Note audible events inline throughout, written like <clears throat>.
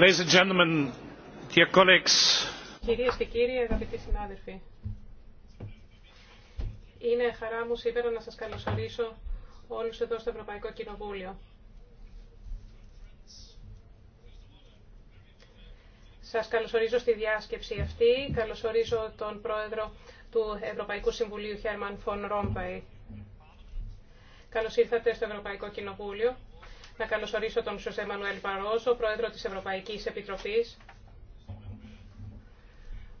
Κυρίες και κύριοι, αγαπητοί συνάδελφοι. Είναι χαρά μου σήμερα να σας καλωσορίσω όλους εδώ στο Ευρωπαϊκό Κοινοβούλιο. Σας καλωσορίζω στη διάσκεψη αυτή. Καλωσορίζω τον πρόεδρο του Ευρωπαϊκού Συμβουλίου, Χέρμαν Φον Ρόμπαϊ. Καλώς ήρθατε στο Ευρωπαϊκό Κοινοβούλιο. Να καλωσορίσω τον Σωσέ Μανουέλ Παρόζο, πρόεδρο της Ευρωπαϊκής Επιτροπής.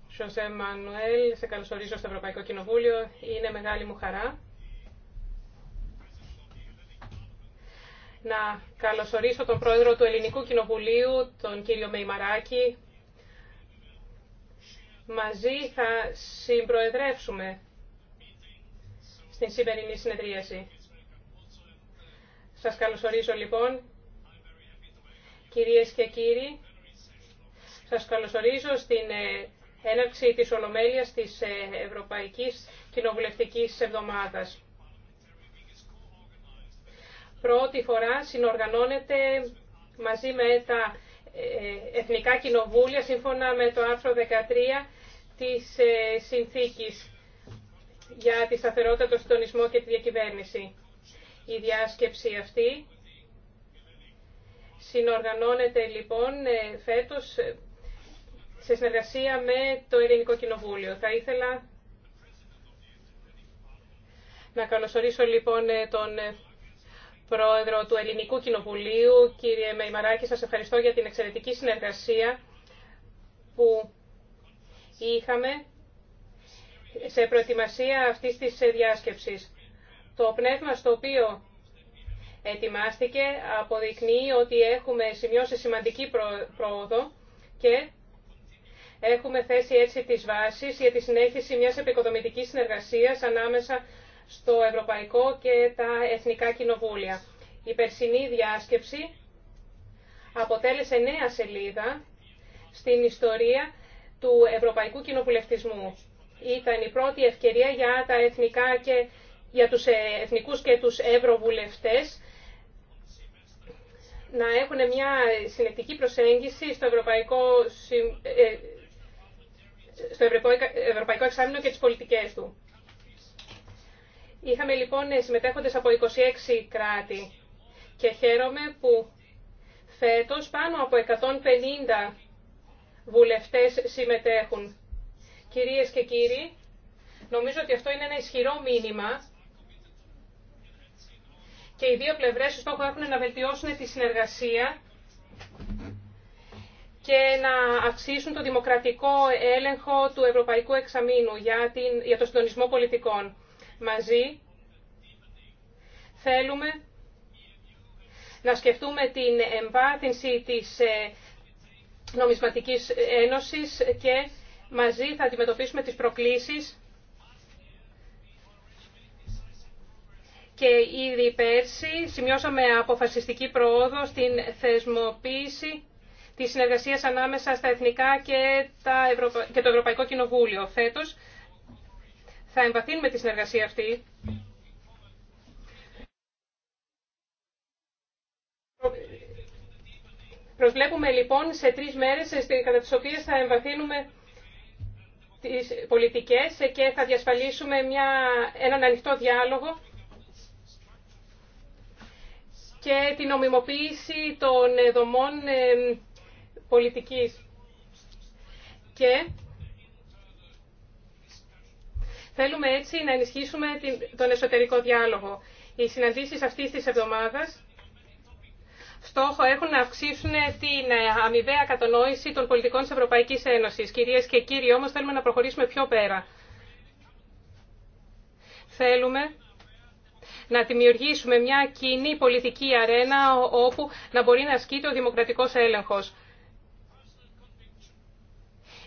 Σωσέ Μανουέλ, σε καλωσορίζω στο Ευρωπαϊκό Κοινοβούλιο. Είναι μεγάλη μου χαρά. Να καλωσορίσω τον πρόεδρο του Ελληνικού Κοινοβουλίου, τον κύριο Μεϊμαράκη. Μαζί θα συμπροεδρεύσουμε στην σημερινή συνεδρίαση. Σας καλωσορίζω λοιπόν, κυρίες και κύριοι. Σας καλωσορίζω στην ε, έναρξη της Ολομέλειας της ε, Ευρωπαϊκής Κοινοβουλευτικής Εβδομάδας. Πρώτη φορά συνοργανώνεται μαζί με τα ε, Εθνικά Κοινοβούλια, σύμφωνα με το άρθρο 13 της Συνθήκης για τη σταθερότητα, το συντονισμό και τη διακυβέρνηση. Η διάσκεψη αυτή συνοργανώνεται λοιπόν ε, φέτος ε, σε συνεργασία με το Ελληνικό Κοινοβούλιο. Θα ήθελα να καλωσορίσω λοιπόν ε, τον Πρόεδρο του Ελληνικού Κοινοβουλίου, κύριε Μεϊμαράκη, σας ευχαριστώ για την εξαιρετική συνεργασία που είχαμε σε προετοιμασία αυτής της διάσκεψης. Το πνεύμα στο οποίο ετοιμάστηκε αποδεικνύει ότι έχουμε σημειώσει σημαντική πρόοδο και έχουμε θέσει έτσι τις βάσεις για τη συνέχιση μιας επικοδομητικής συνεργασίας ανάμεσα στο Ευρωπαϊκό και τα Εθνικά Κοινοβούλια. Η περσινή διάσκεψη αποτέλεσε νέα σελίδα στην ιστορία του Ευρωπαϊκού Κοινοβουλευτισμού. Ήταν η πρώτη ευκαιρία για τα Εθνικά και για τους ε, εθνικούς και τους ευρωβουλευτές να έχουν μια συνεκτική προσέγγιση στο Ευρωπαϊκό, ε, στο Ευρωπαϊκό Εξάμεινο και τις πολιτικές του. Είχαμε λοιπόν ε, συμμετέχοντες από 26 κράτη και χαίρομαι που φέτος πάνω από 150 βουλευτές συμμετέχουν. Κυρίες και κύριοι, νομίζω ότι αυτό είναι ένα ισχυρό μήνυμα και οι δύο πλευρές στόχο έχουν να βελτιώσουν τη συνεργασία και να αυξήσουν το δημοκρατικό έλεγχο του Ευρωπαϊκού Εξαμήνου για, το συντονισμό πολιτικών. Μαζί θέλουμε να σκεφτούμε την εμβάθυνση της ε, νομισματικής ένωσης και μαζί θα αντιμετωπίσουμε τις προκλήσεις και ήδη πέρσι σημειώσαμε αποφασιστική πρόοδο στην θεσμοποίηση τη συνεργασία ανάμεσα στα εθνικά και, το Ευρωπαϊκό Κοινοβούλιο. Φέτο θα εμβαθύνουμε τη συνεργασία αυτή. Προσβλέπουμε λοιπόν σε τρεις μέρες κατά τις οποίες θα εμβαθύνουμε τις πολιτικές και θα διασφαλίσουμε μια, έναν ανοιχτό διάλογο και την ομιμοποίηση των δομών ε, πολιτικής. Και θέλουμε έτσι να ενισχύσουμε τον εσωτερικό διάλογο. Οι συναντήσεις αυτής της εβδομάδας στόχο έχουν να αυξήσουν την αμοιβαία κατανόηση των πολιτικών της Ευρωπαϊκής Ένωσης. Κυρίες και κύριοι, όμως θέλουμε να προχωρήσουμε πιο πέρα. Θέλουμε να δημιουργήσουμε μια κοινή πολιτική αρένα όπου να μπορεί να ασκείται ο δημοκρατικός έλεγχος.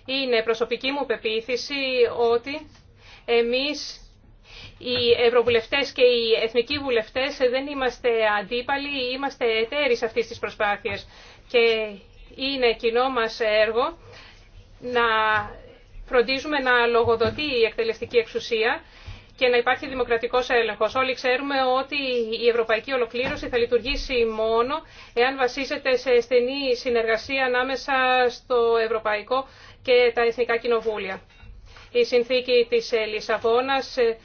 Είναι προσωπική μου πεποίθηση ότι εμείς οι ευρωβουλευτές και οι εθνικοί βουλευτές δεν είμαστε αντίπαλοι, είμαστε εταίροι σε αυτής της προσπάθειας. Και είναι κοινό μας έργο να φροντίζουμε να λογοδοτεί η εκτελεστική εξουσία και να υπάρχει δημοκρατικό έλεγχο. Όλοι ξέρουμε ότι η ευρωπαϊκή ολοκλήρωση θα λειτουργήσει μόνο εάν βασίζεται σε στενή συνεργασία ανάμεσα στο Ευρωπαϊκό και τα Εθνικά Κοινοβούλια. Η συνθήκη τη Λισαβόνα ε,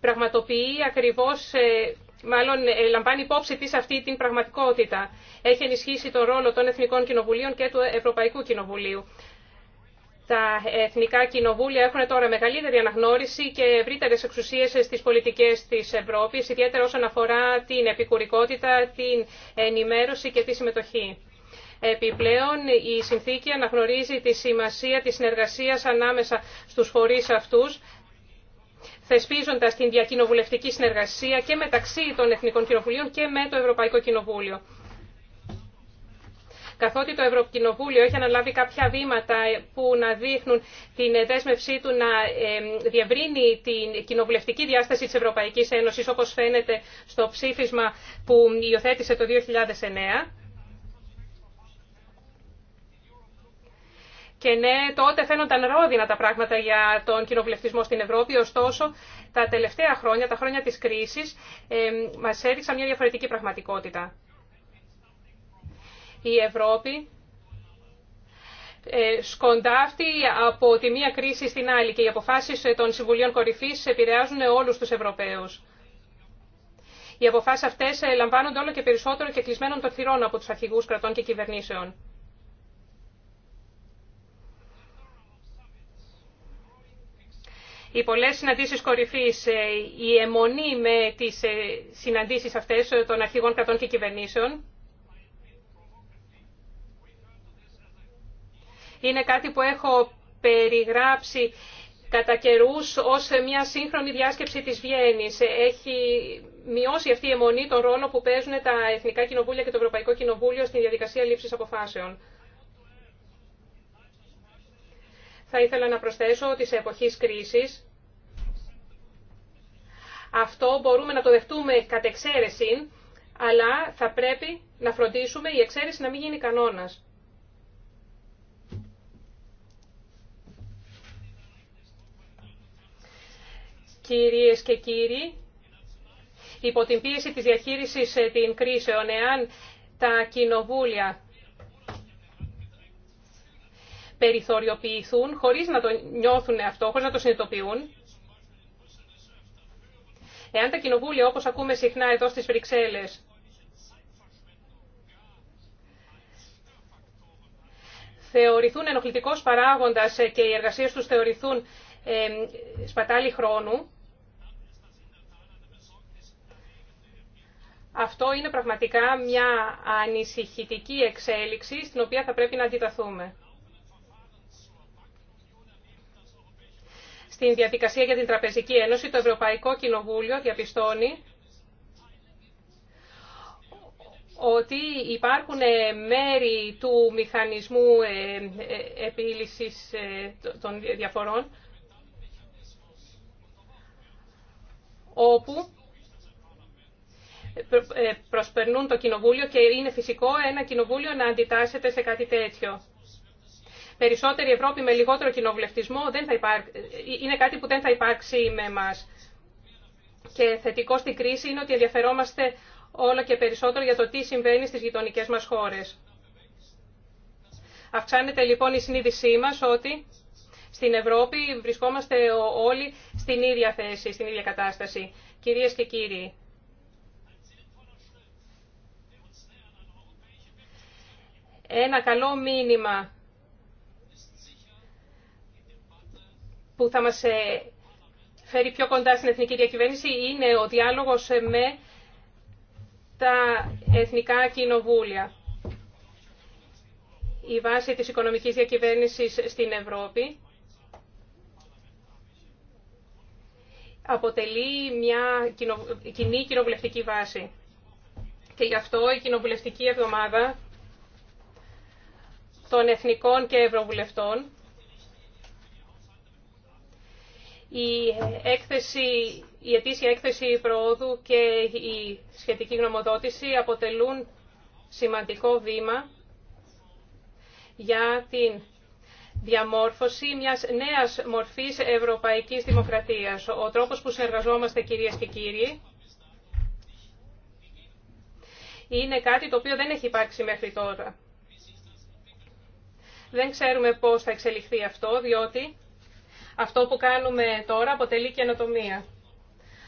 πραγματοποιεί ακριβώ, ε, μάλλον ε, λαμβάνει υπόψη της αυτή την πραγματικότητα. Έχει ενισχύσει τον ρόλο των Εθνικών Κοινοβουλίων και του Ευρωπαϊκού Κοινοβουλίου. Τα εθνικά κοινοβούλια έχουν τώρα μεγαλύτερη αναγνώριση και ευρύτερε εξουσίε στι πολιτικέ τη Ευρώπη, ιδιαίτερα όσον αφορά την επικουρικότητα, την ενημέρωση και τη συμμετοχή. Επιπλέον, η συνθήκη αναγνωρίζει τη σημασία της συνεργασίας ανάμεσα στους φορείς αυτούς, θεσπίζοντας την διακοινοβουλευτική συνεργασία και μεταξύ των Εθνικών Κοινοβουλίων και με το Ευρωπαϊκό Κοινοβούλιο καθότι το Ευρωκοινοβούλιο έχει αναλάβει κάποια βήματα που να δείχνουν την δέσμευσή του να διευρύνει την κοινοβουλευτική διάσταση της Ευρωπαϊκής Ένωσης, όπως φαίνεται στο ψήφισμα που υιοθέτησε το 2009. Και ναι, τότε φαίνονταν ρόδινα τα πράγματα για τον κοινοβουλευτισμό στην Ευρώπη, ωστόσο τα τελευταία χρόνια, τα χρόνια της κρίσης, ε, μας έδειξαν μια διαφορετική πραγματικότητα η Ευρώπη ε, σκοντάφτει από τη μία κρίση στην άλλη και οι αποφάσεις ε, των Συμβουλίων Κορυφής επηρεάζουν όλους τους Ευρωπαίους. Οι αποφάσεις αυτές ε, λαμβάνονται όλο και περισσότερο και κλεισμένων των θυρών από τους αρχηγούς κρατών και κυβερνήσεων. Οι πολλές συναντήσεις κορυφής, η αιμονή με τις συναντήσεις αυτές των αρχηγών κρατών και κυβερνήσεων, Είναι κάτι που έχω περιγράψει κατά καιρού ω μια σύγχρονη διάσκεψη τη Βιέννη. Έχει μειώσει αυτή η αιμονή τον ρόλο που παίζουν τα Εθνικά Κοινοβούλια και το Ευρωπαϊκό Κοινοβούλιο στην διαδικασία λήψη αποφάσεων. Θα ήθελα να προσθέσω ότι σε εποχή κρίση αυτό μπορούμε να το δεχτούμε κατ' εξαίρεση, αλλά θα πρέπει να φροντίσουμε η εξαίρεση να μην γίνει κανόνας. Κυρίες και κύριοι, υπό την πίεση της διαχείρισης ε, την κρίσεων, εάν τα κοινοβούλια περιθωριοποιηθούν χωρίς να το νιώθουν αυτό, χωρίς να το συνειδητοποιούν, εάν τα κοινοβούλια, όπως ακούμε συχνά εδώ στις Βρυξέλλες, θεωρηθούν ενοχλητικός παράγοντας ε, και οι εργασίες τους θεωρηθούν ε, σπατάλη χρόνου, Αυτό είναι πραγματικά μια ανησυχητική εξέλιξη στην οποία θα πρέπει να αντιταθούμε. Στην διαδικασία για την Τραπεζική Ένωση το Ευρωπαϊκό Κοινοβούλιο διαπιστώνει ότι υπάρχουν ε, μέρη του μηχανισμού ε, ε, επίλυσης των διαφορών όπου προσπερνούν το κοινοβούλιο και είναι φυσικό ένα κοινοβούλιο να αντιτάσσεται σε κάτι τέτοιο. Περισσότερη Ευρώπη με λιγότερο κοινοβουλευτισμό δεν θα υπάρ... είναι κάτι που δεν θα υπάρξει με εμά. Και θετικό στην κρίση είναι ότι ενδιαφερόμαστε όλο και περισσότερο για το τι συμβαίνει στις γειτονικές μας χώρες. Αυξάνεται λοιπόν η συνείδησή μας ότι στην Ευρώπη βρισκόμαστε όλοι στην ίδια θέση, στην ίδια κατάσταση. Κυρίες και κύριοι, ένα καλό μήνυμα που θα μας ε, φέρει πιο κοντά στην εθνική διακυβέρνηση είναι ο διάλογος ε, με τα εθνικά κοινοβούλια. Η βάση της οικονομικής διακυβέρνησης στην Ευρώπη αποτελεί μια κοινή κοινοβουλευτική βάση. Και γι' αυτό η κοινοβουλευτική εβδομάδα των εθνικών και ευρωβουλευτών. Η, έκθεση, η ετήσια έκθεση προόδου και η σχετική γνωμοδότηση αποτελούν σημαντικό βήμα για την διαμόρφωση μιας νέας μορφής ευρωπαϊκής δημοκρατίας. Ο τρόπος που συνεργαζόμαστε κυρίες και κύριοι είναι κάτι το οποίο δεν έχει υπάρξει μέχρι τώρα. Δεν ξέρουμε πώς θα εξελιχθεί αυτό, διότι αυτό που κάνουμε τώρα αποτελεί καινοτομία.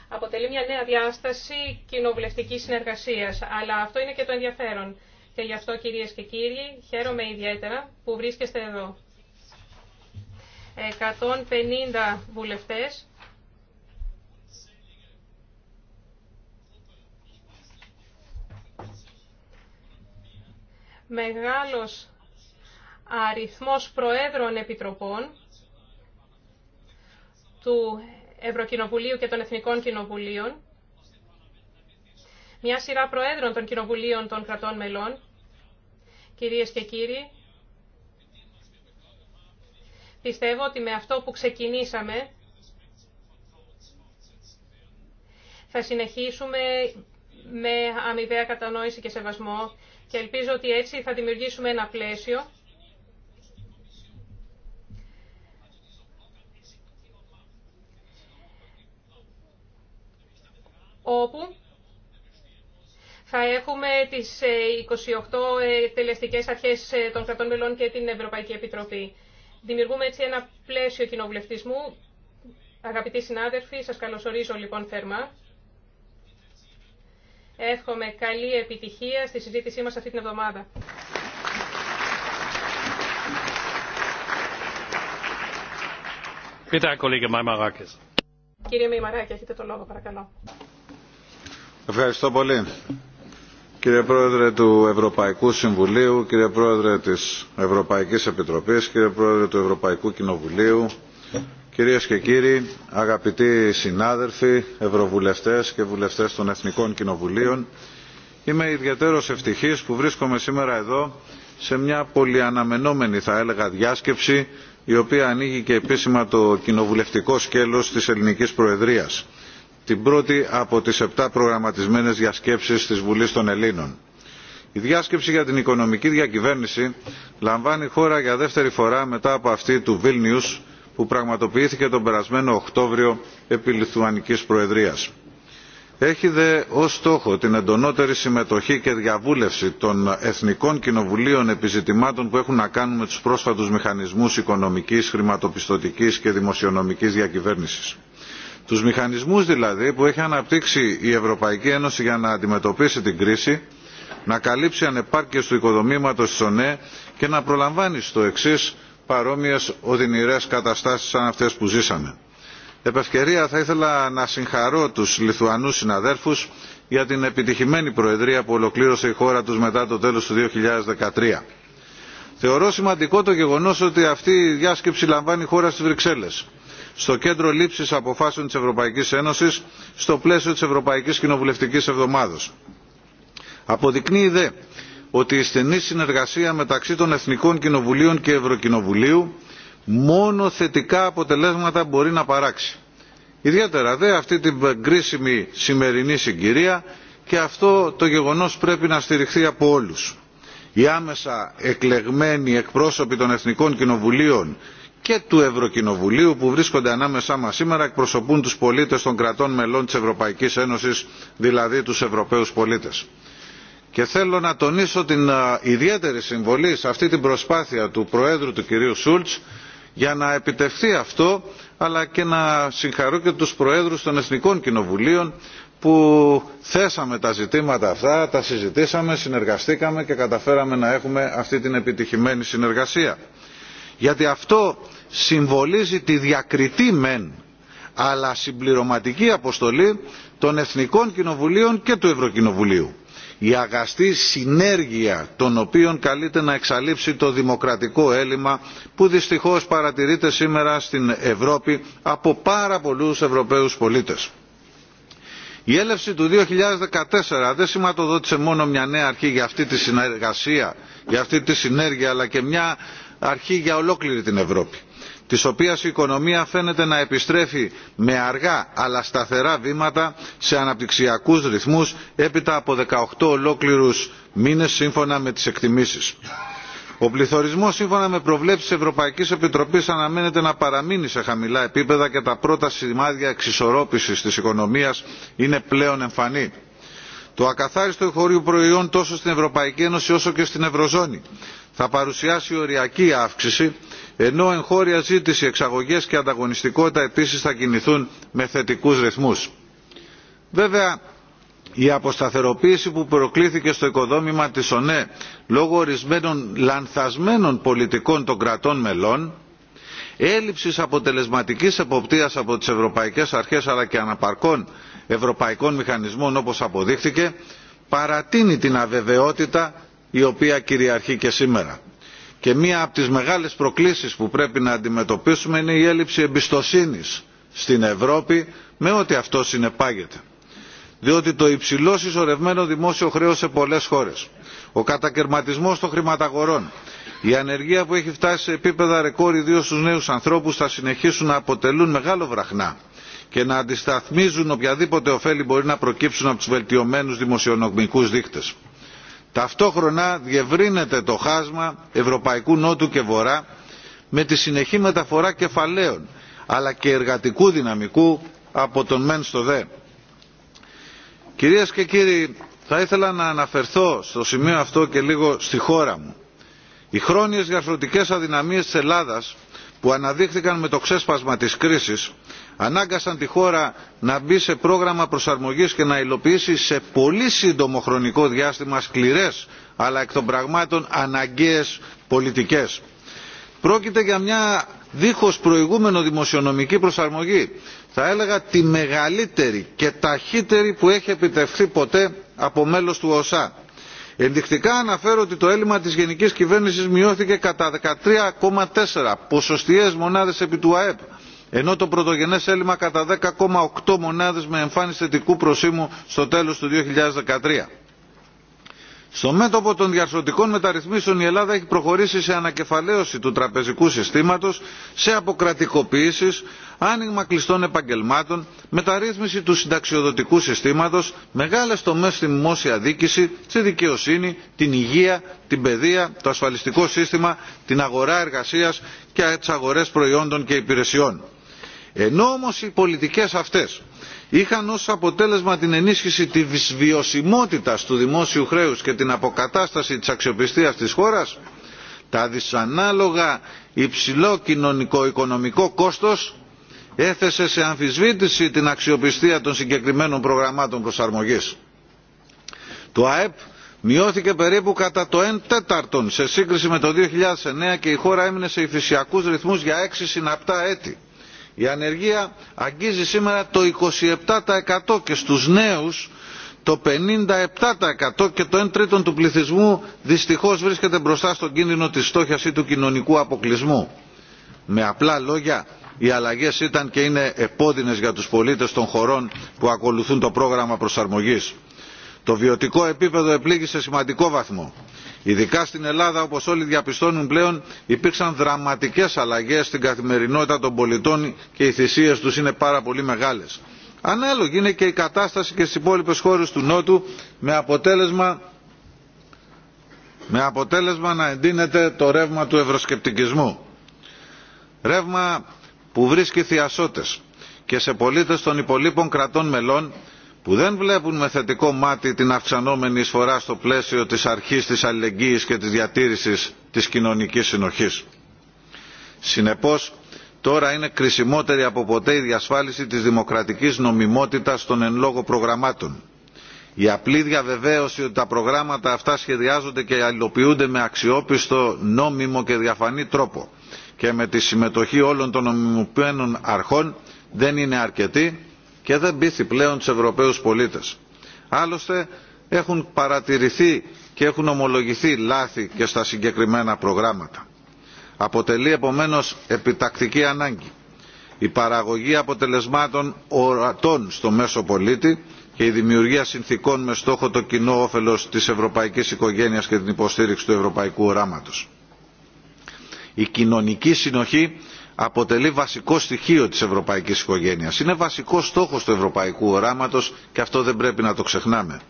Αποτελεί μια νέα διάσταση κοινοβουλευτική συνεργασίας, αλλά αυτό είναι και το ενδιαφέρον. Και γι' αυτό κυρίες και κύριοι, χαίρομαι ιδιαίτερα που βρίσκεστε εδώ. 150 βουλευτέ. μεγάλος αριθμός προέδρων επιτροπών του Ευρωκοινοβουλίου και των Εθνικών Κοινοβουλίων, μια σειρά προέδρων των Κοινοβουλίων των κρατών μελών, κυρίες και κύριοι, πιστεύω ότι με αυτό που ξεκινήσαμε θα συνεχίσουμε με αμοιβαία κατανόηση και σεβασμό και ελπίζω ότι έτσι θα δημιουργήσουμε ένα πλαίσιο όπου θα έχουμε τις 28 ε, ε, τελεστικές αρχές ε, των κρατών μελών και την Ευρωπαϊκή Επιτροπή. Δημιουργούμε έτσι ένα πλαίσιο κοινοβουλευτισμού. Αγαπητοί συνάδελφοι, σας καλωσορίζω λοιπόν θερμά. Εύχομαι καλή επιτυχία στη συζήτησή μας αυτή την εβδομάδα. Κύριε Μημαράκη, έχετε το λόγο, παρακαλώ. Ευχαριστώ πολύ. Κύριε Πρόεδρε του Ευρωπαϊκού Συμβουλίου, κύριε Πρόεδρε της Ευρωπαϊκής Επιτροπής, κύριε Πρόεδρε του Ευρωπαϊκού Κοινοβουλίου, κυρίες και κύριοι, αγαπητοί συνάδελφοι, ευρωβουλευτές και βουλευτές των Εθνικών Κοινοβουλίων, είμαι ιδιαίτερο ευτυχής που βρίσκομαι σήμερα εδώ σε μια πολυαναμενόμενη θα έλεγα διάσκεψη η οποία ανοίγει και επίσημα το κοινοβουλευτικό σκέλος της ελληνικής προεδρίας την πρώτη από τις επτά προγραμματισμένες διασκέψεις της Βουλής των Ελλήνων. Η διάσκεψη για την οικονομική διακυβέρνηση λαμβάνει χώρα για δεύτερη φορά μετά από αυτή του Βίλνιους που πραγματοποιήθηκε τον περασμένο Οκτώβριο επί Λιθουανικής Προεδρίας. Έχει δε ως στόχο την εντονότερη συμμετοχή και διαβούλευση των Εθνικών Κοινοβουλίων επιζητημάτων που έχουν να κάνουν με τους πρόσφατους μηχανισμούς οικονομικής, χρηματοπιστωτικής και δημοσιονομικής διακυβέρνησης τους μηχανισμούς δηλαδή που έχει αναπτύξει η Ευρωπαϊκή Ένωση για να αντιμετωπίσει την κρίση, να καλύψει ανεπάρκειες του οικοδομήματος της ΩΝΕ και να προλαμβάνει στο εξή παρόμοιες οδυνηρές καταστάσεις σαν αυτές που ζήσαμε. Επευκαιρία θα ήθελα να συγχαρώ τους Λιθουανούς συναδέρφους για την επιτυχημένη προεδρία που ολοκλήρωσε η χώρα τους μετά το τέλος του 2013. Θεωρώ σημαντικό το γεγονός ότι αυτή η διάσκεψη λαμβάνει η χώρα στι Βρυξέλλες στο κέντρο λήψης αποφάσεων της Ευρωπαϊκής Ένωσης στο πλαίσιο της Ευρωπαϊκής Κοινοβουλευτικής Εβδομάδος. Αποδεικνύει δε ότι η στενή συνεργασία μεταξύ των Εθνικών Κοινοβουλίων και Ευρωκοινοβουλίου μόνο θετικά αποτελέσματα μπορεί να παράξει. Ιδιαίτερα δε αυτή την κρίσιμη σημερινή συγκυρία και αυτό το γεγονός πρέπει να στηριχθεί από όλους. Οι άμεσα εκλεγμένοι εκπρόσωποι των Εθνικών Κοινοβουλίων και του Ευρωκοινοβουλίου που βρίσκονται ανάμεσά μας σήμερα εκπροσωπούν τους πολίτες των κρατών μελών της Ευρωπαϊκής Ένωσης, δηλαδή τους Ευρωπαίους πολίτες. Και θέλω να τονίσω την ε, ιδιαίτερη συμβολή σε αυτή την προσπάθεια του Προέδρου του κυρίου Σούλτς για να επιτευχθεί αυτό, αλλά και να συγχαρώ και τους Προέδρους των Εθνικών Κοινοβουλίων που θέσαμε τα ζητήματα αυτά, τα συζητήσαμε, συνεργαστήκαμε και καταφέραμε να έχουμε αυτή την επιτυχημένη συνεργασία. Γιατί αυτό συμβολίζει τη διακριτή μεν αλλά συμπληρωματική αποστολή των Εθνικών Κοινοβουλίων και του Ευρωκοινοβουλίου. Η αγαστή συνέργεια των οποίων καλείται να εξαλείψει το δημοκρατικό έλλειμμα που δυστυχώς παρατηρείται σήμερα στην Ευρώπη από πάρα πολλούς Ευρωπαίους πολίτες. Η έλευση του 2014 δεν σηματοδότησε μόνο μια νέα αρχή για αυτή τη συνεργασία, για αυτή τη συνέργεια αλλά και μια αρχή για ολόκληρη την Ευρώπη της οποίας η οικονομία φαίνεται να επιστρέφει με αργά αλλά σταθερά βήματα σε αναπτυξιακούς ρυθμούς έπειτα από 18 ολόκληρους μήνες σύμφωνα με τις εκτιμήσεις. Ο πληθωρισμός σύμφωνα με προβλέψεις της Ευρωπαϊκής Επιτροπής αναμένεται να παραμείνει σε χαμηλά επίπεδα και τα πρώτα σημάδια εξισορρόπησης της οικονομίας είναι πλέον εμφανή. Το ακαθάριστο εγχώριο προϊόν τόσο στην Ευρωπαϊκή Ένωση όσο και στην Ευρωζώνη θα παρουσιάσει οριακή αύξηση ενώ εγχώρια ζήτηση εξαγωγές και ανταγωνιστικότητα επίσης θα κινηθούν με θετικούς ρυθμούς. βέβαια η αποσταθεροποίηση που προκλήθηκε στο οικοδόμημα της ονε λόγω ορισμένων λανθασμένων πολιτικών των κρατών μελών έλλειψης αποτελεσματικής εποπτείας από τις ευρωπαϊκές αρχές αλλά και αναπαρκών ευρωπαϊκών μηχανισμών όπως αποδείχθηκε παρατείνει την αβεβαιότητα η οποία κυριαρχεί και σήμερα και μία από τις μεγάλες προκλήσεις που πρέπει να αντιμετωπίσουμε είναι η έλλειψη εμπιστοσύνης στην Ευρώπη με ό,τι αυτό συνεπάγεται. Διότι το υψηλό συσσωρευμένο δημόσιο χρέος σε πολλές χώρες, ο κατακαιρματισμός των χρηματαγορών, η ανεργία που έχει φτάσει σε επίπεδα ρεκόρ ιδίως στους νέους ανθρώπους θα συνεχίσουν να αποτελούν μεγάλο βραχνά και να αντισταθμίζουν οποιαδήποτε ωφέλη μπορεί να προκύψουν από τους βελτιωμένους δημοσιονομικούς δείκτες ταυτόχρονα διευρύνεται το χάσμα ευρωπαϊκού νότου και βορρά με τη συνεχή μεταφορά κεφαλαίων αλλά και εργατικού δυναμικού από τον μεν στο δε. Κυρίες και κύριοι, θα ήθελα να αναφερθώ στο σημείο αυτό και λίγο στη χώρα μου. Οι χρόνιες διαρθρωτικές αδυναμίες της Ελλάδας που αναδείχθηκαν με το ξέσπασμα της κρίσης ανάγκασαν τη χώρα να μπει σε πρόγραμμα προσαρμογής και να υλοποιήσει σε πολύ σύντομο χρονικό διάστημα σκληρές αλλά εκ των πραγμάτων αναγκαίες πολιτικές. Πρόκειται για μια δίχως προηγούμενο δημοσιονομική προσαρμογή, θα έλεγα τη μεγαλύτερη και ταχύτερη που έχει επιτευχθεί ποτέ από μέλος του ΟΣΑ. Ενδεικτικά αναφέρω ότι το έλλειμμα της γενικής κυβέρνησης μειώθηκε κατά 13,4 ποσοστιαίες μονάδες επί του ΑΕΠ ενώ το πρωτογενές έλλειμμα κατά 10,8 μονάδες με εμφάνιση θετικού προσήμου στο τέλος του 2013. Στο μέτωπο των διαρθρωτικών μεταρρυθμίσεων η Ελλάδα έχει προχωρήσει σε ανακεφαλαίωση του τραπεζικού συστήματος, σε αποκρατικοποίηση άνοιγμα κλειστών επαγγελμάτων, μεταρρύθμιση του συνταξιοδοτικού συστήματος, μεγάλες τομές στη δημόσια δίκηση, στη δικαιοσύνη, την υγεία, την παιδεία, το ασφαλιστικό σύστημα, την αγορά εργασίας και τις αγορές προϊόντων και υπηρεσιών. Ενώ όμως οι πολιτικές αυτές είχαν ως αποτέλεσμα την ενίσχυση της βιωσιμότητας του δημόσιου χρέους και την αποκατάσταση της αξιοπιστίας της χώρας, τα δυσανάλογα υψηλό κοινωνικό-οικονομικό κόστος έθεσε σε αμφισβήτηση την αξιοπιστία των συγκεκριμένων προγραμμάτων προσαρμογής. Το ΑΕΠ μειώθηκε περίπου κατά το 1 τέταρτον σε σύγκριση με το 2009 και η χώρα έμεινε σε υφησιακούς ρυθμούς για 6 συναπτά έτη. Η ανεργία αγγίζει σήμερα το 27% και στους νέους το 57% και το 1 τρίτο του πληθυσμού δυστυχώς βρίσκεται μπροστά στον κίνδυνο της στόχιας ή του κοινωνικού αποκλεισμού. Με απλά λόγια, οι αλλαγές ήταν και είναι επώδυνες για τους πολίτες των χωρών που ακολουθούν το πρόγραμμα προσαρμογής. Το βιωτικό επίπεδο επλήγησε σημαντικό βαθμό. Ειδικά στην Ελλάδα, όπως όλοι διαπιστώνουν πλέον, υπήρξαν δραματικές αλλαγές στην καθημερινότητα των πολιτών και οι θυσίες τους είναι πάρα πολύ μεγάλες. Ανάλογη είναι και η κατάσταση και στις υπόλοιπες χώρες του Νότου με αποτέλεσμα, με αποτέλεσμα να εντείνεται το ρεύμα του ευρωσκεπτικισμού. Ρεύμα που βρίσκει θειασότες και σε πολίτες των υπολείπων κρατών μελών που δεν βλέπουν με θετικό μάτι την αυξανόμενη εισφορά στο πλαίσιο της αρχής της αλληλεγγύης και της διατήρησης της κοινωνικής συνοχής. Συνεπώς, τώρα είναι κρισιμότερη από ποτέ η διασφάλιση της δημοκρατικής νομιμότητας των εν λόγω προγραμμάτων. Η απλή διαβεβαίωση ότι τα προγράμματα αυτά σχεδιάζονται και αλληλοποιούνται με αξιόπιστο, νόμιμο και διαφανή τρόπο και με τη συμμετοχή όλων των νομιμοποιημένων αρχών δεν είναι αρκετή και δεν πείθει πλέον τους Ευρωπαίους πολίτες. Άλλωστε έχουν παρατηρηθεί και έχουν ομολογηθεί λάθη και στα συγκεκριμένα προγράμματα. Αποτελεί επομένως επιτακτική ανάγκη η παραγωγή αποτελεσμάτων ορατών στο μέσο πολίτη και η δημιουργία συνθήκων με στόχο το κοινό όφελος της ευρωπαϊκής οικογένειας και την υποστήριξη του ευρωπαϊκού οράματος. Η κοινωνική συνοχή αποτελεί βασικό στοιχείο της ευρωπαϊκής οικογένειας. Είναι βασικό στόχος του ευρωπαϊκού οράματος και αυτό δεν πρέπει να το ξεχνάμε.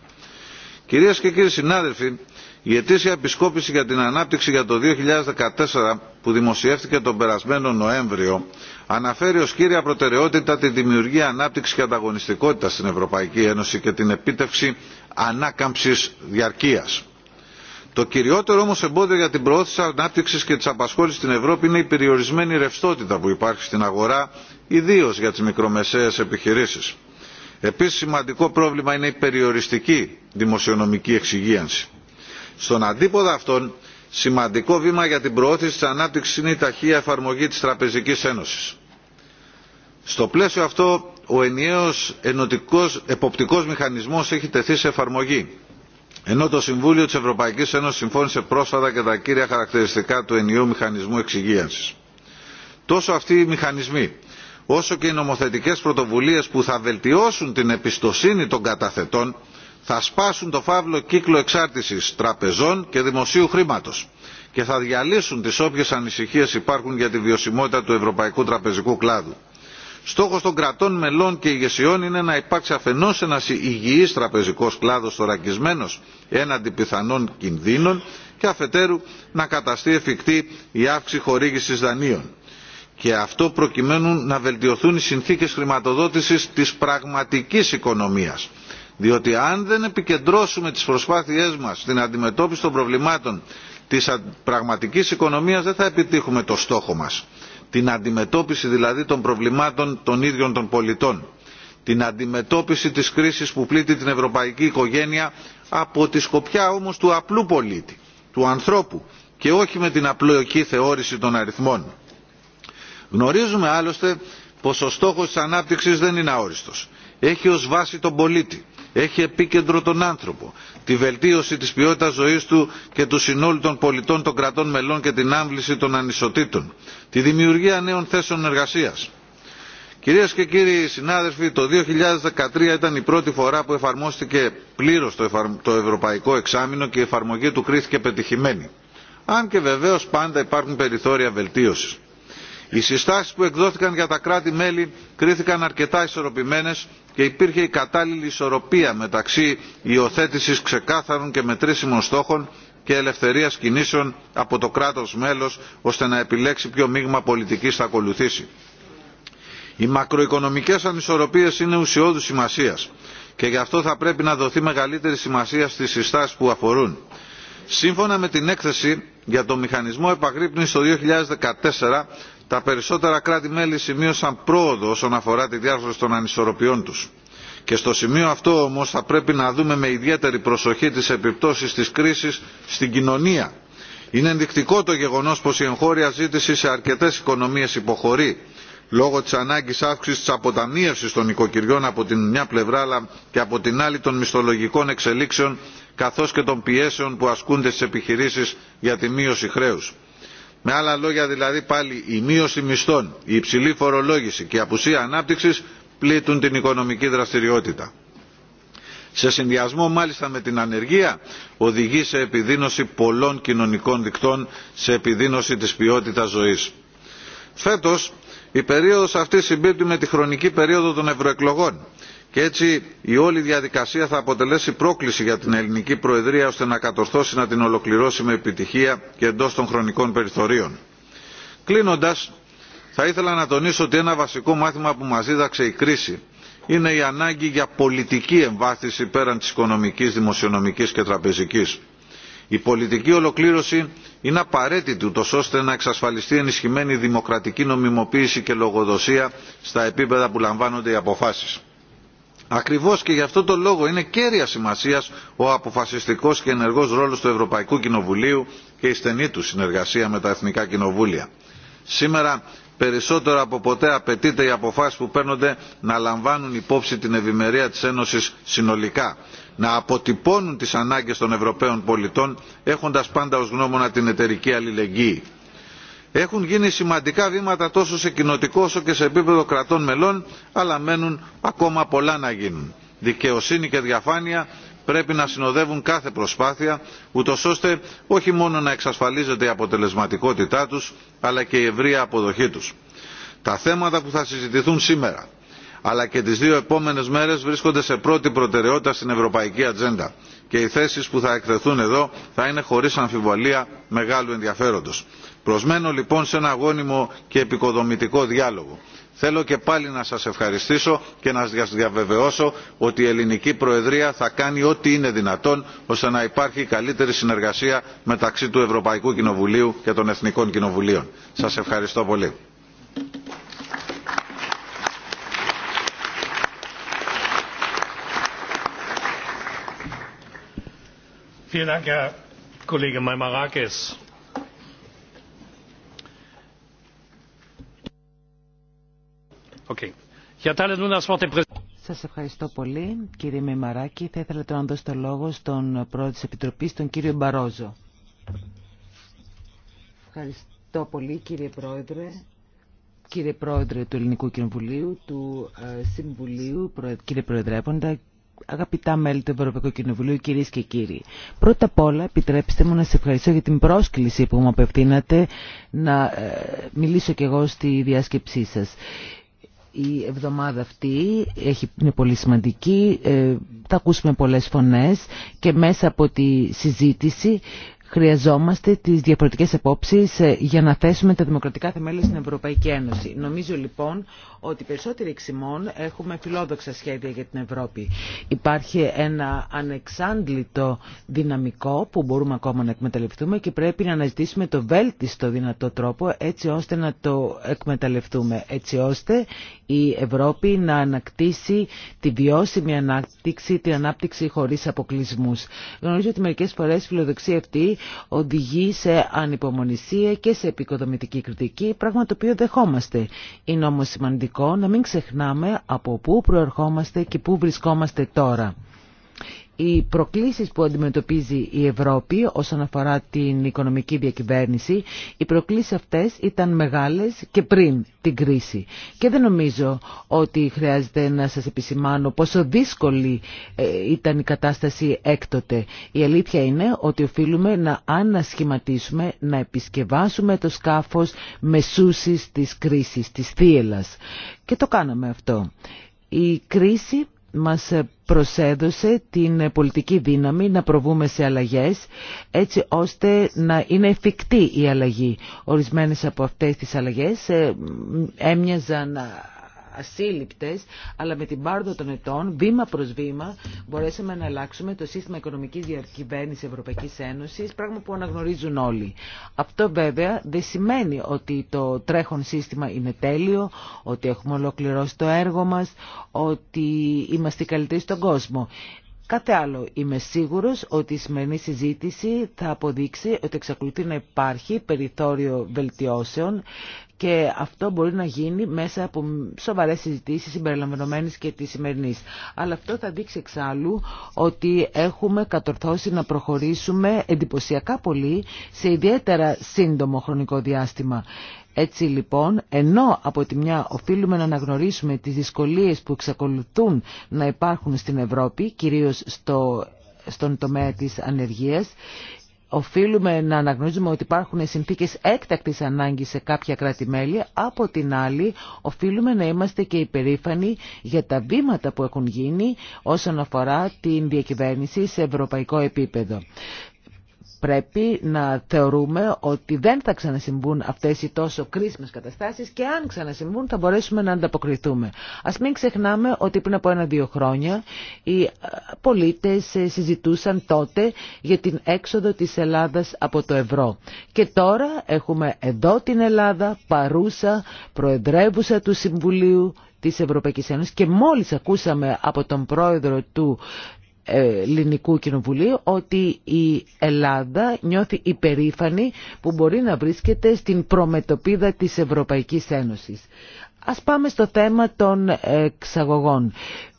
Κυρίες και κύριοι συνάδελφοι, η ετήσια επισκόπηση για την ανάπτυξη για το 2014 που δημοσιεύτηκε τον περασμένο Νοέμβριο αναφέρει ως κύρια προτεραιότητα τη δημιουργία ανάπτυξης και ανταγωνιστικότητα στην Ευρωπαϊκή Ένωση και την επίτευξη ανάκαμψης διαρκείας. Το κυριότερο όμως εμπόδιο για την προώθηση της ανάπτυξης και της απασχόλησης στην Ευρώπη είναι η περιορισμένη ρευστότητα που υπάρχει στην αγορά, ιδίως για τις μικρομεσαίες επιχειρήσεις. Επίσης σημαντικό πρόβλημα είναι η περιοριστική δημοσιονομική εξυγίανση. Στον αντίποδα αυτών, σημαντικό βήμα για την προώθηση της ανάπτυξης είναι η ταχεία εφαρμογή της Τραπεζικής Ένωσης. Στο πλαίσιο αυτό, ο ενιαίος ενωτικό εποπτικός μηχανισμός έχει τεθεί σε εφαρμογή ενώ το Συμβούλιο της Ευρωπαϊκής Ένωσης συμφώνησε πρόσφατα και τα κύρια χαρακτηριστικά του ενιαίου μηχανισμού εξυγίανσης. Τόσο αυτοί οι μηχανισμοί, όσο και οι νομοθετικές πρωτοβουλίες που θα βελτιώσουν την εμπιστοσύνη των καταθετών, θα σπάσουν το φαύλο κύκλο εξάρτησης τραπεζών και δημοσίου χρήματος και θα διαλύσουν τις όποιες ανησυχίες υπάρχουν για τη βιωσιμότητα του ευρωπαϊκού τραπεζικού κλάδου στόχος των κρατών μελών και ηγεσιών είναι να υπάρξει αφενός ένας υγιής τραπεζικός κλάδος θωρακισμένος έναντι πιθανών κινδύνων και αφετέρου να καταστεί εφικτή η αύξηση χορήγησης δανείων και αυτό προκειμένου να βελτιωθούν οι συνθήκες χρηματοδότησης της πραγματική οικονομίας διότι αν δεν επικεντρώσουμε τις προσπάθειές μας στην αντιμετώπιση των προβλημάτων της πραγματικής οικονομίας δεν θα επιτύχουμε το στόχο μας την αντιμετώπιση δηλαδή των προβλημάτων των ίδιων των πολιτών, την αντιμετώπιση της κρίσης που πλήττει την ευρωπαϊκή οικογένεια από τη σκοπιά όμως του απλού πολίτη, του ανθρώπου και όχι με την απλοϊκή θεώρηση των αριθμών. Γνωρίζουμε άλλωστε πως ο στόχος της ανάπτυξης δεν είναι αόριστος. Έχει ως βάση τον πολίτη έχει επίκεντρο τον άνθρωπο, τη βελτίωση της ποιότητας ζωής του και του συνόλου των πολιτών των κρατών μελών και την άμβληση των ανισοτήτων, τη δημιουργία νέων θέσεων εργασίας. Κυρίες και κύριοι συνάδελφοι, το 2013 ήταν η πρώτη φορά που εφαρμόστηκε πλήρως το ευρωπαϊκό εξάμεινο και η εφαρμογή του κρίθηκε πετυχημένη. Αν και βεβαίως πάντα υπάρχουν περιθώρια βελτίωσης οι συστάσεις που εκδόθηκαν για τα κράτη μέλη κρίθηκαν αρκετά ισορροπημένες και υπήρχε η κατάλληλη ισορροπία μεταξύ υιοθέτησης ξεκάθαρων και μετρήσιμων στόχων και ελευθερίας κινήσεων από το κράτος μέλος ώστε να επιλέξει ποιο μείγμα πολιτικής θα ακολουθήσει. Οι μακροοικονομικές ανισορροπίες είναι ουσιώδους σημασίας και γι' αυτό θα πρέπει να δοθεί μεγαλύτερη σημασία στις συστάσεις που αφορούν. Σύμφωνα με την έκθεση για το μηχανισμό επαγρύπνησης το 2014 τα περισσότερα κράτη μέλη σημείωσαν πρόοδο όσον αφορά τη διάρθρωση των ανισορροπιών τους. Και στο σημείο αυτό όμως θα πρέπει να δούμε με ιδιαίτερη προσοχή τις επιπτώσεις της κρίσης στην κοινωνία. Είναι ενδεικτικό το γεγονός πως η εγχώρια ζήτηση σε αρκετές οικονομίες υποχωρεί λόγω της ανάγκης αύξησης της αποταμίευσης των οικοκυριών από την μια πλευρά αλλά και από την άλλη των μισθολογικών εξελίξεων καθώς και των πιέσεων που ασκούνται στις επιχειρήσεις για τη μείωση χρέους με άλλα λόγια δηλαδή πάλι η μείωση μισθών η υψηλή φορολόγηση και η απουσία ανάπτυξης πλήττουν την οικονομική δραστηριότητα. σε συνδυασμό μάλιστα με την ανεργία οδηγεί σε επιδείνωση πολλών κοινωνικών δικτών σε επιδείνωση της ποιότητας ζωής. φέτος η περίοδος αυτή συμπίπτει με τη χρονική περίοδο των ευρωεκλογών και έτσι η όλη διαδικασία θα αποτελέσει πρόκληση για την ελληνική προεδρία ώστε να κατορθώσει να την ολοκληρώσει με επιτυχία και εντό των χρονικών περιθωρίων. Κλείνοντα θα ήθελα να τονίσω ότι ένα βασικό μάθημα που μα δίδαξε η κρίση είναι η ανάγκη για πολιτική εμβάθυνση πέραν τη οικονομική, δημοσιονομική και τραπεζική. Η πολιτική ολοκλήρωση είναι απαραίτητη ούτως ώστε να εξασφαλιστεί ενισχυμένη δημοκρατική νομιμοποίηση και λογοδοσία στα επίπεδα που λαμβάνονται οι αποφάσεις. Ακριβώς και γι' αυτό το λόγο είναι κέρια σημασίας ο αποφασιστικός και ενεργός ρόλος του Ευρωπαϊκού Κοινοβουλίου και η στενή του συνεργασία με τα Εθνικά Κοινοβούλια. Σήμερα περισσότερο από ποτέ απαιτείται οι αποφάσεις που παίρνονται να λαμβάνουν υπόψη την ευημερία της Ένωσης συνολικά, να αποτυπώνουν τις ανάγκες των Ευρωπαίων πολιτών έχοντας πάντα ως γνώμονα την εταιρική αλληλεγγύη. Έχουν γίνει σημαντικά βήματα τόσο σε κοινοτικό όσο και σε επίπεδο κρατών μελών, αλλά μένουν ακόμα πολλά να γίνουν. Δικαιοσύνη και διαφάνεια πρέπει να συνοδεύουν κάθε προσπάθεια, ούτω ώστε όχι μόνο να εξασφαλίζεται η αποτελεσματικότητά τους, αλλά και η ευρεία αποδοχή τους. Τα θέματα που θα συζητηθούν σήμερα, αλλά και τις δύο επόμενες μέρες βρίσκονται σε πρώτη προτεραιότητα στην ευρωπαϊκή ατζέντα και οι θέσεις που θα εκτεθούν εδώ θα είναι χωρίς αμφιβολία μεγάλου ενδιαφέροντος. Προσμένω λοιπόν σε ένα αγώνιμο και επικοδομητικό διάλογο. Θέλω και πάλι να σας ευχαριστήσω και να σας διαβεβαιώσω ότι η ελληνική Προεδρία θα κάνει ό,τι είναι δυνατόν ώστε να υπάρχει καλύτερη συνεργασία μεταξύ του Ευρωπαϊκού Κοινοβουλίου και των Εθνικών Κοινοβουλίων. Σας ευχαριστώ πολύ. Σας ευχαριστώ πολύ κύριε Μεμάρακη. Θα ήθελα τώρα να δώσω το λόγο στον πρόεδρο της Επιτροπής, τον κύριο Μπαρόζο. Ευχαριστώ πολύ κύριε πρόεδρε. Κύριε Πρόεδρε του Ελληνικού Κοινοβουλίου, του ε, Συμβουλίου, κύριε Προεδρέποντα, αγαπητά μέλη του Ευρωπαϊκού Κοινοβουλίου, κυρίες και κύριοι. Πρώτα απ' όλα, επιτρέψτε μου να σα ευχαριστώ για την πρόσκληση που μου απευθύνατε να ε, μιλήσω κι εγώ στη διάσκεψή σα. Η εβδομάδα αυτή έχει, είναι πολύ σημαντική, ε, θα ακούσουμε πολλές φωνές και μέσα από τη συζήτηση Χρειαζόμαστε τις διαφορετικές επόψεις ε, για να θέσουμε τα δημοκρατικά θεμέλια στην Ευρωπαϊκή Ένωση. Νομίζω λοιπόν ότι περισσότεροι εξημών έχουμε φιλόδοξα σχέδια για την Ευρώπη. Υπάρχει ένα ανεξάντλητο δυναμικό που μπορούμε ακόμα να εκμεταλλευτούμε και πρέπει να αναζητήσουμε το βέλτιστο δυνατό τρόπο έτσι ώστε να το εκμεταλλευτούμε, έτσι ώστε η Ευρώπη να ανακτήσει τη βιώσιμη ανάπτυξη, την ανάπτυξη χωρίς αποκλεισμούς. Γνωρίζω ότι μερικές φορές η φιλοδοξία αυτή οδηγεί σε ανυπομονησία και σε επικοδομητική κριτική, πράγμα το οποίο δεχόμαστε. Είναι όμως σημαντικό να μην ξεχνάμε από πού προερχόμαστε και πού βρισκόμαστε τώρα οι προκλήσεις που αντιμετωπίζει η Ευρώπη όσον αφορά την οικονομική διακυβέρνηση, οι προκλήσεις αυτές ήταν μεγάλες και πριν την κρίση. Και δεν νομίζω ότι χρειάζεται να σας επισημάνω πόσο δύσκολη ε, ήταν η κατάσταση έκτοτε. Η αλήθεια είναι ότι οφείλουμε να ανασχηματίσουμε, να επισκευάσουμε το σκάφος μεσούσης της κρίσης, της θύελας. Και το κάναμε αυτό. Η κρίση μας προσέδωσε την πολιτική δύναμη να προβούμε σε αλλαγές έτσι ώστε να είναι εφικτή η αλλαγή. Ορισμένες από αυτές τις αλλαγές ε, έμοιαζαν ασύλληπτες, αλλά με την πάρδο των ετών, βήμα προς βήμα, μπορέσαμε να αλλάξουμε το σύστημα οικονομικής διακυβέρνησης Ευρωπαϊκής Ένωσης, πράγμα που αναγνωρίζουν όλοι. Αυτό βέβαια δεν σημαίνει ότι το τρέχον σύστημα είναι τέλειο, ότι έχουμε ολοκληρώσει το έργο μας, ότι είμαστε οι καλύτεροι στον κόσμο. Κάθε άλλο, είμαι σίγουρος ότι η σημερινή συζήτηση θα αποδείξει ότι εξακολουθεί να υπάρχει περιθώριο βελτιώσεων και αυτό μπορεί να γίνει μέσα από σοβαρές συζητήσεις συμπεριλαμβανομένες και τη σημερινή. Αλλά αυτό θα δείξει εξάλλου ότι έχουμε κατορθώσει να προχωρήσουμε εντυπωσιακά πολύ σε ιδιαίτερα σύντομο χρονικό διάστημα. Έτσι λοιπόν, ενώ από τη μια οφείλουμε να αναγνωρίσουμε τις δυσκολίες που εξακολουθούν να υπάρχουν στην Ευρώπη, κυρίως στο στον τομέα της ανεργίας οφείλουμε να αναγνωρίζουμε ότι υπάρχουν συνθήκες έκτακτης ανάγκης σε κάποια κράτη-μέλη, από την άλλη οφείλουμε να είμαστε και υπερήφανοι για τα βήματα που έχουν γίνει όσον αφορά την διακυβέρνηση σε ευρωπαϊκό επίπεδο πρέπει να θεωρούμε ότι δεν θα ξανασυμβούν αυτές οι τόσο κρίσιμες καταστάσεις και αν ξανασυμβούν θα μπορέσουμε να ανταποκριθούμε. Ας μην ξεχνάμε ότι πριν από ένα-δύο χρόνια οι πολίτες ε, συζητούσαν τότε για την έξοδο της Ελλάδας από το ευρώ. Και τώρα έχουμε εδώ την Ελλάδα παρούσα, προεδρεύουσα του Συμβουλίου της Ευρωπαϊκής Ένωσης και μόλις ακούσαμε από τον πρόεδρο του ε, ελληνικού κοινοβουλίου ότι η Ελλάδα νιώθει υπερήφανη που μπορεί να βρίσκεται στην προμετωπίδα της Ευρωπαϊκής Ένωσης. Ας πάμε στο θέμα των εξαγωγών.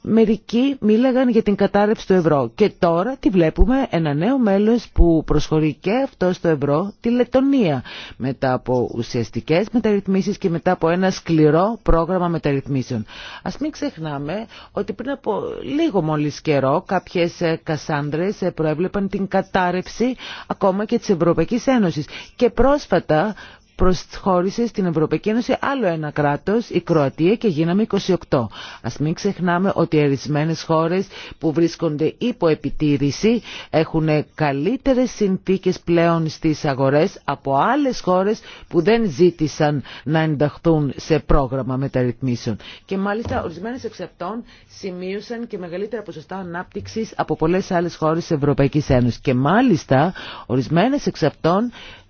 Μερικοί μίλαγαν για την κατάρρευση του ευρώ και τώρα τη βλέπουμε ένα νέο μέλος που προσχωρεί και αυτό στο ευρώ, τη Λετωνία, μετά από ουσιαστικές μεταρρυθμίσεις και μετά από ένα σκληρό πρόγραμμα μεταρρυθμίσεων. Ας μην ξεχνάμε ότι πριν από λίγο μόλις καιρό κάποιες κασάνδρες προέβλεπαν την κατάρρευση ακόμα και της Ευρωπαϊκής Ένωσης και πρόσφατα προσχώρησε στην Ευρωπαϊκή Ένωση άλλο ένα κράτος, η Κροατία και γίναμε 28. Ας μην ξεχνάμε ότι ορισμένε χώρες που βρίσκονται υπό επιτήρηση έχουν καλύτερες συνθήκες πλέον στις αγορές από άλλες χώρες που δεν ζήτησαν να ενταχθούν σε πρόγραμμα μεταρρυθμίσεων. Και μάλιστα ορισμένες εξ σημείωσαν και μεγαλύτερα ποσοστά ανάπτυξης από πολλές άλλες χώρες της Ευρωπαϊκής Ένωσης. Και μάλιστα ορισμένε εξ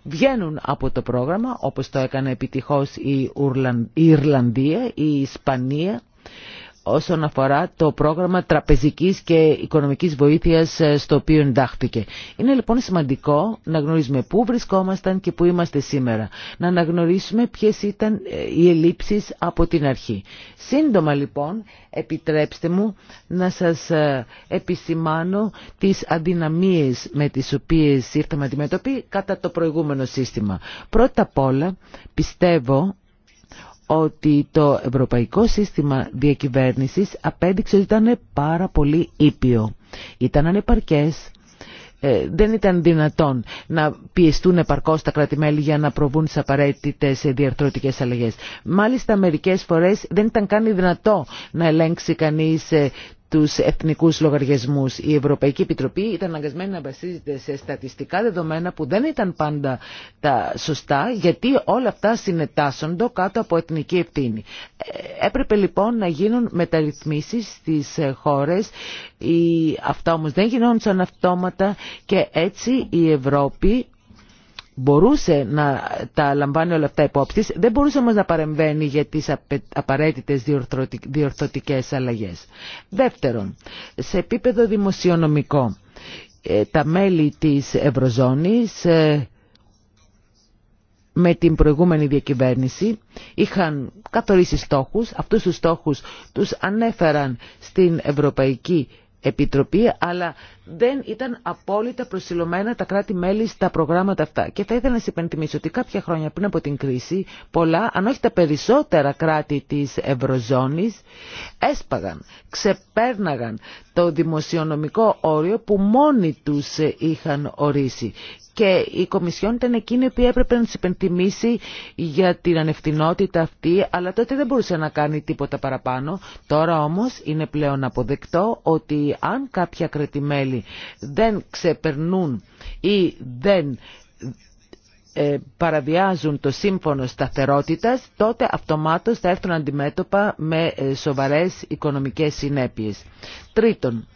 βγαίνουν από το πρόγραμμα όπως το έκανε επιτυχώς η, Ιρλανδία, η Ισπανία όσον αφορά το πρόγραμμα τραπεζικής και οικονομικής βοήθειας ε, στο οποίο εντάχθηκε. Είναι λοιπόν σημαντικό να γνωρίζουμε πού βρισκόμασταν και πού είμαστε σήμερα. Να αναγνωρίσουμε ποιες ήταν ε, οι ελλείψεις από την αρχή. Σύντομα λοιπόν επιτρέψτε μου να σας ε, επισημάνω τις αδυναμίες με τις οποίες ήρθαμε αντιμετωπί κατά το προηγούμενο σύστημα. Πρώτα απ' όλα πιστεύω ότι το ευρωπαϊκό σύστημα διακυβέρνησης απέδειξε ότι ήταν πάρα πολύ ήπιο. Ήταν ανεπαρκές, ε, δεν ήταν δυνατόν να πιεστούν επαρκώς τα κρατη για να προβούν τις απαραίτητες διαρθρωτικές αλλαγές. Μάλιστα μερικές φορές δεν ήταν καν δυνατό να ελέγξει κανείς ε, τους εθνικούς λογαριασμούς. Η Ευρωπαϊκή Επιτροπή ήταν αναγκασμένη να βασίζεται σε στατιστικά δεδομένα που δεν ήταν πάντα τα σωστά, γιατί όλα αυτά συνετάσσονται κάτω από εθνική ευθύνη. Ε, έπρεπε λοιπόν να γίνουν μεταρρυθμίσεις στις ε, χώρες, αυτά όμως δεν γινόντουσαν αυτόματα και έτσι η Ευρώπη μπορούσε να τα λαμβάνει όλα αυτά υπόψη, δεν μπορούσε όμως να παρεμβαίνει για τις απαραίτητες διορθωτικές αλλαγές. Δεύτερον, σε επίπεδο δημοσιονομικό, ε, τα μέλη της Ευρωζώνης ε, με την προηγούμενη διακυβέρνηση είχαν καθορίσει στόχους, αυτούς τους στόχους τους ανέφεραν στην Ευρωπαϊκή Επιτροπή, αλλά δεν ήταν απόλυτα προσιλωμένα τα κράτη-μέλη στα προγράμματα αυτά. Και θα ήθελα να σα υπενθυμίσω ότι κάποια χρόνια πριν από την κρίση, πολλά, αν όχι τα περισσότερα κράτη της Ευρωζώνης, έσπαγαν, ξεπέρναγαν το δημοσιονομικό όριο που μόνοι τους είχαν ορίσει. Και η Κομισιόν ήταν εκείνη που έπρεπε να του υπενθυμίσει για την ανευθυνότητα αυτή, αλλά τότε δεν μπορούσε να κάνει τίποτα παραπάνω. Τώρα όμως είναι πλέον αποδεκτό ότι αν κάποια κρατημέλη δεν ξεπερνούν ή δεν ε, παραβιάζουν το σύμφωνο σταθερότητας, τότε αυτομάτως θα έρθουν αντιμέτωπα με ε, σοβαρές οικονομικές συνέπειες. Τρίτον,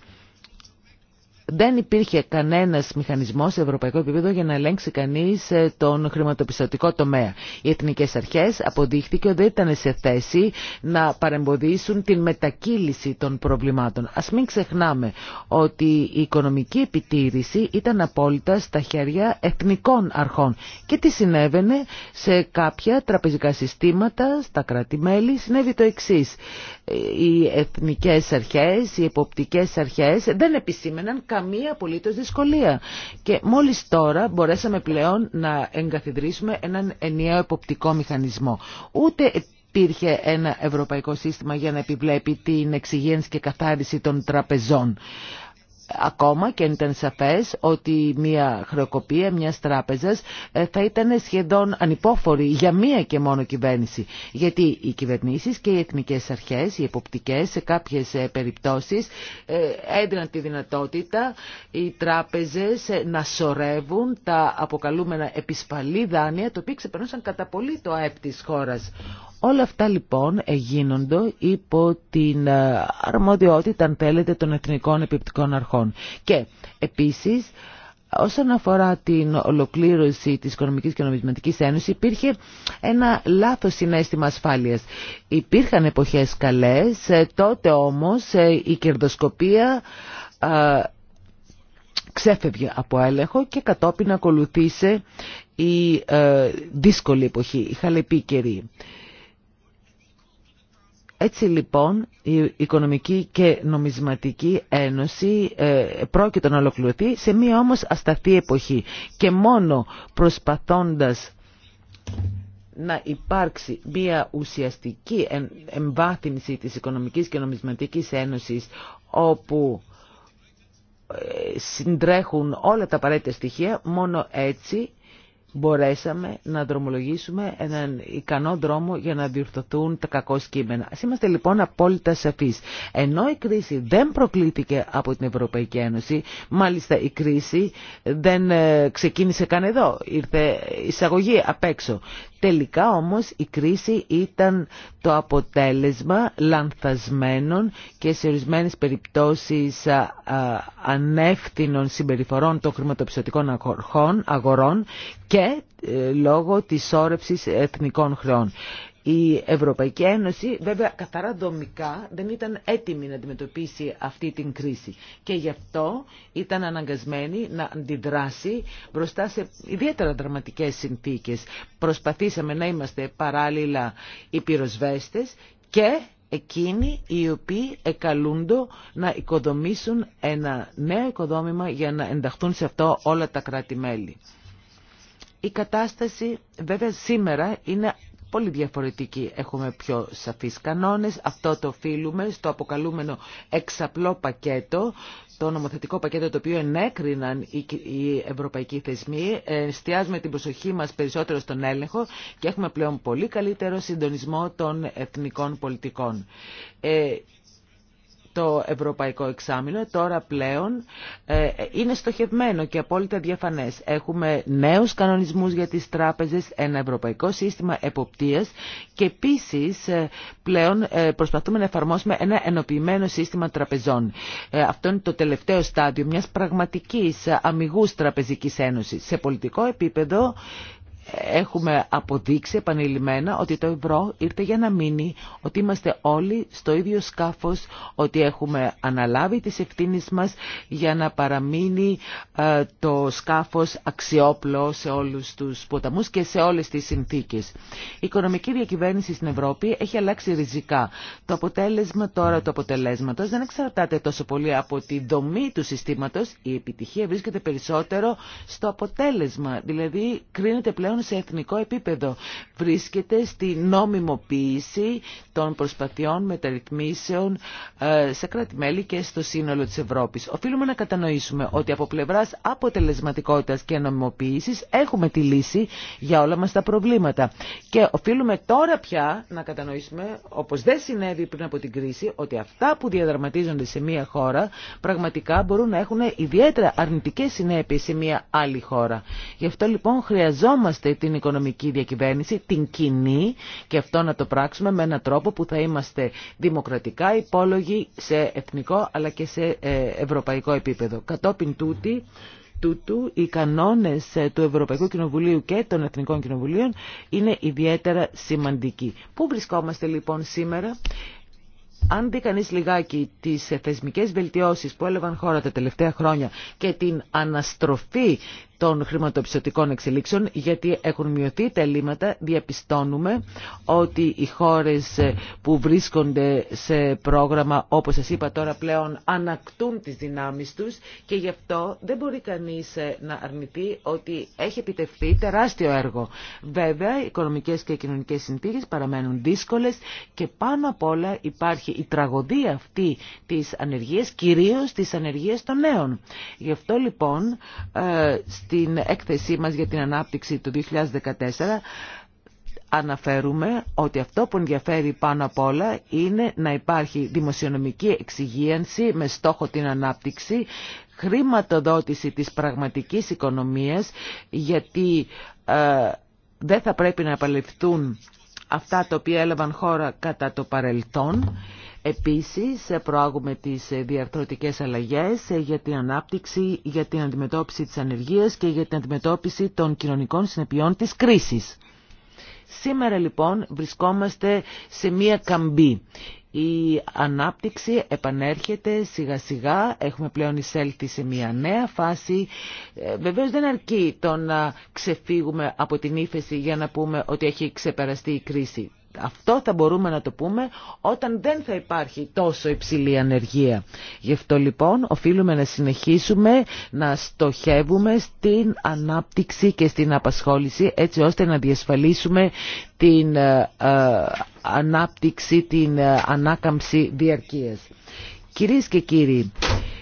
δεν υπήρχε κανένας μηχανισμός σε ευρωπαϊκό επίπεδο για να ελέγξει κανείς ε, τον χρηματοπιστωτικό τομέα. Οι εθνικές αρχές αποδείχθηκε ότι δεν ήταν σε θέση να παρεμποδίσουν την μετακύληση των προβλημάτων. Ας μην ξεχνάμε ότι η οικονομική επιτήρηση ήταν απόλυτα στα χέρια εθνικών αρχών και τι συνέβαινε σε κάποια τραπεζικά συστήματα, στα κράτη-μέλη, συνέβη το εξή οι εθνικές αρχές, οι εποπτικές αρχές δεν επισήμεναν καμία απολύτως δυσκολία. Και μόλις τώρα μπορέσαμε πλέον να εγκαθιδρύσουμε έναν ενιαίο εποπτικό μηχανισμό. Ούτε υπήρχε ένα ευρωπαϊκό σύστημα για να επιβλέπει την εξυγένση και καθάριση των τραπεζών ακόμα και αν ήταν σαφές ότι μια χρεοκοπία μια τράπεζας ε, θα ήταν σχεδόν ανυπόφορη για μία και μόνο κυβέρνηση. Γιατί οι κυβερνήσεις και οι εθνικές αρχές, οι εποπτικές σε κάποιες ε, περιπτώσεις ε, έδιναν τη δυνατότητα οι τράπεζες να σωρεύουν τα αποκαλούμενα επισφαλή δάνεια, τα οποία ξεπερνούσαν κατά πολύ το ΑΕΠ της χώρας. Όλα αυτά λοιπόν γίνονται υπό την ε, αρμοδιότητα, αν θέλετε, των εθνικών επιπτικών αρχών. Και επίσης, Όσον αφορά την ολοκλήρωση της Οικονομικής και Νομισματικής Ένωσης υπήρχε ένα λάθος συνέστημα ασφάλειας. Υπήρχαν εποχές καλές, ε, τότε όμως ε, η κερδοσκοπία ξέφευγε από έλεγχο και κατόπιν ακολουθήσε η δύσκολη εποχή, η καιρή. Έτσι λοιπόν η Οικονομική και Νομισματική Ένωση ε, πρόκειται να ολοκληρωθεί σε μία όμως ασταθή εποχή και μόνο προσπαθώντας να υπάρξει μία ουσιαστική εμβάθυνση της Οικονομικής και Νομισματικής Ένωσης όπου ε, συντρέχουν όλα τα απαραίτητα στοιχεία, μόνο έτσι μπορέσαμε να δρομολογήσουμε έναν ικανό δρόμο για να διορθωθούν τα κακό κείμενα. Ας είμαστε λοιπόν απόλυτα σαφείς. Ενώ η κρίση δεν προκλήθηκε από την Ευρωπαϊκή Ένωση, μάλιστα η κρίση δεν ε, ξεκίνησε καν εδώ, ήρθε εισαγωγή απ' έξω. Τελικά όμως η κρίση ήταν το αποτέλεσμα λανθασμένων και σε ορισμένε περιπτώσεις ανεύθυνων συμπεριφορών των χρηματοπιστωτικών αγορών και ε, λόγω της όρευσης εθνικών χρεών. Η Ευρωπαϊκή Ένωση βέβαια καθαρά δομικά δεν ήταν έτοιμη να αντιμετωπίσει αυτή την κρίση και γι' αυτό ήταν αναγκασμένη να αντιδράσει μπροστά σε ιδιαίτερα δραματικές συνθήκες. Προσπαθήσαμε να είμαστε παράλληλα οι πυροσβέστες και εκείνοι οι οποίοι εκαλούντο να οικοδομήσουν ένα νέο οικοδόμημα για να ενταχθούν σε αυτό όλα τα κράτη-μέλη. Η κατάσταση βέβαια σήμερα είναι πολύ διαφορετική. Έχουμε πιο σαφείς κανόνες, αυτό το οφείλουμε στο αποκαλούμενο εξαπλό πακέτο, το νομοθετικό πακέτο το οποίο ενέκριναν οι ευρωπαϊκοί θεσμοί. Εστιάζουμε την προσοχή μας περισσότερο στον έλεγχο και έχουμε πλέον πολύ καλύτερο συντονισμό των εθνικών πολιτικών. Ε, το Ευρωπαϊκό Εξάμεινο τώρα πλέον ε, είναι στοχευμένο και απόλυτα διαφανές. Έχουμε νέους κανονισμούς για τις τράπεζες, ένα ευρωπαϊκό σύστημα εποπτείας και επίσης ε, πλέον ε, προσπαθούμε να εφαρμόσουμε ένα ενοποιημένο σύστημα τραπεζών. Αυτό είναι το τελευταίο στάδιο μιας πραγματικής αμυγούς τραπεζικής ένωσης. Σε πολιτικό επίπεδο έχουμε αποδείξει επανειλημμένα ότι το ευρώ ήρθε για να μείνει, ότι είμαστε όλοι στο ίδιο σκάφος, ότι έχουμε αναλάβει τις ευθύνες μας για να παραμείνει ε, το σκάφος αξιόπλο σε όλους τους ποταμούς και σε όλες τις συνθήκες. Η οικονομική διακυβέρνηση στην Ευρώπη έχει αλλάξει ριζικά. Το αποτέλεσμα τώρα του αποτελέσματος δεν εξαρτάται τόσο πολύ από τη δομή του συστήματος. Η επιτυχία βρίσκεται περισσότερο στο αποτέλεσμα, δηλαδή κρίνεται πλέον σε εθνικό επίπεδο. Βρίσκεται στη νόμιμοποίηση των προσπαθειών μεταρρυθμίσεων ε, σε κράτη-μέλη και στο σύνολο της Ευρώπης. Οφείλουμε να κατανοήσουμε ότι από πλευράς αποτελεσματικότητας και νομιμοποίησης έχουμε τη λύση για όλα μας τα προβλήματα. Και οφείλουμε τώρα πια να κατανοήσουμε, όπως δεν συνέβη πριν από την κρίση, ότι αυτά που διαδραματίζονται σε μία χώρα πραγματικά μπορούν να έχουν ιδιαίτερα αρνητικές συνέπειες σε μία άλλη χώρα. Γι' αυτό λοιπόν χρειαζόμαστε την οικονομική διακυβέρνηση, την κοινή και αυτό να το πράξουμε με έναν τρόπο που θα είμαστε δημοκρατικά υπόλογοι σε εθνικό αλλά και σε ε, ευρωπαϊκό επίπεδο. Κατόπιν τούτη, τούτου οι κανόνες ε, του Ευρωπαϊκού Κοινοβουλίου και των Εθνικών Κοινοβουλίων είναι ιδιαίτερα σημαντικοί. Πού βρισκόμαστε λοιπόν σήμερα. Αν δει κανεί λιγάκι τι θεσμικέ βελτιώσει που έλαβαν χώρα τα τελευταία χρόνια και την αναστροφή των χρηματοπιστωτικών εξελίξεων γιατί έχουν μειωθεί τα ελλείμματα. Διαπιστώνουμε ότι οι χώρες ε, που βρίσκονται σε πρόγραμμα όπως σας είπα τώρα πλέον ανακτούν τις δυνάμεις τους και γι' αυτό δεν μπορεί κανείς ε, να αρνηθεί ότι έχει επιτευχθεί τεράστιο έργο. Βέβαια, οι οικονομικές και οι κοινωνικές συνθήκες παραμένουν δύσκολε. και πάνω απ' όλα υπάρχει η τραγωδία αυτή της ανεργίας, κυρίως της ανεργίας των νέων. Γι' αυτό λοιπόν ε, στην έκθεσή μας για την ανάπτυξη του 2014 αναφέρουμε ότι αυτό που ενδιαφέρει πάνω απ' όλα είναι να υπάρχει δημοσιονομική εξυγίανση με στόχο την ανάπτυξη, χρηματοδότηση της πραγματικής οικονομίας γιατί ε, δεν θα πρέπει να επαλευθούν αυτά τα οποία έλαβαν χώρα κατά το παρελθόν Επίσης, προάγουμε τις διαρθρωτικές αλλαγές για την ανάπτυξη, για την αντιμετώπιση της ανεργίας και για την αντιμετώπιση των κοινωνικών συνεπειών της κρίσης. Σήμερα λοιπόν βρισκόμαστε σε μία καμπή. Η ανάπτυξη επανέρχεται σιγά σιγά, έχουμε πλέον εισέλθει σε μια νέα φάση. Ε, βεβαίως δεν αρκεί το να ξεφύγουμε από την ύφεση για να πούμε ότι έχει ξεπεραστεί η κρίση. Αυτό θα μπορούμε να το πούμε όταν δεν θα υπάρχει τόσο υψηλή ανεργία. Γι' αυτό λοιπόν οφείλουμε να συνεχίσουμε να στοχεύουμε στην ανάπτυξη και στην απασχόληση έτσι ώστε να διασφαλίσουμε την ε, ε, ανάπτυξη, την ε, ανάκαμψη διαρκείας. Κυρίες και κύριοι,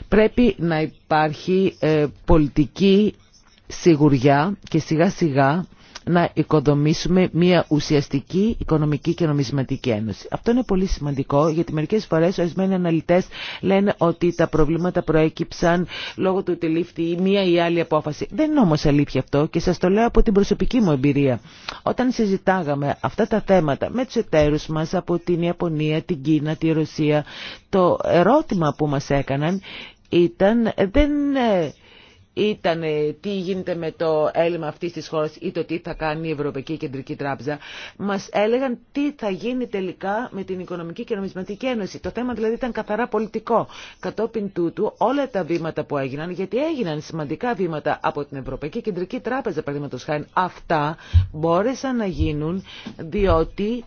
πρέπει να υπάρχει πολιτική σιγουριά και σιγά σιγά να οικοδομήσουμε μια ουσιαστική οικονομική και νομισματική ένωση. Αυτό είναι πολύ σημαντικό γιατί μερικές φορές ορισμένοι αναλυτές λένε ότι τα προβλήματα προέκυψαν λόγω του ότι η μία ή η αλλη απόφαση. Δεν είναι όμως αλήθεια αυτό και σας το λέω από την προσωπική μου εμπειρία. Όταν συζητάγαμε αυτά τα θέματα με τους εταίρους μας από την Ιαπωνία, την Κίνα, τη Ρωσία, το ερώτημα που μας έκαναν ήταν δεν ε, ήταν ε, τι γίνεται με το έλλειμμα αυτής της χώρας ή το τι θα κάνει η Ευρωπαϊκή Κεντρική Τράπεζα, μας έλεγαν τι θα γίνει τελικά με την Οικονομική και Νομισματική Ένωση. Το θέμα δηλαδή ήταν καθαρά πολιτικό. Κατόπιν τούτου όλα τα βήματα που έγιναν, γιατί έγιναν σημαντικά βήματα από την Ευρωπαϊκή Κεντρική Τράπεζα, παραδείγματος χάρη, αυτά μπόρεσαν να γίνουν διότι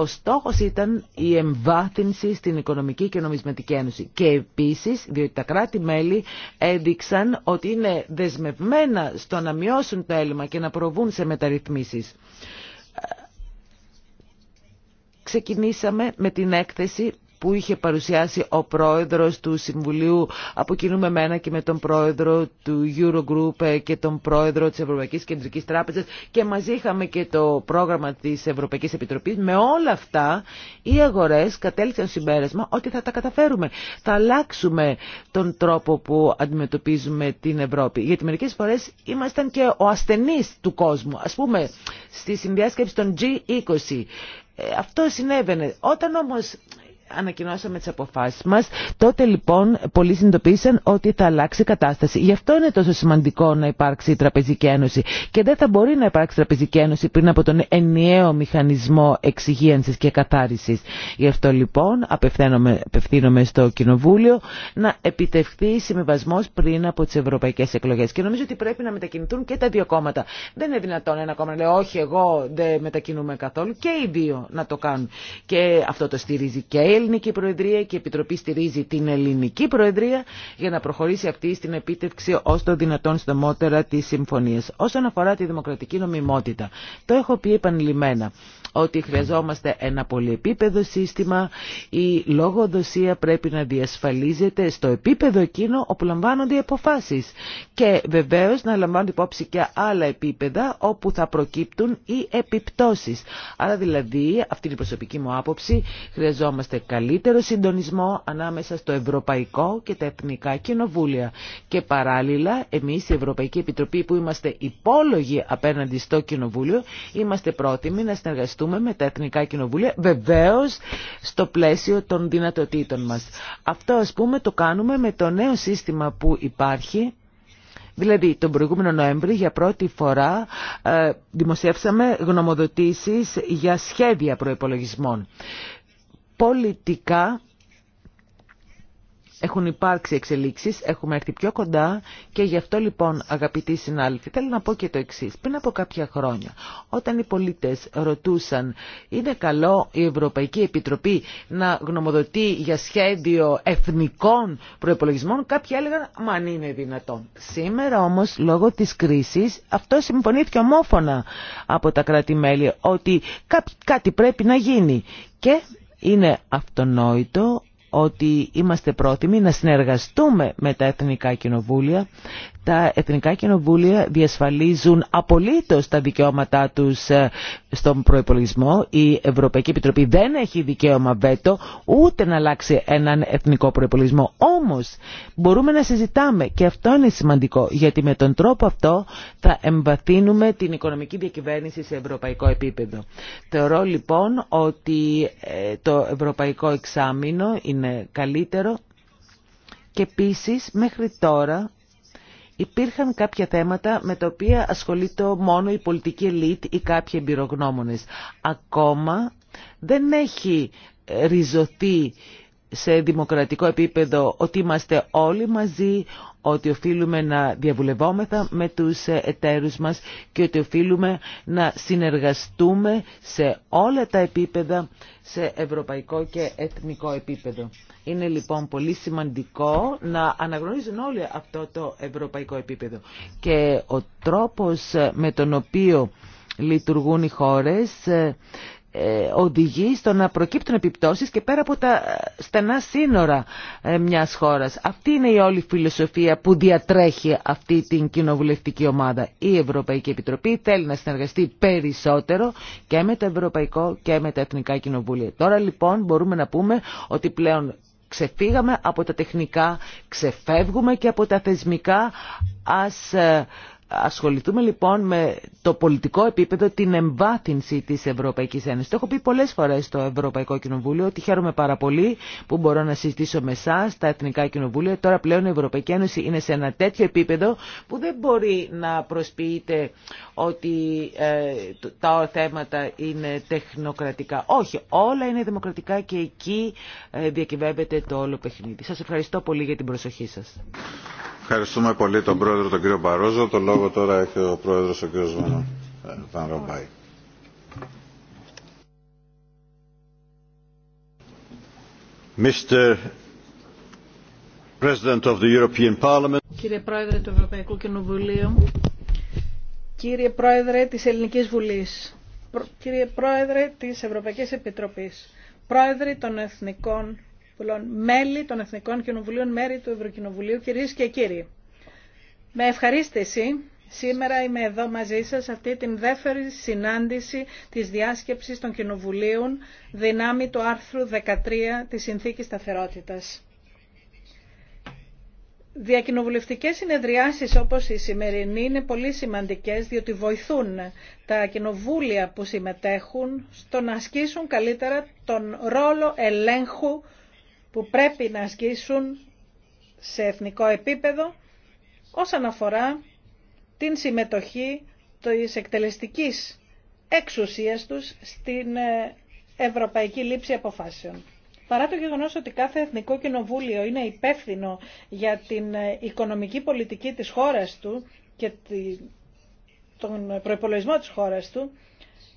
ο στόχος ήταν η εμβάθυνση στην Οικονομική και Νομισματική Ένωση. Και επίσης, διότι τα κράτη-μέλη έδειξαν ότι είναι δεσμευμένα στο να μειώσουν το έλλειμμα και να προβούν σε μεταρρυθμίσεις. Ε, ξεκινήσαμε με την έκθεση που είχε παρουσιάσει ο πρόεδρος του Συμβουλίου από με μένα και με τον πρόεδρο του Eurogroup ε, και τον πρόεδρο της Ευρωπαϊκής Κεντρικής Τράπεζας και μαζί είχαμε και το πρόγραμμα της Ευρωπαϊκής Επιτροπής. Με όλα αυτά οι αγορές κατέληξαν συμπέρασμα ότι θα τα καταφέρουμε. Θα αλλάξουμε τον τρόπο που αντιμετωπίζουμε την Ευρώπη. Γιατί μερικές φορές ήμασταν και ο ασθενής του κόσμου. Ας πούμε στη συνδιάσκεψη των G20 ε, αυτό συνέβαινε. Όταν όμως ανακοινώσαμε τις αποφάσεις μας, τότε λοιπόν πολλοί συνειδητοποίησαν ότι θα αλλάξει η κατάσταση. Γι' αυτό είναι τόσο σημαντικό να υπάρξει η Τραπεζική Ένωση. Και δεν θα μπορεί να υπάρξει η Τραπεζική Ένωση πριν από τον ενιαίο μηχανισμό εξυγίανσης και καθάρισης. Γι' αυτό λοιπόν απευθύνομαι στο Κοινοβούλιο να επιτευχθεί συμβιβασμό πριν από τις ευρωπαϊκές εκλογές. Και νομίζω ότι πρέπει να μετακινηθούν και τα δύο κόμματα. Δεν είναι δυνατόν ένα κόμμα να λέει όχι εγώ δεν μετακινούμε καθόλου και οι δύο να το κάνουν. Και αυτό το στηρίζει ελληνική προεδρία και η Επιτροπή στηρίζει την ελληνική προεδρία για να προχωρήσει αυτή στην επίτευξη ω το δυνατόν στομότερα τη συμφωνία. Όσον αφορά τη δημοκρατική νομιμότητα, το έχω πει επανειλημμένα ότι χρειαζόμαστε ένα πολυεπίπεδο σύστημα. Η λογοδοσία πρέπει να διασφαλίζεται στο επίπεδο εκείνο όπου λαμβάνονται οι αποφάσεις. Και βεβαίως να λαμβάνονται υπόψη και άλλα επίπεδα όπου θα προκύπτουν οι επιπτώσεις. Άρα δηλαδή, αυτή είναι η προσωπική μου άποψη, χρειαζόμαστε καλύτερο συντονισμό ανάμεσα στο Ευρωπαϊκό και τα Εθνικά Κοινοβούλια. Και παράλληλα, εμείς η Ευρωπαϊκή Επιτροπή που είμαστε υπόλογοι απέναντι στο Κοινοβούλιο, είμαστε πρότιμοι να συνεργαστούμε συνεργαστούμε με τα Εθνικά Κοινοβούλια, βεβαίως στο πλαίσιο των δυνατοτήτων μας. Αυτό ας πούμε το κάνουμε με το νέο σύστημα που υπάρχει, Δηλαδή, τον προηγούμενο Νοέμβρη για πρώτη φορά ε, δημοσιεύσαμε γνωμοδοτήσεις για σχέδια προϋπολογισμών. Πολιτικά έχουν υπάρξει εξελίξεις, έχουμε έρθει πιο κοντά και γι' αυτό λοιπόν αγαπητοί συνάλληλοι, θέλω να πω και το εξής. Πριν από κάποια χρόνια όταν οι πολίτες ρωτούσαν είναι καλό η Ευρωπαϊκή Επιτροπή να γνωμοδοτεί για σχέδιο εθνικών προϋπολογισμών κάποιοι έλεγαν μα αν είναι δυνατόν. Σήμερα όμως λόγω της κρίσης αυτό συμφωνήθηκε ομόφωνα από τα κράτη-μέλη ότι κάτι πρέπει να γίνει και είναι αυτονόητο ότι είμαστε πρόθυμοι να συνεργαστούμε με τα Εθνικά Κοινοβούλια. Τα Εθνικά Κοινοβούλια διασφαλίζουν απολύτως τα δικαιώματά τους ε, στον προϋπολογισμό. Η Ευρωπαϊκή Επιτροπή δεν έχει δικαίωμα βέτο ούτε να αλλάξει έναν εθνικό προϋπολογισμό. Όμως μπορούμε να συζητάμε και αυτό είναι σημαντικό γιατί με τον τρόπο αυτό θα εμβαθύνουμε την οικονομική διακυβέρνηση σε ευρωπαϊκό επίπεδο. Θεωρώ λοιπόν ότι ε, το Ευρωπαϊκό Εξάμεινο, είναι καλύτερο και επίσης μέχρι τώρα υπήρχαν κάποια θέματα με τα οποία ασχολείται μόνο η πολιτική ελίτ ή κάποιοι εμπειρογνώμονες. Ακόμα δεν έχει ε, ριζωθεί σε δημοκρατικό επίπεδο ότι είμαστε όλοι μαζί, ότι οφείλουμε να διαβουλευόμεθα με τους ε, εταίρους μας και ότι οφείλουμε να συνεργαστούμε σε όλα τα επίπεδα, σε ευρωπαϊκό και εθνικό επίπεδο. Είναι λοιπόν πολύ σημαντικό να αναγνωρίζουν όλοι αυτό το ευρωπαϊκό επίπεδο. Και ο τρόπος ε, με τον οποίο λειτουργούν οι χώρες ε, ε, οδηγεί στο να προκύπτουν επιπτώσεις και πέρα από τα στενά σύνορα ε, μιας χώρας. Αυτή είναι η όλη φιλοσοφία που διατρέχει αυτή την κοινοβουλευτική ομάδα. Η Ευρωπαϊκή Επιτροπή θέλει να συνεργαστεί περισσότερο και με το Ευρωπαϊκό και με τα Εθνικά Κοινοβούλια. Τώρα λοιπόν μπορούμε να πούμε ότι πλέον ξεφύγαμε από τα τεχνικά, ξεφεύγουμε και από τα θεσμικά, ας ε, ασχοληθούμε λοιπόν με το πολιτικό επίπεδο, την εμβάθυνση της Ευρωπαϊκής Ένωσης. Το έχω πει πολλές φορές στο Ευρωπαϊκό Κοινοβούλιο ότι χαίρομαι πάρα πολύ που μπορώ να συζητήσω με εσά τα Εθνικά Κοινοβούλια. Τώρα πλέον η Ευρωπαϊκή Ένωση είναι σε ένα τέτοιο επίπεδο που δεν μπορεί να προσποιείται ότι ε, τα θέματα είναι τεχνοκρατικά. Όχι, όλα είναι δημοκρατικά και εκεί ε, διακυβεύεται το όλο παιχνίδι. Σας ευχαριστώ πολύ για την προσοχή σας. Ευχαριστούμε πολύ τον πρόεδρο τον κύριο Μπαρόζο. Το λόγο τώρα έχει ο πρόεδρος ο κύριος Βαν ε, Ρομπάη. Κύριε Πρόεδρε του Ευρωπαϊκού Κοινοβουλίου, κύριε Πρόεδρε της Ελληνικής Βουλής, κύριε Πρόεδρε της Ευρωπαϊκής Επιτροπής, Πρόεδρε των Εθνικών μέλη των Εθνικών Κοινοβουλίων, μέρη του Ευρωκοινοβουλίου, κυρίε και κύριοι. Με ευχαρίστηση σήμερα είμαι εδώ μαζί σας αυτή την δεύτερη συνάντηση της διάσκεψης των Κοινοβουλίων δυνάμει του άρθρου 13 της Συνθήκης σταθερότητα. Διακοινοβουλευτικές συνεδριάσεις όπως η σημερινή είναι πολύ σημαντικές διότι βοηθούν τα κοινοβούλια που συμμετέχουν στο να ασκήσουν καλύτερα τον ρόλο ελέγχου που πρέπει να ασκήσουν σε εθνικό επίπεδο όσον αφορά την συμμετοχή της εκτελεστικής εξουσίας τους στην ε, ευρωπαϊκή λήψη αποφάσεων. Παρά το γεγονός ότι κάθε Εθνικό Κοινοβούλιο είναι υπεύθυνο για την ε, οικονομική πολιτική της χώρας του και τον προπολογισμό της χώρας του,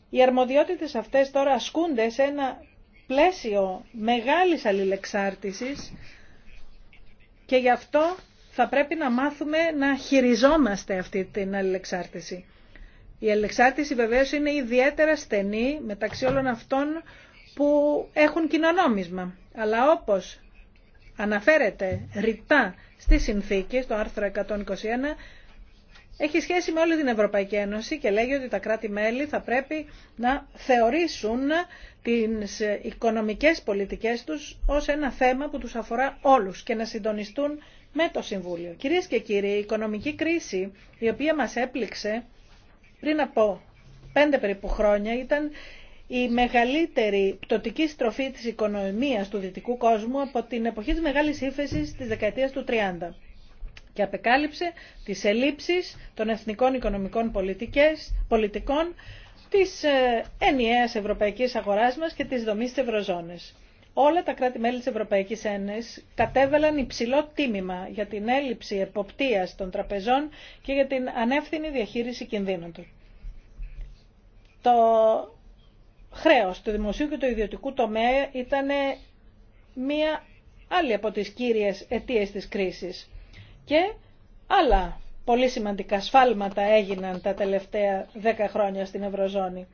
οι αρμοδιότητες αυτές τώρα ασκούνται σε ένα πλαίσιο μεγάλης αλληλεξάρτησης και γι' αυτό θα πρέπει να μάθουμε να χειριζόμαστε αυτή την αλληλεξάρτηση. Η αλληλεξάρτηση βεβαίως είναι ιδιαίτερα στενή μεταξύ όλων αυτών που έχουν κοινωνόμισμα. Αλλά όπως αναφέρεται ρητά στη συνθήκη, στο άρθρο 121, έχει σχέση με όλη την Ευρωπαϊκή Ένωση και λέγει ότι τα κράτη-μέλη θα πρέπει να θεωρήσουν τις οικονομικές πολιτικές τους ως ένα θέμα που τους αφορά όλους και να συντονιστούν με το Συμβούλιο. Κυρίες και κύριοι, η οικονομική κρίση η οποία μας έπληξε πριν από πέντε περίπου χρόνια ήταν η μεγαλύτερη πτωτική στροφή της οικονομίας του δυτικού κόσμου από την εποχή της μεγάλης ύφεσης της δεκαετίας του 30 και απεκάλυψε τις ελλείψεις των εθνικών οικονομικών πολιτικές, πολιτικών της ε, ενιαίας ευρωπαϊκής αγοράς μας και της δομής της Ευρωζώνης. Όλα τα κράτη-μέλη της Ευρωπαϊκής Ένωσης κατέβαλαν υψηλό τίμημα για την έλλειψη εποπτείας των τραπεζών και για την ανεύθυνη διαχείριση κινδύνων του. Το χρέος του δημοσίου και του ιδιωτικού τομέα ήταν μία άλλη από τις κύριες αιτίες της κρίσης και άλλα πολύ σημαντικά σφάλματα έγιναν τα τελευταία δέκα χρόνια στην Ευρωζώνη.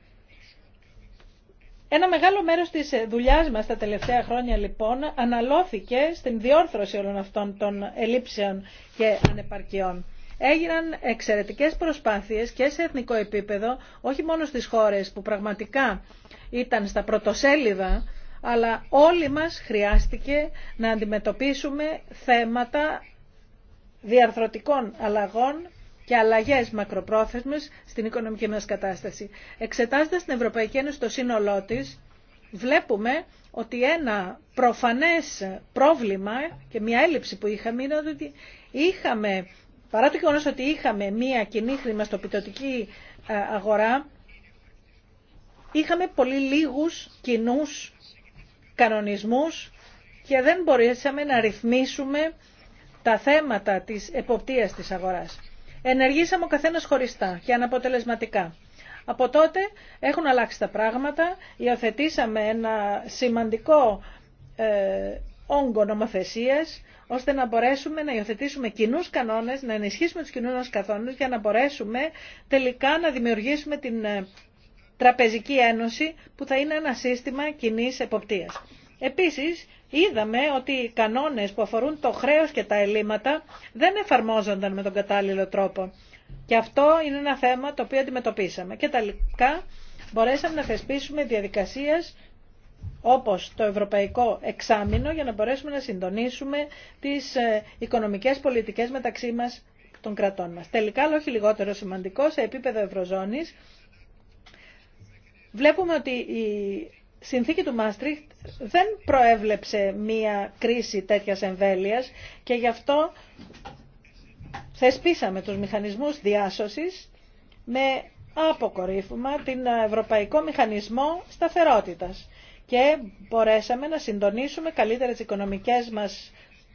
Ένα μεγάλο μέρος της δουλειάς μας τα τελευταία χρόνια λοιπόν αναλώθηκε στην διόρθωση όλων αυτών των ελλείψεων και ανεπαρκειών. Έγιναν εξαιρετικές προσπάθειες και σε εθνικό επίπεδο, όχι μόνο στις χώρες που πραγματικά ήταν στα πρωτοσέλιδα, αλλά όλοι μας χρειάστηκε να αντιμετωπίσουμε θέματα διαρθρωτικών αλλαγών και αλλαγέ μακροπρόθεσμε στην οικονομική μας κατάσταση. Εξετάζοντας την Ευρωπαϊκή Ένωση στο σύνολό τη, βλέπουμε ότι ένα προφανές πρόβλημα και μια έλλειψη που είχαμε είναι ότι είχαμε, παρά το γεγονό ότι είχαμε μια κοινή χρηματοπιτωτική ε, αγορά, είχαμε πολύ λίγους κοινούς κανονισμούς και δεν μπορέσαμε να ρυθμίσουμε τα θέματα της εποπτείας της αγοράς. Ενεργήσαμε ο καθένας χωριστά και αναποτελεσματικά. Από τότε έχουν αλλάξει τα πράγματα, υιοθετήσαμε ένα σημαντικό ε, όγκο νομοθεσίας, ώστε να μπορέσουμε να υιοθετήσουμε κοινού κανόνες, να ενισχύσουμε τους κοινούς μας για να μπορέσουμε τελικά να δημιουργήσουμε την ε, Τραπεζική Ένωση που θα είναι ένα σύστημα κοινή εποπτείας. Επίσης, είδαμε ότι οι κανόνες που αφορούν το χρέος και τα ελλείμματα δεν εφαρμόζονταν με τον κατάλληλο τρόπο. Και αυτό είναι ένα θέμα το οποίο αντιμετωπίσαμε. Και τελικά μπορέσαμε να θεσπίσουμε διαδικασίες όπως το Ευρωπαϊκό Εξάμεινο για να μπορέσουμε να συντονίσουμε τις ε, οικονομικές πολιτικές μεταξύ μας των κρατών μας. Τελικά, αλλά όχι λιγότερο σημαντικό, σε επίπεδο Ευρωζώνης, βλέπουμε ότι η συνθήκη του Μάστριχτ δεν προέβλεψε μία κρίση τέτοιας εμβέλειας και γι' αυτό θεσπίσαμε τους μηχανισμούς διάσωσης με αποκορύφωμα την Ευρωπαϊκό Μηχανισμό Σταθερότητας και μπορέσαμε να συντονίσουμε καλύτερες τις οικονομικές μας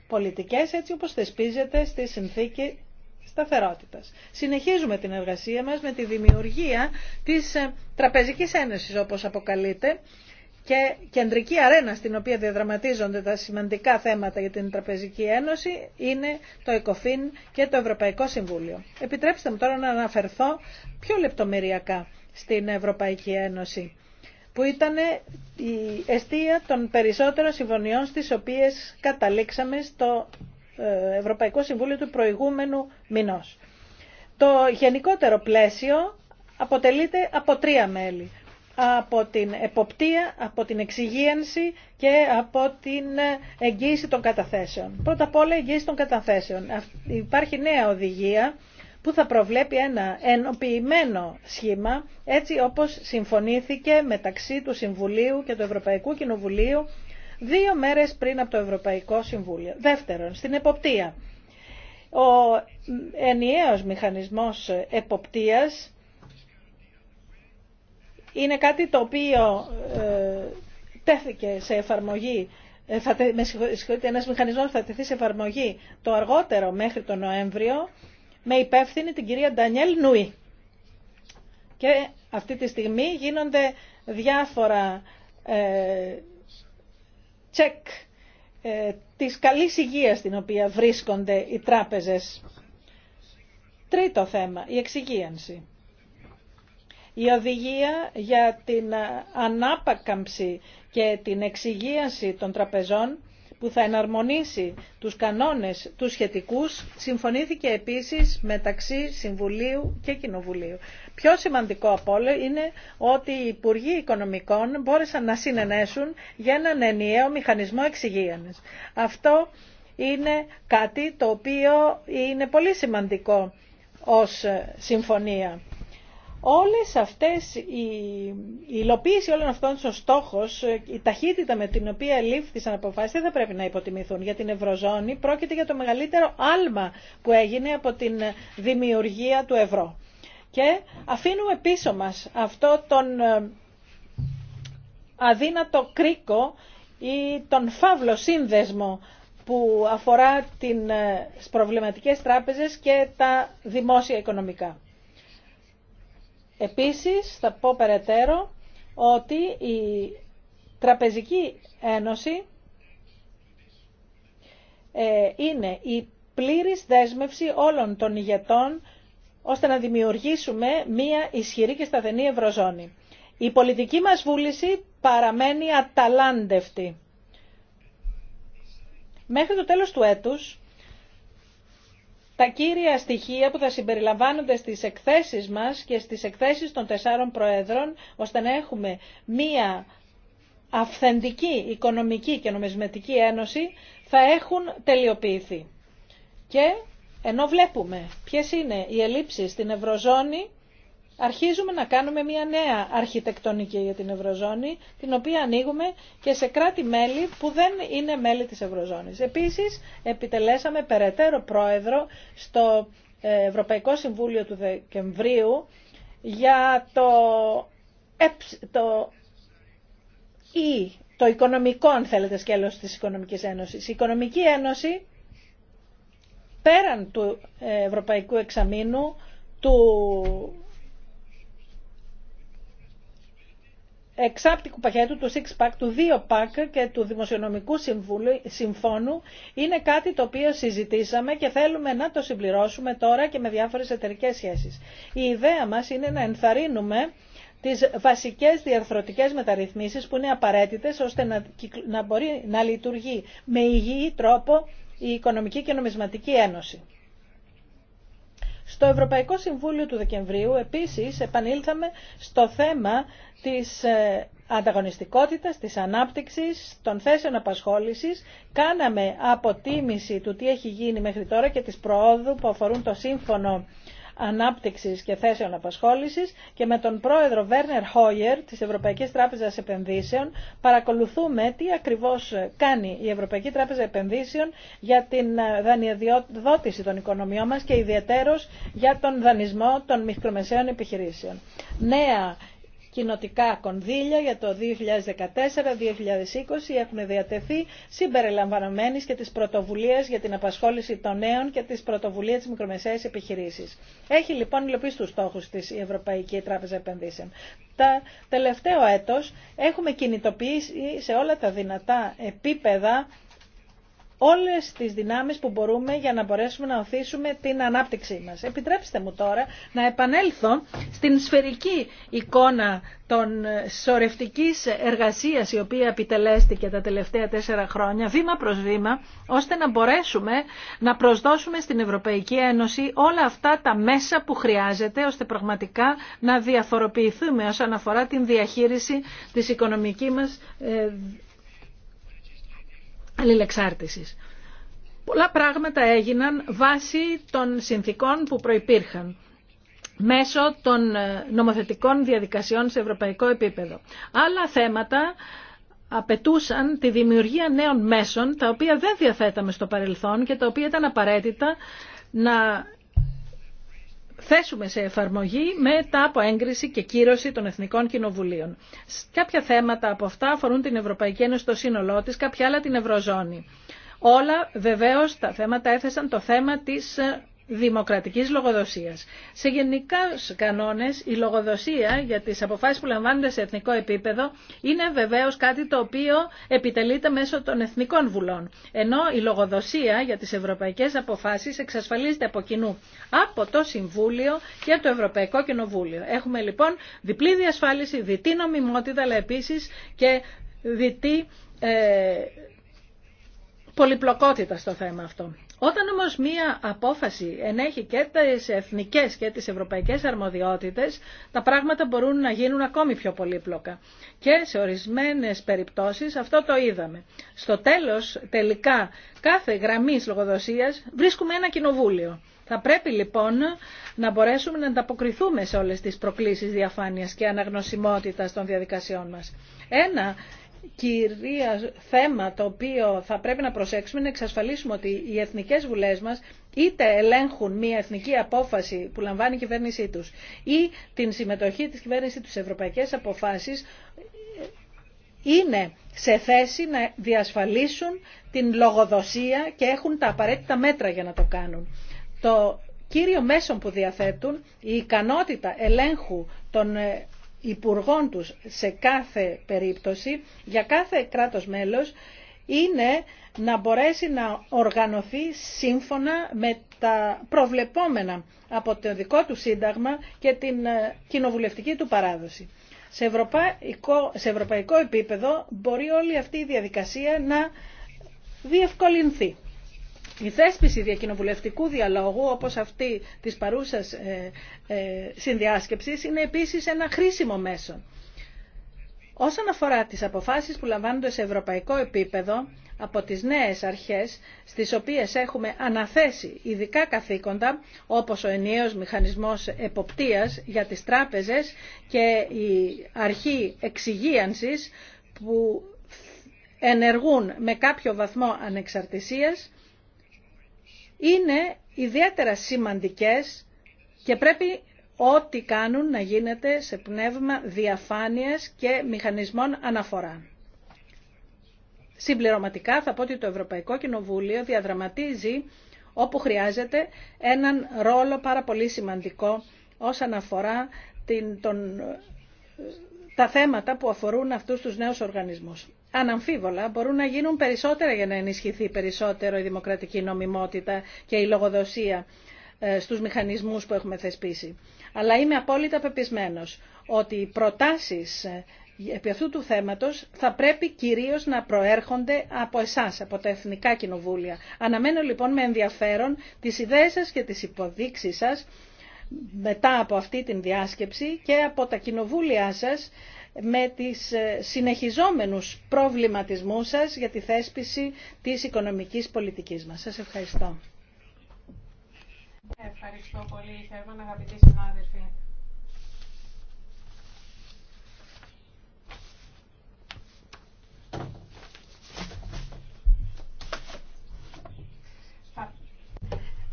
πολιτικές έτσι όπως θεσπίζεται στη συνθήκη σταθερότητας. Συνεχίζουμε την εργασία μας με τη δημιουργία της Τραπεζικής Ένωσης όπως αποκαλείται και κεντρική αρένα στην οποία διαδραματίζονται τα σημαντικά θέματα για την Τραπεζική Ένωση είναι το ΕΚΟΦΗΝ και το Ευρωπαϊκό Συμβούλιο. Επιτρέψτε μου τώρα να αναφερθώ πιο λεπτομεριακά στην Ευρωπαϊκή Ένωση που ήταν η αιστεία των περισσότερων συμφωνιών στις οποίες καταλήξαμε στο ε, Ευρωπαϊκό Συμβούλιο του προηγούμενου μηνός. Το γενικότερο πλαίσιο αποτελείται από τρία μέλη από την εποπτεία, από την εξυγίανση και από την εγγύηση των καταθέσεων. Πρώτα απ' όλα εγγύηση των καταθέσεων. Υπάρχει νέα οδηγία που θα προβλέπει ένα ενοποιημένο σχήμα, έτσι όπως συμφωνήθηκε μεταξύ του Συμβουλίου και του Ευρωπαϊκού Κοινοβουλίου δύο μέρες πριν από το Ευρωπαϊκό Συμβούλιο. Δεύτερον, στην εποπτεία. Ο ενιαίος μηχανισμός εποπτείας είναι κάτι το οποίο ε, τέθηκε σε εφαρμογή, ε, θα, με ένας μηχανισμός θα τεθεί σε εφαρμογή το αργότερο μέχρι τον Νοέμβριο με υπεύθυνη την κυρία Ντανιέλ Νουή. Και αυτή τη στιγμή γίνονται διάφορα ε, τσεκ ε, της καλής υγείας στην οποία βρίσκονται οι τράπεζες. Τρίτο θέμα, η εξυγίανση. Η οδηγία για την ε, ανάπακαμψη και την εξυγίαση των τραπεζών που θα εναρμονίσει τους κανόνες τους σχετικούς συμφωνήθηκε επίσης μεταξύ Συμβουλίου και Κοινοβουλίου. Πιο σημαντικό από όλο είναι ότι οι Υπουργοί Οικονομικών μπόρεσαν να συνενέσουν για έναν ενιαίο μηχανισμό εξυγίανες. Αυτό είναι κάτι το οποίο είναι πολύ σημαντικό ως συμφωνία. Όλες αυτές η, η υλοποίηση όλων αυτών στους στόχος, η ταχύτητα με την οποία λήφθησαν αποφάσεις δεν θα πρέπει να υποτιμηθούν. Για την Ευρωζώνη πρόκειται για το μεγαλύτερο άλμα που έγινε από την δημιουργία του ευρώ. Και αφήνουμε πίσω μας αυτό τον ε, αδύνατο κρίκο ή τον φαύλο σύνδεσμο που αφορά ε, τις προβληματικές τράπεζες και τα δημόσια οικονομικά. Επίσης, θα πω περαιτέρω ότι η Τραπεζική Ένωση ε, είναι η πλήρης δέσμευση όλων των ηγετών ώστε να δημιουργήσουμε μία ισχυρή και σταθερή ευρωζώνη. Η πολιτική μας βούληση παραμένει αταλάντευτη. Μέχρι το τέλος του έτους τα κύρια στοιχεία που θα συμπεριλαμβάνονται στις εκθέσεις μας και στις εκθέσεις των τεσσάρων προέδρων, ώστε να έχουμε μία αυθεντική οικονομική και νομισματική ένωση, θα έχουν τελειοποιηθεί. Και ενώ βλέπουμε ποιες είναι οι ελλείψεις στην Ευρωζώνη, αρχίζουμε να κάνουμε μια νέα αρχιτεκτονική για την Ευρωζώνη, την οποία ανοίγουμε και σε κράτη-μέλη που δεν είναι μέλη της Ευρωζώνης. Επίσης, επιτελέσαμε περαιτέρω πρόεδρο στο ε, Ευρωπαϊκό Συμβούλιο του Δεκεμβρίου για το, το... Ή, το οικονομικό, αν θέλετε, σκέλος της Οικονομικής Ένωσης. Η Οικονομική Ένωση, πέραν του ε, Ευρωπαϊκού Εξαμήνου, του εξάπτικου πακέτου, του 6 pack, του 2-pack και του Δημοσιονομικού Συμφώνου είναι κάτι το οποίο συζητήσαμε και θέλουμε να το συμπληρώσουμε τώρα και με διάφορες εταιρικέ σχέσεις. Η ιδέα μας είναι να ενθαρρύνουμε τις βασικές διαρθρωτικές μεταρρυθμίσεις που είναι απαραίτητες ώστε να, να μπορεί να λειτουργεί με υγιή τρόπο η Οικονομική και Νομισματική Ένωση. Στο Ευρωπαϊκό Συμβούλιο του Δεκεμβρίου επίσης επανήλθαμε στο θέμα της ε, ανταγωνιστικότητας, της ανάπτυξης, των θέσεων απασχόλησης. Κάναμε αποτίμηση του τι έχει γίνει μέχρι τώρα και της προόδου που αφορούν το σύμφωνο Ανάπτυξης και Θέσεων Απασχόλησης και με τον πρόεδρο Βέρνερ Χόιερ της Ευρωπαϊκής Τράπεζας Επενδύσεων παρακολουθούμε τι ακριβώς κάνει η Ευρωπαϊκή Τράπεζα Επενδύσεων για την ε, δανειοδότηση των οικονομιών μας και ιδιαίτερος για τον δανεισμό των μικρομεσαίων επιχειρήσεων. Νέα κοινοτικά κονδύλια για το 2014-2020 έχουν διατεθεί συμπεριλαμβανομένης και της πρωτοβουλία για την απασχόληση των νέων και της πρωτοβουλία της μικρομεσαίας επιχειρήσης. Έχει λοιπόν υλοποιήσει του στόχους της η Ευρωπαϊκή Τράπεζα Επενδύσεων. Τα τελευταία έτος έχουμε κινητοποιήσει σε όλα τα δυνατά επίπεδα όλες τις δυνάμεις που μπορούμε για να μπορέσουμε να οθήσουμε την ανάπτυξή μας. Επιτρέψτε μου τώρα να επανέλθω στην σφαιρική εικόνα των σορευτικής εργασίας η οποία επιτελέστηκε τα τελευταία τέσσερα χρόνια, βήμα προς βήμα, ώστε να μπορέσουμε να προσδώσουμε στην Ευρωπαϊκή Ένωση όλα αυτά τα μέσα που χρειάζεται, ώστε πραγματικά να διαφοροποιηθούμε όσον αφορά την διαχείριση της οικονομικής μα. Ε, αλληλεξάρτησης. Πολλά πράγματα έγιναν βάσει των συνθήκων που προϋπήρχαν μέσω των ε, νομοθετικών διαδικασιών σε ευρωπαϊκό επίπεδο. Άλλα θέματα απαιτούσαν τη δημιουργία νέων μέσων, τα οποία δεν διαθέταμε στο παρελθόν και τα οποία ήταν απαραίτητα να θέσουμε σε εφαρμογή μετά από έγκριση και κύρωση των Εθνικών Κοινοβουλίων. Κάποια θέματα από αυτά αφορούν την Ευρωπαϊκή Ένωση στο σύνολό της, κάποια άλλα την Ευρωζώνη. Όλα βεβαίως τα θέματα έθεσαν το θέμα της ε, δημοκρατικής λογοδοσίας. Σε γενικά κανόνες η λογοδοσία για τις αποφάσεις που λαμβάνονται σε εθνικό επίπεδο είναι βεβαίως κάτι το οποίο επιτελείται μέσω των εθνικών βουλών. Ενώ η λογοδοσία για τις ευρωπαϊκές αποφάσεις εξασφαλίζεται από κοινού από το Συμβούλιο και το Ευρωπαϊκό Κοινοβούλιο. Έχουμε λοιπόν διπλή διασφάλιση, διτή νομιμότητα αλλά επίσης και διτή ε, πολυπλοκότητα στο θέμα αυτό. Όταν όμως μία απόφαση ενέχει και τις εθνικές και τις ευρωπαϊκές αρμοδιότητες, τα πράγματα μπορούν να γίνουν ακόμη πιο πολύπλοκα. Και σε ορισμένες περιπτώσεις αυτό το είδαμε. Στο τέλος, τελικά, κάθε γραμμή λογοδοσίας βρίσκουμε ένα κοινοβούλιο. Θα πρέπει λοιπόν να μπορέσουμε να ανταποκριθούμε σε όλες τις προκλήσεις διαφάνειας και αναγνωσιμότητας των διαδικασιών μας. Ένα κυρία θέμα το οποίο θα πρέπει να προσέξουμε είναι να εξασφαλίσουμε ότι οι εθνικές βουλές μας είτε ελέγχουν μια εθνική απόφαση που λαμβάνει η κυβέρνησή τους ή την συμμετοχή της κυβέρνησης τους ευρωπαϊκέ ευρωπαϊκές αποφάσεις είναι σε θέση να διασφαλίσουν την λογοδοσία και έχουν τα απαραίτητα μέτρα για να το κάνουν. Το κύριο μέσο που διαθέτουν, η ικανότητα ελέγχου των ε, υπουργών τους σε κάθε περίπτωση, για κάθε κράτος μέλος, είναι να μπορέσει να οργανωθεί σύμφωνα με τα προβλεπόμενα από το δικό του σύνταγμα και την ε, κοινοβουλευτική του παράδοση. Σε ευρωπαϊκό, σε ευρωπαϊκό επίπεδο μπορεί όλη αυτή η διαδικασία να διευκολυνθεί. Η θέσπιση διακοινοβουλευτικού διαλόγου, όπως αυτή της παρούσας ε, ε, συνδιάσκεψης, είναι επίσης ένα χρήσιμο μέσο. Όσον αφορά τις αποφάσεις που λαμβάνονται σε ευρωπαϊκό επίπεδο από τις νέες αρχές στις οποίες έχουμε αναθέσει ειδικά καθήκοντα όπως ο ενιαίος μηχανισμός εποπτείας για τις τράπεζες και η αρχή εξυγίανσης που ενεργούν με κάποιο βαθμό ανεξαρτησίας είναι ιδιαίτερα σημαντικές και πρέπει ό,τι κάνουν να γίνεται σε πνεύμα διαφάνειας και μηχανισμών αναφορά. Συμπληρωματικά θα πω ότι το Ευρωπαϊκό Κοινοβούλιο διαδραματίζει όπου χρειάζεται έναν ρόλο πάρα πολύ σημαντικό όσον αφορά την, τον τα θέματα που αφορούν αυτούς τους νέους οργανισμούς. Αναμφίβολα μπορούν να γίνουν περισσότερα για να ενισχυθεί περισσότερο η δημοκρατική νομιμότητα και η λογοδοσία ε, στους μηχανισμούς που έχουμε θεσπίσει. Αλλά είμαι απόλυτα πεπισμένος ότι οι προτάσεις ε, επί αυτού του θέματος θα πρέπει κυρίως να προέρχονται από εσάς, από τα Εθνικά Κοινοβούλια. Αναμένω λοιπόν με ενδιαφέρον τις ιδέες σας και τις υποδείξεις σας μετά από αυτή την διάσκεψη και από τα κοινοβούλια σας με τις ε, συνεχιζόμενους προβληματισμούς σας για τη θέσπιση της οικονομικής πολιτικής μας. Σας ευχαριστώ. Ευχαριστώ πολύ, αγαπητοί συνάδελφοι.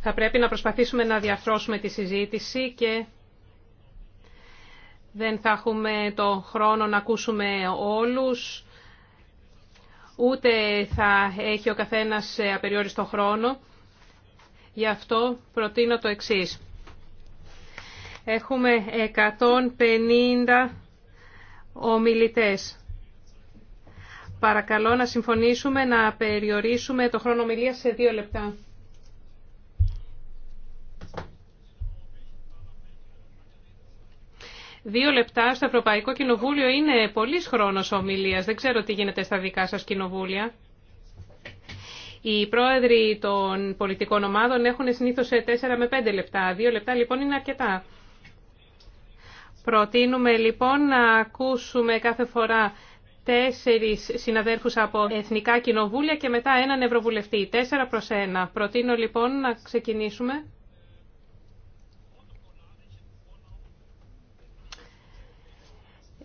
Θα πρέπει να προσπαθήσουμε να διαρθρώσουμε τη συζήτηση και δεν θα έχουμε το χρόνο να ακούσουμε όλους, ούτε θα έχει ο καθένας απεριόριστο χρόνο. Γι' αυτό προτείνω το εξής. Έχουμε 150 ομιλητές. Παρακαλώ να συμφωνήσουμε να περιορίσουμε το χρόνο ομιλίας σε δύο λεπτά. Δύο λεπτά στο Ευρωπαϊκό Κοινοβούλιο είναι πολύ χρόνο ομιλία. Δεν ξέρω τι γίνεται στα δικά σα κοινοβούλια. Οι πρόεδροι των πολιτικών ομάδων έχουν συνήθω 4 με 5 λεπτά. Δύο λεπτά λοιπόν είναι αρκετά. Προτείνουμε λοιπόν να ακούσουμε κάθε φορά τέσσερις συναδέρφους από εθνικά κοινοβούλια και μετά έναν ευρωβουλευτή. Τέσσερα προς ένα. Προτείνω λοιπόν να ξεκινήσουμε.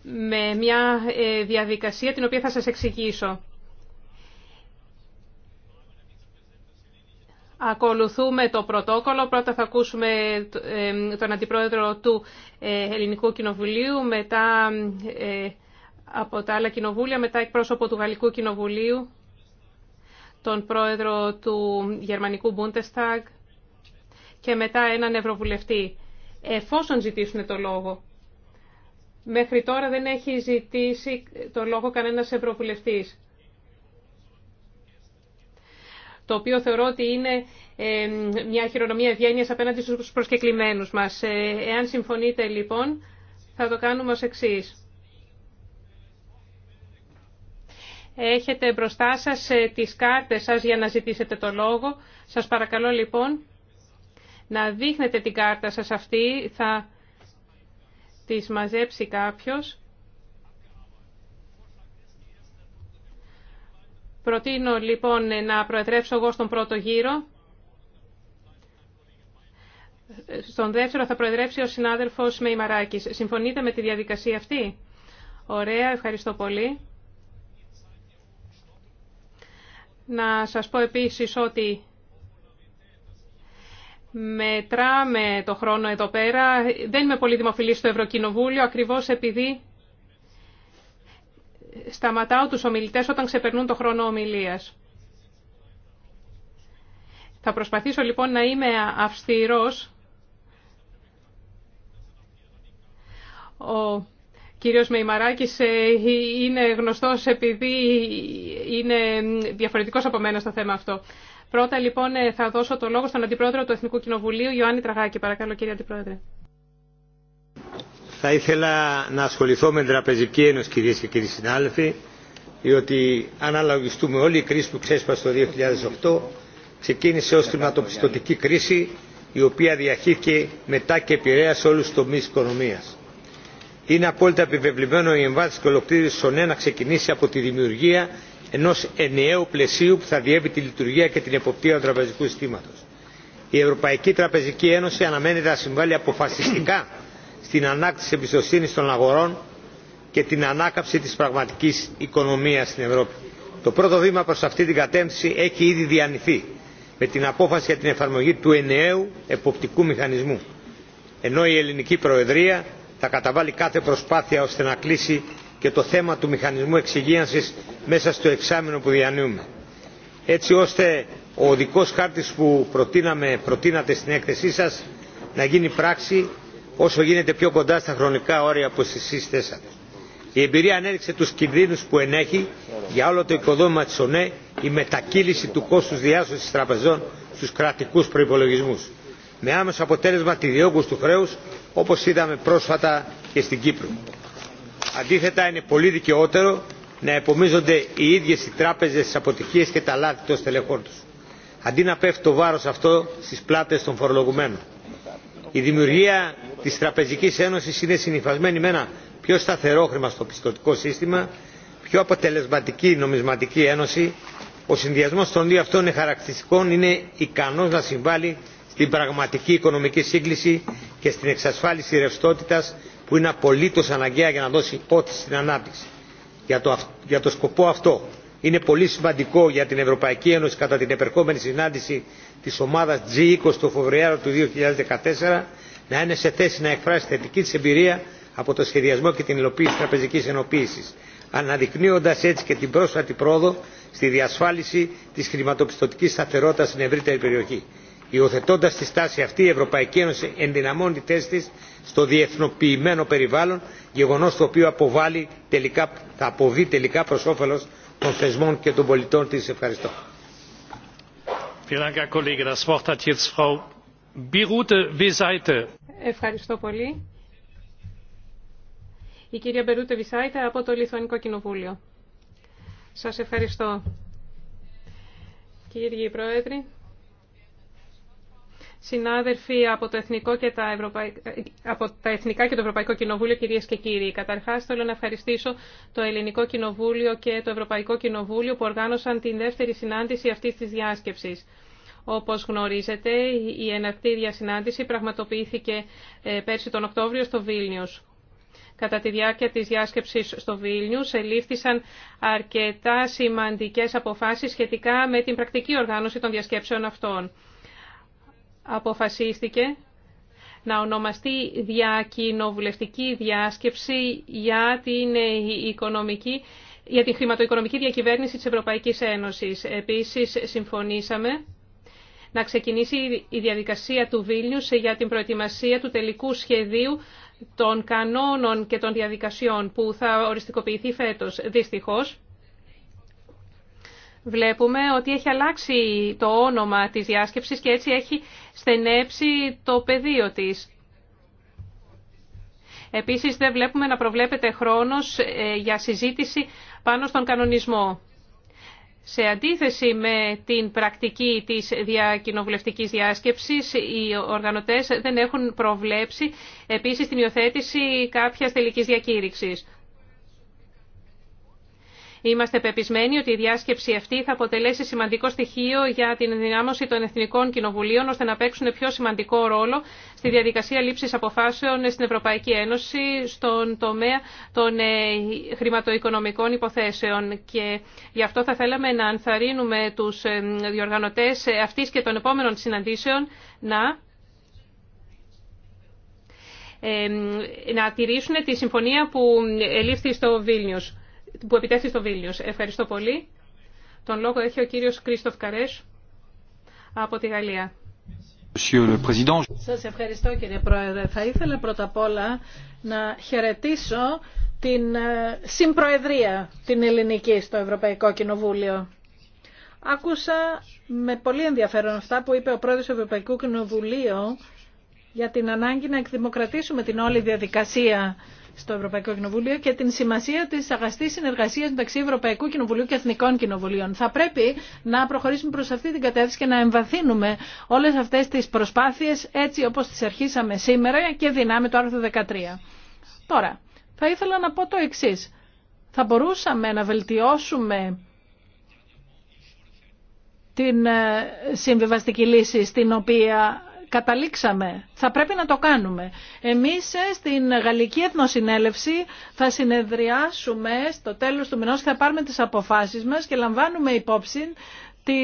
με μια ε, διαδικασία την οποία θα σας εξηγήσω. Ακολουθούμε το πρωτόκολλο. Πρώτα θα ακούσουμε ε, τον Αντιπρόεδρο του ε, Ελληνικού Κοινοβουλίου, μετά από τα άλλα κοινοβούλια, μετά εκπρόσωπο του Γαλλικού Κοινοβουλίου, τον Πρόεδρο του Γερμανικού Bundestag και μετά έναν Ευρωβουλευτή, εφόσον ζητήσουν το λόγο. Μέχρι τώρα δεν έχει ζητήσει το λόγο κανένας ευρωβουλευτής. Το οποίο θεωρώ ότι είναι ε, μια χειρονομία ευγένεια απέναντι στους προσκεκλημένους μας. Ε, εάν συμφωνείτε λοιπόν, θα το κάνουμε ως εξής. Έχετε μπροστά σας ε, τις κάρτες σας για να ζητήσετε το λόγο. Σας παρακαλώ λοιπόν να δείχνετε την κάρτα σας αυτή. Θα τις μαζέψει κάποιος, Προτείνω λοιπόν να προεδρεύσω εγώ στον πρώτο γύρο. Στον δεύτερο θα προεδρεύσει ο συνάδελφος Μεϊμαράκης. Συμφωνείτε με τη διαδικασία αυτή. Ωραία, ευχαριστώ πολύ. Να σας πω επίσης ότι Μετράμε το χρόνο εδώ πέρα. Δεν είμαι πολύ δημοφιλή στο Ευρωκοινοβούλιο, ακριβώς επειδή σταματάω τους ομιλητές όταν ξεπερνούν το χρόνο ομιλίας. Θα προσπαθήσω λοιπόν να είμαι αυστηρός. Ο κύριος Μεϊμαράκης ε, είναι γνωστός επειδή είναι διαφορετικός από μένα στο θέμα αυτό. Πρώτα λοιπόν ε, θα δώσω το λόγο στον Αντιπρόεδρο του Εθνικού Κοινοβουλίου, Ιωάννη Τραγάκη. Παρακαλώ κύριε Αντιπρόεδρε. Θα ήθελα να ασχοληθώ με την Τραπεζική Ένωση κυρίε και κύριοι συνάδελφοι, διότι αν αναλογιστούμε όλη η κρίση που ξέσπασε το 2008 ξεκίνησε ω χρηματοπιστωτική κρίση η οποία διαχύθηκε μετά και επηρέασε όλου του τομεί οικονομία. Είναι απόλυτα επιβεβλημένο η εμβάθυνση και ολοκλήρωση ΕΝΑ ξεκινήσει από τη δημιουργία ενός ενιαίου πλαισίου που θα διέπει τη λειτουργία και την εποπτεία του τραπεζικού συστήματος. Η Ευρωπαϊκή Τραπεζική Ένωση αναμένεται να συμβάλλει αποφασιστικά στην ανάκτηση εμπιστοσύνη των αγορών και την ανάκαψη της πραγματικής οικονομίας στην Ευρώπη. Το πρώτο βήμα προς αυτή την κατεύθυνση έχει ήδη διανυθεί με την απόφαση για την εφαρμογή του ενιαίου εποπτικού μηχανισμού. Ενώ η ελληνική Προεδρία θα καταβάλει κάθε προσπάθεια ώστε να κλείσει και το θέμα του μηχανισμού εξυγίανσης μέσα στο εξάμεινο που διανύουμε. Έτσι ώστε ο οδικός χάρτης που προτείναμε, προτείνατε στην έκθεσή σας να γίνει πράξη όσο γίνεται πιο κοντά στα χρονικά όρια που εσείς θέσατε. Η εμπειρία ανέδειξε τους κινδύνους που ενέχει για όλο το οικοδόμημα της ΟΝΕ η μετακύληση του κόστους διάσωσης τραπεζών στους κρατικούς προϋπολογισμούς με άμεσο αποτέλεσμα τη διόγκωση του χρέους όπως είδαμε πρόσφατα και στην Κύπρο. Αντίθετα, είναι πολύ δικαιότερο να επομίζονται οι ίδιες οι τράπεζες τις αποτυχίες και τα λάθη των στελεχών τους, αντί να πέφτει το βάρος αυτό στις πλάτες των φορολογουμένων. Η δημιουργία της Τραπεζικής Ένωσης είναι συνυφασμένη με ένα πιο σταθερό χρηματοπιστωτικό σύστημα, πιο αποτελεσματική νομισματική ένωση. Ο συνδυασμός των δύο αυτών χαρακτηριστικών είναι ικανός να συμβάλλει στην πραγματική οικονομική σύγκληση και στην εξασφάλιση ρευστότητας που είναι απολύτω αναγκαία για να δώσει όθηση στην ανάπτυξη. Για το, για το σκοπό αυτό είναι πολύ σημαντικό για την Ευρωπαϊκή Ένωση κατά την επερχόμενη συνάντηση της ομάδας G20 το Φεβρουάριο του 2014 να είναι σε θέση να εκφράσει θετική της εμπειρία από το σχεδιασμό και την υλοποίηση τραπεζικής ενοποίησης, αναδεικνύοντας έτσι και την πρόσφατη πρόοδο στη διασφάλιση της χρηματοπιστωτική σταθερότητας στην ευρύτερη περιοχή. Υιοθετώντα τη στάση αυτή, η Ευρωπαϊκή Ένωση ενδυναμώνει τη θέση τη στο διεθνοποιημένο περιβάλλον, γεγονό το οποίο αποβάλλει τελικά, θα αποβεί τελικά προ όφελο των θεσμών και των πολιτών τη. Ευχαριστώ. Ευχαριστώ πολύ. Η κυρία Μπερούτε Βισάιτε από το Λιθουανικό Κοινοβούλιο. Σας ευχαριστώ. κύριε Πρόεδροι, Συνάδελφοι από, το Εθνικό και τα από τα Εθνικά και το Ευρωπαϊκό Κοινοβούλιο, κυρίε και κύριοι, καταρχά θέλω να ευχαριστήσω το Ελληνικό Κοινοβούλιο και το Ευρωπαϊκό Κοινοβούλιο που οργάνωσαν την δεύτερη συνάντηση αυτή τη διάσκεψη. Όπω γνωρίζετε, η εναρκτή συνάντηση πραγματοποιήθηκε ε, πέρσι τον Οκτώβριο στο Βίλνιου. Κατά τη διάρκεια της διάσκεψης στο Βίλνιους ελήφθησαν αρκετά σημαντικές αποφάσεις σχετικά με την πρακτική οργάνωση των διασκέψεων αυτών αποφασίστηκε να ονομαστεί διακοινοβουλευτική διάσκεψη για την ε, οικονομική για τη χρηματοοικονομική διακυβέρνηση της Ευρωπαϊκής Ένωσης. Επίσης, συμφωνήσαμε να ξεκινήσει η διαδικασία του Βίλνιου για την προετοιμασία του τελικού σχεδίου των κανόνων και των διαδικασιών που θα οριστικοποιηθεί φέτος. Δυστυχώς, βλέπουμε ότι έχει αλλάξει το όνομα της διάσκεψης και έτσι έχει στενέψει το πεδίο της. Επίσης δεν βλέπουμε να προβλέπεται χρόνος ε, για συζήτηση πάνω στον κανονισμό. Σε αντίθεση με την πρακτική της διακοινοβουλευτικής διάσκεψης, οι οργανωτές δεν έχουν προβλέψει επίσης την υιοθέτηση κάποιας τελικής διακήρυξης. Είμαστε πεπισμένοι ότι η διάσκεψη αυτή θα αποτελέσει σημαντικό στοιχείο για την ενδυνάμωση των εθνικών κοινοβουλίων ώστε να παίξουν πιο σημαντικό ρόλο στη διαδικασία λήψης αποφάσεων στην Ευρωπαϊκή Ένωση στον τομέα των ε, χρηματοοικονομικών υποθέσεων. Και γι' αυτό θα θέλαμε να ανθαρρύνουμε τους ε, διοργανωτές αυτή και των επόμενων συναντήσεων να ε, να τηρήσουν τη συμφωνία που ελήφθη στο Βίλνιους που επιτέθη στο Βίλιο. Ευχαριστώ πολύ. Τον λόγο έχει ο κύριος Κρίστοφ Καρέ από τη Γαλλία. Σας ευχαριστώ κύριε Πρόεδρε. Θα ήθελα πρώτα απ' όλα να χαιρετήσω την ε, συμπροεδρία την ελληνική στο Ευρωπαϊκό Κοινοβούλιο. Άκουσα με πολύ ενδιαφέρον αυτά που είπε ο πρόεδρος του Ευρωπαϊκού Κοινοβουλίου για την ανάγκη να εκδημοκρατήσουμε την όλη διαδικασία στο Ευρωπαϊκό Κοινοβούλιο και την σημασία της αγαστή συνεργασίας μεταξύ Ευρωπαϊκού Κοινοβουλίου και Εθνικών Κοινοβουλίων. Θα πρέπει να προχωρήσουμε προς αυτή την κατεύθυνση και να εμβαθύνουμε όλες αυτές τις προσπάθειες έτσι όπως τι αρχίσαμε σήμερα και δυνάμε το άρθρο 13. Τώρα, θα ήθελα να πω το εξή: Θα μπορούσαμε να βελτιώσουμε την ε, συμβιβαστική λύση στην οποία καταλήξαμε. Θα πρέπει να το κάνουμε. Εμείς ε, στην Γαλλική Εθνοσυνέλευση θα συνεδριάσουμε στο τέλος του μηνός και θα πάρουμε τις αποφάσεις μας και λαμβάνουμε υπόψη τι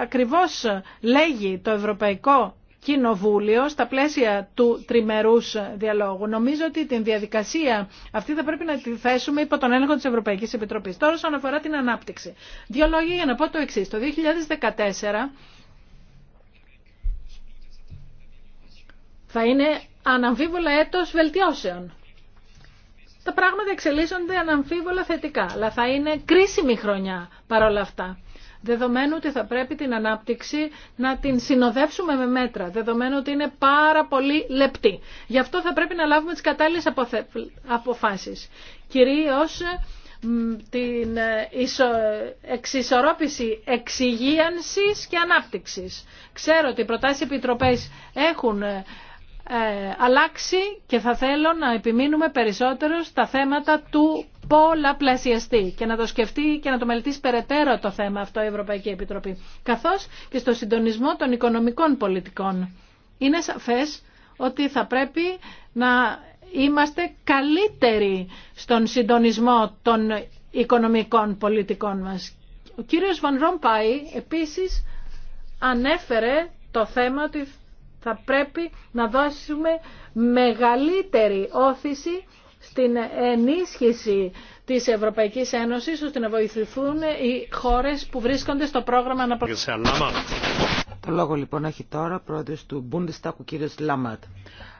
ακριβώς λέγει το Ευρωπαϊκό Κοινοβούλιο στα πλαίσια του τριμερούς διαλόγου. Νομίζω ότι την διαδικασία αυτή θα πρέπει να τη θέσουμε υπό τον έλεγχο της Ευρωπαϊκής Επιτροπής. Τώρα όσον αφορά την ανάπτυξη. Δύο λόγια για να πω το εξής. Το 2014 Θα είναι αναμφίβολα έτος βελτιώσεων. Τα πράγματα εξελίσσονται αναμφίβολα θετικά, αλλά θα είναι κρίσιμη χρονιά παρόλα αυτά. Δεδομένου ότι θα πρέπει την ανάπτυξη να την συνοδεύσουμε με μέτρα, δεδομένου ότι είναι πάρα πολύ λεπτή. Γι' αυτό θα πρέπει να λάβουμε τις κατάλληλες αποφάσεις. Κυρίως την ε, εξισορρόπηση εξυγίανσης και ανάπτυξης. Ξέρω ότι οι προτάσεις επιτροπές έχουν ε, ε, αλλάξει και θα θέλω να επιμείνουμε περισσότερο στα θέματα του πολλαπλασιαστή και να το σκεφτεί και να το μελετήσει περαιτέρω το θέμα αυτό η Ευρωπαϊκή Επιτροπή, καθώς και στο συντονισμό των οικονομικών πολιτικών. Είναι σαφές ότι θα πρέπει να είμαστε καλύτεροι στον συντονισμό των οικονομικών πολιτικών μας. Ο κύριος Βαν Ρομπάι επίσης ανέφερε το θέμα του θα πρέπει να δώσουμε μεγαλύτερη όθηση στην ενίσχυση της Ευρωπαϊκής Ένωσης ώστε να βοηθηθούν οι χώρες που βρίσκονται στο πρόγραμμα να Το λόγο λοιπόν έχει τώρα πρόεδρος του Bundestag ο κύριος Λαμάτ.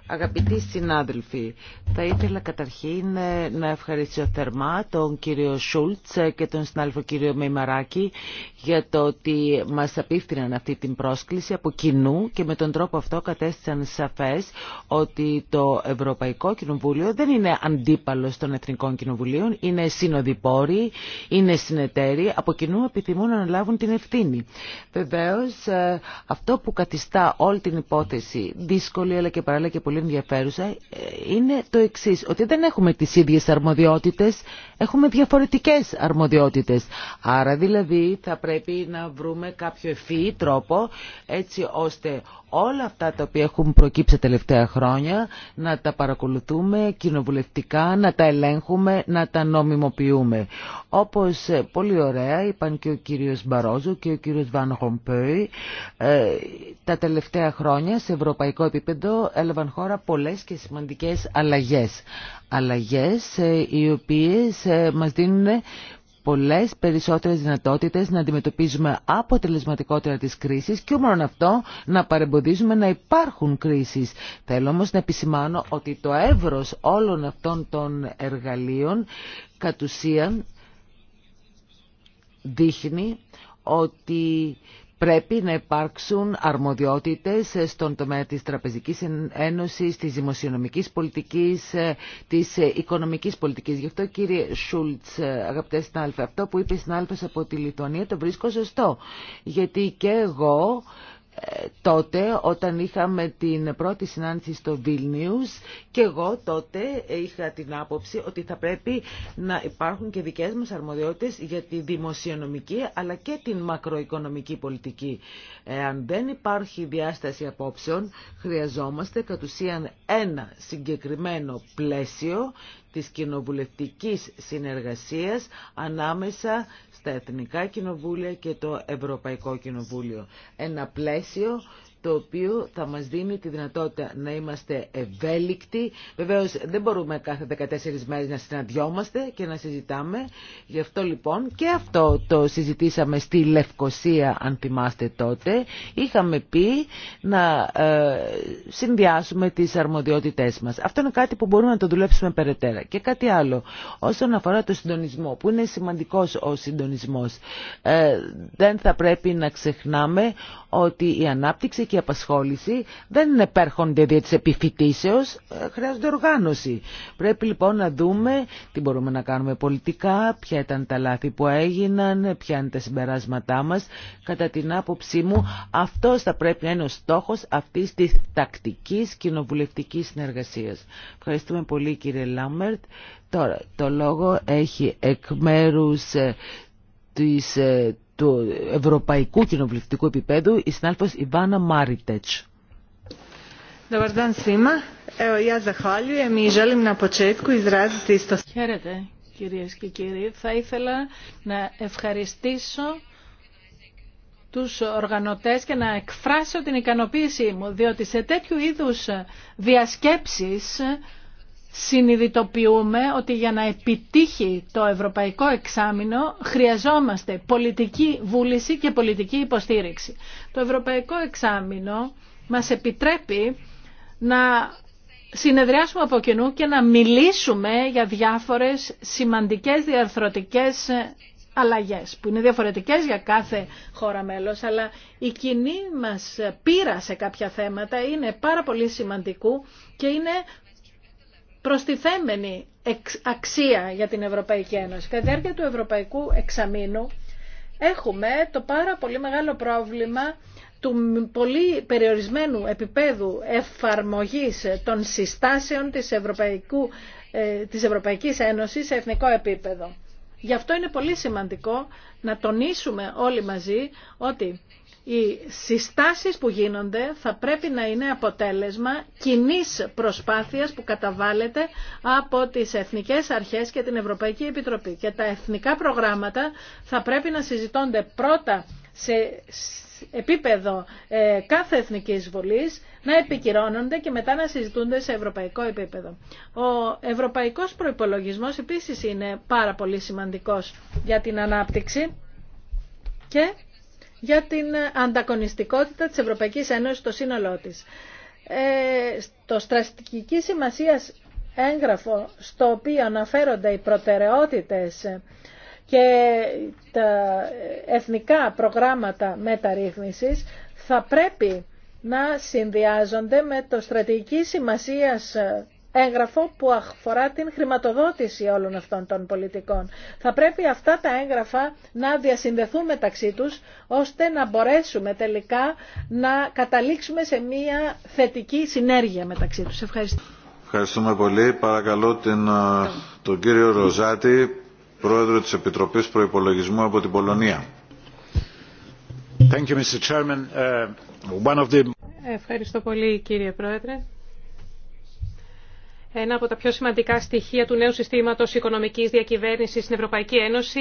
Αγαπητοί συνάδελφοι, θα ήθελα καταρχήν ε, να ευχαριστήσω θερμά τον κύριο Σούλτς ε, και τον συνάδελφο κύριο Μεϊμαράκη για το ότι μας απίφθηναν αυτή την πρόσκληση από κοινού και με τον τρόπο αυτό κατέστησαν σαφές ότι το Ευρωπαϊκό Κοινοβούλιο δεν είναι αντίπαλο των Εθνικών Κοινοβουλίων, είναι συνοδοιπόροι, είναι συνεταίροι, από κοινού επιθυμούν να αναλάβουν την ευθύνη. Βεβαίω, ε, αυτό που καθιστά όλη την υπόθεση δύσκολη αλλά και παράλληλα και πολύ πολύ ενδιαφέρουσα ε, είναι το εξής, ότι δεν έχουμε τις ίδιες αρμοδιότητες, έχουμε διαφορετικές αρμοδιότητες. Άρα δηλαδή θα πρέπει να βρούμε κάποιο ευφυή τρόπο έτσι ώστε όλα αυτά τα οποία έχουν προκύψει τα τελευταία χρόνια να τα παρακολουθούμε κοινοβουλευτικά, να τα ελέγχουμε, να τα νομιμοποιούμε. Όπως ε, πολύ ωραία είπαν και ο κύριος Μπαρόζο και ο κύριος Βαν Χομπέι, ε, τα τελευταία χρόνια σε ευρωπαϊκό επίπεδο έλαβαν χώρα πολλές και σημαντικές αλλαγές. Αλλαγές ε, οι οποίες ε, μας δίνουν πολλές περισσότερες δυνατότητες να αντιμετωπίζουμε αποτελεσματικότερα τις κρίσεις και όμως αυτό να παρεμποδίζουμε να υπάρχουν κρίσεις. Θέλω όμως να επισημάνω ότι το εύρος όλων αυτών των εργαλείων κατ' ουσίαν δείχνει ότι πρέπει να υπάρξουν αρμοδιότητες στον τομέα της Τραπεζικής Ένωσης, της δημοσιονομικής πολιτικής, ε, της ε, οικονομικής πολιτικής. Γι' αυτό κύριε Σούλτς, ε, αγαπητέ συνάλφε, αυτό που είπε συνάλφες από τη Λιτωνία το βρίσκω σωστό. Γιατί και εγώ τότε όταν είχαμε την πρώτη συνάντηση στο Vilnius και εγώ τότε είχα την άποψη ότι θα πρέπει να υπάρχουν και δικές μας αρμοδιότητες για τη δημοσιονομική αλλά και την μακροοικονομική πολιτική. Ε, αν δεν υπάρχει διάσταση απόψεων χρειαζόμαστε κατ' ουσίαν ένα συγκεκριμένο πλαίσιο της κοινοβουλευτικής συνεργασίας ανάμεσα στα Εθνικά Κοινοβούλια και το Ευρωπαϊκό Κοινοβούλιο. Ένα πλαίσιο το οποίο θα μας δίνει τη δυνατότητα να είμαστε ευέλικτοι. Βεβαίως δεν μπορούμε κάθε 14 μέρες να συναντιόμαστε και να συζητάμε. Γι' αυτό λοιπόν και αυτό το συζητήσαμε στη Λευκοσία, αν θυμάστε τότε. Είχαμε πει να ε, συνδυάσουμε τις αρμοδιότητές μας. Αυτό είναι κάτι που μπορούμε να το δουλέψουμε περαιτέρα. Και κάτι άλλο, όσον αφορά το συντονισμό, που είναι σημαντικός ο συντονισμός, ε, δεν θα πρέπει να ξεχνάμε ότι η ανάπτυξη για απασχόληση δεν επέρχονται δια της επιφυτήσεως, ε, χρειάζονται οργάνωση. Πρέπει λοιπόν να δούμε τι μπορούμε να κάνουμε πολιτικά, ποια ήταν τα λάθη που έγιναν, ποια είναι τα συμπεράσματά μας. Κατά την άποψή μου αυτός θα πρέπει να είναι ο στόχος αυτής της τακτικής κοινοβουλευτικής συνεργασίας. Ευχαριστούμε πολύ κύριε Λάμερτ. Τώρα, το λόγο έχει εκ μέρους ε, ε, του Ευρωπαϊκού Κοινοβουλευτικού Επιπέδου, η συνάλφος Ιβάνα Μάριτετς. Χαίρετε κυρίες και κύριοι. Θα ήθελα να ευχαριστήσω τους οργανωτές και να εκφράσω την ικανοποίησή μου, διότι σε τέτοιου είδους διασκέψεις συνειδητοποιούμε ότι για να επιτύχει το ευρωπαϊκό εξάμεινο χρειαζόμαστε πολιτική βούληση και πολιτική υποστήριξη. Το ευρωπαϊκό εξάμεινο μας επιτρέπει να συνεδριάσουμε από κοινού και να μιλήσουμε για διάφορες σημαντικές διαρθρωτικές αλλαγές που είναι διαφορετικές για κάθε χώρα μέλος αλλά η κοινή μας πείρα σε κάποια θέματα είναι πάρα πολύ σημαντικού και είναι προστιθέμενη αξία για την Ευρωπαϊκή Ένωση. Κατά τη διάρκεια του Ευρωπαϊκού Εξαμήνου έχουμε το πάρα πολύ μεγάλο πρόβλημα του πολύ περιορισμένου επίπεδου εφαρμογής των συστάσεων της, Ευρωπαϊκού, ε, της Ευρωπαϊκής Ένωσης σε εθνικό επίπεδο. Γι' αυτό είναι πολύ σημαντικό να τονίσουμε όλοι μαζί ότι οι συστάσεις που γίνονται θα πρέπει να είναι αποτέλεσμα κοινή προσπάθειας που καταβάλλεται από τις Εθνικές Αρχές και την Ευρωπαϊκή Επιτροπή. Και τα εθνικά προγράμματα θα πρέπει να συζητώνται πρώτα σε επίπεδο ε, κάθε εθνικής βολής, να επικυρώνονται και μετά να συζητούνται σε ευρωπαϊκό επίπεδο. Ο ευρωπαϊκός προϋπολογισμός επίσης είναι πάρα πολύ σημαντικός για την ανάπτυξη και για την ανταγωνιστικότητα της Ευρωπαϊκής Ένωσης στο σύνολό της. Ε, στρατηγική σημασία έγγραφο στο οποίο αναφέρονται οι προτεραιότητες και τα εθνικά προγράμματα μεταρρύθμισης θα πρέπει να συνδυάζονται με το στρατηγική σημασίας έγγραφο που αφορά την χρηματοδότηση όλων αυτών των πολιτικών. Θα πρέπει αυτά τα έγγραφα να διασυνδεθούν μεταξύ τους, ώστε να μπορέσουμε τελικά να καταλήξουμε σε μια θετική συνέργεια μεταξύ τους. Ευχαριστώ. Ευχαριστούμε πολύ. Παρακαλώ την, τον κύριο Ροζάτη, πρόεδρο της Επιτροπής Προϋπολογισμού από την Πολωνία. Ε, Ευχαριστώ πολύ κύριε Πρόεδρε. Ένα από τα πιο σημαντικά στοιχεία του νέου συστήματο οικονομική διακυβέρνηση στην Ευρωπαϊκή Ένωση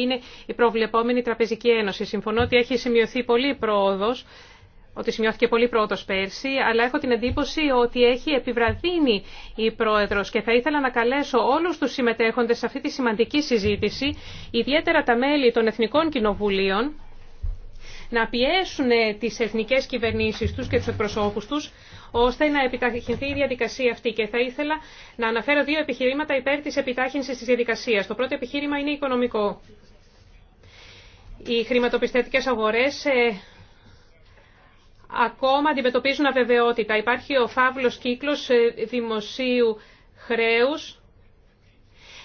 είναι η προβλεπόμενη Τραπεζική Ένωση. Συμφωνώ ότι έχει σημειωθεί πολύ πρόοδο, ότι σημειώθηκε πολύ πρόοδο πέρσι, αλλά έχω την εντύπωση ότι έχει επιβραδύνει η πρόεδρο και θα ήθελα να καλέσω όλου του συμμετέχοντε σε αυτή τη σημαντική συζήτηση, ιδιαίτερα τα μέλη των Εθνικών Κοινοβουλίων, να πιέσουν τι εθνικέ κυβερνήσει του και του εκπροσώπου του ώστε να επιταχυνθεί η διαδικασία αυτή. Και θα ήθελα να αναφέρω δύο επιχειρήματα υπέρ της επιτάχυνσης της διαδικασίας. Το πρώτο επιχείρημα είναι οικονομικό. Οι χρηματοπιστωτικές αγορές ε, ακόμα αντιμετωπίζουν αβεβαιότητα. Υπάρχει ο φαύλος κύκλος ε, δημοσίου χρέους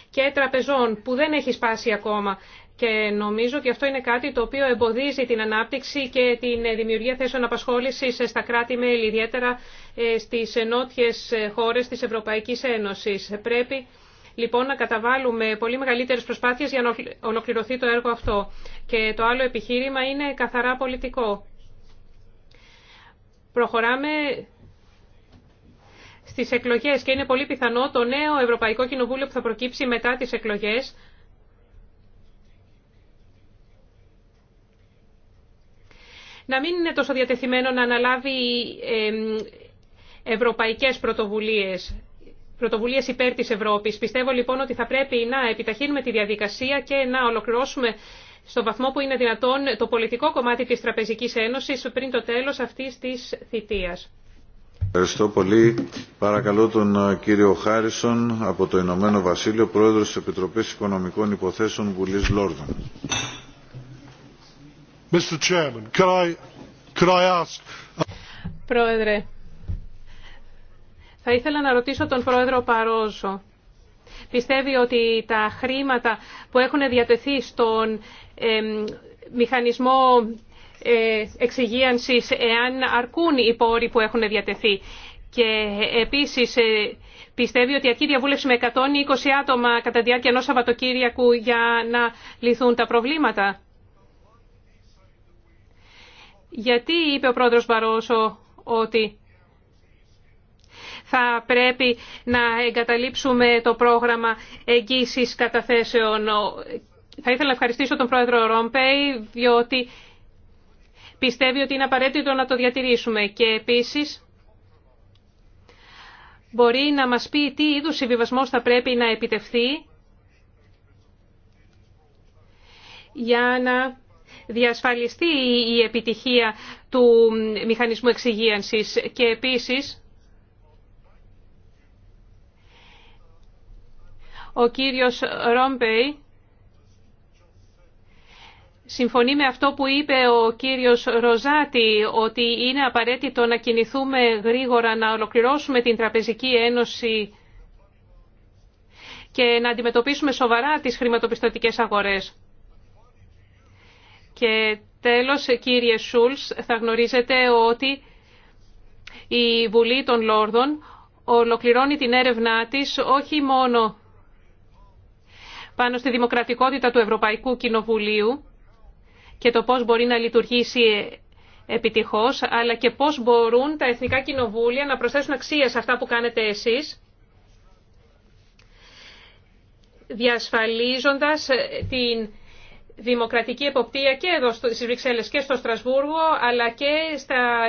και τραπεζών που δεν έχει σπάσει ακόμα και νομίζω ότι αυτό είναι κάτι το οποίο εμποδίζει την ανάπτυξη και την δημιουργία θέσεων απασχόλησης στα κράτη-μέλη, ιδιαίτερα ε, στις νότιες ε, χώρες της Ευρωπαϊκής Ένωσης. Πρέπει λοιπόν να καταβάλουμε πολύ μεγαλύτερες προσπάθειες για να ολοκληρωθεί το έργο αυτό. Και το άλλο επιχείρημα είναι καθαρά πολιτικό. Προχωράμε στις εκλογές και είναι πολύ πιθανό το νέο Ευρωπαϊκό Κοινοβούλιο που θα προκύψει μετά τις εκλογές να μην είναι τόσο διατεθειμένο να αναλάβει ευρωπαϊκές πρωτοβουλίες, πρωτοβουλίες υπέρ της Ευρώπης. Πιστεύω λοιπόν ότι θα πρέπει να επιταχύνουμε τη διαδικασία και να ολοκληρώσουμε στο βαθμό που είναι δυνατόν το πολιτικό κομμάτι της Τραπεζική Ένωση πριν το τέλος αυτή τη θητείας. Ευχαριστώ πολύ. Παρακαλώ τον ε, κύριο Χάρισον από το Ηνωμένο Βασίλειο, Πρόεδρο τη Επιτροπή Οικονομικών Υποθέσεων Βουλή Λόρδων. Πρόεδρε, θα ήθελα να ρωτήσω τον Πρόεδρο Παρόζο. Πιστεύει ότι τα χρήματα που έχουν διατεθεί στον μηχανισμό ε, εξυγίανσης, εάν αρκούν οι πόροι που έχουν διατεθεί. Και επίσης ε, πιστεύει ότι αρκεί διαβούλευση με 120 άτομα κατά τη διάρκεια ενός Σαββατοκύριακου για να λυθούν τα προβλήματα. Γιατί είπε ο πρόεδρος Βαρόσο ότι θα πρέπει να εγκαταλείψουμε το πρόγραμμα εγγύησης καταθέσεων. Θα ήθελα να ευχαριστήσω τον πρόεδρο Ρόμπεϊ, διότι πιστεύει ότι είναι απαραίτητο να το διατηρήσουμε. Και επίσης μπορεί να μας πει τι είδους συμβιβασμός θα πρέπει να επιτευχθεί για να διασφαλιστεί η επιτυχία του μηχανισμού εξυγίανσης και επίσης ο κύριος Ρόμπεϊ Συμφωνεί με αυτό που είπε ο κύριος Ροζάτη, ότι είναι απαραίτητο να κινηθούμε γρήγορα, να ολοκληρώσουμε την Τραπεζική Ένωση και να αντιμετωπίσουμε σοβαρά τις χρηματοπιστωτικές αγορές. Και τέλος, κύριε Σούλς, θα γνωρίζετε ότι η Βουλή των Λόρδων ολοκληρώνει την έρευνά της όχι μόνο πάνω στη δημοκρατικότητα του Ευρωπαϊκού Κοινοβουλίου και το πώς μπορεί να λειτουργήσει επιτυχώς, αλλά και πώς μπορούν τα Εθνικά Κοινοβούλια να προσθέσουν αξία σε αυτά που κάνετε εσείς, διασφαλίζοντας την δημοκρατική εποπτεία και εδώ στις Βρυξέλλε και στο Στρασβούργο, αλλά και, στα,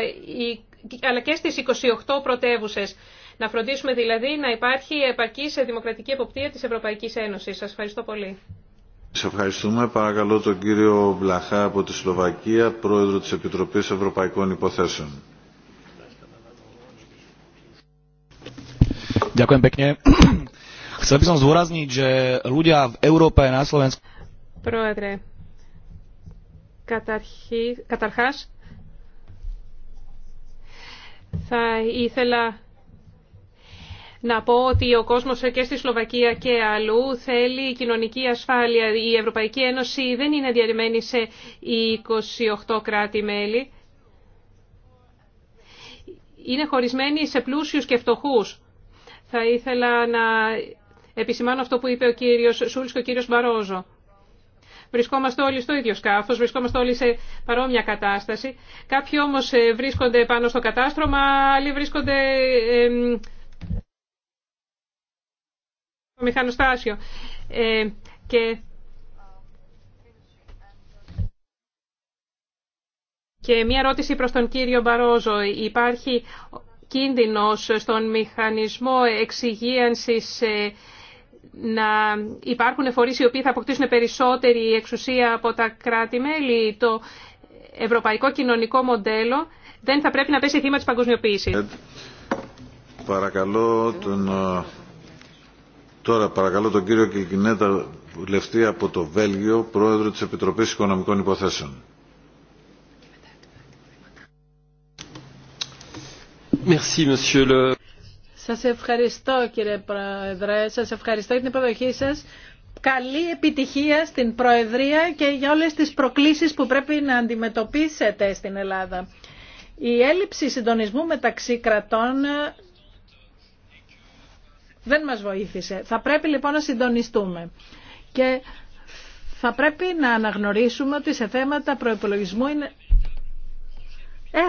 και στις 28 πρωτεύουσες. Να φροντίσουμε δηλαδή να υπάρχει επαρκή σε δημοκρατική εποπτεία της Ευρωπαϊκής Ένωσης. Σας ευχαριστώ πολύ. Σας ευχαριστούμε. Παρακαλώ τον κύριο Μπλαχά από τη Σλοβακία, πρόεδρο της Επιτροπής Ευρωπαϊκών Υποθέσεων. Ευχαριστώ <clears throat> Chcel by som že ľudia v Európe na Πρόεδρε, καταρχή, καταρχάς θα ήθελα να πω ότι ο κόσμος και στη Σλοβακία και αλλού θέλει κοινωνική ασφάλεια. Η Ευρωπαϊκή Ένωση δεν είναι διαρριμένη σε 28 κράτη-μέλη. Είναι χωρισμένη σε πλούσιους και φτωχούς. Θα ήθελα να επισημάνω αυτό που είπε ο κύριος Σούλς και ο κύριος Μπαρόζο βρισκόμαστε όλοι στο ίδιο σκάφο, βρισκόμαστε όλοι σε παρόμοια κατάσταση. Κάποιοι όμω ε, βρίσκονται πάνω στο κατάστρωμα, άλλοι βρίσκονται στο μηχανοστάσιο. Ε, και... μια ερώτηση προς τον κύριο Μπαρόζο. Υπάρχει κίνδυνος στον μηχανισμό εξυγίανσης ε, να υπάρχουν φορεί οι οποίοι θα αποκτήσουν περισσότερη εξουσία από τα κράτη-μέλη. Το ευρωπαϊκό κοινωνικό μοντέλο δεν θα πρέπει να πέσει θύμα της παγκοσμιοποίησης. Ε, παρακαλώ τον... Ε, τώρα παρακαλώ τον κύριο Κιλκινέτα, βουλευτή από το Βέλγιο, πρόεδρο της Επιτροπής Οικονομικών Υποθέσεων. Merci, σας ευχαριστώ κύριε Πρόεδρε, σας ευχαριστώ για την υποδοχή σας. Καλή επιτυχία στην Προεδρία και για όλες τις προκλήσεις που πρέπει να αντιμετωπίσετε στην Ελλάδα. Η έλλειψη συντονισμού μεταξύ κρατών ε, δεν μας βοήθησε. Θα πρέπει λοιπόν να συντονιστούμε. Και θα πρέπει να αναγνωρίσουμε ότι σε θέματα προϋπολογισμού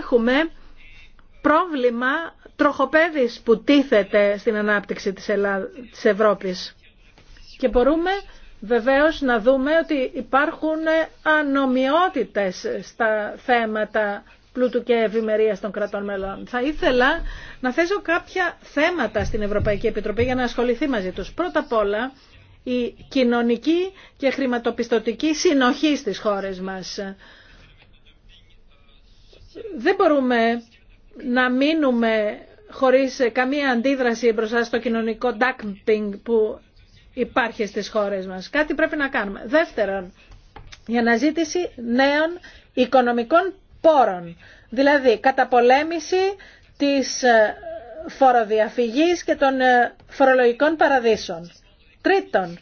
έχουμε πρόβλημα τροχοπέδης που τίθεται στην ανάπτυξη της, της Ευρώπης. Και μπορούμε βεβαίως να δούμε ότι υπάρχουν ανομοιότητες στα θέματα πλούτου και ευημερία των κρατών μελών. Θα ήθελα να θέσω κάποια θέματα στην Ευρωπαϊκή Επιτροπή για να ασχοληθεί μαζί τους. Πρώτα απ' όλα, η κοινωνική και χρηματοπιστωτική συνοχή στις χώρες μας. Δεν μπορούμε να μείνουμε χωρίς καμία αντίδραση μπροστά στο κοινωνικό dumping που υπάρχει στις χώρες μας. Κάτι πρέπει να κάνουμε. Δεύτερον, η αναζήτηση νέων οικονομικών πόρων, δηλαδή καταπολέμηση της ε, φοροδιαφυγής και των ε, φορολογικών παραδείσων. Τρίτον,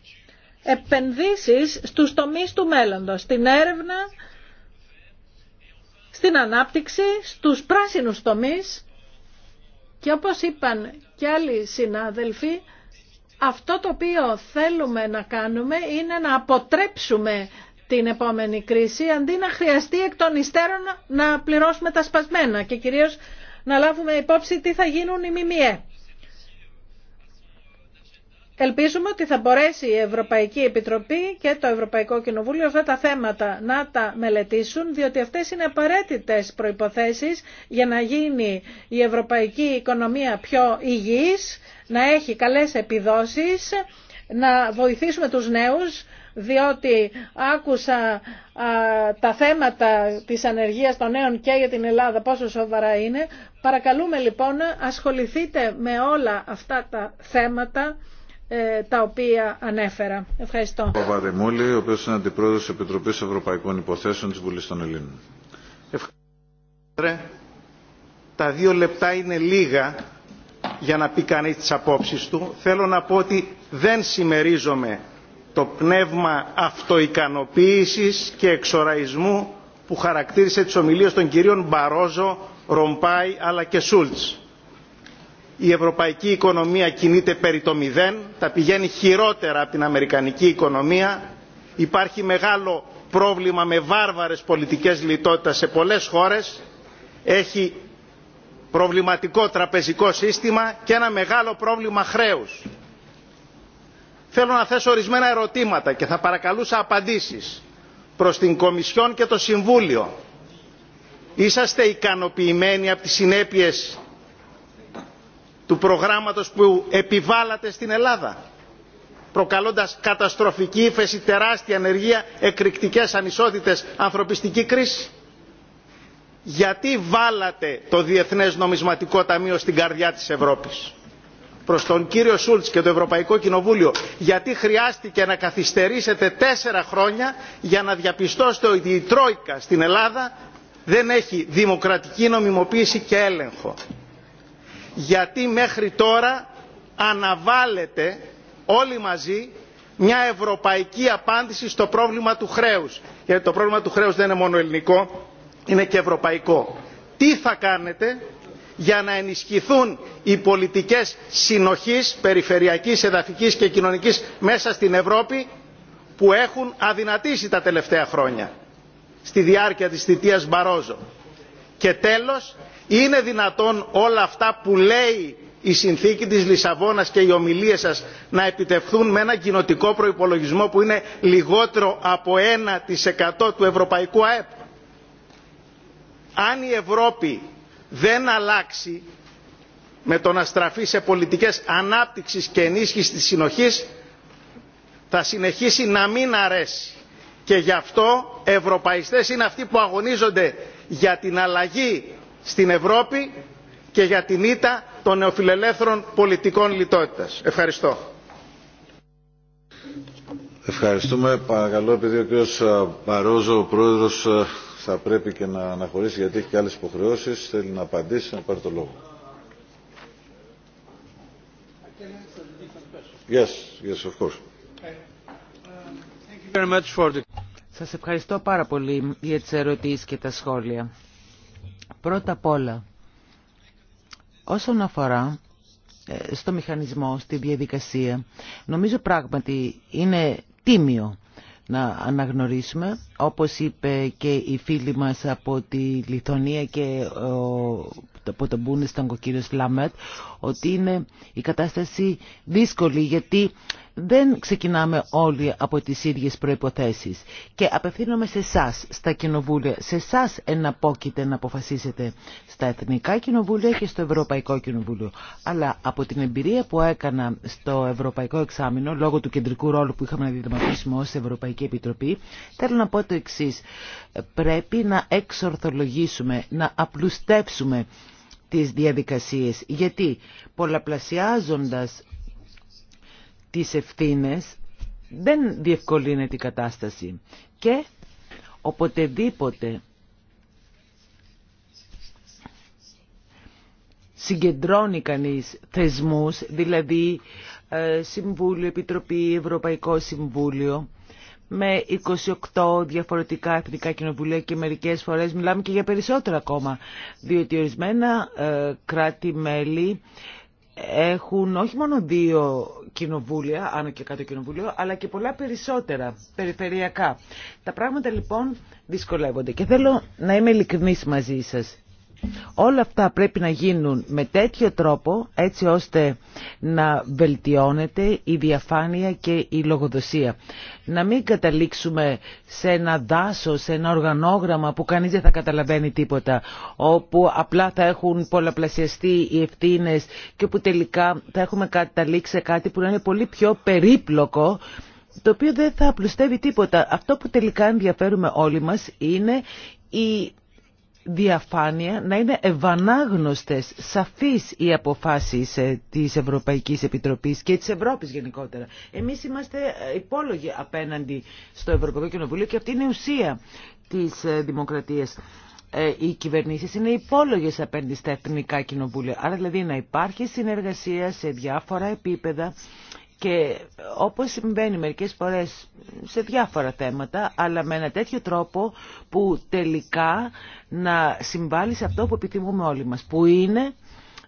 επενδύσεις στους τομείς του μέλλοντος, την έρευνα, στην ανάπτυξη, στους πράσινους τομείς και όπως είπαν και άλλοι συνάδελφοι, αυτό το οποίο θέλουμε να κάνουμε είναι να αποτρέψουμε την επόμενη κρίση αντί να χρειαστεί εκ των υστέρων να πληρώσουμε τα σπασμένα και κυρίως να λάβουμε υπόψη τι θα γίνουν οι ΜΜΕ. Ελπίζουμε ότι θα μπορέσει η Ευρωπαϊκή Επιτροπή και το Ευρωπαϊκό Κοινοβούλιο αυτά τα θέματα να τα μελετήσουν, διότι αυτές είναι απαραίτητες προϋποθέσεις για να γίνει η ευρωπαϊκή οικονομία πιο υγιής, να έχει καλές επιδόσεις, να βοηθήσουμε τους νέους, διότι άκουσα τα θέματα της ανεργίας των νέων και για την Ελλάδα πόσο σοβαρά είναι. Παρακαλούμε λοιπόν ασχοληθείτε με όλα αυτά τα θέματα ε, τα οποία ανέφερα. Ευχαριστώ. Παπαδημούλη, ο οποίος είναι αντιπρόεδρος της Επιτροπής Ευρωπαϊκών Υποθέσεων της Βουλής των Ελλήνων. Ευχαριστώ. Τα δύο λεπτά είναι λίγα για να πει κανεί τις απόψεις του. Θέλω να πω ότι δεν συμμερίζομαι το πνεύμα αυτοικανοποίησης και εξοραϊσμού που χαρακτήρισε τις ομιλίες των κυρίων Μπαρόζο, Ρομπάι αλλά και Σούλτς η ευρωπαϊκή οικονομία κινείται περί το μηδέν τα πηγαίνει χειρότερα από την αμερικανική οικονομία υπάρχει μεγάλο πρόβλημα με βάρβαρες πολιτικές λιτότητας σε πολλές χώρες έχει προβληματικό τραπεζικό σύστημα και ένα μεγάλο πρόβλημα χρέους. Θέλω να θέσω ορισμένα ερωτήματα και θα παρακαλούσα απαντήσεις προς την Κομισιόν και το Συμβούλιο. Είσαστε ικανοποιημένοι από τις συνέπειες του προγράμματος που επιβάλλατε στην Ελλάδα προκαλώντας καταστροφική ύφεση, τεράστια ανεργία, εκρηκτικές ανισότητες, ανθρωπιστική κρίση. Γιατί βάλατε το Διεθνές Νομισματικό Ταμείο στην καρδιά της Ευρώπης. Προς τον κύριο Σούλτς και το Ευρωπαϊκό Κοινοβούλιο, γιατί χρειάστηκε να καθυστερήσετε τέσσερα χρόνια για να διαπιστώσετε ότι η Τρόικα στην Ελλάδα δεν έχει δημοκρατική νομιμοποίηση και έλεγχο γιατί μέχρι τώρα αναβάλλεται όλοι μαζί μια ευρωπαϊκή απάντηση στο πρόβλημα του χρέους. Γιατί το πρόβλημα του χρέους δεν είναι μόνο ελληνικό, είναι και ευρωπαϊκό. Τι θα κάνετε για να ενισχυθούν οι πολιτικές συνοχής, περιφερειακής, εδαφικής και κοινωνικής μέσα στην Ευρώπη που έχουν αδυνατήσει τα τελευταία χρόνια στη διάρκεια της θητείας Μπαρόζο. Και τέλος, είναι δυνατόν όλα αυτά που λέει η συνθήκη της Λισαβόνας και οι ομιλίες σας να επιτευχθούν με ένα κοινοτικό προϋπολογισμό που είναι λιγότερο από 1% του ευρωπαϊκού ΑΕΠ. Αν η Ευρώπη δεν αλλάξει με το να στραφεί σε πολιτικές ανάπτυξης και ενίσχυσης της συνοχής θα συνεχίσει να μην αρέσει. Και γι' αυτό ευρωπαϊστές είναι αυτοί που αγωνίζονται για την αλλαγή στην Ευρώπη και για την ήττα των νεοφιλελεύθερων πολιτικών λιτότητας. Ευχαριστώ. Ευχαριστούμε. Παρακαλώ, επειδή ο κ. Ε, Παρόζο, ο πρόεδρος, ε, θα πρέπει και να αναχωρήσει γιατί έχει και άλλες υποχρεώσεις, θέλει να απαντήσει, να πάρει το λόγο. Yes, yes, of course. Σας ευχαριστώ πάρα πολύ για τις ερωτήσεις και τα σχόλια. Πρώτα απ' όλα, όσον αφορά ε, στο μηχανισμό, στη διαδικασία, νομίζω πράγματι είναι τίμιο να αναγνωρίσουμε, όπως είπε και η φίλη μας από τη Λιθωνία και από τον Μπούνεσταγκο ο Λάμετ, ότι είναι η κατάσταση δύσκολη γιατί δεν ξεκινάμε όλοι από τις ίδιες προϋποθέσεις και απευθύνομαι σε εσά στα κοινοβούλια, σε εσά εναπόκειται να αποφασίσετε στα Εθνικά Κοινοβούλια και στο Ευρωπαϊκό Κοινοβούλιο. Αλλά από την εμπειρία που έκανα στο Ευρωπαϊκό Εξάμεινο, λόγω του κεντρικού ρόλου που είχαμε να διδαματίσουμε ως Ευρωπαϊκή Επιτροπή, θέλω να πω το εξή. Πρέπει να εξορθολογήσουμε, να απλουστεύσουμε τις διαδικασίες. Γιατί πολλαπλασιάζοντας τις ευθύνες δεν διευκολύνει την κατάσταση. Και οποτεδήποτε συγκεντρώνει κανείς θεσμούς, δηλαδή ε, Συμβούλιο, Επιτροπή, Ευρωπαϊκό Συμβούλιο, με 28 διαφορετικά εθνικά κοινοβουλία και μερικές φορές μιλάμε και για περισσότερα ακόμα, διότι ορισμένα ε, κράτη-μέλη έχουν όχι μόνο δύο κοινοβούλια, άνω και κάτω κοινοβούλιο, αλλά και πολλά περισσότερα περιφερειακά. Τα πράγματα λοιπόν δυσκολεύονται και θέλω να είμαι ειλικρινής μαζί σας. Όλα αυτά πρέπει να γίνουν με τέτοιο τρόπο έτσι ώστε να βελτιώνεται η διαφάνεια και η λογοδοσία. Να μην καταλήξουμε σε ένα δάσος, σε ένα οργανόγραμμα που κανείς δεν θα καταλαβαίνει τίποτα, όπου απλά θα έχουν πολλαπλασιαστεί οι ευθύνε και που τελικά θα έχουμε καταλήξει σε κάτι που είναι πολύ πιο περίπλοκο το οποίο δεν θα απλουστεύει τίποτα. Αυτό που τελικά ενδιαφέρουμε όλοι μας είναι η διαφάνεια, να είναι ευανάγνωστες, σαφείς οι αποφάσεις ε, της Ευρωπαϊκής Επιτροπής και της Ευρώπης γενικότερα. Εμείς είμαστε ε, υπόλογοι απέναντι στο Ευρωπαϊκό Κοινοβούλιο και αυτή είναι η ουσία της ε, δημοκρατίας. Οι κυβερνήσεις είναι υπόλογες απέναντι στα εθνικά κοινοβούλια. Άρα δηλαδή να υπάρχει συνεργασία σε διάφορα επίπεδα και όπως συμβαίνει μερικές φορές σε διάφορα θέματα, αλλά με ένα τέτοιο τρόπο που τελικά να συμβάλλει σε αυτό που επιθυμούμε όλοι μας, που είναι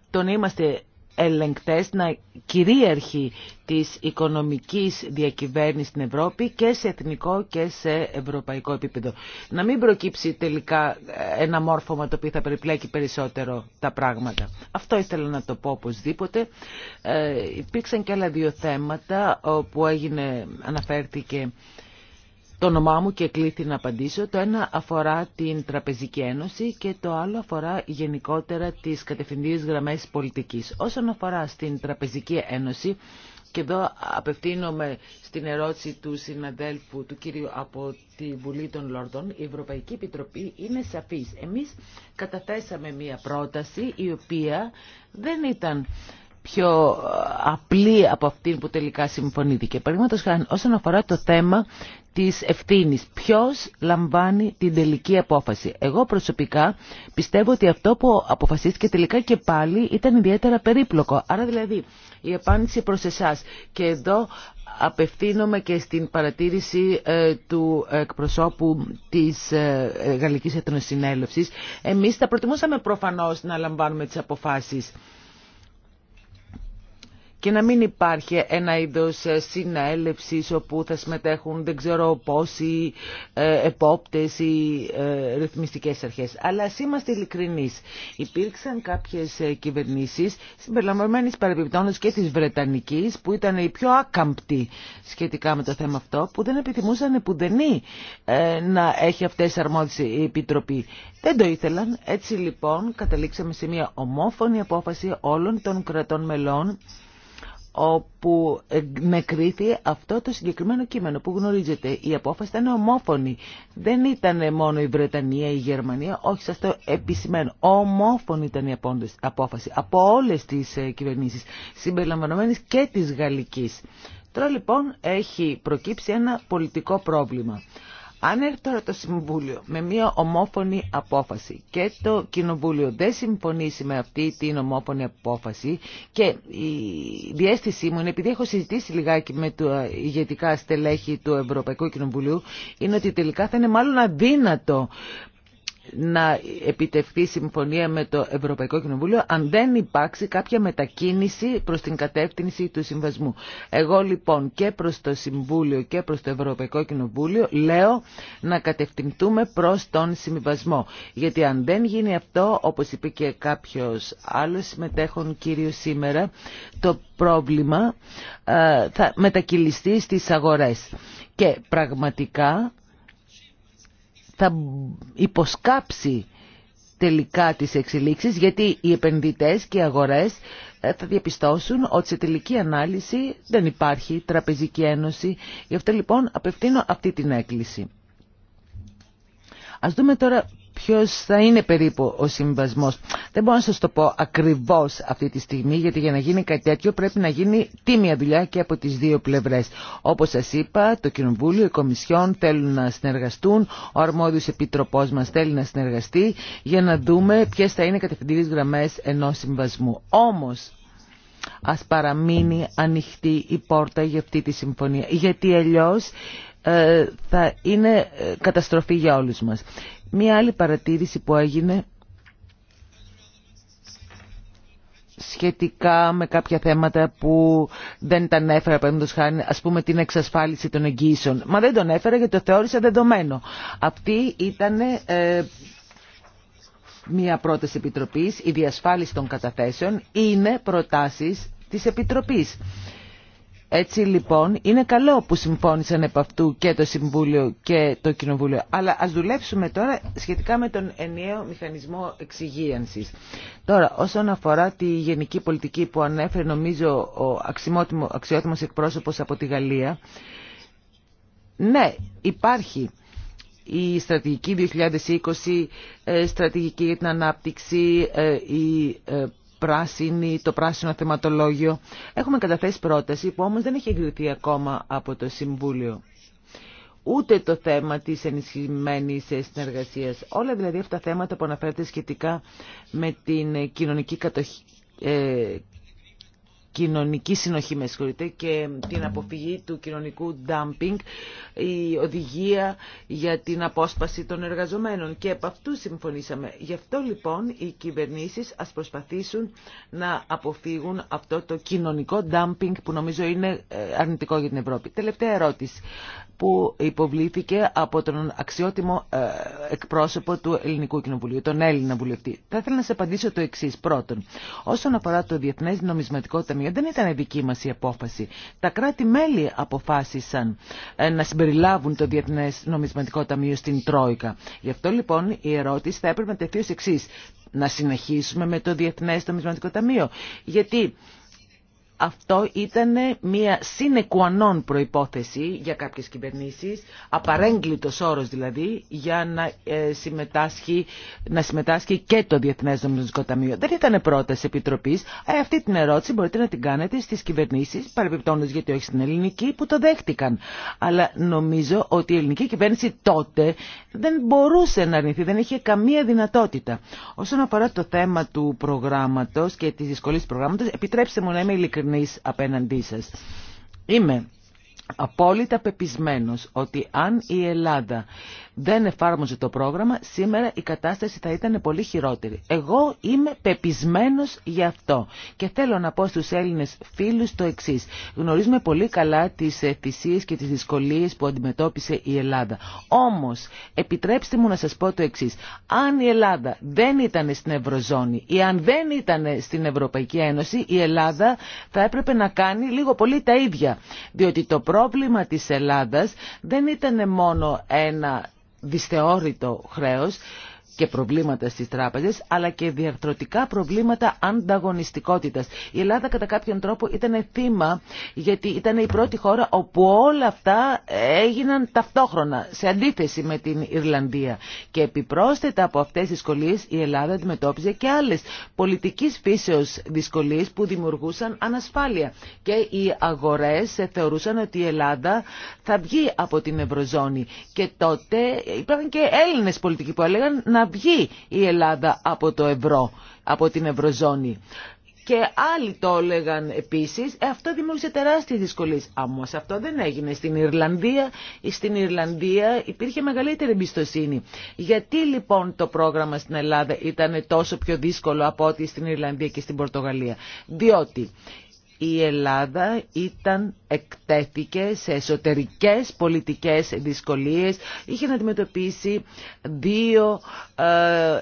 το να είμαστε ελεγκτές να κυρίαρχοι της οικονομικής διακυβέρνησης στην Ευρώπη και σε εθνικό και σε ευρωπαϊκό επίπεδο. Να μην προκύψει τελικά ένα μόρφωμα το οποίο θα περιπλέκει περισσότερο τα πράγματα. Αυτό ήθελα να το πω οπωσδήποτε. Ε, υπήρξαν και άλλα δύο θέματα όπου έγινε, αναφέρθηκε το όνομά μου και κλήθη να απαντήσω. Το ένα αφορά την Τραπεζική Ένωση και το άλλο αφορά γενικότερα τις κατευθυντήριες γραμμές πολιτικής. Όσον αφορά στην Τραπεζική Ένωση, και εδώ απευθύνομαι στην ερώτηση του συναδέλφου του κύριου από τη Βουλή των Λόρδων. Η Ευρωπαϊκή Επιτροπή είναι σαφής. Εμείς καταθέσαμε μία πρόταση η οποία δεν ήταν πιο ε, απλή από αυτή που τελικά συμφωνήθηκε. Παραδείγματος χάρη, όσον αφορά το θέμα της ευθύνης. Ποιος λαμβάνει την τελική απόφαση. Εγώ προσωπικά πιστεύω ότι αυτό που αποφασίστηκε τελικά και πάλι ήταν ιδιαίτερα περίπλοκο. Άρα δηλαδή η απάντηση προς εσάς. Και εδώ απευθύνομαι και στην παρατήρηση ε, του εκπροσώπου της ε, Γαλλικής Εθνοσυνέλευσης. Εμείς θα προτιμούσαμε προφανώς να λαμβάνουμε τις αποφάσεις και να μην υπάρχει ένα είδος ε, συναέλευσης όπου θα συμμετέχουν δεν ξέρω πόσοι ε, επόπτες ή ε, ρυθμιστικές αρχές. Αλλά ας είμαστε ειλικρινείς. Υπήρξαν κάποιες ε, κυβερνήσεις συμπεριλαμβανομένης παρεμπιπτόνως και της Βρετανικής που ήταν η πιο άκαμπτοι σχετικά με το θέμα αυτό που δεν επιθυμούσαν πουδενή να έχει αυτές αρμόδιες η Επιτροπή. Δεν το ήθελαν. Έτσι λοιπόν καταλήξαμε σε μια ομόφωνη απόφαση όλων των κρατών μελών όπου ε, μεκρίθη αυτό το συγκεκριμένο κείμενο που γνωρίζετε. Η απόφαση ήταν ομόφωνη. Δεν ήταν μόνο η Βρετανία, η Γερμανία, όχι σας το επισημαίνω. Ομόφωνη ήταν η απόφαση από όλες τις ε, κυβερνήσεις, συμπεριλαμβανομένης και της Γαλλικής. Τώρα λοιπόν έχει προκύψει ένα πολιτικό πρόβλημα. Αν έρθει τώρα το Συμβούλιο με μια ομόφωνη απόφαση και το Κοινοβούλιο δεν συμφωνήσει με αυτή την ομόφωνη απόφαση και η διέστησή μου είναι επειδή έχω συζητήσει λιγάκι με τα ηγετικά στελέχη του Ευρωπαϊκού Κοινοβουλίου είναι ότι τελικά θα είναι μάλλον αδύνατο να επιτευχθεί συμφωνία με το Ευρωπαϊκό Κοινοβούλιο αν δεν υπάρξει κάποια μετακίνηση προς την κατεύθυνση του συμβασμού. Εγώ λοιπόν και προς το Συμβούλιο και προς το Ευρωπαϊκό Κοινοβούλιο λέω να κατευθυντούμε προς τον συμβασμό. Γιατί αν δεν γίνει αυτό, όπως είπε και κάποιος άλλος συμμετέχον κύριο σήμερα, το πρόβλημα ε, θα μετακυλιστεί στις αγορές. Και πραγματικά θα υποσκάψει τελικά τις εξελίξεις γιατί οι επενδυτές και οι αγορές ε, θα διαπιστώσουν ότι σε τελική ανάλυση δεν υπάρχει τραπεζική ένωση. Γι' αυτό λοιπόν απευθύνω αυτή την έκκληση. Ας δούμε τώρα ποιος θα είναι περίπου ο συμβασμός. Δεν μπορώ να σας το πω ακριβώς αυτή τη στιγμή, γιατί για να γίνει κάτι τέτοιο πρέπει να γίνει τίμια δουλειά και από τις δύο πλευρές. Όπως σας είπα, το Κοινοβούλιο, οι Κομισιόν θέλουν να συνεργαστούν, ο αρμόδιος επιτροπός μας θέλει να συνεργαστεί για να δούμε ποιε θα είναι οι κατευθυντήριες γραμμές ενός συμβασμού. Όμως, ας παραμείνει ανοιχτή η πόρτα για αυτή τη συμφωνία, γιατί αλλιώς ε, θα είναι ε, καταστροφή για όλους μας. Μία άλλη παρατήρηση που έγινε σχετικά με κάποια θέματα που δεν τα ανέφερα, παραδείγματο χάρη, α πούμε την εξασφάλιση των εγγύσεων. Μα δεν τον έφερα γιατί το θεώρησα δεδομένο. Αυτή ήταν ε, μια πρόταση επιτροπής, η διασφάλιση των καταθέσεων είναι προτάσεις της Επιτροπής. Έτσι λοιπόν είναι καλό που συμφώνησαν επ' αυτού και το Συμβούλιο και το Κοινοβούλιο. Αλλά ας δουλέψουμε τώρα σχετικά με τον ενιαίο μηχανισμό εξυγίανσης. Τώρα όσον αφορά τη γενική πολιτική που ανέφερε νομίζω ο αξιότιμος εκπρόσωπος από τη Γαλλία. Ναι υπάρχει η στρατηγική 2020, ε, στρατηγική για την ανάπτυξη, ε, η ε, πράσινη, το πράσινο θεματολόγιο. Έχουμε καταθέσει πρόταση που όμως δεν έχει εγκριθεί ακόμα από το Συμβούλιο. Ούτε το θέμα της ενισχυμένης συνεργασίας. Όλα δηλαδή αυτά τα θέματα που αναφέρεται σχετικά με την κοινωνική κατοχή, ε, κοινωνική συνοχή με και την αποφυγή του κοινωνικού dumping, η οδηγία για την απόσπαση των εργαζομένων και από αυτού συμφωνήσαμε. Γι' αυτό λοιπόν οι κυβερνήσεις ας προσπαθήσουν να αποφύγουν αυτό το κοινωνικό dumping που νομίζω είναι ε, αρνητικό για την Ευρώπη. Τελευταία ερώτηση που υποβλήθηκε από τον αξιότιμο ε, εκπρόσωπο του Ελληνικού Κοινοβουλίου, τον Έλληνα βουλευτή. Θα ήθελα να σε απαντήσω το εξή. Πρώτον, όσον αφορά το Διεθνέ Νομισματικό Ταμείο, δεν ήταν δική μα η απόφαση. Τα κράτη-μέλη αποφάσισαν ε, να συμπεριλάβουν το Διεθνέ Νομισματικό Ταμείο στην Τρόικα. Γι' αυτό λοιπόν η ερώτηση θα έπρεπε να τεθεί ω εξή. Να συνεχίσουμε με το Διεθνέ Νομισματικό Ταμείο. Γιατί αυτό ήταν μια συνεκουανών προϋπόθεση για κάποιες κυβερνήσεις, απαρέγκλητος όρος δηλαδή, για να, ε, συμμετάσχει, να συμμετάσχει και το Διεθνές στο Ταμείο. Δεν ήταν πρόταση Επιτροπής. Ε, αυτή την ερώτηση μπορείτε να την κάνετε στις κυβερνήσεις, παρεμπιπτόντως γιατί όχι στην ελληνική, που το δέχτηκαν. Αλλά νομίζω ότι η ελληνική κυβέρνηση τότε δεν μπορούσε να αρνηθεί, δεν είχε καμία δυνατότητα. Όσον αφορά το θέμα του προγράμματος και της δυσκολίας του προγράμματος, επιτρέψτε μου να είμαι ειλικρινή ειλικρινής απέναντί σας. Είμαι απόλυτα πεπισμένος ότι αν η Ελλάδα δεν εφάρμοζε το πρόγραμμα, σήμερα η κατάσταση θα ήταν πολύ χειρότερη. Εγώ είμαι πεπισμένος γι' αυτό και θέλω να πω στους Έλληνες φίλους το εξής. Γνωρίζουμε πολύ καλά τις θυσίες και τις δυσκολίες που αντιμετώπισε η Ελλάδα. Όμως, επιτρέψτε μου να σας πω το εξής. Αν η Ελλάδα δεν ήταν στην Ευρωζώνη ή αν δεν ήταν στην Ευρωπαϊκή Ένωση, η Ελλάδα θα έπρεπε να κάνει λίγο πολύ τα ίδια. Διότι το πρόβλημα της Ελλάδας δεν ήταν μόνο ένα δυσθεώρητο χρέος και προβλήματα στις τράπεζες, αλλά και διαρθρωτικά προβλήματα ανταγωνιστικότητας. Η Ελλάδα κατά κάποιον τρόπο ήταν θύμα, γιατί ήταν η πρώτη χώρα όπου όλα αυτά έγιναν ταυτόχρονα, σε αντίθεση με την Ιρλανδία. Και επιπρόσθετα από αυτές τις δυσκολίες η Ελλάδα αντιμετώπιζε και άλλες πολιτικής φύσεως δυσκολίες που δημιουργούσαν ανασφάλεια. Και οι αγορές θεωρούσαν ότι η Ελλάδα θα βγει από την Ευρωζώνη. Και τότε υπήρχαν και Έλληνες πολιτικοί που έλεγαν να βγει η Ελλάδα από το ευρώ, από την ευρωζώνη. Και άλλοι το έλεγαν επίση, «Ε, αυτό δημιούργησε τεράστιε δυσκολίες. Όμω αυτό δεν έγινε. Στην Ιρλανδία, στην Ιρλανδία υπήρχε μεγαλύτερη εμπιστοσύνη. Γιατί λοιπόν το πρόγραμμα στην Ελλάδα ήταν τόσο πιο δύσκολο από ό,τι στην Ιρλανδία και στην Πορτογαλία. Διότι η Ελλάδα ήταν εκτέθηκε σε εσωτερικές πολιτικές δυσκολίες. Είχε να αντιμετωπίσει δύο ε,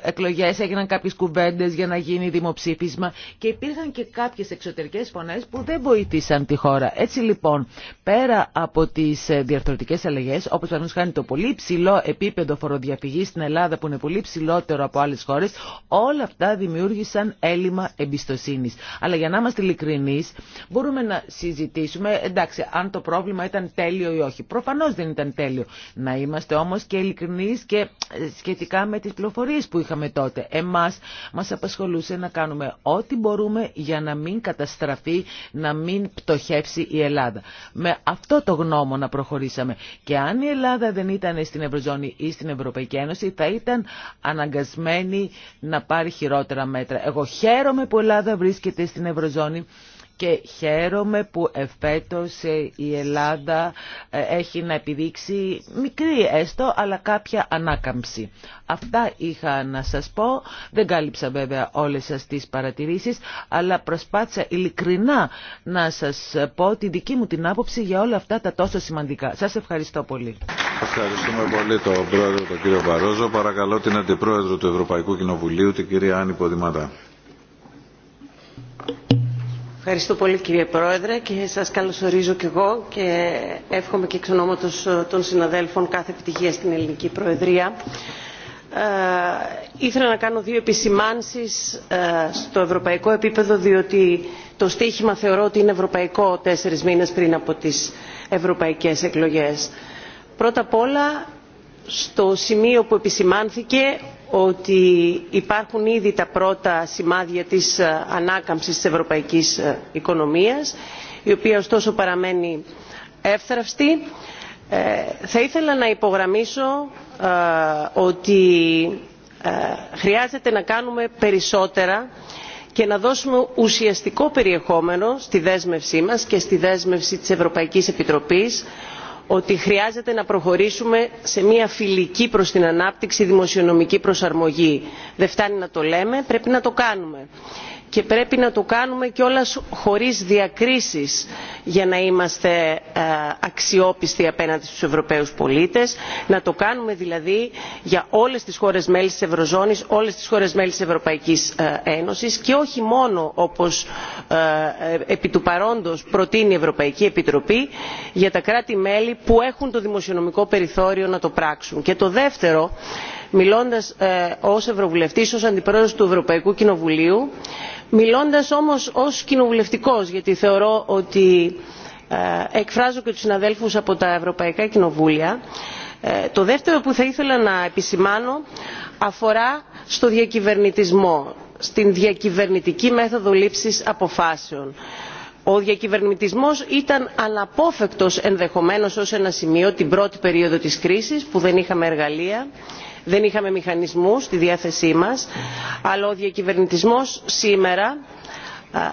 εκλογές, έγιναν κάποιες κουβέντες για να γίνει δημοψήφισμα και υπήρχαν και κάποιες εξωτερικές φωνές που δεν βοήθησαν τη χώρα. Έτσι λοιπόν, πέρα από τις ε, διαρθρωτικές αλλαγές, όπως παραδείγματος χάνει το πολύ ψηλό επίπεδο φοροδιαφυγής στην Ελλάδα που είναι πολύ ψηλότερο από άλλες χώρες, όλα αυτά δημιούργησαν έλλειμμα εμπιστοσύνης. Αλλά για να είμαστε ειλικρινείς, μπορούμε να συζητήσουμε εντάξει, αν το πρόβλημα ήταν τέλειο ή όχι. Προφανώς δεν ήταν τέλειο. Να είμαστε όμως και ειλικρινείς και ε, σχετικά με τις πληροφορίες που είχαμε τότε. Εμάς μας απασχολούσε να κάνουμε ό,τι μπορούμε για να μην καταστραφεί, να μην πτωχεύσει η Ελλάδα. Με αυτό το γνώμο να προχωρήσαμε. Και αν η Ελλάδα δεν ήταν στην Ευρωζώνη ή στην Ευρωπαϊκή Ένωση, θα ήταν αναγκασμένη να πάρει χειρότερα μέτρα. Εγώ χαίρομαι που η Ελλάδα βρίσκεται στην Ευρωζώνη και χαίρομαι που εφέτος ε, η Ελλάδα ε, έχει να επιδείξει μικρή έστω αλλά κάποια ανάκαμψη. Αυτά είχα να σας πω. Δεν κάλυψα βέβαια όλες σας τις παρατηρήσεις αλλά προσπάθησα ειλικρινά να σας πω την δική μου την άποψη για όλα αυτά τα τόσο σημαντικά. Σας ευχαριστώ πολύ. Ευχαριστούμε πολύ τον πρόεδρο τον κύριο Βαρόζο. Παρακαλώ την αντιπρόεδρο του Ευρωπαϊκού Κοινοβουλίου την κυρία Άννη Ποδηματά. Ευχαριστώ πολύ κύριε Πρόεδρε και σας καλωσορίζω και εγώ και εύχομαι και εξ ονόματος ε, των συναδέλφων κάθε επιτυχία στην ελληνική Προεδρία. Ε, ήθελα να κάνω δύο επισημάνσεις ε, στο ευρωπαϊκό επίπεδο διότι το στίχημα θεωρώ ότι είναι ευρωπαϊκό τέσσερις μήνες πριν από τις ευρωπαϊκές εκλογές. Πρώτα απ' όλα στο σημείο που επισημάνθηκε ότι υπάρχουν ήδη τα πρώτα σημάδια της ε, ανάκαμψης της ευρωπαϊκής ε, οικονομίας η οποία ωστόσο παραμένει εύθραυστη. Ε, θα ήθελα να υπογραμμίσω ότι χρειάζεται να κάνουμε περισσότερα και να δώσουμε ουσιαστικό περιεχόμενο στη δέσμευσή μας και στη δέσμευση της Ευρωπαϊκής Επιτροπής ότι χρειάζεται να προχωρήσουμε σε μια φιλική προς την ανάπτυξη δημοσιονομική προσαρμογή. δεν φτάνει να το λέμε πρέπει να το κάνουμε και πρέπει να το κάνουμε κιόλας χωρίς διακρίσεις για να είμαστε ε, αξιόπιστοι απέναντι στους ευρωπαίους πολίτες να το κάνουμε δηλαδή για όλες τις χώρες μέλη της ευρωζώνης όλες τις χώρες μέλη της ευρωπαϊκής ε, ένωσης και όχι μόνο όπως ε, επί του παρόντος προτείνει η ευρωπαϊκή επιτροπή για τα κράτη μέλη που έχουν το δημοσιονομικό περιθώριο να το πράξουν. και το δεύτερο μιλώντας ε, ως ευρωβουλευτής ως αντιπρόεδρος του ευρωπαϊκού κοινοβουλίου μιλώντας όμως ως κοινοβουλευτικός γιατί θεωρώ ότι ε, εκφράζω και του συναδέλφου από τα ευρωπαϊκά κοινοβούλια ε, το δεύτερο που θα ήθελα να επισημάνω αφορά στο διακυβερνητισμό στην διακυβερνητική μέθοδο λήψης αποφάσεων. ο διακυβερνητισμός ήταν αναπόφευκτος ενδεχομένως ως ένα σημείο την πρώτη περίοδο της κρίσης που δεν είχαμε εργαλεία δεν είχαμε μηχανισμούς στη διάθεσή μας αλλά ο διακυβερνητισμός σήμερα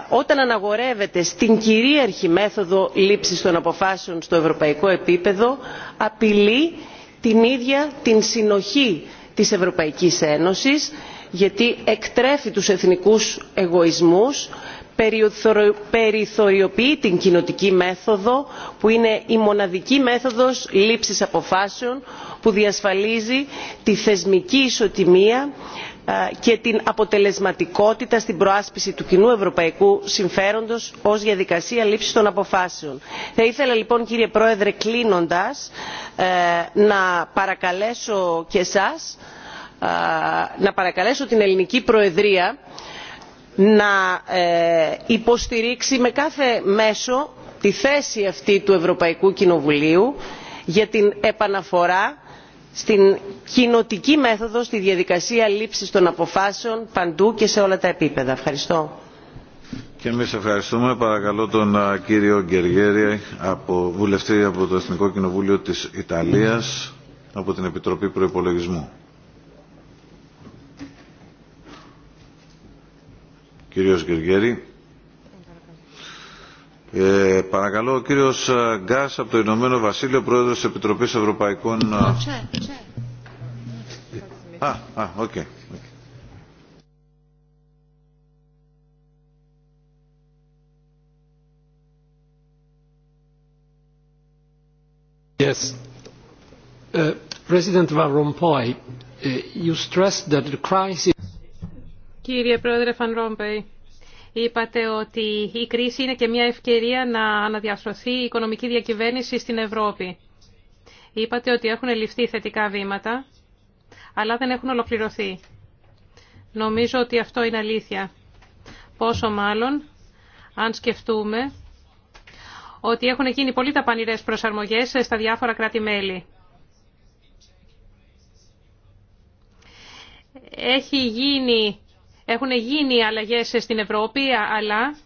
όταν αναγορεύεται στην κυρίαρχη μέθοδο λήψης των αποφάσεων στο ευρωπαϊκό επίπεδο απειλεί την ίδια την συνοχή της ευρωπαϊκής ένωσης γιατί εκτρέφει τους εθνικούς εγωισμούς περιθωριοποιεί την κοινοτική μέθοδο που είναι η μοναδική μέθοδος λήψης αποφάσεων που διασφαλίζει τη θεσμική ισοτιμία ε, και την αποτελεσματικότητα στην προάσπιση του κοινού ευρωπαϊκού συμφέροντος ως διαδικασία λήψης των αποφάσεων. θα ήθελα λοιπόν κύριε πρόεδρε κλείνοντας ε, να παρακαλέσω και εσάς ε, να παρακαλέσω την ελληνική προεδρία να υποστηρίξει με κάθε μέσο τη θέση αυτή του ευρωπαϊκού κοινοβουλίου για την επαναφορά στην κοινοτική μέθοδο στη διαδικασία λήψης των αποφάσεων παντού και σε όλα τα επίπεδα. Ευχαριστώ. Και εμείς ευχαριστούμε. Παρακαλώ τον κύριο Γκεργέρη, από, βουλευτή από το Εθνικό Κοινοβούλιο της Ιταλίας, από την Επιτροπή Προϋπολογισμού. Κύριος Γκεργέρη. Ε, παρακαλώ, ο κύριος ε, Γκάς από το Ηνωμένο Βασίλειο, πρόεδρος της Επιτροπής Ευρωπαϊκών... Ε, α, α, οκ. Okay. Yes. Uh, President Van Rompuy, uh, you stressed that the crisis... Κύριε Πρόεδρε Van Rompuy, Είπατε ότι η κρίση είναι και μια ευκαιρία να αναδιαστρωθεί η οικονομική διακυβέρνηση στην Ευρώπη. Είπατε ότι έχουν ληφθεί θετικά βήματα, αλλά δεν έχουν ολοκληρωθεί. Νομίζω ότι αυτό είναι αλήθεια. Πόσο μάλλον, αν σκεφτούμε, ότι έχουν γίνει πολύ τα πανηρές προσαρμογές στα διάφορα κράτη-μέλη. Έχει γίνει έχουν γίνει αλλαγές στην Ευρώπη, αλλά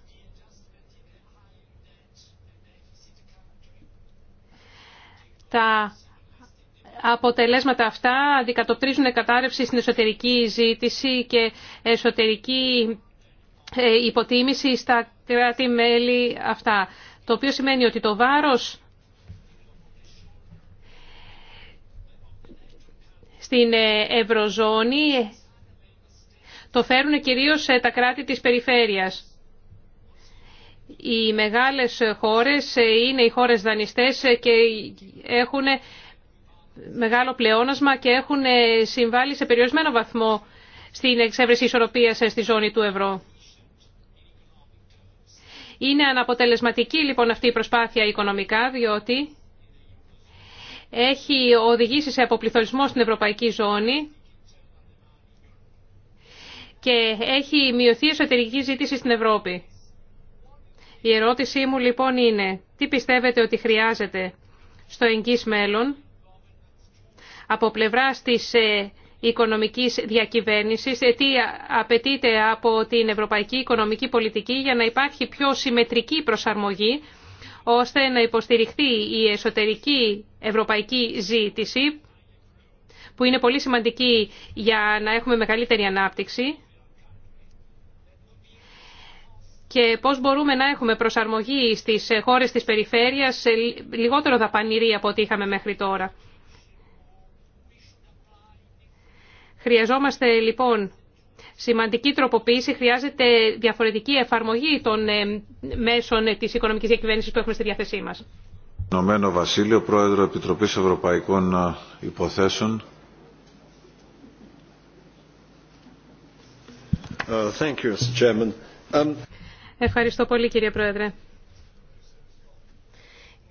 τα αποτελέσματα αυτά αντικατοπτρίζουν κατάρρευση στην εσωτερική ζήτηση και εσωτερική ε, υποτίμηση στα κράτη-μέλη αυτά. Το οποίο σημαίνει ότι το βάρος στην ε, Ευρωζώνη το φέρουν κυρίως τα κράτη της περιφέρειας. Οι μεγάλες χώρες είναι οι χώρες δανειστές και έχουν μεγάλο πλεόνασμα και έχουν συμβάλει σε περιορισμένο βαθμό στην εξέβρεση ισορροπίας στη ζώνη του ευρώ. Είναι αναποτελεσματική λοιπόν αυτή η προσπάθεια οικονομικά διότι έχει οδηγήσει σε αποπληθωρισμό στην ευρωπαϊκή ζώνη και έχει μειωθεί η εσωτερική ζήτηση στην Ευρώπη. Η ερώτησή μου λοιπόν είναι, τι πιστεύετε ότι χρειάζεται στο εγγύς μέλλον από πλευράς της ε, οικονομικής διακυβέρνησης, ε, τι απαιτείται από την ευρωπαϊκή οικονομική πολιτική για να υπάρχει πιο συμμετρική προσαρμογή, ώστε να υποστηριχθεί η εσωτερική ευρωπαϊκή ζήτηση, που είναι πολύ σημαντική για να έχουμε μεγαλύτερη ανάπτυξη, και πώς μπορούμε να έχουμε προσαρμογή στις ε, χώρες της περιφέρειας λιγότερο δαπανηρή από ό,τι είχαμε μέχρι τώρα. Χρειαζόμαστε λοιπόν σημαντική τροποποίηση, χρειάζεται διαφορετική εφαρμογή των ε, μέσων ε, της οικονομικής διακυβέρνησης που έχουμε στη διάθεσή μας. Νομένο Βασίλειο, Πρόεδρο Επιτροπής Ευρωπαϊκών Υποθέσεων. Uh, thank you, Mr. Um, Ευχαριστώ πολύ κύριε Πρόεδρε.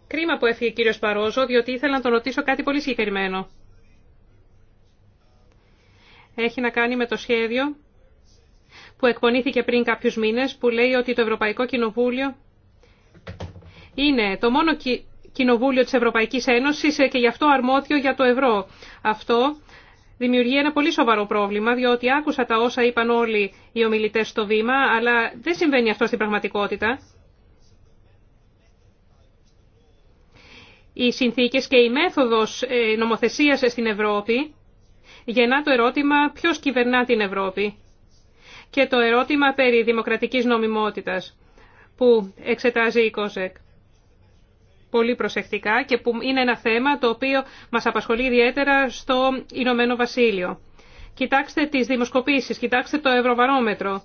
Κρίμα που έφυγε ο κύριος Παρόζο, διότι ήθελα να τον ρωτήσω κάτι πολύ συγκεκριμένο. Έχει να κάνει με το σχέδιο που εκπονήθηκε πριν κάποιους μήνες, που λέει ότι το Ευρωπαϊκό Κοινοβούλιο είναι το μόνο κοινοβούλιο της Ευρωπαϊκής Ένωσης και γι' αυτό αρμόδιο για το ευρώ. Αυτό δημιουργεί ένα πολύ σοβαρό πρόβλημα, διότι άκουσα τα όσα είπαν όλοι οι ομιλητές στο βήμα, αλλά δεν συμβαίνει αυτό στην πραγματικότητα. Οι συνθήκες και η μέθοδος ε, νομοθεσίας στην Ευρώπη γεννά το ερώτημα ποιος κυβερνά την Ευρώπη και το ερώτημα περί δημοκρατικής νομιμότητας που εξετάζει η ΚΟΖΕΚ πολύ προσεκτικά και που είναι ένα θέμα το οποίο μας απασχολεί ιδιαίτερα στο Ηνωμένο Βασίλειο. Κοιτάξτε τις δημοσκοπήσεις, κοιτάξτε το ευρωβαρόμετρο,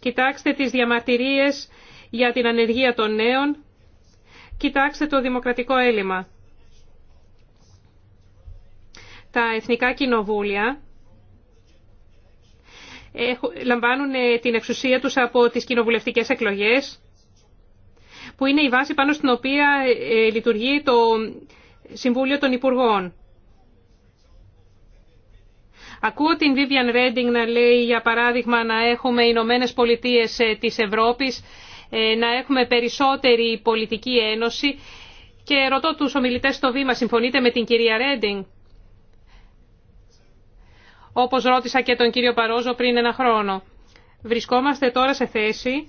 κοιτάξτε τις διαμαρτυρίες για την ανεργία των νέων, κοιτάξτε το δημοκρατικό έλλειμμα. Τα εθνικά κοινοβούλια λαμβάνουν ε, την εξουσία τους από τις κοινοβουλευτικές εκλογές που είναι η βάση πάνω στην οποία ε, ε, λειτουργεί το Συμβούλιο των Υπουργών. Ακούω την Vivian Redding να λέει, για παράδειγμα, να έχουμε Ηνωμένε Πολιτείε ε, της Ευρώπης, να έχουμε περισσότερη πολιτική ένωση και ρωτώ τους ομιλητές στο βήμα, συμφωνείτε με την κυρία Ρέντινγκ. Όπως ρώτησα και τον κύριο Παρόζο πριν ένα χρόνο. Βρισκόμαστε τώρα σε θέση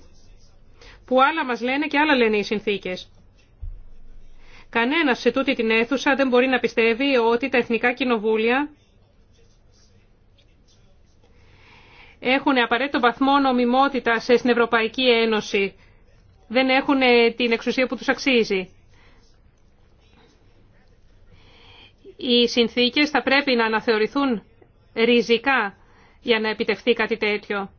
που άλλα μας λένε και άλλα λένε οι συνθήκες. Κανένας σε τούτη την αίθουσα δεν μπορεί να πιστεύει ότι τα εθνικά κοινοβούλια έχουν απαραίτητο βαθμό νομιμότητα στην Ευρωπαϊκή Ένωση. Δεν έχουν ε, την εξουσία που τους αξίζει. Οι συνθήκες θα πρέπει να αναθεωρηθούν ριζικά για να επιτευχθεί κάτι τέτοιο.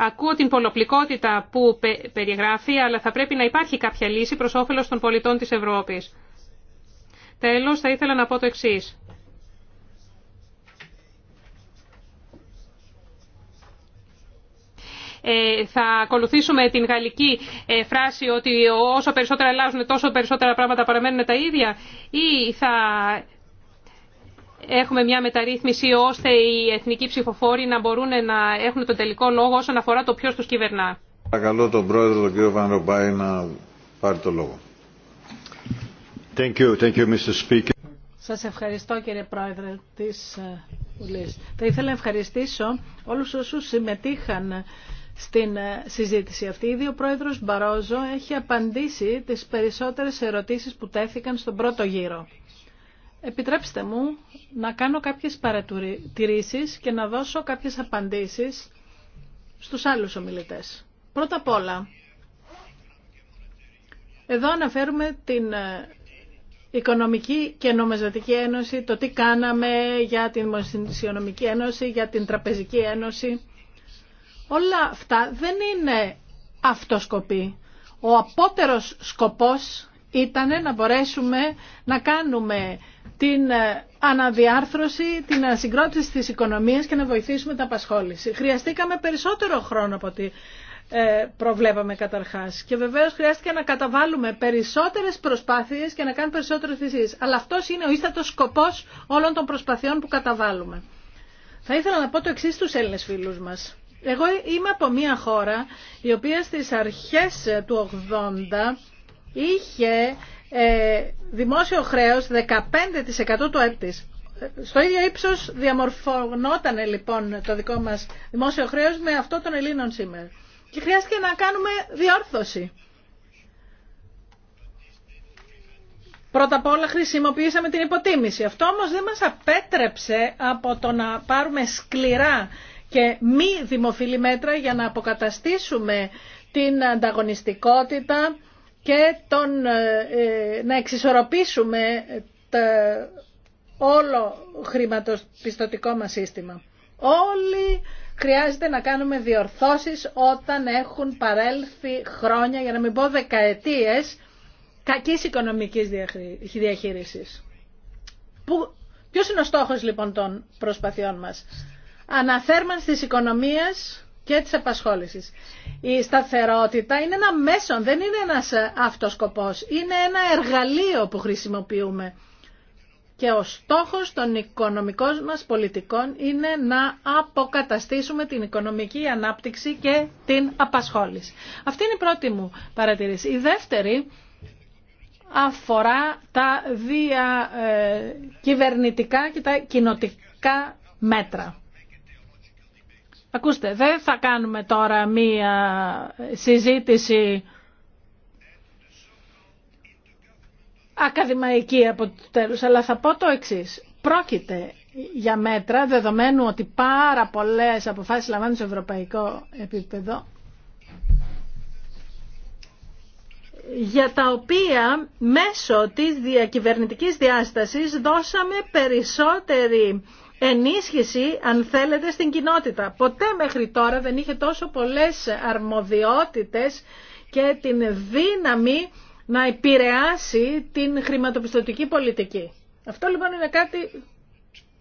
Ακούω την πολλοπλικότητα που περιγράφει, αλλά θα πρέπει να υπάρχει κάποια λύση προς όφελος των πολιτών της Ευρώπης. Τέλος, θα ήθελα να πω το εξής. Ε, θα ακολουθήσουμε την γαλλική ε, φράση ότι όσο περισσότερα αλλάζουν τόσο περισσότερα πράγματα παραμένουν τα ίδια ή θα έχουμε μια μεταρρύθμιση ώστε οι εθνικοί ψηφοφόροι να μπορούν να έχουν τον τελικό λόγο όσον αφορά το ποιο του κυβερνά. Παρακαλώ τον πρόεδρο τον κύριο Βανρομπάη να πάρει το λόγο. Thank Σας ευχαριστώ κύριε Πρόεδρε της ε, Βουλή. Θα ήθελα να ευχαριστήσω όλους όσους συμμετείχαν στην ε, συζήτηση αυτή. Ήδη ο Πρόεδρος Μπαρόζο έχει απαντήσει τις περισσότερες ερωτήσεις που τέθηκαν στον πρώτο γύρο. Επιτρέψτε μου να κάνω κάποιες παρατηρήσεις και να δώσω κάποιες απαντήσεις στους άλλους ομιλητές. Πρώτα απ' όλα, εδώ αναφέρουμε την ε, Οικονομική και Νομισματική Ένωση, το τι κάναμε για την Δημοσιονομική Ένωση, για την Τραπεζική Ένωση. Όλα αυτά δεν είναι αυτοσκοπή. Ο απότερος σκοπός ήταν να μπορέσουμε να κάνουμε την ε, αναδιάρθρωση, την ανασυγκρότηση της οικονομίας και να βοηθήσουμε την απασχόληση. Χρειαστήκαμε περισσότερο χρόνο από ό,τι ε, προβλέπαμε καταρχάς. Και βεβαίως χρειάστηκε να καταβάλουμε περισσότερες προσπάθειες και να κάνουμε περισσότερες θυσίες. Αλλά αυτός είναι ο ίστατος σκοπός όλων των προσπαθειών που καταβάλουμε. Θα ήθελα να πω το εξής στους Έλληνες φίλους μας. Εγώ είμαι από μια χώρα η οποία στις αρχές του 80 είχε ε, δημόσιο χρέος 15% του έπτης. Στο ίδιο ύψος διαμορφωνόταν λοιπόν το δικό μας δημόσιο χρέος με αυτό των Ελλήνων σήμερα. Και χρειάστηκε να κάνουμε διόρθωση. Πρώτα απ' όλα χρησιμοποιήσαμε την υποτίμηση. Αυτό όμως δεν μας απέτρεψε από το να πάρουμε σκληρά και μη δημοφιλή μέτρα για να αποκαταστήσουμε την ανταγωνιστικότητα, και τον, ε, ε, να εξισορροπήσουμε το όλο χρηματοπιστωτικό μας σύστημα. Όλοι χρειάζεται να κάνουμε διορθώσεις όταν έχουν παρέλθει χρόνια, για να μην πω δεκαετίες, κακής οικονομικής διαχείρισης. Που, ποιος είναι ο στόχος λοιπόν των προσπαθειών μας. Αναθέρμανση της οικονομίας και της απασχόλησης. Η σταθερότητα είναι ένα μέσο, δεν είναι ένας αυτοσκοπός. Είναι ένα εργαλείο που χρησιμοποιούμε. Και ο στόχος των οικονομικών μας πολιτικών είναι να αποκαταστήσουμε την οικονομική ανάπτυξη και την απασχόληση. Αυτή είναι η πρώτη μου παρατηρήση. Η δεύτερη αφορά τα δια, ε, κυβερνητικά και τα κοινοτικά μέτρα. Ακούστε, δεν θα κάνουμε τώρα μία συζήτηση ακαδημαϊκή από το τέλος, αλλά θα πω το εξής. Πρόκειται για μέτρα, δεδομένου ότι πάρα πολλές αποφάσεις λαμβάνουν σε ευρωπαϊκό επίπεδο, για τα οποία μέσω της διακυβερνητικής διάστασης δώσαμε περισσότερη ενίσχυση, αν θέλετε, στην κοινότητα. Ποτέ μέχρι τώρα δεν είχε τόσο πολλές αρμοδιότητες και την δύναμη να επηρεάσει την χρηματοπιστωτική πολιτική. Αυτό λοιπόν είναι κάτι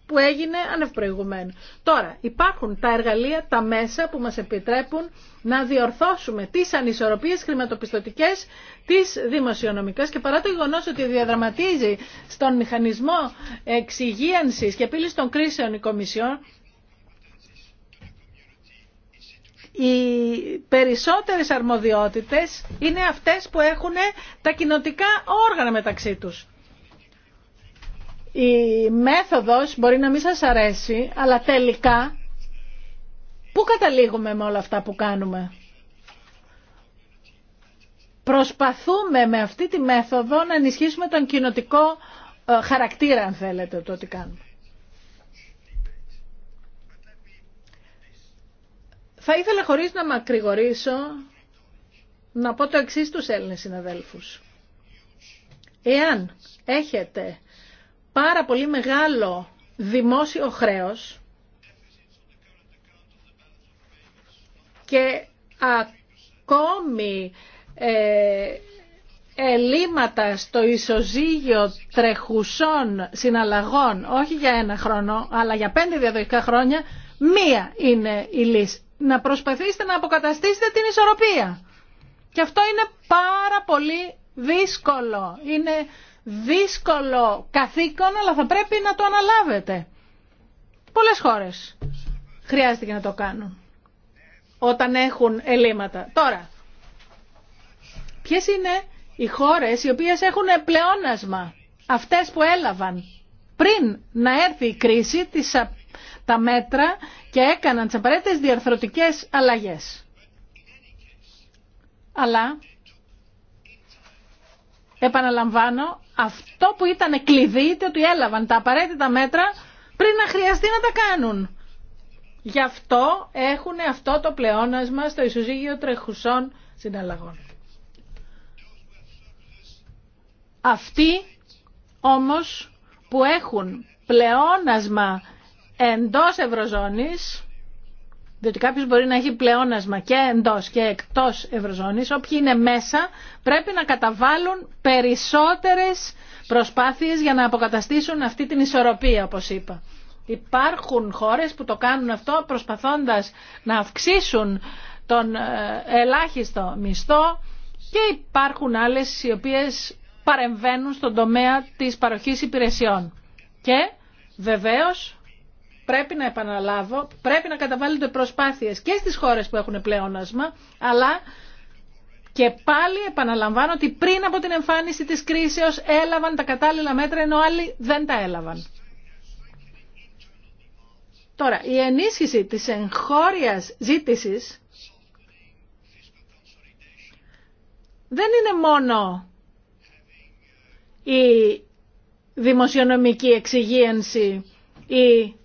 που έγινε ανευπροηγουμένου. Τώρα, υπάρχουν τα εργαλεία, τα μέσα που μας επιτρέπουν να διορθώσουμε τις ανισορροπίες χρηματοπιστωτικές, τις δημοσιονομικές και παρά το γεγονό ότι διαδραματίζει στον μηχανισμό εξυγίανσης και επίλυσης των κρίσεων η Κομισιόν, οι περισσότερες αρμοδιότητες είναι αυτές που έχουν τα κοινοτικά όργανα μεταξύ τους η μέθοδος μπορεί να μην σας αρέσει, αλλά τελικά πού καταλήγουμε με όλα αυτά που κάνουμε. Προσπαθούμε με αυτή τη μέθοδο να ενισχύσουμε τον κοινοτικό ε, χαρακτήρα, αν θέλετε, το ότι κάνουμε. Θα ήθελα χωρίς να μακρηγορήσω να πω το εξής στους Έλληνες συναδέλφους. Εάν έχετε πάρα πολύ μεγάλο δημόσιο χρέος και ακόμη ε, ελλείμματα στο ισοζύγιο τρεχουσών συναλλαγών, όχι για ένα χρόνο, αλλά για πέντε διαδοχικά χρόνια, μία είναι η λύση. Να προσπαθήσετε να αποκαταστήσετε την ισορροπία. Και αυτό είναι πάρα πολύ δύσκολο. Είναι δύσκολο καθήκον, αλλά θα πρέπει να το αναλάβετε. Πολλές χώρες χρειάζεται να το κάνουν όταν έχουν ελλείμματα. Τώρα, ποιες είναι οι χώρες οι οποίες έχουν πλεόνασμα, αυτές που έλαβαν πριν να έρθει η κρίση τις, τα μέτρα και έκαναν τις απαραίτητες διαρθρωτικές αλλαγές. Αλλά Επαναλαμβάνω, αυτό που ήταν κλειδί ήταν ότι έλαβαν τα απαραίτητα μέτρα πριν να χρειαστεί να τα κάνουν. Γι' αυτό έχουν αυτό το πλεόνασμα στο ισοζύγιο τρεχουσών συναλλαγών. Αυτοί όμως που έχουν πλεόνασμα εντός Ευρωζώνης διότι κάποιο μπορεί να έχει πλεόνασμα και εντό και εκτό Ευρωζώνη. Όποιοι είναι μέσα πρέπει να καταβάλουν περισσότερε προσπάθειε για να αποκαταστήσουν αυτή την ισορροπία, όπω είπα. Υπάρχουν χώρες που το κάνουν αυτό προσπαθώντας να αυξήσουν τον ε, ελάχιστο μισθό και υπάρχουν άλλες οι οποίες παρεμβαίνουν στον τομέα της παροχή υπηρεσιών. Και βεβαίω πρέπει να επαναλάβω, πρέπει να καταβάλλονται προσπάθειες και στις χώρες που έχουν πλεόνασμα, αλλά και πάλι επαναλαμβάνω ότι πριν από την εμφάνιση της κρίσης έλαβαν τα κατάλληλα μέτρα, ενώ άλλοι δεν τα έλαβαν. Τώρα, η ενίσχυση της εγχώριας ζήτησης δεν είναι μόνο η δημοσιονομική εξυγίανση ή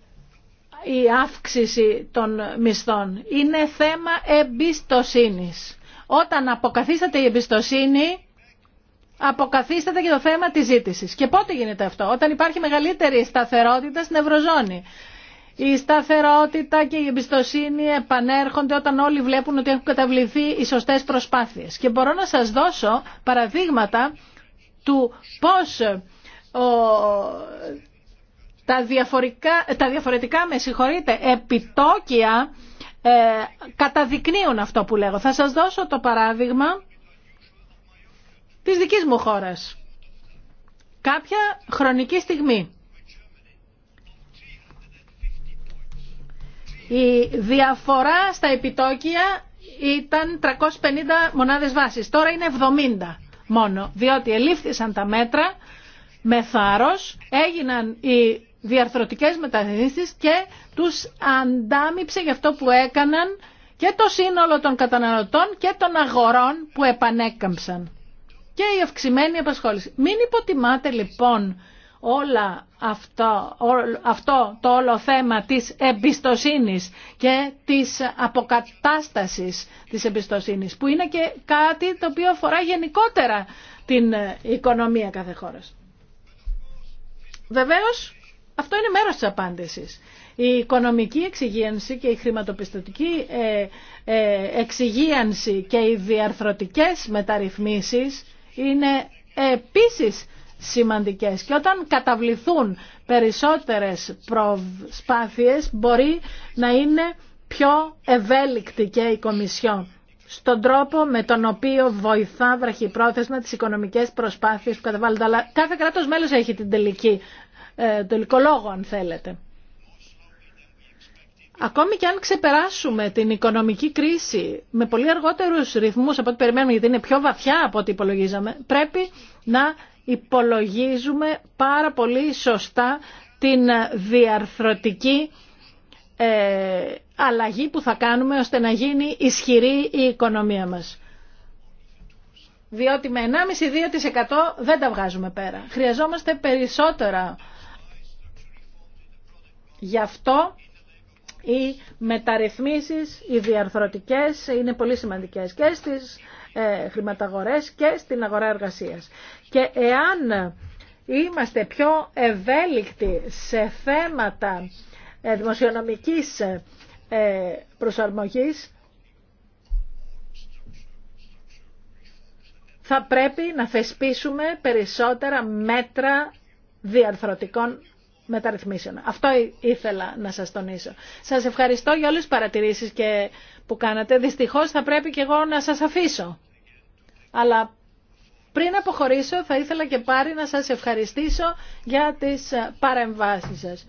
η αύξηση των μισθών. Είναι θέμα εμπιστοσύνης. Όταν αποκαθίσταται η εμπιστοσύνη, αποκαθίσταται και το θέμα της ζήτησης. Και πότε γίνεται αυτό, όταν υπάρχει μεγαλύτερη σταθερότητα στην Ευρωζώνη. Η σταθερότητα και η εμπιστοσύνη επανέρχονται όταν όλοι βλέπουν ότι έχουν καταβληθεί οι σωστές προσπάθειες. Και μπορώ να σας δώσω παραδείγματα του πώς ο τα, διαφορετικά με συγχωρείτε, επιτόκια ε, καταδεικνύουν αυτό που λέγω. Θα σας δώσω το παράδειγμα της δικής μου χώρας. Κάποια χρονική στιγμή. Η διαφορά στα επιτόκια ήταν 350 μονάδες βάσης. Τώρα είναι 70 μόνο, διότι ελήφθησαν τα μέτρα με θάρρος, έγιναν οι διαρθρωτικές μεταρρυθμίσεις και τους αντάμιψε για αυτό που έκαναν και το σύνολο των καταναλωτών και των αγορών που επανέκαμψαν. Και η αυξημένη απασχόληση. Μην υποτιμάτε λοιπόν όλα αυτό, αυτό το όλο θέμα της εμπιστοσύνης και της αποκατάστασης της εμπιστοσύνης που είναι και κάτι το οποίο αφορά γενικότερα την ε, οικονομία κάθε χώρας. Βεβαίως αυτό είναι μέρος της απάντησης. Η οικονομική εξυγίανση και η χρηματοπιστωτική ε, ε, εξυγίανση και οι διαρθρωτικές μεταρρυθμίσεις είναι επίσης σημαντικές και όταν καταβληθούν περισσότερες προσπάθειες μπορεί να είναι πιο ευέλικτη και η Κομισιόν στον τρόπο με τον οποίο βοηθά βραχυπρόθεσμα τις οικονομικές προσπάθειες που καταβάλλονται. Αλλά κάθε κράτος μέλος έχει την τελική ε, υλικό λόγο αν θέλετε. Ακόμη και αν ξεπεράσουμε την οικονομική κρίση με πολύ αργότερους ρυθμούς από ό,τι περιμένουμε γιατί είναι πιο βαθιά από ό,τι υπολογίζαμε, πρέπει να υπολογίζουμε πάρα πολύ σωστά την διαρθρωτική ε, αλλαγή που θα κάνουμε ώστε να γίνει ισχυρή η οικονομία μας. Διότι με 1,5-2% δεν τα βγάζουμε πέρα. Χρειαζόμαστε περισσότερα Γι' αυτό οι μεταρρυθμίσεις, οι διαρθρωτικές είναι πολύ σημαντικές και στις ε, χρηματαγορές και στην αγορά εργασίας. Και εάν είμαστε πιο ευέλικτοι σε θέματα ε, δημοσιονομικής ε, προσαρμογής, θα πρέπει να θεσπίσουμε περισσότερα μέτρα διαρθρωτικών αυτό ήθελα να σας τονίσω. Σας ευχαριστώ για όλες τις παρατηρήσεις και που κάνατε. Δυστυχώς θα πρέπει και εγώ να σας αφήσω. Αλλά πριν αποχωρήσω θα ήθελα και πάρει να σας ευχαριστήσω για τις ε, παρεμβάσεις σας.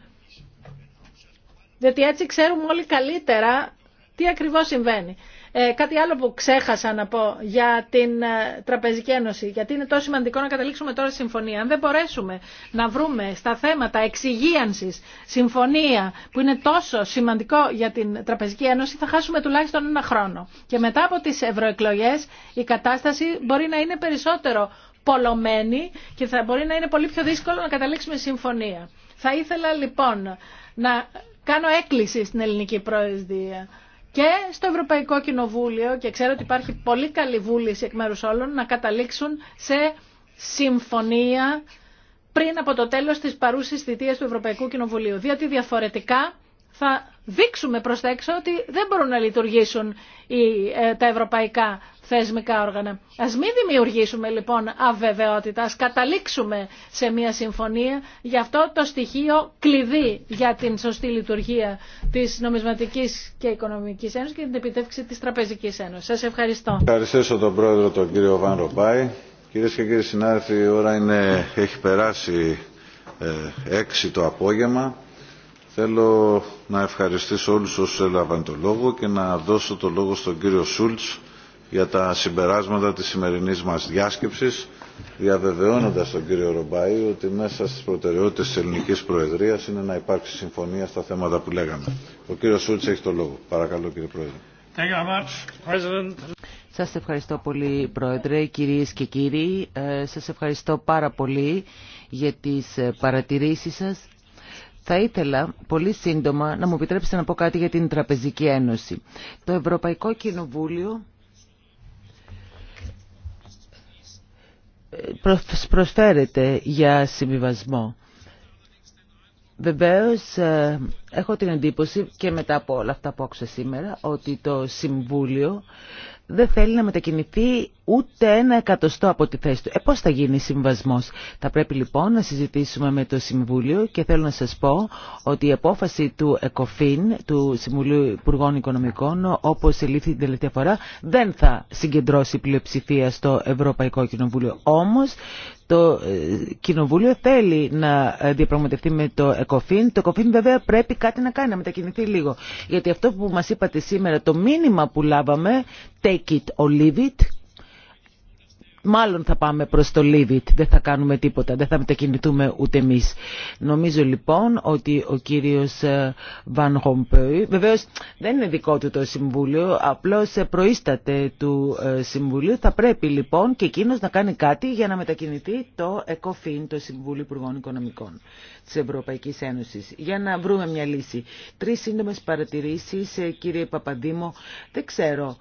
Διότι έτσι ξέρουμε όλοι καλύτερα τι ακριβώς συμβαίνει. Ε, κάτι άλλο που ξέχασα να πω για την ε, Τραπεζική Ένωση, γιατί είναι τόσο σημαντικό να καταλήξουμε τώρα στη συμφωνία. Αν δεν μπορέσουμε να βρούμε στα θέματα εξυγίανση συμφωνία που είναι τόσο σημαντικό για την Τραπεζική Ένωση, θα χάσουμε τουλάχιστον ένα χρόνο. Και μετά από τι ευρωεκλογέ η κατάσταση μπορεί να είναι περισσότερο πολλωμένη και θα μπορεί να είναι πολύ πιο δύσκολο να καταλήξουμε συμφωνία. Θα ήθελα λοιπόν να κάνω έκκληση στην ελληνική προεδρία και στο Ευρωπαϊκό Κοινοβούλιο και ξέρω ότι υπάρχει πολύ καλή βούληση εκ μέρους όλων να καταλήξουν σε συμφωνία πριν από το τέλος της παρούσης θητείας του Ευρωπαϊκού Κοινοβουλίου. Διότι διαφορετικά θα δείξουμε προς τα έξω ότι δεν μπορούν να λειτουργήσουν ε, τα ευρωπαϊκά θεσμικά όργανα. Ας μην δημιουργήσουμε λοιπόν αβεβαιότητα, Α καταλήξουμε σε μια συμφωνία Γι' αυτό το στοιχείο κλειδί για την σωστή λειτουργία της Νομισματικής και Οικονομικής Ένωσης και την επιτεύξη τη Τραπεζική Ένωση. Σας ευχαριστώ. Ευχαριστώ τον πρόεδρο τον κύριο Βαν Ρομπάη. Κυρίε και κύριοι συνάδελφοι, η ώρα είναι, έχει περάσει ε, έξι το απόγευμα. Θέλω να ευχαριστήσω όλους όσους έλαβαν το λόγο και να δώσω το λόγο στον κύριο Σούλτς για τα συμπεράσματα της σημερινής μας διάσκεψης, διαβεβαιώνοντας τον κύριο Ρομπάη ότι μέσα στις προτεραιότητες της ελληνικής προεδρίας είναι να υπάρξει συμφωνία στα θέματα που λέγαμε. Ο κύριος Σούλτς έχει το λόγο. Παρακαλώ κύριε Πρόεδρε. Σας ευχαριστώ πολύ Πρόεδρε, κυρίες και κύριοι. Ε, σας ευχαριστώ πάρα πολύ για τις ε, παρατηρήσεις σας. Θα ήθελα πολύ σύντομα να μου επιτρέψετε να πω κάτι για την Τραπεζική Ένωση. Το Ευρωπαϊκό Κοινοβούλιο προσφέρεται για συμβιβασμό. Βεβαίως ε, έχω την εντύπωση και μετά από όλα αυτά που άκουσα σήμερα ότι το Συμβούλιο δεν θέλει να μετακινηθεί ούτε ένα εκατοστό από τη θέση του. Ε, πώς θα γίνει συμβασμός. Θα πρέπει λοιπόν να συζητήσουμε με το Συμβούλιο και θέλω να σας πω ότι η απόφαση του ΕΚΟΦΗΝ, του Συμβουλίου Υπουργών Οικονομικών, όπως ελήφθη την τελευταία φορά, δεν θα συγκεντρώσει πλειοψηφία στο Ευρωπαϊκό Κοινοβούλιο. Όμως το ε, Κοινοβούλιο θέλει να ε, διαπραγματευτεί με το ΕΚΟΦΗΝ. Το ΕΚΟΦΗΝ βέβαια πρέπει κάτι να κάνει, να μετακινηθεί λίγο. Γιατί αυτό που μας είπατε σήμερα, το μήνυμα που λάβαμε, take it or leave it, μάλλον θα πάμε προς το leave δεν θα κάνουμε τίποτα, δεν θα μετακινηθούμε ούτε εμείς. Νομίζω λοιπόν ότι ο κύριος ε, Βαν Χομπέου, βεβαίως δεν είναι δικό του το Συμβούλιο, απλώς ε, προείσταται του ε, Συμβουλίου, θα πρέπει λοιπόν και εκείνος να κάνει κάτι για να μετακινηθεί το ΕΚΟΦΗΝ, το Συμβούλιο Υπουργών Οικονομικών της Ευρωπαϊκής Ένωσης, για να βρούμε μια λύση. Τρεις σύντομες παρατηρήσεις, κύριε Παπαδήμο, δεν ξέρω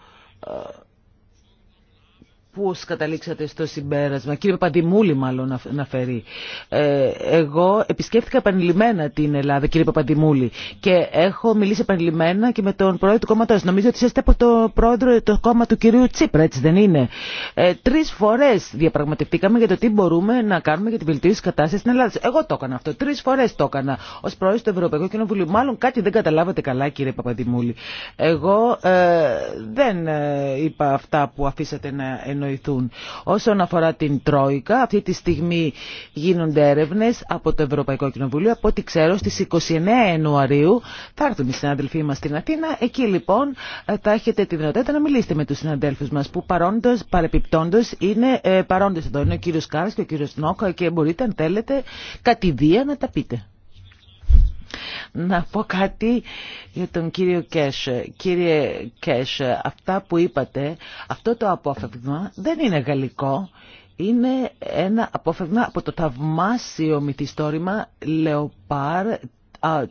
Πώς καταλήξατε στο συμπέρασμα, κύριε Παπαντιμούλη μάλλον να φέρει. Ε, εγώ επισκέφθηκα επανειλημμένα την Ελλάδα, κύριε Παπαντιμούλη, και έχω μιλήσει επανειλημμένα και με τον πρόεδρο του κόμματος. Νομίζω ότι είστε από το πρόεδρο του κόμμα του κυρίου Τσίπρα, έτσι δεν είναι. Ε, τρεις φορές διαπραγματευτήκαμε για το τι μπορούμε να κάνουμε για την βελτίωση της κατάστασης στην Ελλάδα. Εγώ το έκανα αυτό, τρεις φορές το έκανα ω πρόεδρος του Ευρωπαϊκού Κοινοβουλίου. Μάλλον κάτι δεν καταλάβατε καλά, κύριε Παπαντιμούλη. Εγώ ε, δεν ε, είπα αυτά που αφήσατε να Όσον αφορά την Τρόικα, αυτή τη στιγμή γίνονται έρευνες από το Ευρωπαϊκό Κοινοβουλίο. Από ό,τι ξέρω, στις 29 Ιανουαρίου θα έρθουν οι συνάδελφοί μας στην Αθήνα. Εκεί λοιπόν θα έχετε τη δυνατότητα να μιλήσετε με τους συναδέλφους μας που παρόντος, παρεπιπτόντος είναι ε, παρόντες εδώ. Είναι ο κύριος Κάρας και ο κύριος Νόκα και μπορείτε αν θέλετε κατηδία να τα πείτε να πω κάτι για τον κύριο Κέσ. Κύριε Κέσ, αυτά που είπατε, αυτό το απόφευγμα δεν είναι γαλλικό. Είναι ένα απόφευγμα από το θαυμάσιο μυθιστόρημα Λεοπάρ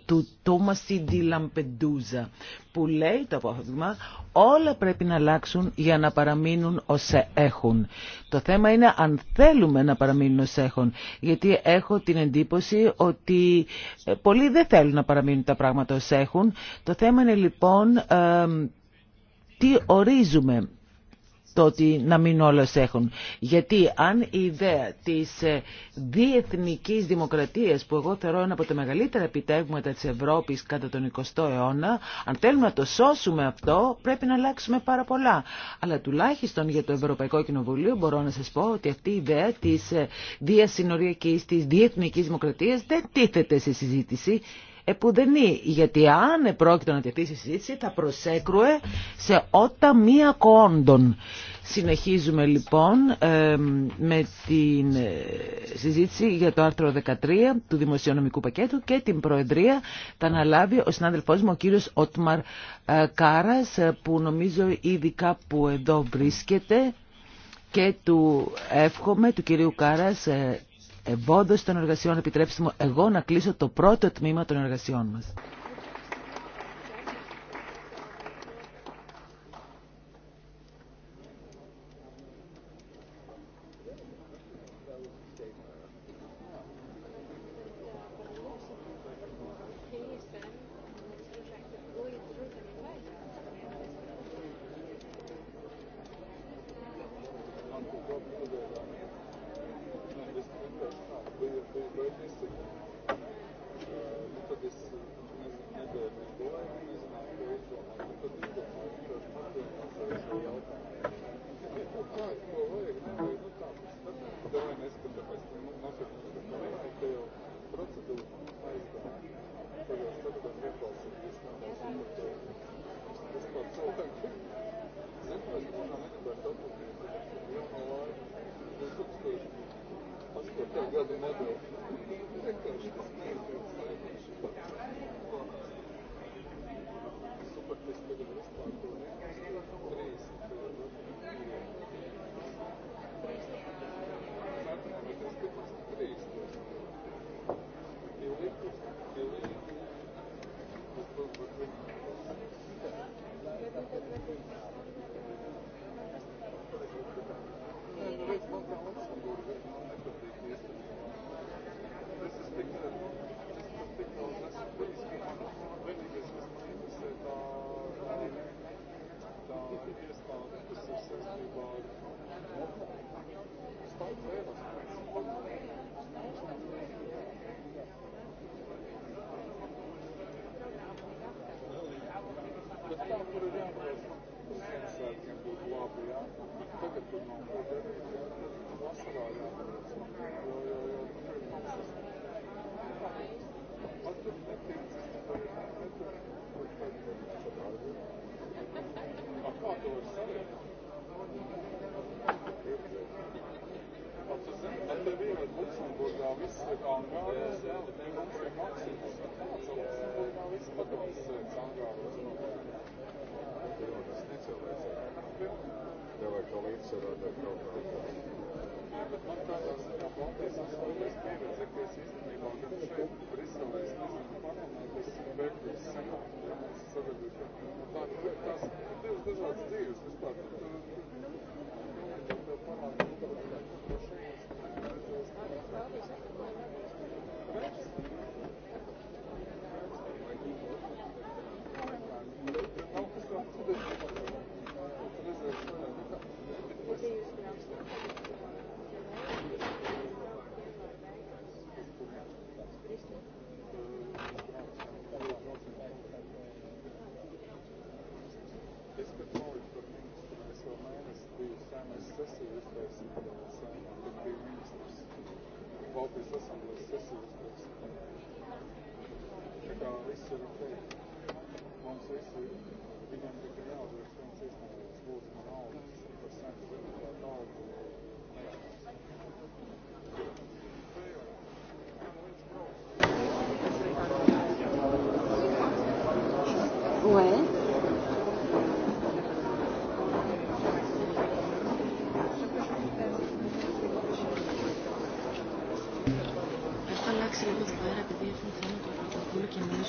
του Τόμας Σιντι Λαμπεντούζα που λέει το απόφευγμα όλα πρέπει να αλλάξουν για να παραμείνουν όσα έχουν. Το θέμα είναι αν θέλουμε να παραμείνουν όσα έχουν γιατί έχω την εντύπωση ότι ε, πολλοί δεν θέλουν να παραμείνουν τα πράγματα όσα έχουν. Το θέμα είναι λοιπόν ε, τι ορίζουμε το ότι να μην όλες έχουν. Γιατί αν η ιδέα της ε, διεθνικής δημοκρατίας που εγώ θεωρώ ένα από τα μεγαλύτερα επιτεύγματα της Ευρώπης κατά τον 20ο αιώνα, αν θέλουμε να το σώσουμε αυτό πρέπει να αλλάξουμε πάρα πολλά. Αλλά τουλάχιστον για το Ευρωπαϊκό Κοινοβουλίο μπορώ να σας πω ότι αυτή η ιδέα της ε, διασυνοριακής, της διεθνικής δημοκρατίας δεν τίθεται σε συζήτηση επουδενή. Γιατί αν επρόκειτο να τεθεί στη συζήτηση θα προσέκρουε σε ότα μία κόντων. Συνεχίζουμε λοιπόν με τη ε, συζήτηση για το άρθρο 13 του Δημοσιονομικού Πακέτου και την Προεδρία θα αναλάβει ο συνάδελφός μου ο κύριος Ότμαρ ε, Κάρας ε, που νομίζω ήδη κάπου εδώ βρίσκεται και του εύχομαι του κυρίου Κάρας ευόδοση των εργασιών. Επιτρέψτε μου εγώ να κλείσω το πρώτο τμήμα των εργασιών μας.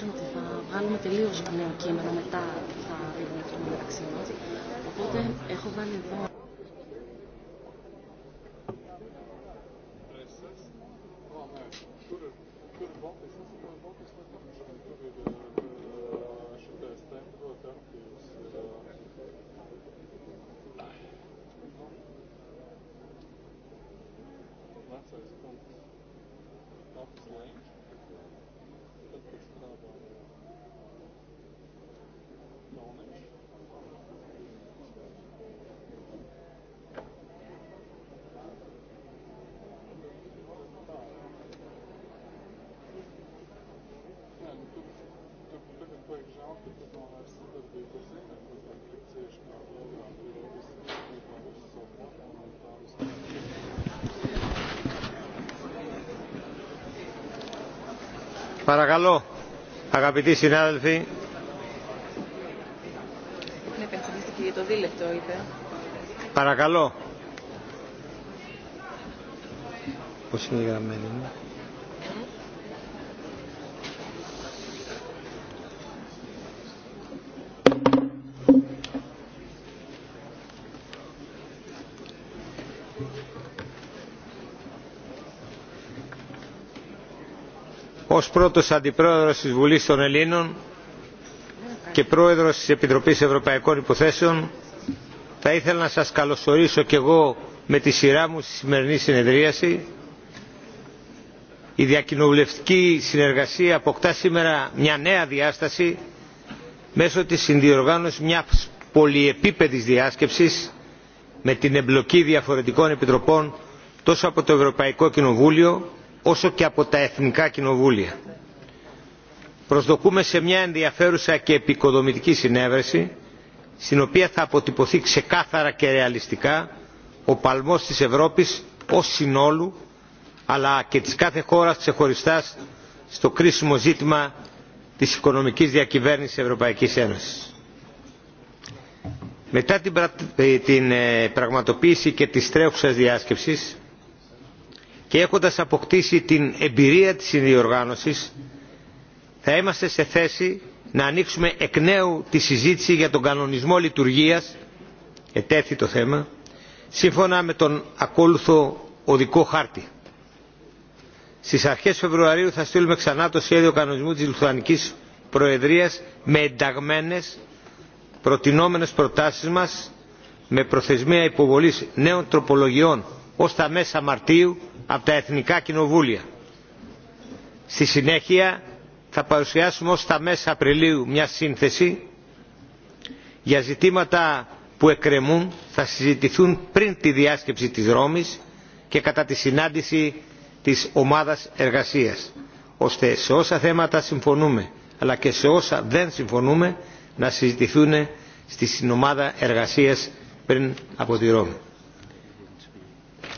ελπίζουμε ότι θα βγάλουμε τελείω νέο κείμενο μετά θα δούμε μεταξύ μα, Οπότε έχω βάλει εδώ Παρακαλώ, αγαπητοί συνάδελφοι. Ναι, Παρακαλώ. Πώς είναι η γραμμένη πρώτος αντιπρόεδρος της Βουλής των Ελλήνων και πρόεδρος της Επιτροπής Ευρωπαϊκών Υποθέσεων θα ήθελα να σας καλωσορίσω και εγώ με τη σειρά μου στη σημερινή συνεδρίαση. Η διακοινοβουλευτική συνεργασία αποκτά σήμερα μια νέα διάσταση μέσω της συνδιοργάνωσης μιας πολυεπίπεδης διάσκεψης με την εμπλοκή διαφορετικών επιτροπών τόσο από το Ευρωπαϊκό Κοινοβούλιο όσο και από τα εθνικά κοινοβούλια. Προσδοκούμε σε μια ενδιαφέρουσα και επικοδομητική συνέβρεση στην οποία θα αποτυπωθεί ξεκάθαρα και ρεαλιστικά ο παλμός της Ευρώπης ως συνόλου αλλά και της κάθε χώρας ξεχωριστά στο κρίσιμο ζήτημα της οικονομικής διακυβέρνησης Ευρωπαϊκής Ένωσης. Μετά την ε, ε, πραγματοποίηση και της τρέχουσας διάσκεψης και έχοντας αποκτήσει την εμπειρία της συνδιοργάνωσης θα είμαστε σε θέση να ανοίξουμε εκ νέου τη συζήτηση για τον κανονισμό λειτουργίας ετέθη το θέμα σύμφωνα με τον ακόλουθο οδικό χάρτη. Στις αρχές Φεβρουαρίου θα στείλουμε ξανά το σχέδιο κανονισμού της Λουθανικής Προεδρίας με ενταγμένες προτινόμενες προτάσεις μας με προθεσμία υποβολής νέων τροπολογιών ως τα μέσα Μαρτίου από τα εθνικά κοινοβούλια. Στη συνέχεια θα παρουσιάσουμε ως τα μέσα Απριλίου μια σύνθεση για ζητήματα που εκκρεμούν θα συζητηθούν πριν τη διάσκεψη της Ρώμης και κατά τη συνάντηση της ομάδας εργασίας ώστε σε όσα θέματα συμφωνούμε αλλά και σε όσα δεν συμφωνούμε να συζητηθούν στη συνομάδα εργασίας πριν από τη Ρώμη.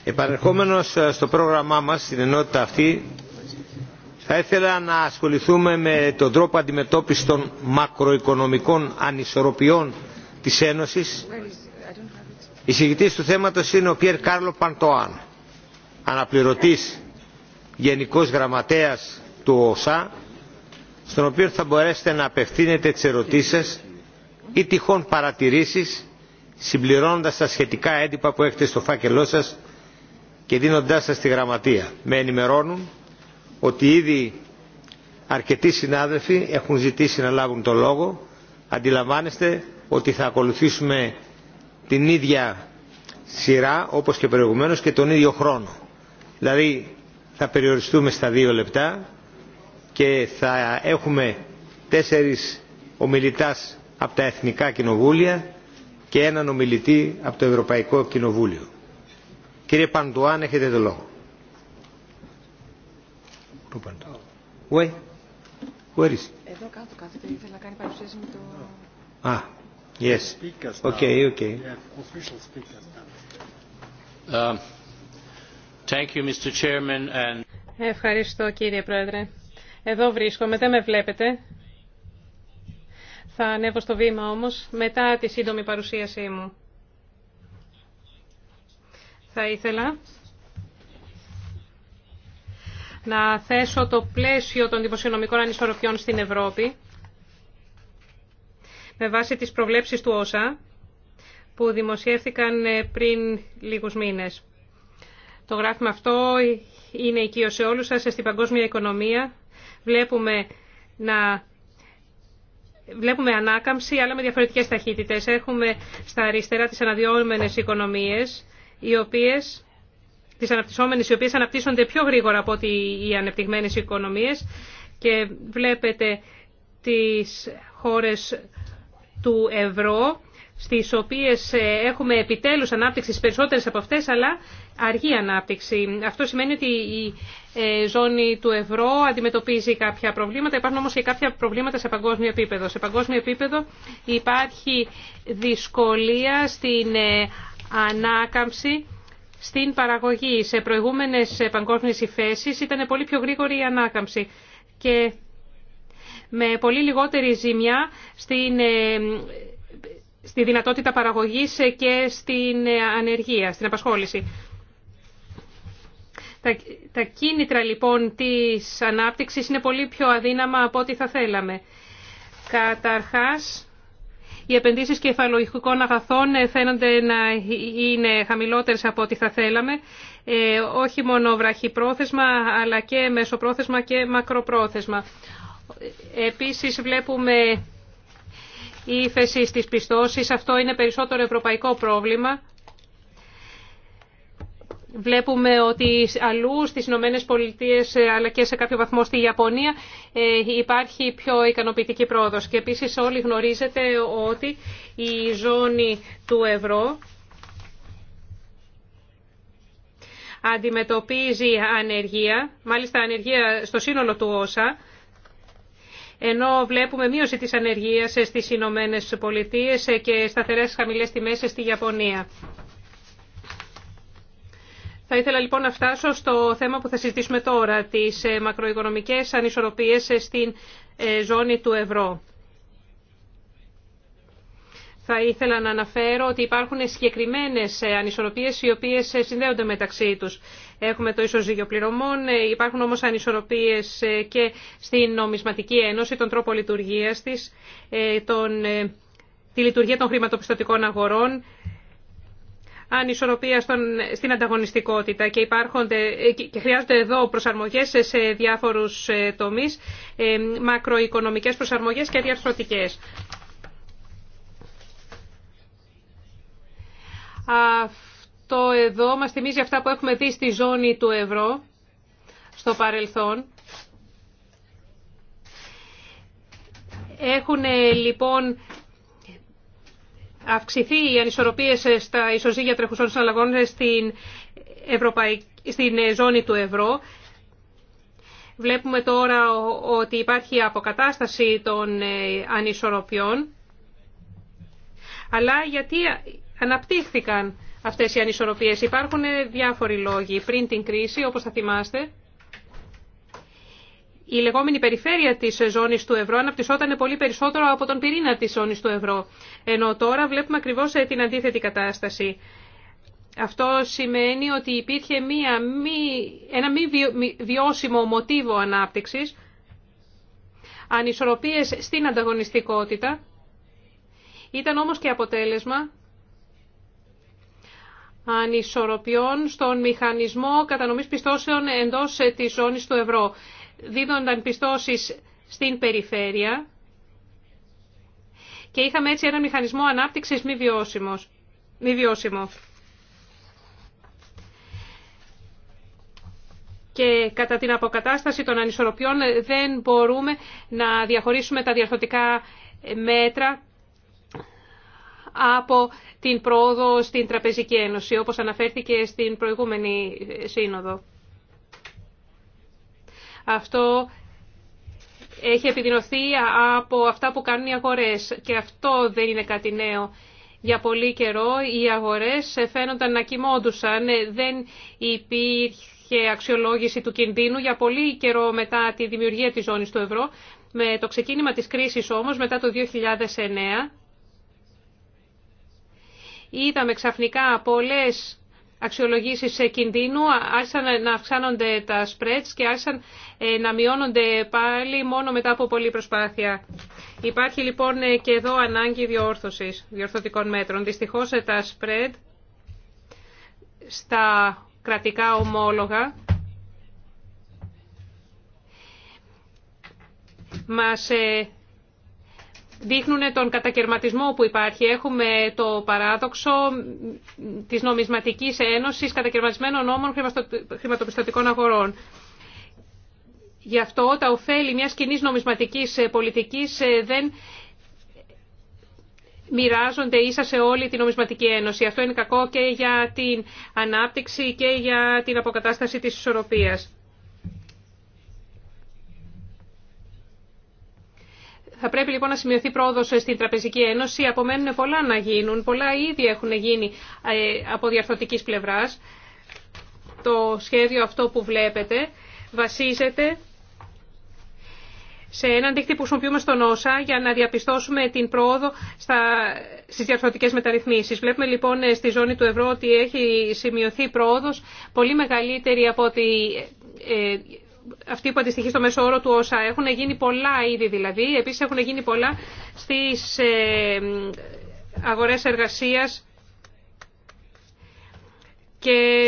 Επανερχόμενος ε, στο πρόγραμμά μας, στην ενότητα αυτή, θα ήθελα να ασχοληθούμε με τον τρόπο αντιμετώπισης των μακροοικονομικών ανισορροπιών της Ένωσης. Η συγκητής του θέματος είναι ο Πιέρ Κάρλο Παντοάν, αναπληρωτής Γενικός Γραμματέας του ΟΣΑ, στον οποίο θα μπορέσετε να απευθύνετε τις ερωτήσεις ή τυχόν παρατηρήσεις συμπληρώνοντας τα σχετικά έντυπα που έχετε στο φάκελό σας και δίνοντάς σας τη γραμματεία. Με ενημερώνουν ότι ήδη αρκετοί συνάδελφοι έχουν ζητήσει να λάβουν το λόγο. Αντιλαμβάνεστε ότι θα ακολουθήσουμε την ίδια σειρά όπως και προηγουμένως και τον ίδιο χρόνο. Δηλαδή θα περιοριστούμε στα δύο λεπτά και θα έχουμε τέσσερις ομιλητάς από τα Εθνικά Κοινοβούλια και έναν ομιλητή από το Ευρωπαϊκό Κοινοβούλιο. Κύριε Παντουάν, έχετε το λόγο. Πού Where? Where is? Εδώ κάτω κάθεται, ήθελα να κάνει παρουσίαση με το... Α, yes. Okay, okay. Uh, thank you, Mr. Chairman, and... Ευχαριστώ κύριε Πρόεδρε. Εδώ βρίσκομαι, δεν με βλέπετε. Θα ανέβω στο βήμα όμως μετά τη σύντομη παρουσίασή μου. Θα ήθελα να θέσω το πλαίσιο των δημοσιονομικών ανισορροπιών στην Ευρώπη με βάση τις προβλέψεις του ΩΣΑ που δημοσιεύθηκαν ε, πριν λίγους μήνες. Το γράφημα αυτό είναι οικείο σε όλους σας, στην παγκόσμια οικονομία. Βλέπουμε, να... Βλέπουμε ανάκαμψη, αλλά με διαφορετικές ταχύτητες. Έχουμε στα αριστερά τις αναδυόμενες οικονομίες, οι οποίες, τις αναπτυσσόμενες, οι οποίες αναπτύσσονται πιο γρήγορα από ότι οι ανεπτυγμένες οικονομίες και βλέπετε τις χώρες του ευρώ, στις οποίες ε, έχουμε επιτέλους ανάπτυξη περισσότερες από αυτές, αλλά αργή ανάπτυξη. Αυτό σημαίνει ότι η ε, ζώνη του ευρώ αντιμετωπίζει κάποια προβλήματα. Υπάρχουν όμως και κάποια προβλήματα σε παγκόσμιο επίπεδο. Σε παγκόσμιο επίπεδο υπάρχει δυσκολία στην ε, ανάκαμψη στην παραγωγή. Σε προηγούμενες παγκόσμιες υφέσεις ήταν πολύ πιο γρήγορη η ανάκαμψη και με πολύ λιγότερη ζημιά ε, στη δυνατότητα παραγωγής και στην ε, ανεργία, στην απασχόληση. Τα, τα κίνητρα λοιπόν της ανάπτυξης είναι πολύ πιο αδύναμα από ό,τι θα θέλαμε. Καταρχάς, οι επενδύσεις κεφαλογικών αγαθών ε, φαίνονται να είναι χαμηλότερες από ό,τι θα θέλαμε, ε, όχι μόνο βραχυπρόθεσμα, αλλά και μεσοπρόθεσμα και μακροπρόθεσμα. Επίσης βλέπουμε ύφεση στις πιστώσεις. Αυτό είναι περισσότερο ευρωπαϊκό πρόβλημα Βλέπουμε ότι αλλού στις Ηνωμένε Πολιτείε αλλά και σε κάποιο βαθμό στη Ιαπωνία ε, υπάρχει πιο ικανοποιητική πρόοδος. Και επίσης όλοι γνωρίζετε ότι η ζώνη του ευρώ αντιμετωπίζει ανεργία, μάλιστα ανεργία στο σύνολο του όσα, ενώ βλέπουμε μείωση της ανεργίας στις Ηνωμένε Πολιτείε και σταθερές χαμηλές τιμές στη Ιαπωνία. Θα ήθελα λοιπόν να φτάσω στο θέμα που θα συζητήσουμε τώρα, τις ε, μακροοικονομικές ανισορροπίες ε, στην ε, ζώνη του ευρώ. Θα ήθελα να αναφέρω ότι υπάρχουν συγκεκριμένες ανισορροπίες οι οποίες συνδέονται μεταξύ τους. Έχουμε το ισοζύγιο πληρωμών, υπάρχουν όμως ανισορροπίες και στην νομισματική ένωση, τον τρόπο λειτουργίας της, τον, τη λειτουργία των χρηματοπιστωτικών αγορών, ανισορροπία στον, στην ανταγωνιστικότητα και, και χρειάζονται εδώ προσαρμογές σε διάφορους ε, τομείς, ε, μακροοικονομικές προσαρμογές και διαρθρωτικές. Αυτό εδώ μας θυμίζει αυτά που έχουμε δει στη ζώνη του ευρώ στο παρελθόν. Έχουν λοιπόν αυξηθεί οι ανισορροπία στα ισοζύγια τρεχουσών συναλλαγών στην, στην ε, ζώνη του ευρώ. Βλέπουμε τώρα ότι υπάρχει αποκατάσταση των ε, ανισορροπιών. Αλλά γιατί αναπτύχθηκαν αυτές οι ανισορροπίες. Υπάρχουν ε, διάφοροι λόγοι. Πριν την κρίση, όπως θα θυμάστε, η λεγόμενη περιφέρεια τη ζώνη του ευρώ αναπτυσσόταν πολύ περισσότερο από τον πυρήνα της ζώνης του ευρώ. Ενώ τώρα βλέπουμε ακριβώς ε, την αντίθετη κατάσταση. Αυτό σημαίνει ότι υπήρχε μία, μη, ένα μη βιώσιμο μοτίβο ανάπτυξης, ανισορροπίες στην ανταγωνιστικότητα, ήταν όμως και αποτέλεσμα ανισορροπιών στον μηχανισμό κατανομής πιστώσεων εντός ε, της ζώνης του ευρώ δίδονταν πιστώσεις στην περιφέρεια και είχαμε έτσι ένα μηχανισμό ανάπτυξης μη, βιώσιμος, μη βιώσιμο. Και κατά την αποκατάσταση των ανισορροπιών δεν μπορούμε να διαχωρίσουμε τα διαρθωτικά μέτρα από την πρόοδο στην Τραπεζική Ένωση, όπως αναφέρθηκε στην προηγούμενη σύνοδο. Αυτό έχει επιδεινωθεί από αυτά που κάνουν οι αγορές και αυτό δεν είναι κάτι νέο. Για πολύ καιρό οι αγορές φαίνονταν να κοιμόντουσαν, δεν υπήρχε αξιολόγηση του κινδύνου για πολύ καιρό μετά τη δημιουργία της ζώνης του ευρώ. Με το ξεκίνημα της κρίσης όμως, μετά το 2009, είδαμε ξαφνικά πολλές αξιολογήσεις κινδύνου άρχισαν να αυξάνονται τα spreads και άρχισαν ε, να μειώνονται πάλι μόνο μετά από πολλή προσπάθεια. Υπάρχει λοιπόν ε, και εδώ ανάγκη διόρθωση διορθωτικών μέτρων. Δυστυχώς ε, τα spread στα κρατικά ομόλογα μας δείχνουν τον κατακαιρματισμό που υπάρχει. Έχουμε το παράδοξο της νομισματικής ένωσης κατακαιρματισμένων νόμων χρηματοπιστωτικών αγορών. Γι' αυτό τα ωφέλη μιας κοινή νομισματικής πολιτικής ε, δεν μοιράζονται ίσα σε όλη την νομισματική ένωση. Αυτό είναι κακό και για την ανάπτυξη και για την αποκατάσταση της ισορροπίας. Θα πρέπει λοιπόν να σημειωθεί πρόοδο στην Τραπεζική Ένωση. Απομένουν πολλά να γίνουν. Πολλά ήδη έχουν γίνει ε, από διαρθρωτικής πλευράς. Το σχέδιο αυτό που βλέπετε βασίζεται σε έναν δίχτυ που χρησιμοποιούμε στον ΩΣΑ για να διαπιστώσουμε την πρόοδο στα, στις διαρθρωτικές μεταρρυθμίσεις. Βλέπουμε λοιπόν ε, στη ζώνη του ευρώ ότι έχει σημειωθεί πρόοδος πολύ μεγαλύτερη από ότι ε, αυτή που αντιστοιχεί στο μέσο όρο του όσα έχουν γίνει πολλά ήδη δηλαδή. Επίσης έχουν γίνει πολλά στις ε, αγορές εργασίας και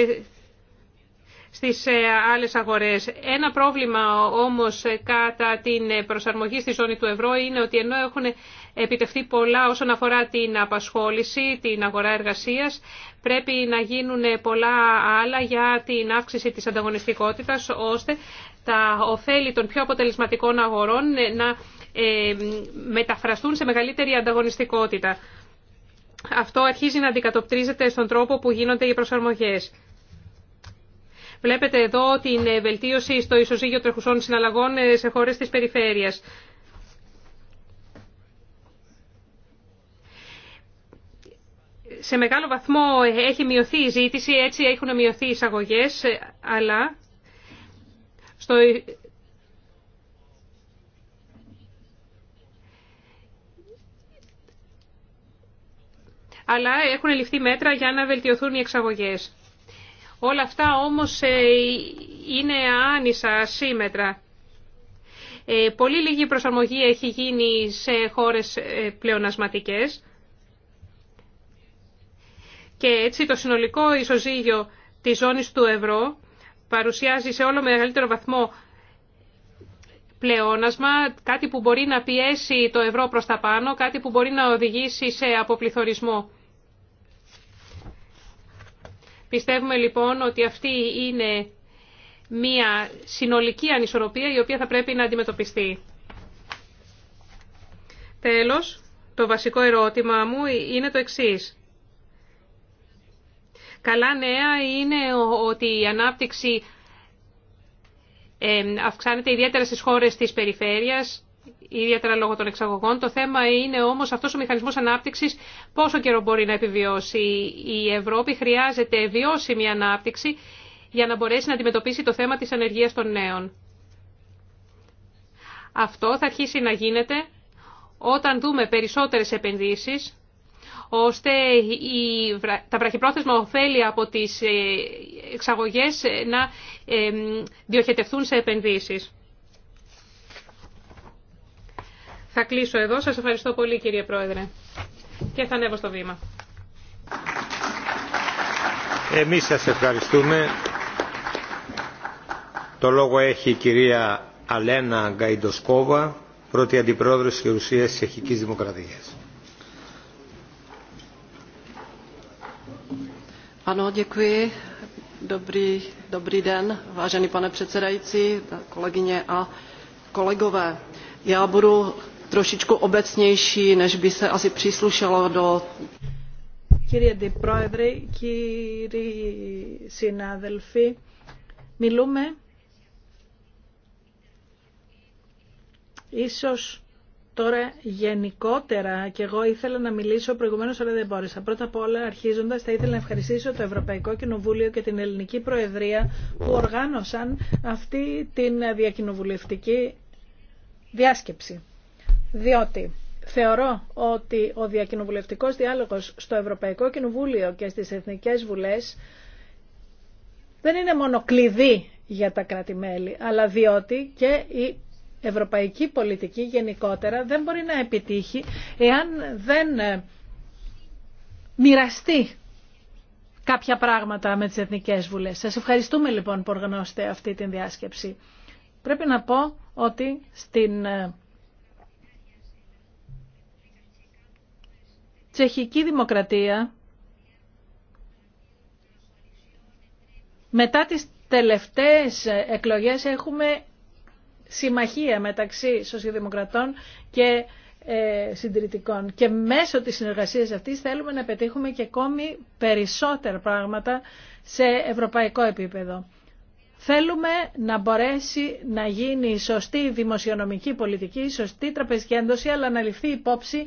στις ε, άλλες αγορές. Ένα πρόβλημα όμως κατά την προσαρμογή στη ζώνη του ευρώ είναι ότι ενώ έχουν επιτευχθεί πολλά όσον αφορά την απασχόληση, την αγορά εργασίας, πρέπει να γίνουν πολλά άλλα για την αύξηση της ανταγωνιστικότητας, ώστε τα ωφέλη των πιο αποτελεσματικών αγορών ε, να ε, μεταφραστούν σε μεγαλύτερη ανταγωνιστικότητα. Αυτό αρχίζει να αντικατοπτρίζεται στον τρόπο που γίνονται οι προσαρμογές. Βλέπετε εδώ την ε, βελτίωση στο ισοζύγιο τρεχουσών συναλλαγών σε χώρες της περιφέρειας. Σε μεγάλο βαθμό έχει μειωθεί η ζήτηση, έτσι έχουν μειωθεί οι εισαγωγές, αλλά στο... αλλά έχουν ληφθεί μέτρα για να βελτιωθούν οι εξαγωγές. Όλα αυτά όμως ε, είναι άνισα, ασύμετρα. Ε, πολύ λίγη προσαρμογή έχει γίνει σε χώρες ε, πλεονασματικές και έτσι το συνολικό ισοζύγιο της ζώνης του ευρώ παρουσιάζει σε όλο μεγαλύτερο βαθμό πλεόνασμα, κάτι που μπορεί να πιέσει το ευρώ προς τα πάνω, κάτι που μπορεί να οδηγήσει σε αποπληθωρισμό. Πιστεύουμε λοιπόν ότι αυτή είναι μια συνολική ανισορροπία η οποία θα πρέπει να αντιμετωπιστεί. Τέλος, το βασικό ερώτημα μου είναι το εξής. Καλά νέα είναι ότι η ανάπτυξη αυξάνεται ιδιαίτερα στις χώρες της περιφέρειας, ιδιαίτερα λόγω των εξαγωγών. Το θέμα είναι όμως αυτός ο μηχανισμός ανάπτυξης πόσο καιρό μπορεί να επιβιώσει. Η Ευρώπη χρειάζεται βιώσιμη ανάπτυξη για να μπορέσει να αντιμετωπίσει το θέμα της ανεργίας των νέων. Αυτό θα αρχίσει να γίνεται όταν δούμε περισσότερες επενδύσεις ώστε τα βραχυπρόθεσμα ωφέλη από τις ε, εξαγωγές ε, να ε, διοχετευτούν σε επενδύσεις. Θα κλείσω εδώ. Σας ευχαριστώ πολύ κύριε Πρόεδρε. Και θα ανέβω στο βήμα. Εμείς σας ευχαριστούμε. Το λόγο έχει η κυρία Αλένα Γκαϊντοσκόβα, πρώτη αντιπρόεδρος της Ρουσίας της Δημοκρατίας. Ano, děkuji. Dobrý, dobrý den, vážený pane předsedající, kolegyně a kolegové. Já budu trošičku obecnější, než by se asi příslušelo do... Κύριε Αντιπρόεδρε, κύριοι συνάδελφοι, μιλούμε ίσως Τώρα γενικότερα και εγώ ήθελα να μιλήσω προηγουμένω αλλά δεν μπόρεσα. Πρώτα απ' όλα αρχίζοντα θα ήθελα να ευχαριστήσω το Ευρωπαϊκό Κοινοβούλιο και την Ελληνική Προεδρία που οργάνωσαν αυτή την διακοινοβουλευτική διάσκεψη. Διότι θεωρώ ότι ο διακοινοβουλευτικός διάλογος στο Ευρωπαϊκό Κοινοβούλιο και στις Εθνικές Βουλές δεν είναι μόνο κλειδί για τα κράτη-μέλη, αλλά διότι και η ευρωπαϊκή πολιτική γενικότερα δεν μπορεί να επιτύχει εάν δεν ε, μοιραστεί κάποια πράγματα με τις Εθνικές Βουλές. Σας ευχαριστούμε λοιπόν που οργανώσετε αυτή την διάσκεψη. Πρέπει να πω ότι στην ε, τσεχική δημοκρατία μετά τις τελευταίες εκλογές έχουμε συμμαχία μεταξύ σοσιαλδημοκρατών και ε, συντηρητικών. Και μέσω της συνεργασίας αυτής θέλουμε να πετύχουμε και ακόμη περισσότερα πράγματα σε ευρωπαϊκό επίπεδο. Θέλουμε να μπορέσει να γίνει η σωστή δημοσιονομική πολιτική, η σωστή τραπεζική έντοση, αλλά να ληφθεί υπόψη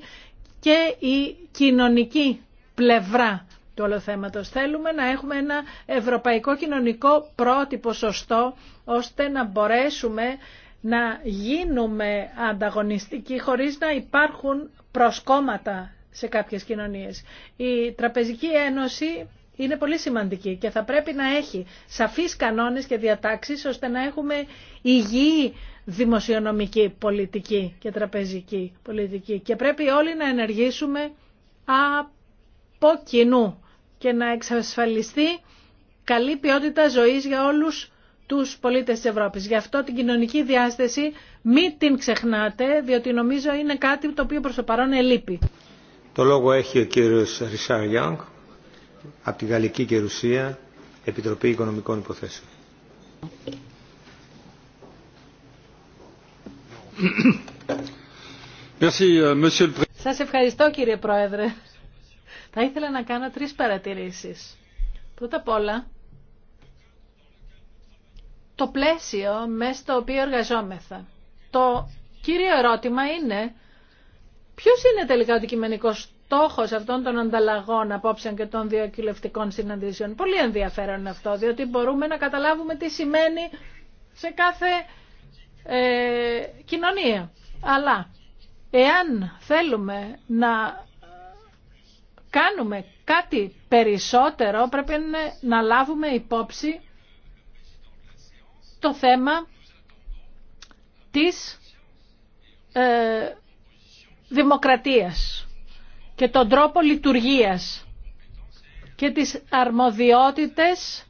και η κοινωνική πλευρά του όλου Θέλουμε να έχουμε ένα ευρωπαϊκό κοινωνικό πρότυπο σωστό, ώστε να μπορέσουμε να γίνουμε ανταγωνιστικοί χωρίς να υπάρχουν προσκόμματα σε κάποιες κοινωνίες. Η Τραπεζική Ένωση είναι πολύ σημαντική και θα πρέπει να έχει σαφείς κανόνες και διατάξεις ώστε να έχουμε υγιή δημοσιονομική πολιτική και τραπεζική πολιτική. Και πρέπει όλοι να ενεργήσουμε από κοινού και να εξασφαλιστεί καλή ποιότητα ζωής για όλους τους πολίτες της Ευρώπης. Γι' αυτό την κοινωνική διάσταση μην την ξεχνάτε, διότι νομίζω είναι κάτι το οποίο προς το παρόν ελείπει. Το λόγο έχει ο κύριος Ρισάρ Γιάνγκ από τη Γαλλική Ρουσία Επιτροπή Οικονομικών Υποθέσεων. Euh, Σας ευχαριστώ κύριε Πρόεδρε. Θα ήθελα να κάνω τρεις παρατηρήσεις. Πρώτα απ' όλα, το πλαίσιο μέσα στο οποίο εργαζόμεθα. Το κύριο ερώτημα είναι ποιος είναι τελικά ο δικημενικός στόχος αυτών των ανταλλαγών απόψεων και των διακυλευτικών συναντήσεων. Πολύ ενδιαφέρον αυτό, διότι μπορούμε να καταλάβουμε τι σημαίνει σε κάθε ε, κοινωνία. Αλλά εάν θέλουμε να κάνουμε κάτι περισσότερο πρέπει να λάβουμε υπόψη το θέμα της ε, δημοκρατίας και τον τρόπο λειτουργίας και τις αρμοδιότητες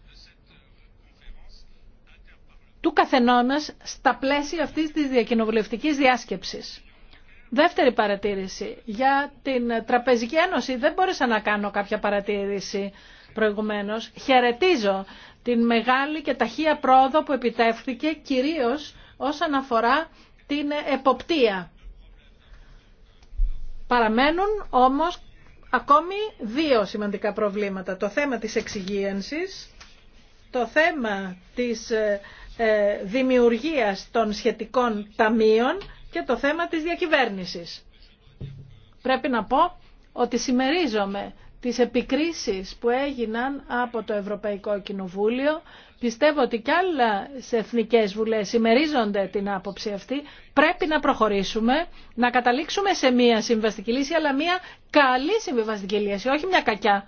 του καθενώνας στα πλαίσια αυτής της διακοινοβουλευτικής διάσκεψης. Δεύτερη παρατήρηση. Για την Τραπεζική Ένωση δεν μπόρεσα να κάνω κάποια παρατήρηση προηγουμένως, χαιρετίζω την μεγάλη και ταχεία πρόοδο που επιτεύχθηκε κυρίως όσον αφορά την εποπτεία. Παραμένουν όμως ακόμη δύο σημαντικά προβλήματα. Το θέμα της εξυγίανσης, το θέμα της ε, ε, δημιουργίας των σχετικών ταμείων και το θέμα της διακυβέρνησης. Πρέπει να πω ότι συμμερίζομαι τις επικρίσεις που έγιναν από το Ευρωπαϊκό Κοινοβούλιο. Πιστεύω ότι κι άλλα σε εθνικές βουλές ημερίζονται την άποψη αυτή. Πρέπει να προχωρήσουμε, να καταλήξουμε σε μία συμβαστική λύση, αλλά μία καλή συμβαστική λύση, όχι μια κακιά.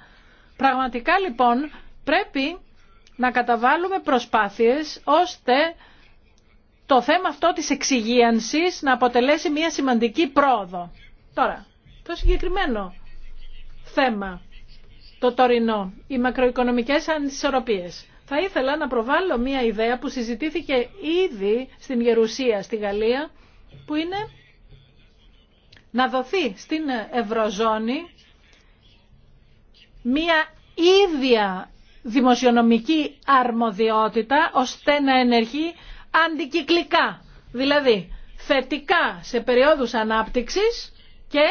Πραγματικά λοιπόν πρέπει να καταβάλουμε προσπάθειες ώστε το θέμα αυτό της εξυγίανσης να αποτελέσει μια σημαντική πρόοδο. Τώρα, το συγκεκριμένο θέμα το τωρινό, οι μακροοικονομικές ανισορροπίες. Θα ήθελα να προβάλλω μία ιδέα που συζητήθηκε ήδη στην Γερουσία, στη Γαλλία, που είναι να δοθεί στην Ευρωζώνη μία ίδια δημοσιονομική αρμοδιότητα ώστε να ενεργεί αντικυκλικά, δηλαδή θετικά σε περίοδους ανάπτυξης και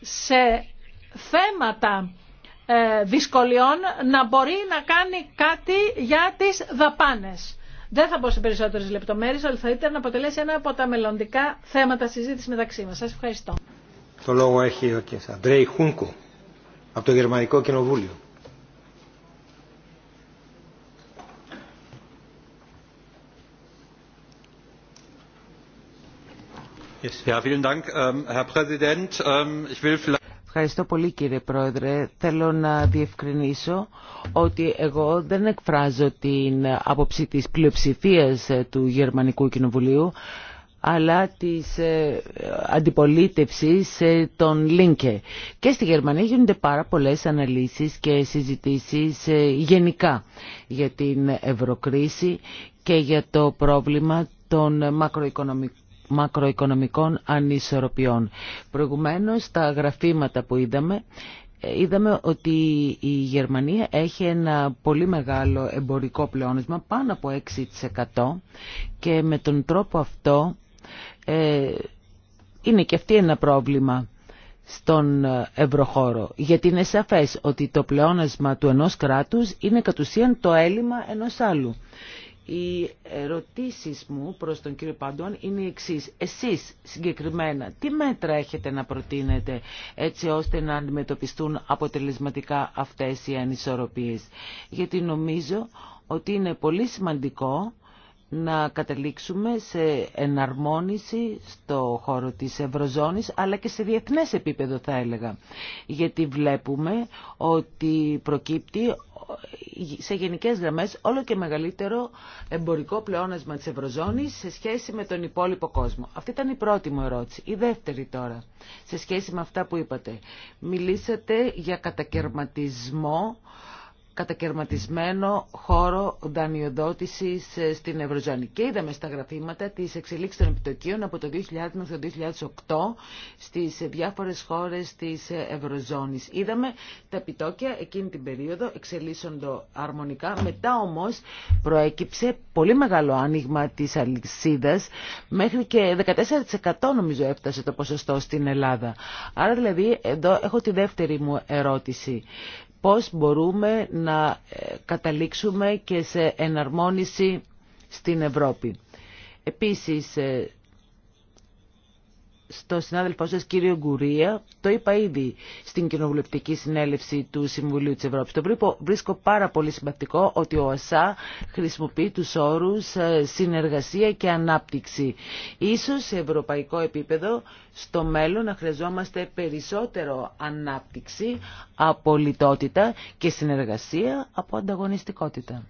σε θέματα ε, δυσκολιών να μπορεί να κάνει κάτι για τις δαπάνες. Δεν θα μπω σε περισσότερες λεπτομέρειες, αλλά θα ήθελα να αποτελέσει ένα από τα μελλοντικά θέματα συζήτηση μεταξύ μας. Σας ευχαριστώ. Το λόγο έχει ο κ. Αντρέι Χούνκο από το Γερμανικό Κοινοβούλιο. Ähm, ähm, Ευχαριστώ πολύ κύριε Πρόεδρε. Θέλω να διευκρινίσω ότι εγώ δεν εκφράζω την άποψη της πλειοψηφίας ε, του Γερμανικού Κοινοβουλίου αλλά της ε, αντιπολίτευσης ε, των Λίνκε. Και στη Γερμανία γίνονται πάρα πολλές αναλύσεις και συζητήσεις γενικά για την ευρωκρίση και για το πρόβλημα των μακροοικονομικών μακροοικονομικών ανισορροπιών. Προηγουμένως, τα γραφήματα που είδαμε, ε, είδαμε ότι η Γερμανία έχει ένα πολύ μεγάλο εμπορικό πλεόνασμα, πάνω από 6% και με τον τρόπο αυτό ε, είναι και αυτή ένα πρόβλημα στον ε, ευρωχώρο. Γιατί είναι σαφές ότι το πλεόνασμα του ενός κράτους είναι κατ' ουσίαν το έλλειμμα ενός άλλου. Οι ερωτήσεις μου προς τον κύριο Πάντουαν είναι οι εξής. Εσείς συγκεκριμένα τι μέτρα έχετε να προτείνετε έτσι ώστε να αντιμετωπιστούν αποτελεσματικά αυτές οι ανισορροπίες. Γιατί νομίζω ότι είναι πολύ σημαντικό να καταλήξουμε σε εναρμόνιση στο χώρο της Ευρωζώνης αλλά και σε διεθνές επίπεδο θα έλεγα γιατί βλέπουμε ότι προκύπτει σε γενικές γραμμές όλο και μεγαλύτερο εμπορικό πλεόνασμα της Ευρωζώνης σε σχέση με τον υπόλοιπο κόσμο. Αυτή ήταν η πρώτη μου ερώτηση. Η δεύτερη τώρα, σε σχέση με αυτά που είπατε. Μιλήσατε για κατακαιρματισμό κατακαιρματισμένο χώρο δανειοδότησης ε, στην Ευρωζώνη. Και είδαμε στα γραφήματα τις εξελίξεις των επιτοκίων από το 2000 μέχρι το 2008 στις διάφορες χώρες της ε, Ευρωζώνης. Είδαμε τα επιτόκια εκείνη την περίοδο εξελίσσονται αρμονικά. Μετά όμως προέκυψε πολύ μεγάλο άνοιγμα της αλυσίδα μέχρι και 14% νομίζω έφτασε το ποσοστό στην Ελλάδα. Άρα δηλαδή εδώ έχω τη δεύτερη μου ερώτηση πώς μπορούμε να ε, καταλήξουμε και σε εναρμόνιση στην Ευρώπη. Επίσης, ε, στο συνάδελφό σας κύριο Γκουρία, το είπα ήδη στην κοινοβουλευτική συνέλευση του Συμβουλίου της Ευρώπης. Το βρίσκω πάρα πολύ σημαντικό ότι ο ΑΣΑ χρησιμοποιεί τους όρους ε, συνεργασία και ανάπτυξη. Ίσως σε ευρωπαϊκό επίπεδο στο μέλλον να χρειαζόμαστε περισσότερο ανάπτυξη από λιτότητα και συνεργασία από ανταγωνιστικότητα.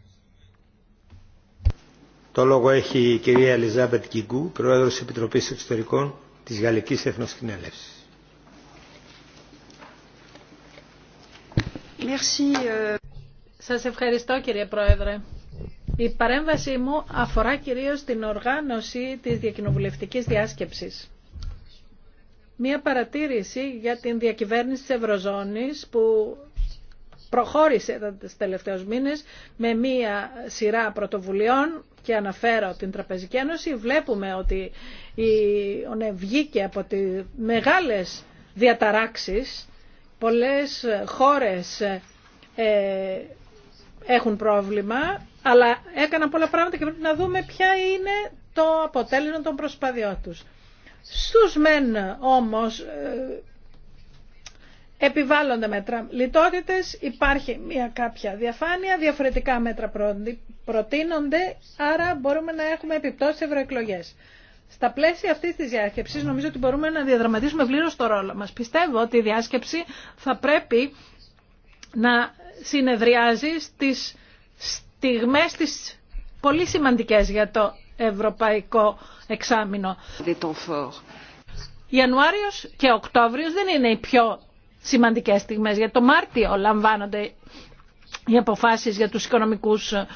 Το λόγο έχει η κυρία Ελιζάμπετ Κιγκού, Πρόεδρος Επιτροπής Εξωτερικών της Γαλλικής Εθνοσκυνέλευσης. Ε. Σας ευχαριστώ κύριε Πρόεδρε. Η παρέμβασή μου αφορά κυρίως την οργάνωση της διακοινοβουλευτικής διάσκεψης. Μία παρατήρηση για την διακυβέρνηση της Ευρωζώνης που προχώρησε τα τελευταίους μήνες με μία σειρά πρωτοβουλειών και αναφέρω την Τραπεζική Ένωση, βλέπουμε ότι η ναι, βγήκε από τις μεγάλες διαταράξεις. Πολλές χώρες ε, έχουν πρόβλημα, αλλά έκαναν πολλά πράγματα και πρέπει να δούμε ποια είναι το αποτέλεσμα των προσπαθειών τους. Στους μεν όμως ε, επιβάλλονται μέτρα λιτότητες, υπάρχει μια κάποια διαφάνεια, διαφορετικά μέτρα προτείνονται, άρα μπορούμε να έχουμε επιπτώσεις ευρωεκλογέ. Στα πλαίσια αυτής της διάσκεψης νομίζω ότι μπορούμε να διαδραματίσουμε πλήρως το ρόλο μας. Πιστεύω ότι η διάσκεψη θα πρέπει να συνεδριάζει στις στιγμές τι πολύ σημαντικές για το ευρωπαϊκό εξάμεινο. Ιανουάριος και Οκτώβριος δεν είναι οι πιο σημαντικές στιγμές. Για το Μάρτιο λαμβάνονται οι αποφάσεις για τους οικονομικούς ε,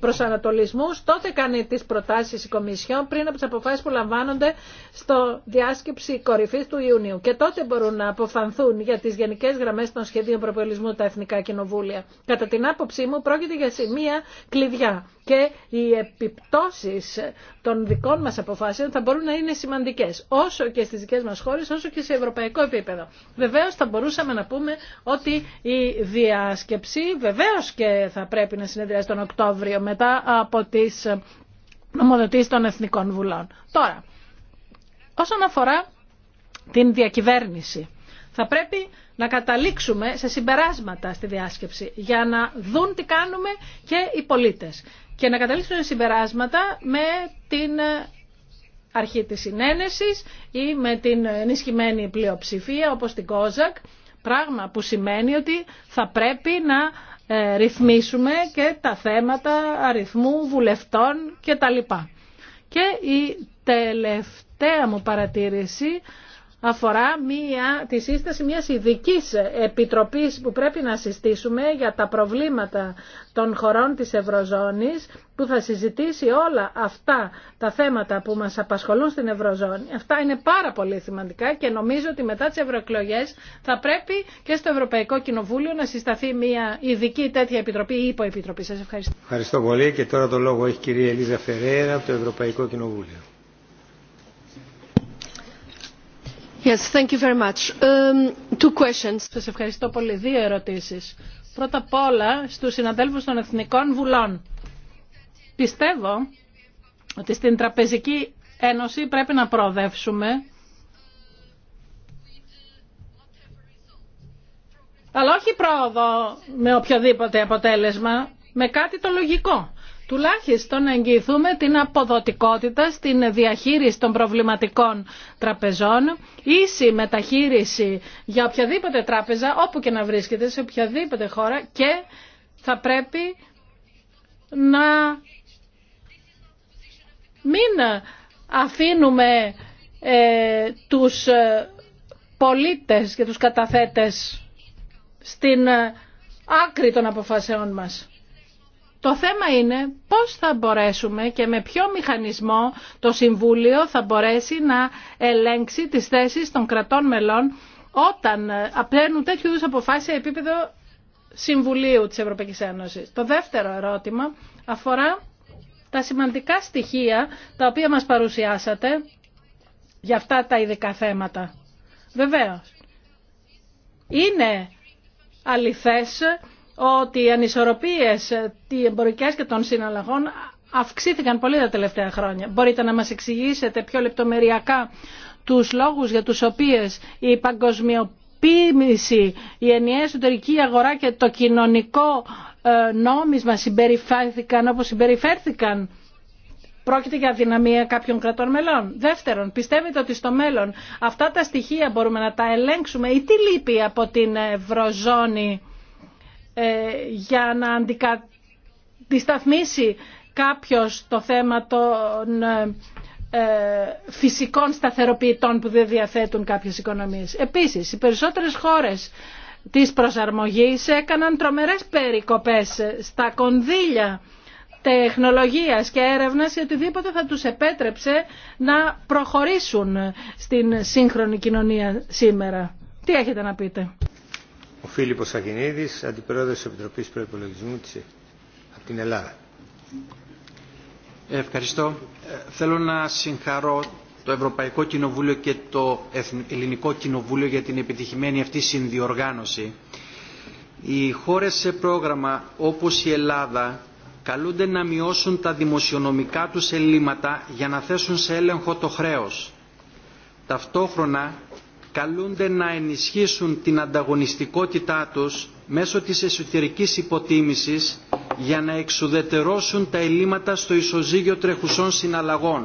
προσανατολισμούς. Τότε κάνει τις προτάσεις η Κομισιόν πριν από τις αποφάσεις που λαμβάνονται στο διάσκεψη κορυφής του Ιουνίου. Και τότε μπορούν να αποφανθούν για τις γενικές γραμμές των σχεδίων προπολισμού τα Εθνικά Κοινοβούλια. Κατά την άποψή μου πρόκειται για σημεία κλειδιά και οι επιπτώσεις των δικών μας αποφάσεων θα μπορούν να είναι σημαντικές, όσο και στις δικές μας χώρες, όσο και σε ευρωπαϊκό επίπεδο. Βεβαίως θα μπορούσαμε να πούμε ότι η διάσκεψη βεβαίως και θα πρέπει να συνεδριάσει τον Οκτώβριο μετά από τις νομοδοτήσεις των Εθνικών Βουλών. Τώρα, όσον αφορά την διακυβέρνηση, θα πρέπει να καταλήξουμε σε συμπεράσματα στη διάσκεψη για να δουν τι κάνουμε και οι πολίτες και να καταλήξουν συμπεράσματα με την ε, αρχή της συνένεσης ή με την ενισχυμένη πλειοψηφία όπως την ΚΟΖΑΚ, πράγμα που σημαίνει ότι θα πρέπει να ε, ρυθμίσουμε και τα θέματα αριθμού βουλευτών κτλ. Και η τελευταία μου παρατήρηση αφορά μία, τη σύσταση μιας ειδική επιτροπής που πρέπει να συστήσουμε για τα προβλήματα των χωρών της Ευρωζώνης που θα συζητήσει όλα αυτά τα θέματα που μας απασχολούν στην Ευρωζώνη. Αυτά είναι πάρα πολύ σημαντικά και νομίζω ότι μετά τις ευρωεκλογέ θα πρέπει και στο Ευρωπαϊκό Κοινοβούλιο να συσταθεί μια ειδική τέτοια επιτροπή ή υποεπιτροπή. Σας ευχαριστώ. Ευχαριστώ πολύ και τώρα το λόγο έχει η κυρία Ελίζα Φερέρα από το Ευρωπαϊκό Κοινοβούλιο. Um, Σας ευχαριστώ πολύ. Δύο ερωτήσεις. Πρώτα απ' όλα στους συναδέλφους των Εθνικών Βουλών. Πιστεύω ότι στην Τραπεζική Ένωση πρέπει να προοδεύσουμε αλλά όχι πρόοδο με οποιοδήποτε αποτέλεσμα, με κάτι το λογικό τουλάχιστον να εγγυηθούμε την αποδοτικότητα στην διαχείριση των προβληματικών τραπεζών, ίση μεταχείριση για οποιαδήποτε τράπεζα, όπου και να βρίσκεται, σε οποιαδήποτε χώρα και θα πρέπει να μην αφήνουμε ε, τους ε, πολίτες και τους καταθέτες στην ε, άκρη των αποφασεών μας. Το θέμα είναι πώς θα μπορέσουμε και με ποιο μηχανισμό το Συμβούλιο θα μπορέσει να ελέγξει τις θέσεις των κρατών μελών όταν ε, παίρνουν τέτοιου είδους αποφάσεις σε επίπεδο Συμβουλίου της Ευρωπαϊκής Ένωσης. Το δεύτερο ερώτημα αφορά τα σημαντικά στοιχεία τα οποία μας παρουσιάσατε για αυτά τα ειδικά θέματα. Βεβαίως, είναι αληθές ότι οι ανισορροπίες οι εμπορικές και των συναλλαγών αυξήθηκαν πολύ τα τελευταία χρόνια. Μπορείτε να μας εξηγήσετε πιο λεπτομεριακά τους λόγους για τους οποίες η παγκοσμιοποίηση, η ενιαία εσωτερική αγορά και το κοινωνικό ε, νόμισμα συμπεριφέρθηκαν όπως συμπεριφέρθηκαν. Πρόκειται για δυναμία κάποιων κρατών μελών. Δεύτερον, πιστεύετε ότι στο μέλλον αυτά τα στοιχεία μπορούμε να τα ελέγξουμε ή τι λείπει από την Ευρωζώνη ε, για να αντισταθμίσει κάποιος το θέμα των ε, φυσικών σταθεροποιητών που δεν διαθέτουν κάποιες οικονομίες. Επίσης, οι περισσότερες χώρες της προσαρμογής έκαναν τρομερές περικοπές στα κονδύλια τεχνολογίας και έρευνας ή οτιδήποτε θα τους επέτρεψε να προχωρήσουν στην σύγχρονη κοινωνία σήμερα. Τι έχετε να πείτε ο Φίλιππος Αγενίδης, Αντιπρόεδρος της Επιτροπής Προϋπολογισμού της ΕΕ, από την Ελλάδα. Ε, ευχαριστώ. Ε, θέλω να συγχαρώ το Ευρωπαϊκό Κοινοβούλιο και το Ελληνικό Κοινοβούλιο για την επιτυχημένη αυτή συνδιοργάνωση. Οι χώρες σε πρόγραμμα όπως η Ελλάδα καλούνται να μειώσουν τα δημοσιονομικά τους ελλείμματα για να θέσουν σε έλεγχο το χρέος. Ταυτόχρονα καλούνται να ενισχύσουν την ανταγωνιστικότητά τους μέσω της εσωτερικής υποτίμησης για να εξουδετερώσουν τα ελλείμματα στο ισοζύγιο τρεχουσών συναλλαγών.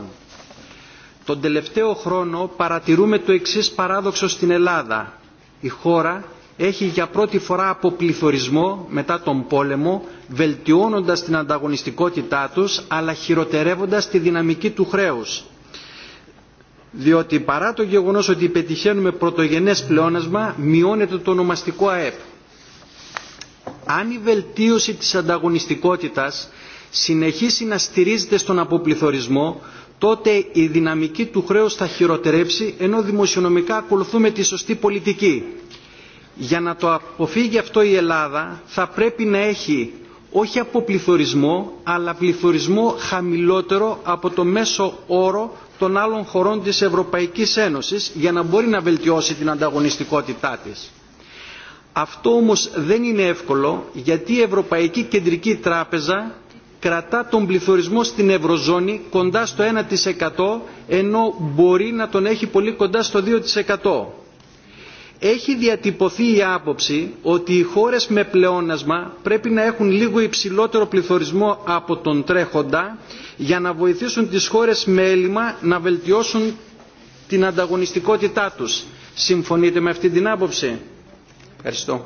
Τον τελευταίο χρόνο παρατηρούμε το εξής παράδοξο στην Ελλάδα. Η χώρα έχει για πρώτη φορά από μετά τον πόλεμο, βελτιώνοντας την ανταγωνιστικότητά τους, αλλά χειροτερεύοντας τη δυναμική του χρέους διότι παρά το γεγονός ότι πετυχαίνουμε πρωτογενές πλεόνασμα μειώνεται το ονομαστικό ΑΕΠ. Αν η βελτίωση της ανταγωνιστικότητας συνεχίσει να στηρίζεται στον αποπληθωρισμό, τότε η δυναμική του χρέους θα χειροτερέψει ενώ δημοσιονομικά ακολουθούμε τη σωστή πολιτική. Για να το αποφύγει αυτό η Ελλάδα θα πρέπει να έχει όχι αποπληθωρισμό αλλά πληθωρισμό χαμηλότερο από το μέσο όρο των άλλων χωρών της Ευρωπαϊκής Ένωσης για να μπορεί να βελτιώσει την ανταγωνιστικότητά της. Αυτό όμως δεν είναι εύκολο γιατί η Ευρωπαϊκή Κεντρική Τράπεζα κρατά τον πληθωρισμό στην Ευρωζώνη κοντά στο 1% ενώ μπορεί να τον έχει πολύ κοντά στο 2%. Έχει διατυπωθεί η άποψη ότι οι χώρες με πλεόνασμα πρέπει να έχουν λίγο υψηλότερο πληθωρισμό από τον τρέχοντα για να βοηθήσουν τις χώρες με έλλειμμα να βελτιώσουν την ανταγωνιστικότητά τους. Συμφωνείτε με αυτή την άποψη. Ευχαριστώ.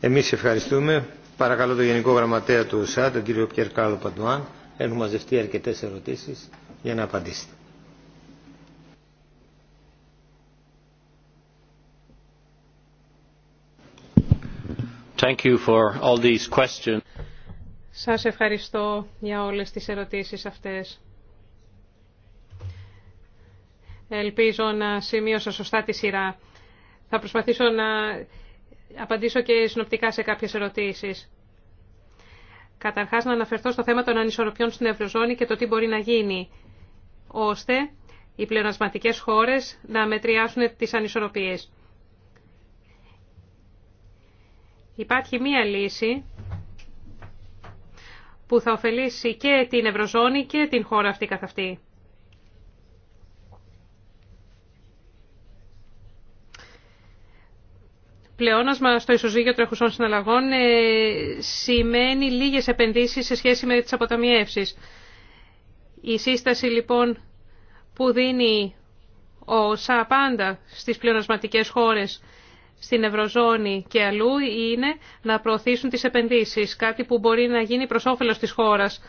Εμείς ευχαριστούμε. Παρακαλώ τον Γενικό Γραμματέα του ΟΣΑ, τον κύριο Πιερ Κάλλο Παντουάν. Έχουν μαζευτεί αρκετές ερωτήσεις για να απαντήσετε. Thank you for all these questions. Σας ευχαριστώ για όλες τις ερωτήσεις αυτές. Ελπίζω να σημείωσα σωστά τη σειρά. Θα προσπαθήσω να απαντήσω και συνοπτικά σε κάποιες ερωτήσεις. Καταρχάς να αναφερθώ στο θέμα των ανισορροπιών στην Ευρωζώνη και το τι μπορεί να γίνει, ώστε οι πλεονασματικές χώρες να μετριάσουν τις ανισορροπίες. Υπάρχει μία λύση που θα ωφελήσει και την Ευρωζώνη και την χώρα αυτή καθ' αυτή. πλεόνασμα στο ισοζύγιο τρέχουσών συναλλαγών ε, σημαίνει λίγες επενδύσεις σε σχέση με τις αποταμιεύσεις. Η σύσταση λοιπόν που δίνει ο ΣΑ πάντα στις πλεονασματικές χώρες στην Ευρωζώνη και αλλού είναι να προωθήσουν τις επενδύσεις, κάτι που μπορεί να γίνει προς όφελος της χώρας,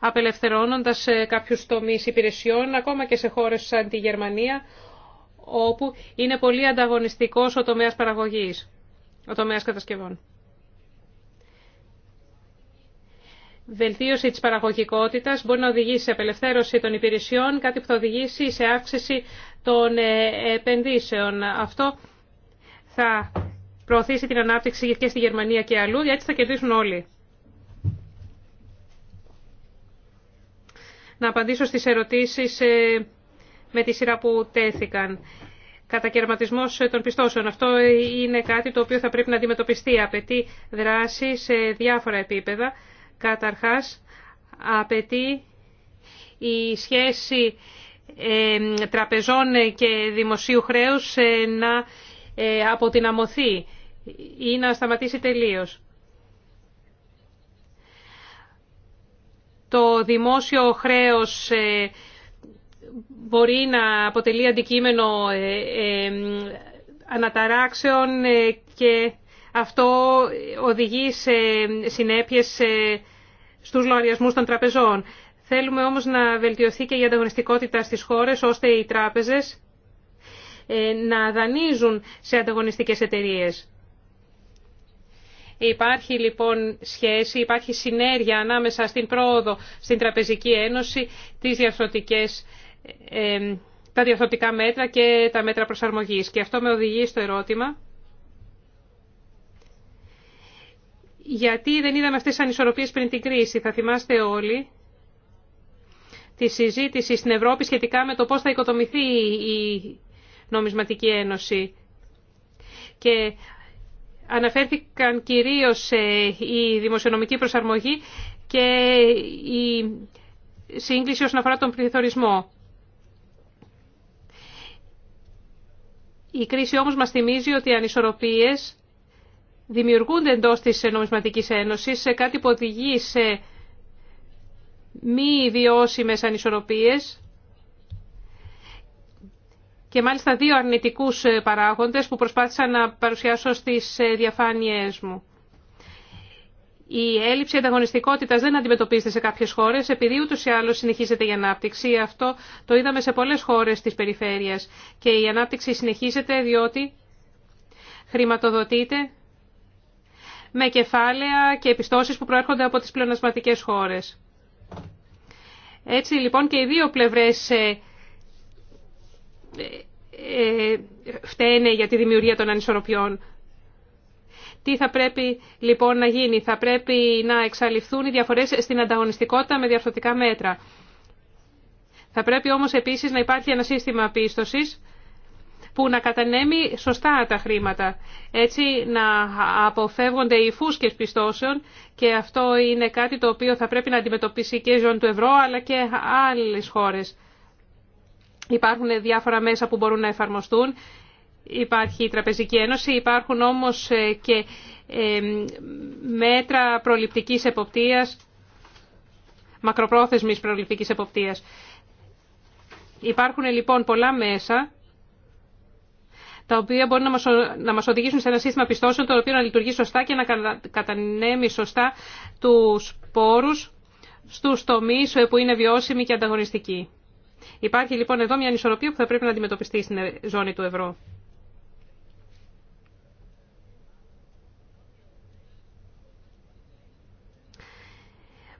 απελευθερώνοντας κάποιους τομείς υπηρεσιών, ακόμα και σε χώρες σαν τη Γερμανία, όπου είναι πολύ ανταγωνιστικός ο τομέας παραγωγής, ο τομέας κατασκευών. Βελτίωση της παραγωγικότητας μπορεί να οδηγήσει σε απελευθέρωση των υπηρεσιών, κάτι που θα οδηγήσει σε αύξηση των ε, επενδύσεων. Αυτό θα προωθήσει την ανάπτυξη και στη Γερμανία και αλλού, γιατί θα κερδίσουν όλοι. Να απαντήσω στις ερωτήσεις ε, με τη σειρά που τέθηκαν. Κατακαιρματισμός ε, των πιστώσεων. Αυτό είναι κάτι το οποίο θα πρέπει να αντιμετωπιστεί. Απαιτεί δράση σε διάφορα επίπεδα. Καταρχάς, απαιτεί η σχέση τραπεζών και δημοσίου χρέους ε, να ε, την ή να σταματήσει τελείως. Το δημόσιο χρέος ε, μπορεί να αποτελεί αντικείμενο αναταράξεων και αυτό οδηγεί σε συνέπειες στους λογαριασμούς των τραπεζών. Θέλουμε όμως να βελτιωθεί και η ανταγωνιστικότητα στις χώρες, ώστε οι τράπεζες ε, να δανείζουν σε ανταγωνιστικές εταιρείες. Υπάρχει λοιπόν σχέση, υπάρχει συνέργεια ανάμεσα στην πρόοδο στην Τραπεζική Ένωση, τις ε, ε, τα διαφορετικά μέτρα και τα μέτρα προσαρμογής. Και αυτό με οδηγεί στο ερώτημα. Γιατί δεν είδαμε αυτές τις ανισορροπίες πριν την κρίση. Θα θυμάστε όλοι τη συζήτηση στην Ευρώπη σχετικά με το πώς θα οικοτομηθεί η νομισματική ένωση. Και αναφέρθηκαν κυρίως ε, η δημοσιονομική προσαρμογή και η σύγκληση όσον αφορά τον πληθωρισμό. Η κρίση όμως μας θυμίζει ότι οι ανισορροπίες δημιουργούνται εντός της νομισματικής ένωσης, σε κάτι που οδηγεί σε μη βιώσιμες ανισορροπίες και μάλιστα δύο αρνητικούς ε, παράγοντες που προσπάθησα να παρουσιάσω στις ε, διαφάνειές μου. Η έλλειψη ανταγωνιστικότητα δεν αντιμετωπίζεται σε κάποιε χώρε, επειδή ούτω ή άλλω συνεχίζεται η ανάπτυξη. Αυτό το είδαμε σε πολλέ χώρε τη περιφέρεια. Και η ανάπτυξη συνεχίζεται διότι χρηματοδοτείται με κεφάλαια και επιστώσει που προέρχονται από τις πλεονασματικές χώρες. Έτσι λοιπόν και οι δύο πλευρές ε, ε, φταίνε για τη δημιουργία των ανισορροπιών. Τι θα πρέπει λοιπόν να γίνει. Θα πρέπει να εξαλειφθούν οι διαφορές στην ανταγωνιστικότητα με διαφορετικά μέτρα. Θα πρέπει όμως επίσης να υπάρχει ένα σύστημα πίστοσης που να κατανέμει σωστά τα χρήματα. Έτσι να αποφεύγονται οι φούσκες πιστώσεων και αυτό είναι κάτι το οποίο θα πρέπει να αντιμετωπίσει και η ζώνη του ευρώ αλλά και άλλες χώρες. Υπάρχουν διάφορα μέσα που μπορούν να εφαρμοστούν. Υπάρχει η Τραπεζική Ένωση, υπάρχουν όμως ε, και ε, μέτρα προληπτικής εποπτείας, μακροπρόθεσμης προληπτικής εποπτείας. Υπάρχουν λοιπόν πολλά μέσα τα οποία μπορούν να μας, να μας οδηγήσουν σε ένα σύστημα πιστώσεων το οποίο να λειτουργεί σωστά και να κατανέμει σωστά τους πόρους στους τομείς που είναι βιώσιμοι και ανταγωνιστικοί. Υπάρχει λοιπόν εδώ μια ανισορροπία που θα πρέπει να αντιμετωπιστεί στην ζώνη του ευρώ.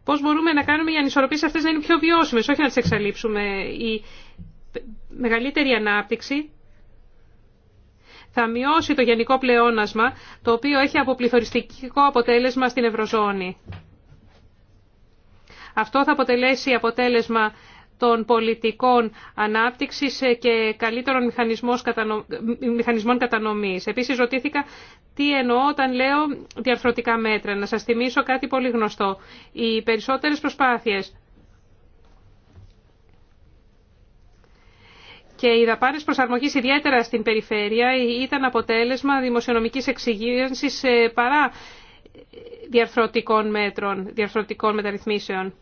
Πώ μπορούμε να κάνουμε οι ανισορροπίε αυτέ να είναι πιο βιώσιμε, όχι να τι εξαλείψουμε. Η μεγαλύτερη ανάπτυξη θα μειώσει το γενικό πλεόνασμα, το οποίο έχει αποπληθωριστικό αποτέλεσμα στην Ευρωζώνη. Αυτό θα αποτελέσει αποτέλεσμα των πολιτικών ανάπτυξης και καλύτερων μηχανισμών κατανομής. Επίσης ρωτήθηκα τι εννοώ όταν λέω διαρθρωτικά μέτρα. Να σας θυμίσω κάτι πολύ γνωστό. Οι περισσότερες προσπάθειες και οι δαπάνες προσαρμογής ιδιαίτερα στην περιφέρεια ήταν αποτέλεσμα δημοσιονομικής εξυγίανση ε, παρά διαρθρωτικών μέτρων, διαρθρωτικών μεταρρυθμίσεων.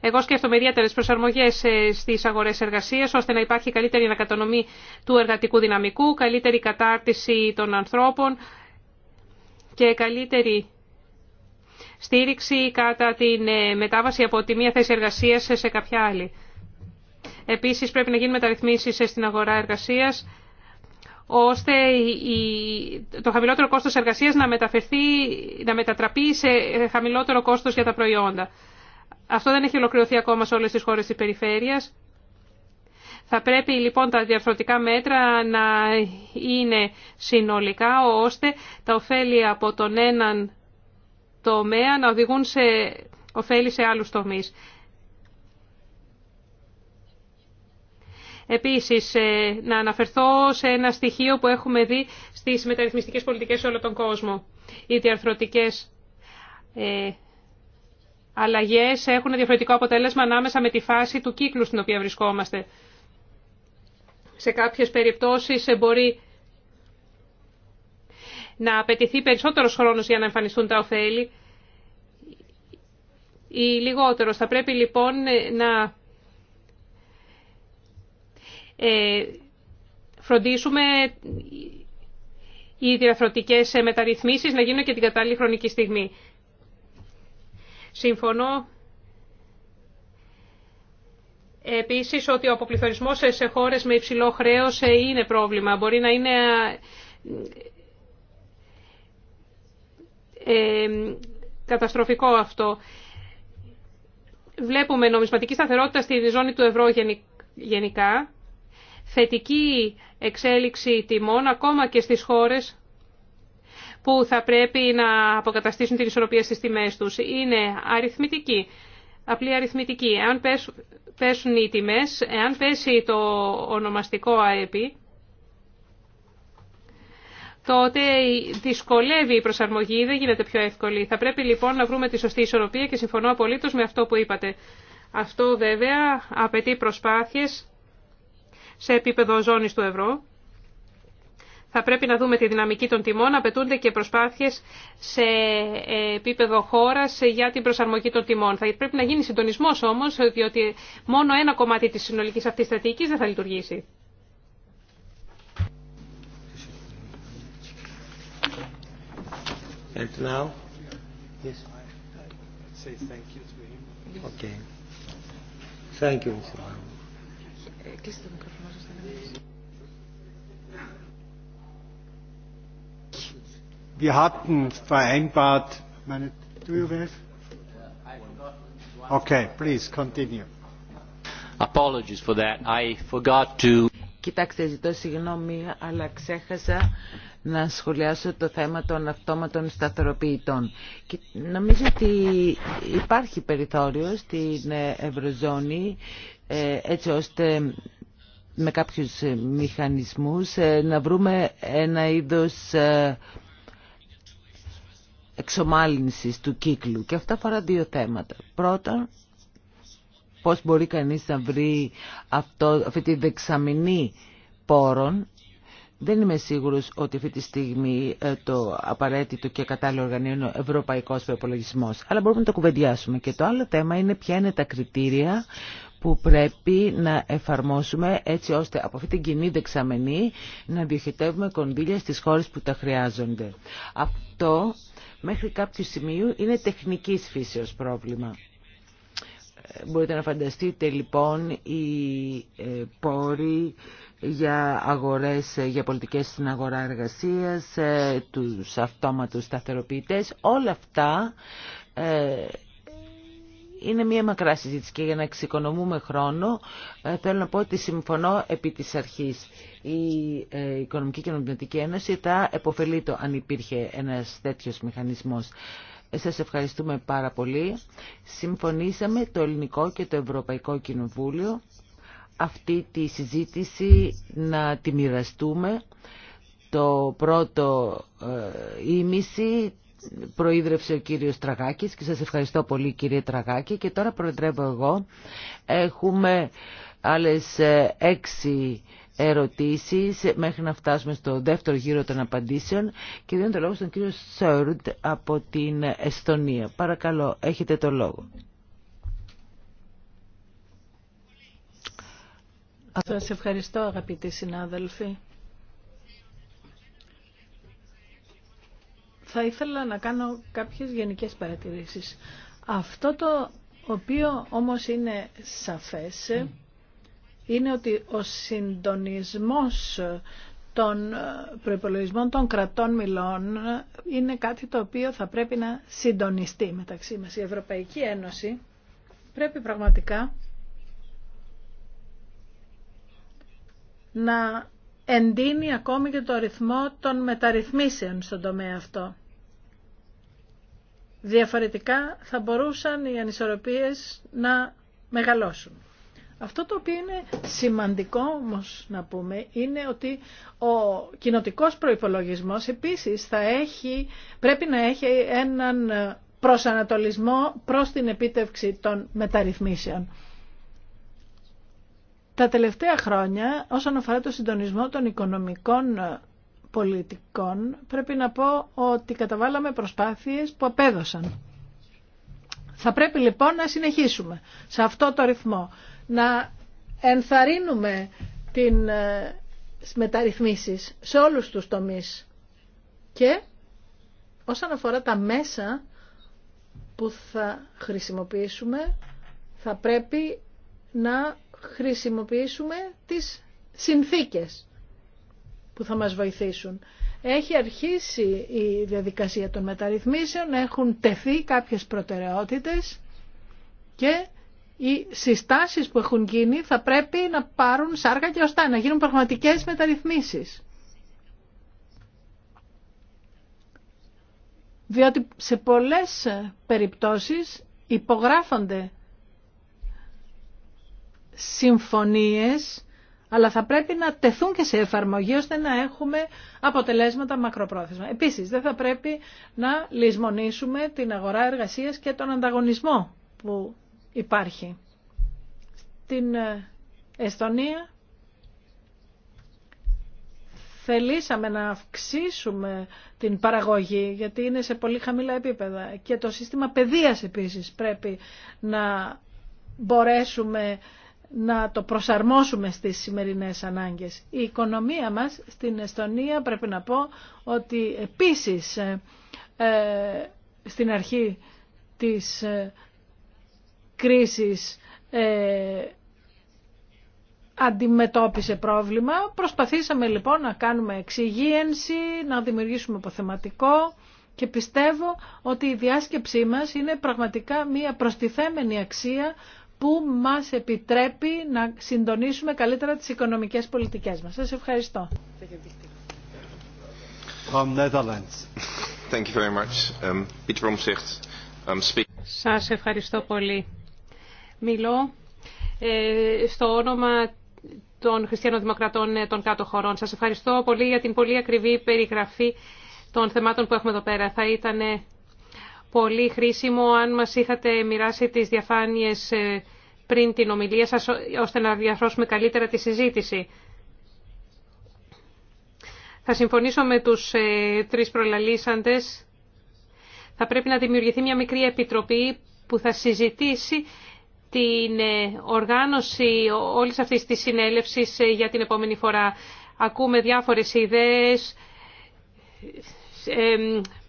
Εγώ σκέφτομαι ιδιαίτερε προσαρμογέ ε, στι αγορέ εργασία, ώστε να υπάρχει καλύτερη ανακατονομή του εργατικού δυναμικού, καλύτερη κατάρτιση των ανθρώπων και καλύτερη στήριξη κατά τη ε, μετάβαση από τη μία θέση εργασία σε κάποια άλλη. Επίσης πρέπει να γίνουν μεταρρυθμίσεις στην αγορά εργασίας ώστε το χαμηλότερο κόστος εργασίας να, μεταφερθεί, να μετατραπεί σε χαμηλότερο κόστος για τα προϊόντα. Αυτό δεν έχει ολοκληρωθεί ακόμα σε όλες τις χώρες της περιφέρειας. Θα πρέπει λοιπόν τα διαφορετικά μέτρα να είναι συνολικά ώστε τα ωφέλη από τον έναν τομέα να οδηγούν σε ωφέλη σε άλλους τομείς. Επίσης, ε, να αναφερθώ σε ένα στοιχείο που έχουμε δει στις μεταρρυθμιστικές πολιτικές σε όλο τον κόσμο. Οι διαρθρωτικές ε, αλλαγές έχουν διαφορετικό αποτέλεσμα ανάμεσα με τη φάση του κύκλου στην οποία βρισκόμαστε. Σε κάποιες περιπτώσεις ε, μπορεί να απαιτηθεί περισσότερος χρόνος για να εμφανιστούν τα ωφέλη ή λιγότερος. Θα πρέπει λοιπόν να ε, φροντίσουμε οι διαθροτικές μεταρρυθμίσεις να γίνουν και την κατάλληλη χρονική στιγμή. Συμφωνώ επίσης ότι ο αποπληθωρισμός σε χώρες με υψηλό χρέος είναι πρόβλημα. Μπορεί να είναι ε, καταστροφικό αυτό. Βλέπουμε νομισματική σταθερότητα στη ζώνη του ευρώ γενικά θετική εξέλιξη τιμών ακόμα και στις χώρες που θα πρέπει να αποκαταστήσουν την ισορροπία στις τιμές τους. Είναι αριθμητική, απλή αριθμητική. Εάν πέσουν οι τιμές, εάν πέσει το ονομαστικό ΑΕΠ, τότε δυσκολεύει η προσαρμογή, δεν γίνεται πιο εύκολη. Θα πρέπει λοιπόν να βρούμε τη σωστή ισορροπία και συμφωνώ απολύτως με αυτό που είπατε. Αυτό βέβαια απαιτεί προσπάθειες σε επίπεδο ζώνης του ευρώ. Θα πρέπει να δούμε τη δυναμική των τιμών. Απαιτούνται και προσπάθειες σε επίπεδο χώρας για την προσαρμογή των τιμών. Θα πρέπει να γίνει συντονισμό όμως, διότι μόνο ένα κομμάτι της συνολικής αυτής στρατηγικής δεν θα λειτουργήσει. And now? Yes. Say thank you to him. Okay. Thank you, Wir hatten vereinbart, meine, do you have? Okay, please continue. Apologies for that. I forgot to. Κοιτάξτε, ζητώ συγγνώμη, αλλά ξέχασα να σχολιάσω το θέμα των αυτόματων σταθεροποιητών. Και νομίζω ότι υπάρχει περιθώριο στην Ευρωζώνη ε, έτσι ώστε με κάποιους ε, μηχανισμούς ε, να βρούμε ένα είδος ε, εξομάλυνσης του κύκλου. Και αυτά αφορά δύο θέματα. Πρώτον, πώς μπορεί κανείς να βρει αυτό, αυτή τη δεξαμηνή πόρων. Δεν είμαι σίγουρος ότι αυτή τη στιγμή το απαραίτητο και κατάλληλο οργανείο είναι ο ευρωπαϊκός προπολογισμό. Αλλά μπορούμε να το κουβεντιάσουμε. Και το άλλο θέμα είναι ποια είναι τα κριτήρια που πρέπει να εφαρμόσουμε έτσι ώστε από αυτή την κοινή δεξαμενή να διοχετεύουμε κονδύλια στις χώρες που τα χρειάζονται. Αυτό μέχρι κάποιο σημείο είναι τεχνικής φύσεως πρόβλημα. Ε, μπορείτε να φανταστείτε λοιπόν οι ε, πόροι για αγορές, ε, για πολιτικές στην αγορά εργασίας, τους αυτόματους σταθεροποιητές, όλα αυτά είναι μια μακρά συζήτηση και για να εξοικονομούμε χρόνο ε, θέλω να πω ότι συμφωνώ επί της αρχής. Η ε, Οικονομική και Ένωση θα επωφελεί το αν υπήρχε ένας τέτοιος μηχανισμός. Ε, σας ευχαριστούμε πάρα πολύ. Συμφωνήσαμε το Ελληνικό και το Ευρωπαϊκό Κοινοβούλιο αυτή τη συζήτηση να τη μοιραστούμε το πρώτο ήμιση προείδρευσε ο κύριος Τραγάκης και σας ευχαριστώ πολύ κύριε Τραγάκη και τώρα προεδρεύω εγώ. Έχουμε άλλες ε, έξι ερωτήσεις μέχρι να φτάσουμε στο δεύτερο γύρο των απαντήσεων και δίνω το λόγο στον κύριο Σόρντ από την Εστονία. Παρακαλώ, έχετε το λόγο. Σας ευχαριστώ αγαπητοί συνάδελφοι. θα ήθελα να κάνω κάποιες γενικές παρατηρήσεις. Αυτό το οποίο όμως είναι σαφές είναι ότι ο συντονισμός των προϋπολογισμών των κρατών μιλών είναι κάτι το οποίο θα πρέπει να συντονιστεί μεταξύ μας. Η Ευρωπαϊκή Ένωση πρέπει πραγματικά να εντείνει ακόμη και το ρυθμό των μεταρρυθμίσεων στον τομέα αυτό. Διαφορετικά θα μπορούσαν οι ανισορροπίες να μεγαλώσουν. Αυτό το οποίο είναι σημαντικό όμως να πούμε είναι ότι ο κοινοτικός προϋπολογισμός επίσης θα έχει, πρέπει να έχει έναν προσανατολισμό προς την επίτευξη των μεταρρυθμίσεων. Τα τελευταία χρόνια όσον αφορά το συντονισμό των οικονομικών πολιτικών πρέπει να πω ότι καταβάλαμε προσπάθειες που απέδωσαν. Θα πρέπει λοιπόν να συνεχίσουμε σε αυτό το ρυθμό, να ενθαρρύνουμε την ε, μεταρρυθμίσεις σε όλους τους τομείς και όσον αφορά τα μέσα που θα χρησιμοποιήσουμε θα πρέπει να χρησιμοποιήσουμε τις συνθήκες που θα μας βοηθήσουν. Έχει αρχίσει η διαδικασία των μεταρρυθμίσεων, έχουν τεθεί κάποιες προτεραιότητες και οι συστάσεις που έχουν γίνει θα πρέπει να πάρουν σάρκα και ωστά, να γίνουν πραγματικές μεταρρυθμίσεις. Διότι σε πολλές περιπτώσεις υπογράφονται συμφωνίες αλλά θα πρέπει να τεθούν και σε εφαρμογή ώστε να έχουμε αποτελέσματα μακροπρόθεσμα. Επίσης, δεν θα πρέπει να λησμονήσουμε την αγορά εργασίας και τον ανταγωνισμό που υπάρχει. Στην ε, Εστονία θελήσαμε να αυξήσουμε την παραγωγή γιατί είναι σε πολύ χαμηλά επίπεδα και το σύστημα παιδείας επίσης πρέπει να μπορέσουμε να το προσαρμόσουμε στις σημερινές ανάγκες. Η οικονομία μας στην Εστονία πρέπει να πω ότι επίσης ε, ε, στην αρχή της ε, κρίσης αντιμετώπισε πρόβλημα. Προσπαθήσαμε λοιπόν να κάνουμε εξυγίανση, να δημιουργήσουμε αποθεματικό και πιστεύω ότι η διάσκεψή μας είναι πραγματικά μια προστιθέμενη αξία που μας επιτρέπει να συντονίσουμε καλύτερα τις οικονομικές πολιτικές μας. Σας ευχαριστώ. Thank you very much. Um, um, Σας ευχαριστώ πολύ. Μιλώ ε, στο όνομα των χριστιανοδημοκρατών ε, των κάτω χωρών. Σας ευχαριστώ πολύ για την πολύ ακριβή περιγραφή των θεμάτων που έχουμε εδώ πέρα. Θα ήταν πολύ χρήσιμο αν μας είχατε μοιράσει τις διαφάνειες ε, πριν την ομιλία σας, ώστε να διαφρόσουμε καλύτερα τη συζήτηση. Θα συμφωνήσω με τους ε, τρεις προλαλήσαντες. Θα πρέπει να δημιουργηθεί μια μικρή επιτροπή που θα συζητήσει την ε, οργάνωση όλης αυτής της συνέλευσης ε, για την επόμενη φορά. Ακούμε διάφορες ιδέες,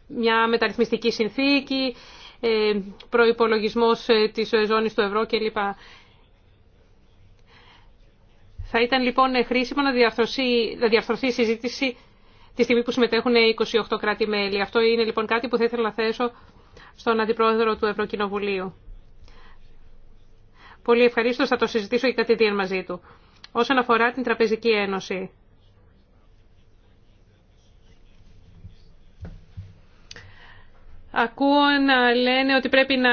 μια μεταρρυθμιστική συνθήκη, ε, προϋπολογισμός ε, της ζώνης του ευρώ κλπ. Θα ήταν λοιπόν χρήσιμο να διαρθρωθεί, να διαρθρωθεί η συζήτηση τη στιγμή που συμμετέχουν 28 κράτη-μέλη. Αυτό είναι λοιπόν κάτι που θα ήθελα να θέσω στον Αντιπρόεδρο του Ευρωκοινοβουλίου. Πολύ ευχαρίστω θα το συζητήσω και κατηδίαν μαζί του. Όσον αφορά την Τραπεζική Ένωση. Ακούω να λένε ότι πρέπει να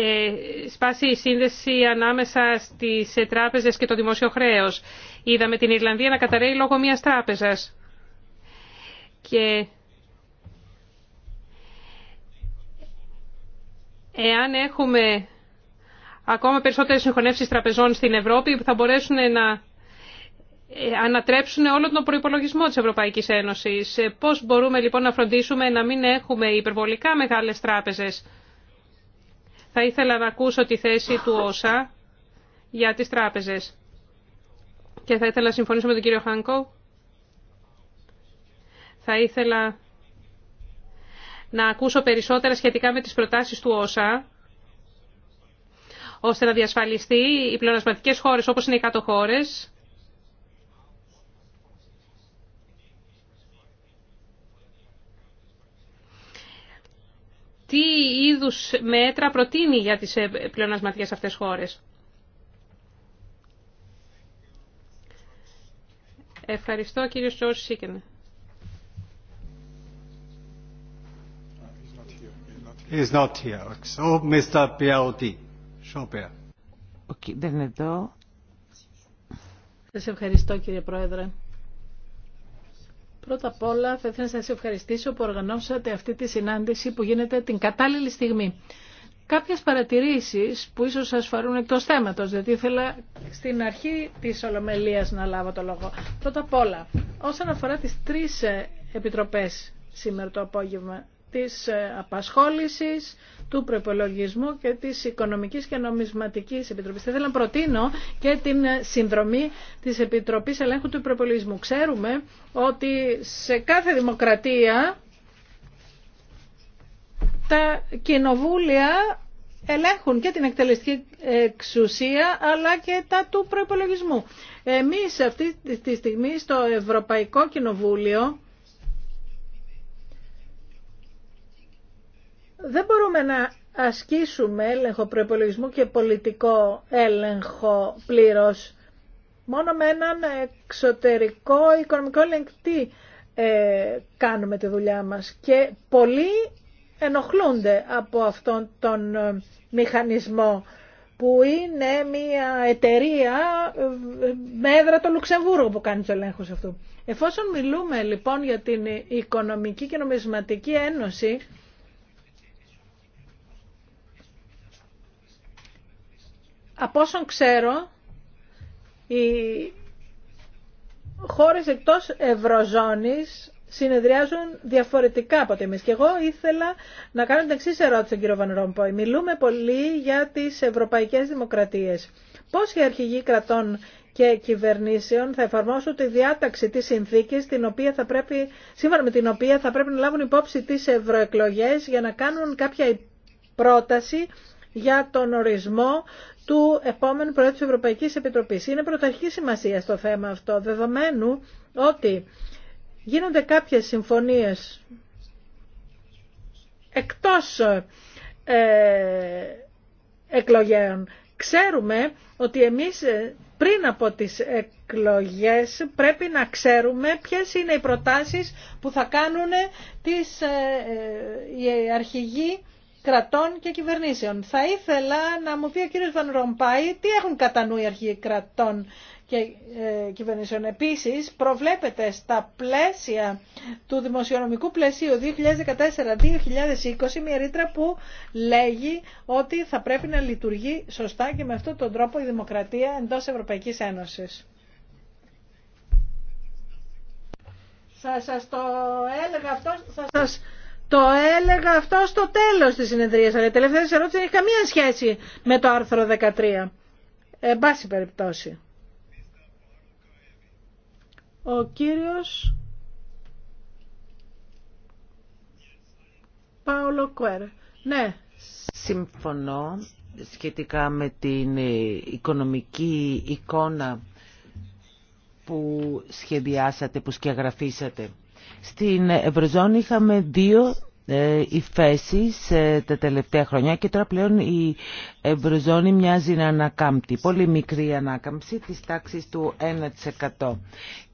ε, σπάσει η σύνδεση ανάμεσα στις ε, τράπεζες και το δημόσιο χρέος. Είδαμε την Ιρλανδία να καταραίει λόγω μιας τράπεζας. Και εάν έχουμε ακόμα περισσότερες συγχωνεύσεις τραπεζών στην Ευρώπη, θα μπορέσουν να ε, ανατρέψουν όλο τον προϋπολογισμό της Ευρωπαϊκής Ένωσης. Ε, πώς μπορούμε λοιπόν να φροντίσουμε να μην έχουμε υπερβολικά μεγάλες τράπεζες. Θα ήθελα να ακούσω τη θέση του ΩΣΑ για τις τράπεζες. Και θα ήθελα να συμφωνήσω με τον κύριο Χάνκο. Θα ήθελα να ακούσω περισσότερα σχετικά με τις προτάσεις του ΩΣΑ ώστε να διασφαλιστεί οι πλεονασματικές χώρες όπως είναι οι κάτω χώρες τι είδους μέτρα προτείνει για τις ε, πλεονασματικές αυτές χώρες. Ευχαριστώ κύριο Σόρση Σίκεν. He's not here. So, Mr. Okay, δεν είναι εδώ. Σας ευχαριστώ κύριε Πρόεδρε. Πρώτα απ' όλα θα ήθελα να σας ευχαριστήσω που οργανώσατε αυτή τη συνάντηση που γίνεται την κατάλληλη στιγμή. Κάποιες παρατηρήσεις που ίσως σας φαρούν εκτός θέματος, γιατί ήθελα στην αρχή της Ολομελίας να λάβω το λόγο. Πρώτα απ' όλα, όσον αφορά τις τρεις ε, επιτροπές σήμερα το απόγευμα, της ε, απασχόλησης, του προπολογισμού και της Οικονομικής και Νομισματικής Επιτροπής. Θα ήθελα να προτείνω και την ε, συνδρομή της Επιτροπής Ελέγχου του Προπολογισμού. Ξέρουμε ότι σε κάθε δημοκρατία τα κοινοβούλια ελέγχουν και την εκτελεστική εξουσία αλλά και τα του προπολογισμού. Εμείς αυτή τη στιγμή στο Ευρωπαϊκό Κοινοβούλιο δεν μπορούμε να ασκήσουμε έλεγχο προπολογισμού και πολιτικό έλεγχο πλήρως μόνο με έναν εξωτερικό οικονομικό ελεγκτή ε, κάνουμε τη δουλειά μας και πολλοί ενοχλούνται από αυτόν τον ε, μηχανισμό που είναι μια εταιρεία ε, με έδρα το Λουξεμβούργο που κάνει το ελέγχου αυτού. Εφόσον μιλούμε λοιπόν για την Οικονομική και Νομισματική Ένωση, Από όσον ξέρω, οι χώρες εκτός Ευρωζώνης συνεδριάζουν διαφορετικά από εμείς. Και εγώ ήθελα να κάνω την εξή ερώτηση κύριο Βαν Μιλούμε πολύ για τις ευρωπαϊκές δημοκρατίες. Πώς οι αρχηγοί κρατών και κυβερνήσεων θα εφαρμόσουν τη διάταξη της συνθήκης την οποία θα πρέπει, σύμφωνα με την οποία θα πρέπει να λάβουν υπόψη τις ευρωεκλογέ για να κάνουν κάποια πρόταση για τον ορισμό του επόμενου Προέδρου της Ευρωπαϊκής Επιτροπής. Είναι πρωταρχή σημασία στο θέμα αυτό, δεδομένου ότι γίνονται κάποιες συμφωνίες εκτός ε, εκλογέων. Ξέρουμε ότι εμείς ε, πριν από τις εκλογές πρέπει να ξέρουμε ποιες είναι οι προτάσεις που θα κάνουν τις, ε, ε οι αρχηγοί κρατών και κυβερνήσεων. Θα ήθελα να μου πει ο κύριος Βαν τι έχουν κατά νου οι κρατών και ε, κυβερνήσεων. Επίσης, προβλέπεται στα πλαίσια του δημοσιονομικού πλαισίου 2014-2020 μια ρήτρα που λέγει ότι θα πρέπει να λειτουργεί σωστά και με αυτόν τον τρόπο η δημοκρατία εντός Ευρωπαϊκής Ένωσης. Θα σας το έλεγα αυτό, θα σας το έλεγα αυτό στο τέλος της συνεδρίας, αλλά η τελευταία ερώτηση δεν έχει καμία σχέση με το άρθρο 13. Εν πάση περιπτώσει. Ο κύριος Πάολο Κουέρ. Ναι. Συμφωνώ σχετικά με την ε, οικονομική εικόνα που σχεδιάσατε, που σκιαγραφίσατε. Στην Ευρωζώνη είχαμε δύο ε, υφέσεις ε, τα τελευταία χρόνια και τώρα πλέον η Ευρωζώνη μοιάζει να ανακάμπτει. Πολύ μικρή ανάκαμψη της τάξης του 1%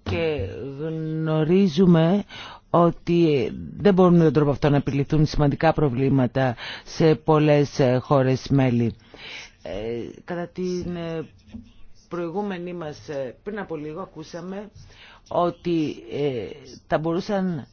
και γνωρίζουμε ότι δεν μπορούν με τον τρόπο αυτό να επιληθούν σημαντικά προβλήματα σε πολλές ε, χώρες μέλη προηγούμενη μας ε, πριν από λίγο ακούσαμε ότι ε, θα μπορούσαν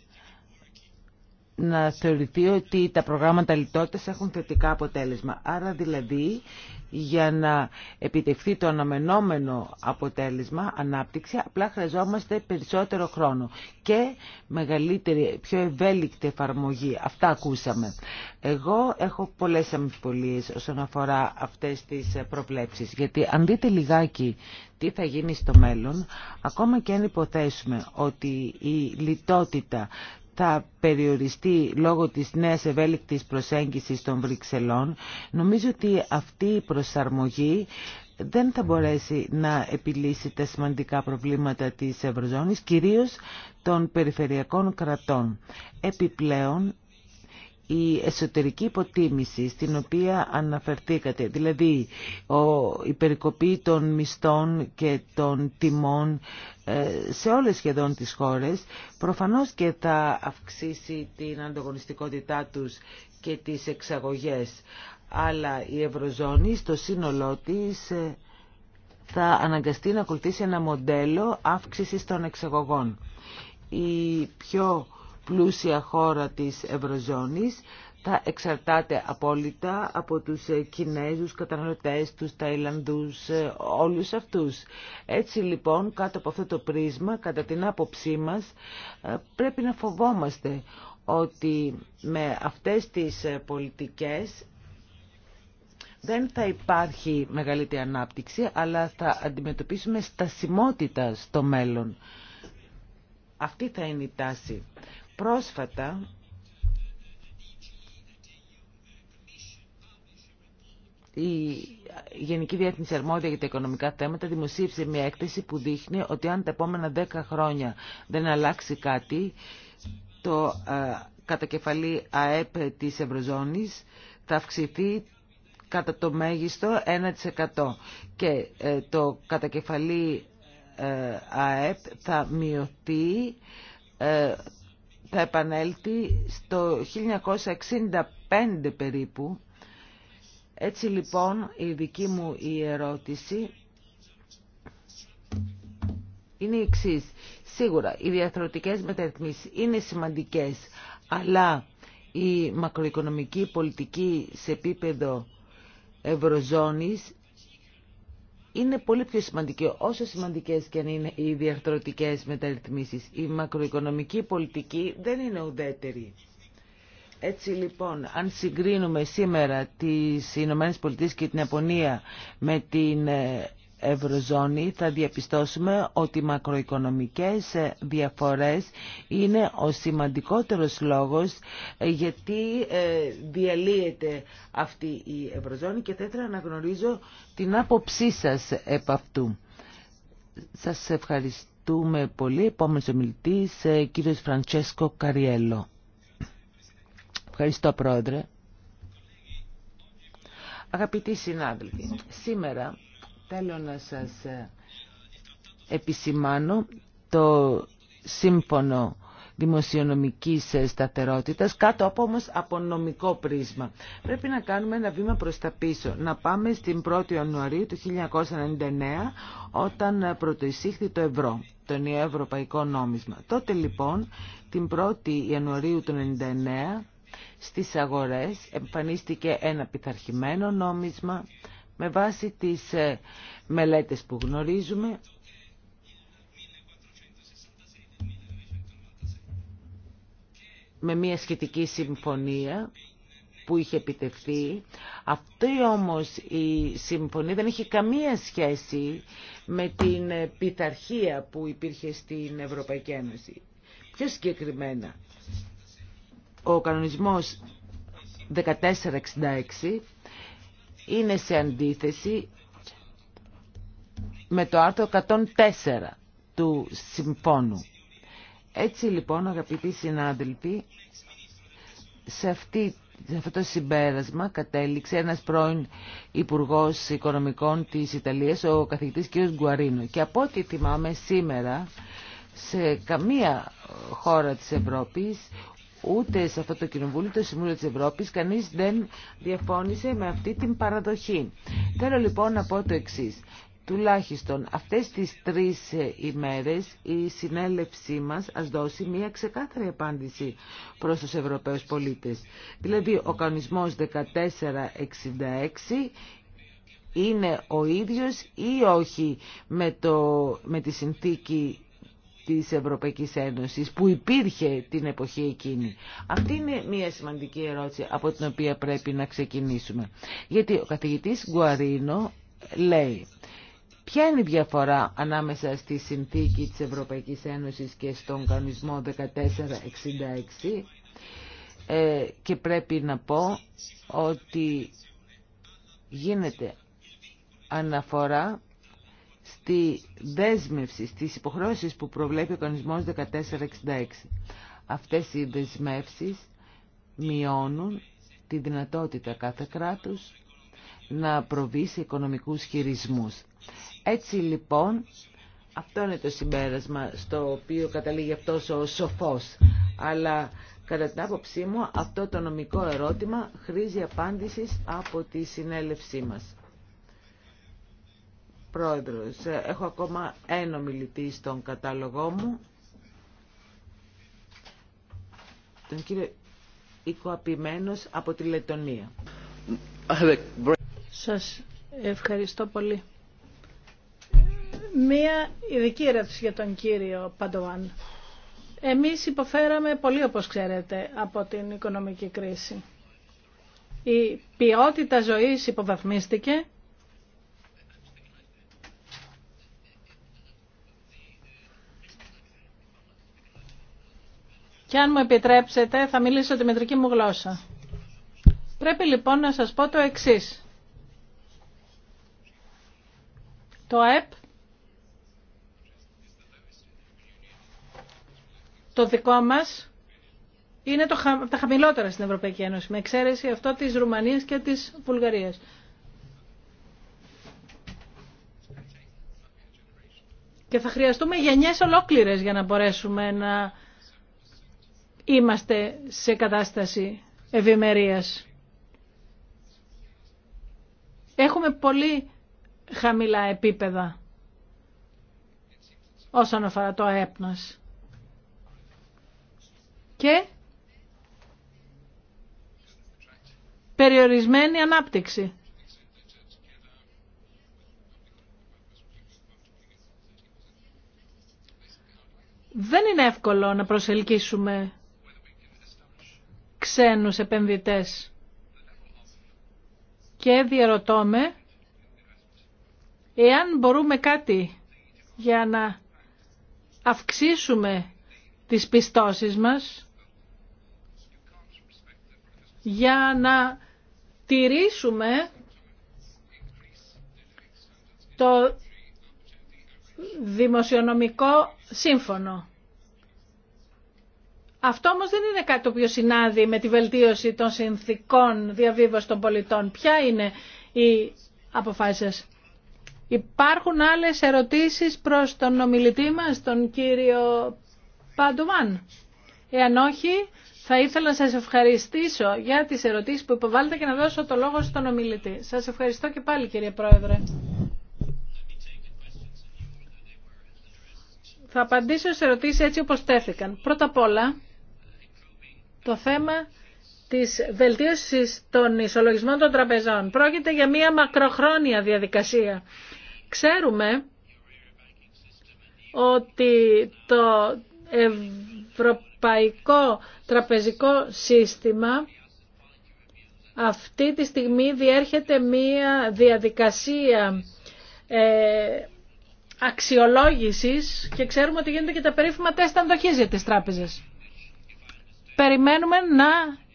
να θεωρηθεί ότι τα προγράμματα λιτότητας έχουν θετικά αποτέλεσμα. Άρα δηλαδή για να επιτευχθεί το αναμενόμενο αποτέλεσμα, ανάπτυξη, απλά χρειαζόμαστε περισσότερο χρόνο και μεγαλύτερη, πιο ευέλικτη εφαρμογή. Αυτά ακούσαμε. Εγώ έχω πολλές αμφιβολίες όσον αφορά αυτές τις προβλέψεις, γιατί αν δείτε λιγάκι τι θα γίνει στο μέλλον, ακόμα και αν υποθέσουμε ότι η λιτότητα θα περιοριστεί λόγω της νέας ευέλικτης προσέγγισης των Βρυξελών, νομίζω ότι αυτή η προσαρμογή δεν θα μπορέσει να επιλύσει τα σημαντικά προβλήματα της Ευρωζώνης, κυρίως των περιφερειακών κρατών. Επιπλέον, η εσωτερική υποτίμηση στην οποία αναφερθήκατε, δηλαδή η περικοπή των μισθών και των τιμών ε, σε όλες σχεδόν τις χώρες, προφανώς και θα αυξήσει την ανταγωνιστικότητά τους και τις εξαγωγές. Αλλά η Ευρωζώνη στο σύνολό της ε, θα αναγκαστεί να ακολουθήσει ένα μοντέλο αύξησης των εξαγωγών. Η πιο πλούσια χώρα της Ευρωζώνης θα εξαρτάται απόλυτα από τους ε, Κινέζους καταναλωτές, τους Ταϊλανδούς, ε, όλους αυτούς. Έτσι λοιπόν κάτω από αυτό το πρίσμα, κατά την άποψή μας, ε, πρέπει να φοβόμαστε ότι με αυτές τις πολιτικές δεν θα υπάρχει μεγαλύτερη ανάπτυξη, αλλά θα αντιμετωπίσουμε στασιμότητα στο μέλλον. Αυτή θα είναι η τάση. Πρόσφατα η Γενική Διεθνής Αρμόδια για τα Οικονομικά Θέματα δημοσίευσε μια έκθεση που δείχνει ότι αν τα επόμενα 10 χρόνια δεν αλλάξει κάτι, το ε, κατακεφαλή ΑΕΠ της Ευρωζώνης θα αυξηθεί κατά το μέγιστο 1% και ε, το κατακεφαλή ε, ΑΕΠ θα μειωθεί θα επανέλθει στο 1965 περίπου. Έτσι λοιπόν η δική μου η ερώτηση είναι η εξής. Σίγουρα οι διαθροτικές μεταρρυθμίσεις είναι σημαντικές, αλλά η μακροοικονομική πολιτική σε επίπεδο ευρωζώνης είναι πολύ πιο σημαντική, όσο σημαντικές και αν είναι οι διαρθρωτικές μεταρρυθμίσεις. Η μακροοικονομική πολιτική δεν είναι ουδέτερη. Έτσι λοιπόν, αν συγκρίνουμε σήμερα τις ΗΠΑ Πολιτείες και την Ιαπωνία με την ε, Ευρωζώνη θα διαπιστώσουμε ότι οι μακροοικονομικές διαφορές είναι ο σημαντικότερος λόγος γιατί ε, διαλύεται αυτή η Ευρωζώνη και θα ήθελα να γνωρίζω την άποψή σας επ' αυτού. Σας ευχαριστούμε πολύ. Επόμενος ομιλητής, ε, κύριος Φραντσέσκο Καριέλο. Ευχαριστώ, Πρόεδρε. Αγαπητοί συνάδελφοι, σήμερα Θέλω να σας ε, επισημάνω το σύμφωνο δημοσιονομικής ε, σταθερότητας κάτω από όμως από νομικό πρίσμα. Πρέπει να κάνουμε ένα βήμα προς τα πίσω. Να πάμε στην 1η Ιανουαρίου του 1999 όταν ε, πρωτοεισήχθη το ευρώ, το νέο ευρωπαϊκό νόμισμα. Τότε λοιπόν την 1η Ιανουαρίου του 1999 στις αγορές εμφανίστηκε ένα πειθαρχημένο νόμισμα με βάση τις ε, μελέτες που γνωρίζουμε, με μια σχετική συμφωνία που είχε επιτευχθεί. Αυτή όμως η συμφωνία δεν είχε καμία σχέση με την ε, πειθαρχία που υπήρχε στην Ευρωπαϊκή Ένωση. Πιο συγκεκριμένα, ο κανονισμός 1466 είναι σε αντίθεση με το άρθρο 104 του συμφώνου. Έτσι λοιπόν αγαπητοί συνάδελφοι, σε, αυτή, σε αυτό το συμπέρασμα κατέληξε ένας πρώην Υπουργός Οικονομικών της Ιταλίας, ο καθηγητής κ. Γκουαρίνο. Και από ό,τι θυμάμαι σήμερα, σε καμία χώρα της Ευρώπης ούτε σε αυτό το κοινοβούλιο, το Συμβούλιο της Ευρώπης, κανείς δεν διαφώνησε με αυτή την παραδοχή. Θέλω λοιπόν να πω το εξής. Τουλάχιστον αυτές τις τρεις ε, ημέρες η συνέλευσή μας ας δώσει μια ξεκάθαρη απάντηση προς τους Ευρωπαίους πολίτες. Δηλαδή ο κανονισμός 1466 είναι ο ίδιος ή όχι με, το, με τη συνθήκη της Ευρωπαϊκής Ένωσης που υπήρχε την εποχή εκείνη. Αυτή είναι μια σημαντική ερώτηση από την οποία πρέπει να ξεκινήσουμε. Γιατί ο καθηγητής Γκουαρίνο λέει Ποια είναι η διαφορά ανάμεσα στη συνθήκη της Ευρωπαϊκής Ένωσης και στον κανονισμό 1466 ε, και πρέπει να πω ότι γίνεται αναφορά στη δέσμευση, στις υποχρεώσεις που προβλέπει ο κανονισμός 1466. Αυτές οι δεσμεύσεις μειώνουν τη δυνατότητα κάθε κράτους να προβεί σε οικονομικούς χειρισμούς. Έτσι λοιπόν, αυτό είναι το συμπέρασμα στο οποίο καταλήγει αυτός ο σοφός. Αλλά κατά την άποψή μου αυτό το νομικό ερώτημα χρήζει απάντησης από τη συνέλευσή μας. Πρόεδρος, ε, έχω ακόμα ένα μιλητή στον κατάλογό μου. Τον κύριο Οικοαπημένος από τη Λετωνία. Σας ευχαριστώ πολύ. Μία ειδική ερώτηση για τον κύριο Παντοάν. Εμείς υποφέραμε πολύ, όπως ξέρετε, από την οικονομική κρίση. Η ποιότητα ζωής υποβαθμίστηκε Και αν μου επιτρέψετε θα μιλήσω τη μετρική μου γλώσσα. Πρέπει λοιπόν να σας πω το εξής. Το ΑΕΠ, το δικό μας, είναι το, τα χαμηλότερα στην Ευρωπαϊκή Ένωση, με εξαίρεση αυτό της Ρουμανίας και της Βουλγαρίας. Και θα χρειαστούμε γενιές ολόκληρες για να μπορέσουμε να είμαστε σε κατάσταση ευημερίας. Έχουμε πολύ χαμηλά επίπεδα όσον αφορά το ΑΕΠ Και περιορισμένη ανάπτυξη. Δεν είναι εύκολο να προσελκύσουμε ξένους επενδυτές. Και διαρωτώ εάν μπορούμε κάτι για να αυξήσουμε τις πιστώσεις μας, για να τηρήσουμε το δημοσιονομικό σύμφωνο. Αυτό όμω δεν είναι κάτι το οποίο συνάδει με τη βελτίωση των συνθήκων διαβίβαση των πολιτών. Ποια είναι η αποφάσεις Υπάρχουν άλλες ερωτήσεις προς τον ομιλητή μας, τον κύριο Παντουμάν. Εάν όχι, θα ήθελα να σας ευχαριστήσω για τις ερωτήσεις που υποβάλλετε και να δώσω το λόγο στον ομιλητή. Σας ευχαριστώ και πάλι κύριε Πρόεδρε. Θα απαντήσω σε ερωτήσεις έτσι όπως τέθηκαν. Πρώτα απ' όλα, το θέμα της βελτίωσης των ισολογισμών των τραπεζών. Πρόκειται για μια μακροχρόνια διαδικασία. Ξέρουμε ότι το ευρωπαϊκό τραπεζικό σύστημα αυτή τη στιγμή διέρχεται μία διαδικασία ε, αξιολόγησης και ξέρουμε ότι γίνονται και τα περίφημα τεστ αντοχής για τις τράπεζες περιμένουμε να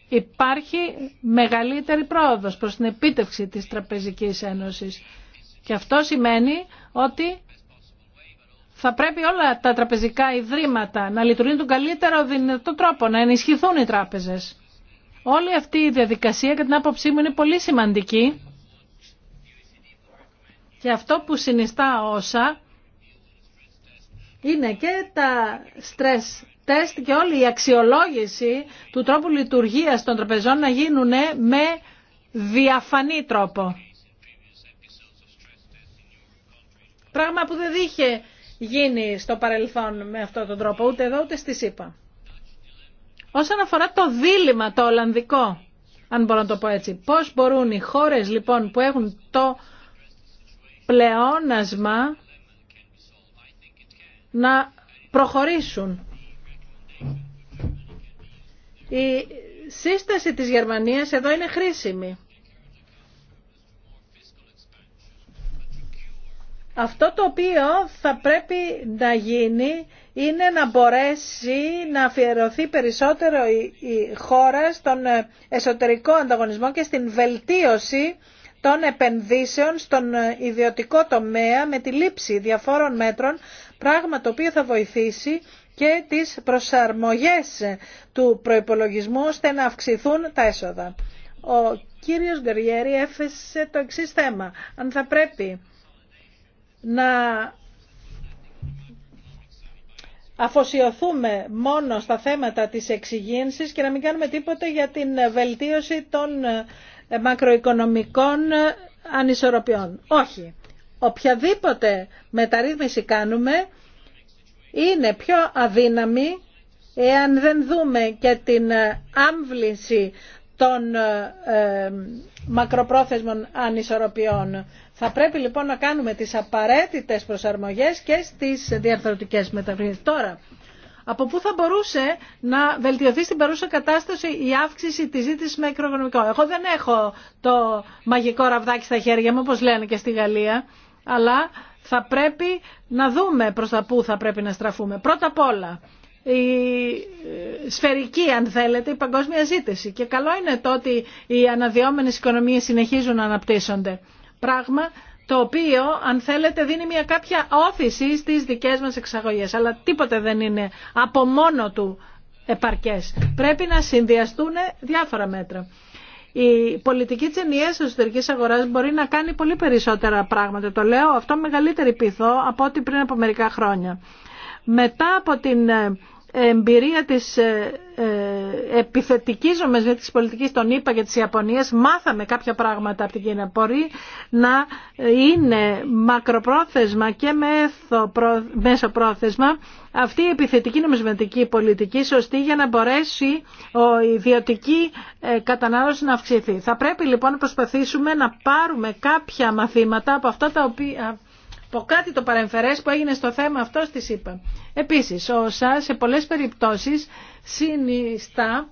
υπάρχει μεγαλύτερη πρόοδος προς την επίτευξη της Τραπεζικής Ένωσης. Και αυτό σημαίνει ότι θα πρέπει όλα τα τραπεζικά ιδρύματα να λειτουργούν τον καλύτερο δυνατό τρόπο, να ενισχυθούν οι τράπεζες. Όλη αυτή η διαδικασία, κατά την άποψή μου, είναι πολύ σημαντική και αυτό που συνιστά όσα είναι και τα stress τεστ και όλη η αξιολόγηση του τρόπου λειτουργίας των τραπεζών να γίνουν με διαφανή τρόπο. Πράγμα που δεν είχε γίνει στο παρελθόν με αυτόν τον τρόπο, ούτε εδώ ούτε στη ΣΥΠΑ. Όσον αφορά το δίλημα το Ολλανδικό, αν μπορώ να το πω έτσι, πώς μπορούν οι χώρες λοιπόν που έχουν το πλεόνασμα να προχωρήσουν. Η σύσταση της Γερμανίας εδώ είναι χρήσιμη. Αυτό το οποίο θα πρέπει να γίνει είναι να μπορέσει να αφιερωθεί περισσότερο η χώρα στον εσωτερικό ανταγωνισμό και στην βελτίωση των επενδύσεων στον ιδιωτικό τομέα με τη λήψη διαφόρων μέτρων, πράγμα το οποίο θα βοηθήσει και τις προσαρμογές του προϋπολογισμού ώστε να αυξηθούν τα έσοδα. Ο κύριος Γκαριέρη έφεσε το εξή θέμα. Αν θα πρέπει να αφοσιωθούμε μόνο στα θέματα της εξηγήνσης... και να μην κάνουμε τίποτε για την βελτίωση των μακροοικονομικών ανισορροπιών. Όχι. Οποιαδήποτε μεταρρύθμιση κάνουμε είναι πιο αδύναμη εάν δεν δούμε και την ε, άμβληση των ε, ε, μακροπρόθεσμων ανισορροπιών. Θα πρέπει λοιπόν να κάνουμε τις απαραίτητες προσαρμογές και στις διαρθρωτικές μεταβλήσεις. Τώρα, από πού θα μπορούσε να βελτιωθεί στην παρούσα κατάσταση η αύξηση της ζήτησης με οικονομικό. Εγώ δεν έχω το μαγικό ραβδάκι στα χέρια μου, όπως λένε και στη Γαλλία, αλλά θα πρέπει να δούμε προς τα πού θα πρέπει να στραφούμε. Πρώτα απ' όλα, η ε, σφαιρική αν θέλετε η παγκόσμια ζήτηση και καλό είναι το ότι οι αναδυόμενες οικονομίες συνεχίζουν να αναπτύσσονται. Πράγμα το οποίο αν θέλετε δίνει μια κάποια όθηση στις δικές μας εξαγωγές αλλά τίποτε δεν είναι από μόνο του επαρκές. Πρέπει να συνδυαστούν διάφορα μέτρα. Η πολιτική της ενιαίας εσωτερικής αγοράς μπορεί να κάνει πολύ περισσότερα πράγματα. Το λέω αυτό μεγαλύτερη πειθό από ό,τι πριν από μερικά χρόνια. Μετά από την ε, εμπειρία της ε, ε, επιθετικής νομεσβήτης πολιτικής των ΗΠΑ και της Ιαπωνίας μάθαμε κάποια πράγματα από την Κίνα. Μπορεί να είναι μακροπρόθεσμα και μέσοπρόθεσμα αυτή η επιθετική νομισματική πολιτική σωστή για να μπορέσει η ιδιωτική ε, κατανάλωση να αυξηθεί. Θα πρέπει λοιπόν να προσπαθήσουμε να πάρουμε κάποια μαθήματα από αυτά τα οποία από κάτι το παρεμφερές που έγινε στο θέμα αυτό τη είπα. Επίσης, όσα σε πολλές περιπτώσεις συνιστά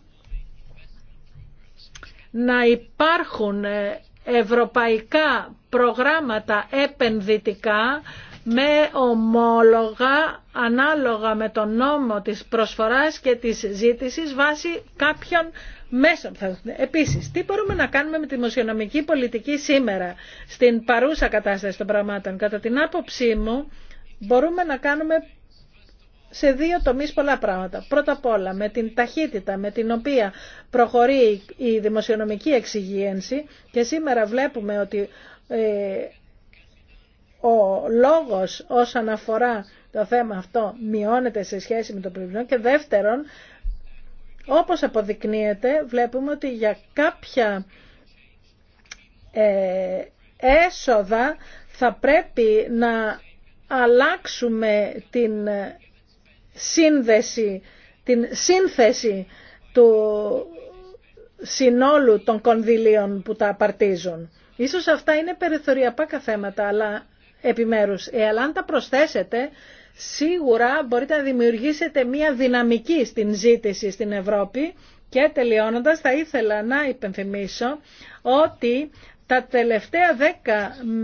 να υπάρχουν ε, ευρωπαϊκά προγράμματα επενδυτικά με ομόλογα ανάλογα με τον νόμο της προσφοράς και της ζήτησης βάσει κάποιων μέσα Επίσης, τι μπορούμε να κάνουμε με τη δημοσιονομική πολιτική σήμερα στην παρούσα κατάσταση των πραγμάτων. Κατά την άποψή μου, μπορούμε να κάνουμε σε δύο τομείς πολλά πράγματα. Πρώτα απ' όλα με την ταχύτητα με την οποία προχωρεί η δημοσιονομική εξυγίανση και σήμερα βλέπουμε ότι ε, ο λόγος όσον αφορά το θέμα αυτό μειώνεται σε σχέση με το προηγούμενο και δεύτερον όπως αποδεικνύεται, βλέπουμε ότι για κάποια ε, έσοδα θα πρέπει να αλλάξουμε την ε, σύνδεση, την σύνθεση του συνόλου των κονδυλίων που τα απαρτίζουν. Ίσως αυτά είναι περιθωριακά θέματα, αλλά επιμέρους. Ε, αλλά αν τα προσθέσετε σίγουρα μπορείτε να δημιουργήσετε μία δυναμική στην ζήτηση στην Ευρώπη και τελειώνοντας θα ήθελα να υπενθυμίσω ότι τα τελευταία 10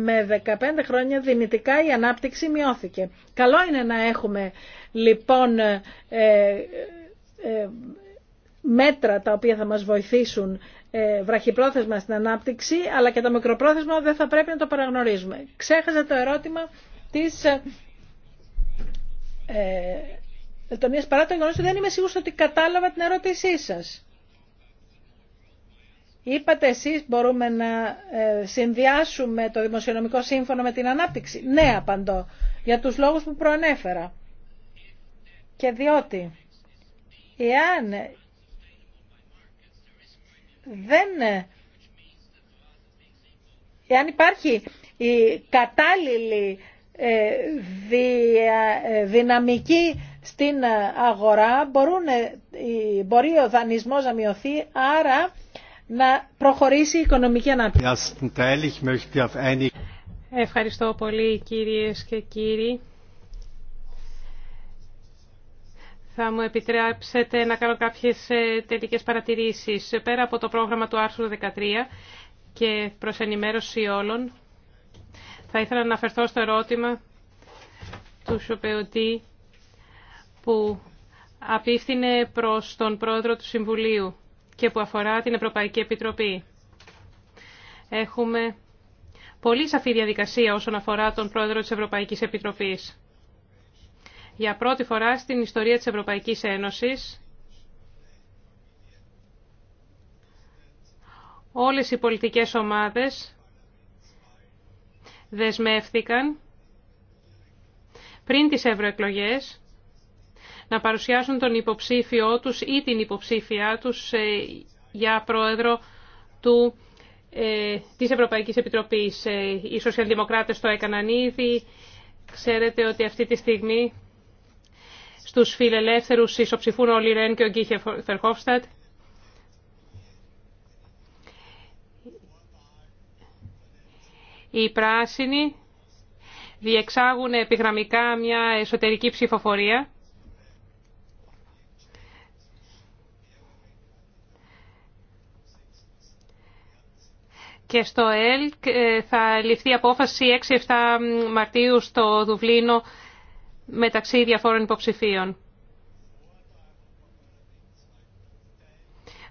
με 15 χρόνια δυνητικά η ανάπτυξη μειώθηκε. Καλό είναι να έχουμε λοιπόν ε, ε, ε, μέτρα τα οποία θα μας βοηθήσουν ε, βραχυπρόθεσμα στην ανάπτυξη, αλλά και το μικροπρόθεσμα δεν θα πρέπει να το παραγνωρίζουμε. Ξέχασα το ερώτημα της λεπτομέρειες παρά το γεγονός ότι δεν είμαι σίγουρος ότι κατάλαβα την ερώτησή σας. Είπατε εσείς μπορούμε να ε, συνδυάσουμε το δημοσιονομικό σύμφωνο με την ανάπτυξη. Ναι, απαντώ, για τους λόγους που προανέφερα. Και διότι, εάν δεν... Εάν υπάρχει η κατάλληλη ε, ε, δυναμική στην αγορά μπορούν, ε, μπορεί ο δανεισμός να μειωθεί άρα να προχωρήσει η οικονομική ανάπτυξη. Ευχαριστώ πολύ κυρίες και κύριοι. Θα μου επιτρέψετε να κάνω κάποιες τελικές παρατηρήσεις. Πέρα από το πρόγραμμα του άρθρου 13 και προς ενημέρωση όλων, θα ήθελα να αναφερθώ στο ερώτημα του Σοπεωτή που απίφθινε προς τον πρόεδρο του Συμβουλίου και που αφορά την Ευρωπαϊκή Επιτροπή. Έχουμε πολύ σαφή διαδικασία όσον αφορά τον πρόεδρο της Ευρωπαϊκής Επιτροπής. Για πρώτη φορά στην ιστορία της Ευρωπαϊκής Ένωσης, όλες οι πολιτικές ομάδες δεσμεύθηκαν πριν τις ευρωεκλογέ να παρουσιάσουν τον υποψήφιό τους ή την υποψήφιά τους ε, για πρόεδρο του, ε, της Ευρωπαϊκής Επιτροπής. Ε, οι σοσιαλδημοκράτες το έκαναν ήδη. Ξέρετε ότι αυτή τη στιγμή στους φιλελεύθερους ισοψηφούν όλοι Λιρέν και ο Γκίχε Φερχόφστατ. Οι πράσινοι διεξάγουν επιγραμμικά μια εσωτερική ψηφοφορία. Και στο ΕΛΚ ε, θα ληφθεί απόφαση 6-7 Μαρτίου στο Δουβλίνο μεταξύ διαφόρων υποψηφίων.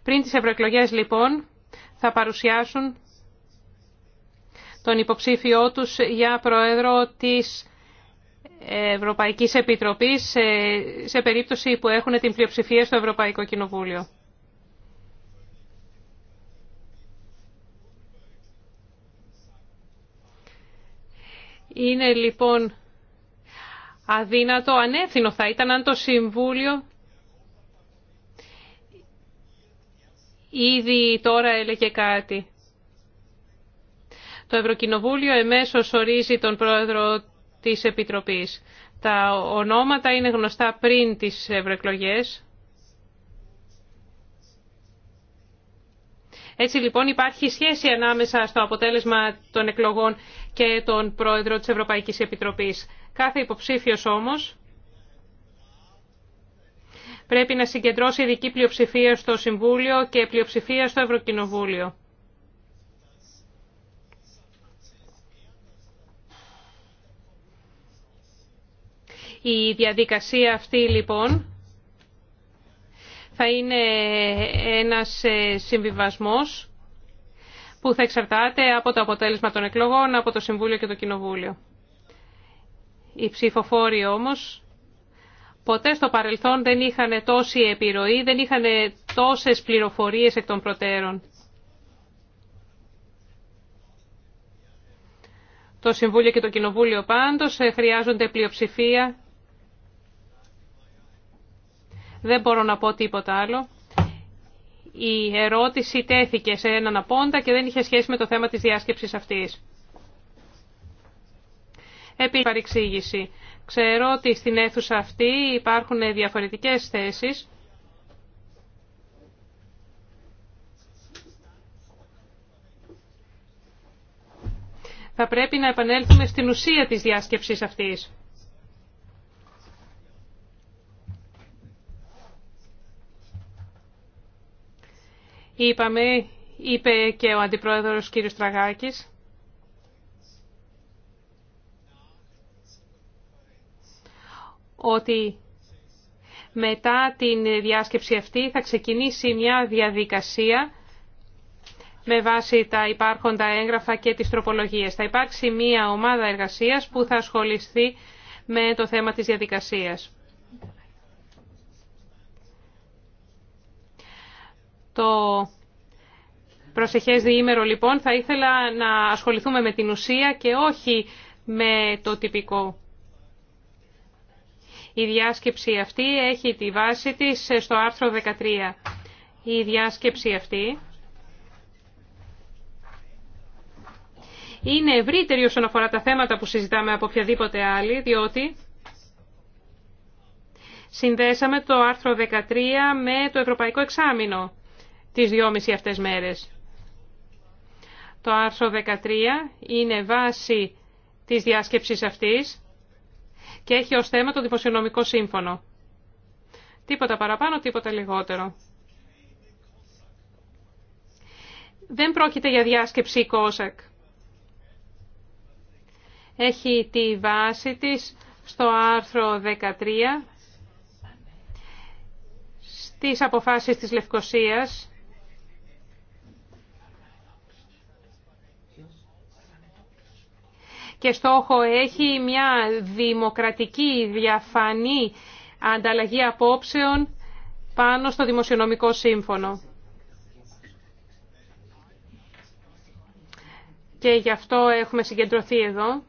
Πριν τις ευρωεκλογές λοιπόν θα παρουσιάσουν τον υποψήφιό τους για πρόεδρο της Ευρωπαϊκής Επιτροπής σε περίπτωση που έχουν την πλειοψηφία στο Ευρωπαϊκό Κοινοβούλιο. Είναι λοιπόν αδύνατο, ανέθυνο θα ήταν αν το Συμβούλιο ήδη τώρα έλεγε κάτι. Το Ευρωκοινοβούλιο εμέσως ορίζει τον πρόεδρο της Επιτροπής. Τα ονόματα είναι γνωστά πριν τις ευρωεκλογέ. Έτσι λοιπόν υπάρχει σχέση ανάμεσα στο αποτέλεσμα των εκλογών και τον πρόεδρο της Ευρωπαϊκής Επιτροπής. Κάθε υποψήφιος όμως πρέπει να συγκεντρώσει ειδική πλειοψηφία στο Συμβούλιο και πλειοψηφία στο Ευρωκοινοβούλιο. Η διαδικασία αυτή λοιπόν θα είναι ένας ε, συμβιβασμός που θα εξαρτάται από το αποτέλεσμα των εκλογών, από το Συμβούλιο και το Κοινοβούλιο. Οι ψηφοφόροι όμως ποτέ στο παρελθόν δεν είχαν τόση επιρροή, δεν είχαν τόσες πληροφορίες εκ των προτέρων. Το Συμβούλιο και το Κοινοβούλιο πάντως ε, χρειάζονται πλειοψηφία δεν μπορώ να πω τίποτα άλλο. Η ερώτηση τέθηκε σε έναν απόντα και δεν είχε σχέση με το θέμα της διάσκεψης αυτής. Επί παρεξήγηση. Ξέρω ότι στην αίθουσα αυτή υπάρχουν διαφορετικές θέσεις. Θα πρέπει να επανέλθουμε στην ουσία της διάσκεψης αυτής. Είπαμε, είπε και ο Αντιπρόεδρος κ. Τραγάκης, ότι μετά την διάσκεψη αυτή θα ξεκινήσει μια διαδικασία με βάση τα υπάρχοντα έγγραφα και τις τροπολογίες. Θα υπάρξει μια ομάδα εργασίας που θα ασχοληθεί με το θέμα της διαδικασίας. το προσεχές διήμερο λοιπόν θα ήθελα να ασχοληθούμε με την ουσία και όχι με το τυπικό. Η διάσκεψη αυτή έχει τη βάση της στο άρθρο 13. Η διάσκεψη αυτή είναι ευρύτερη όσον αφορά τα θέματα που συζητάμε από οποιαδήποτε άλλη, διότι συνδέσαμε το άρθρο 13 με το Ευρωπαϊκό Εξάμεινο τις δυόμιση αυτές μέρες. Το άρθρο 13 είναι βάση της διάσκεψης αυτής και έχει ως θέμα το Δημοσιονομικό Σύμφωνο. Τίποτα παραπάνω, τίποτα λιγότερο. Δεν πρόκειται για διάσκεψη ΚΟΣΑΚ. Έχει τη βάση της στο άρθρο 13 στις αποφάσεις της Λευκοσίας και στόχο έχει μια δημοκρατική, διαφανή ανταλλαγή απόψεων πάνω στο Δημοσιονομικό Σύμφωνο. Και γι' αυτό έχουμε συγκεντρωθεί εδώ.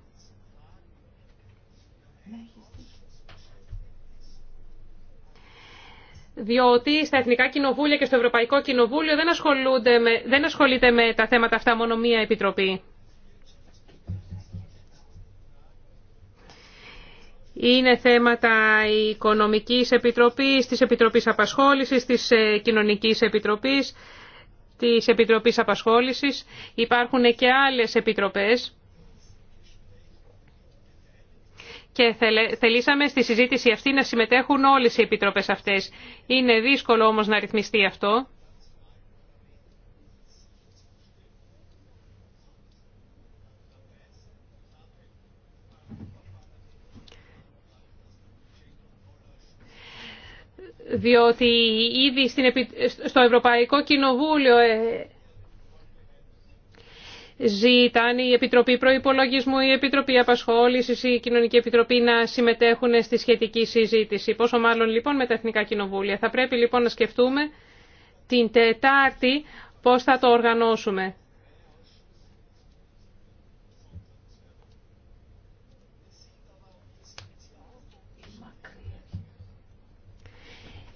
διότι στα Εθνικά Κοινοβούλια και στο Ευρωπαϊκό Κοινοβούλιο δεν, με, δεν ασχολείται με τα θέματα αυτά μόνο μία επιτροπή. Είναι θέματα Οικονομικής Επιτροπής, της Επιτροπής Απασχόλησης, της ε, Κοινωνικής Επιτροπής, της Επιτροπής Απασχόλησης. Υπάρχουν και άλλες επιτροπές. Και θελήσαμε στη συζήτηση αυτή να συμμετέχουν όλες οι επιτροπές αυτές. Είναι δύσκολο όμως να ρυθμιστεί αυτό. διότι ήδη στο Ευρωπαϊκό Κοινοβούλιο ε, ζητάνε η Επιτροπή Προϋπολογισμού, η Επιτροπή Απασχόλησης, η Κοινωνική Επιτροπή να συμμετέχουν στη σχετική συζήτηση. Πόσο μάλλον λοιπόν με τα Εθνικά Κοινοβούλια. Θα πρέπει λοιπόν να σκεφτούμε την Τετάρτη πώς θα το οργανώσουμε.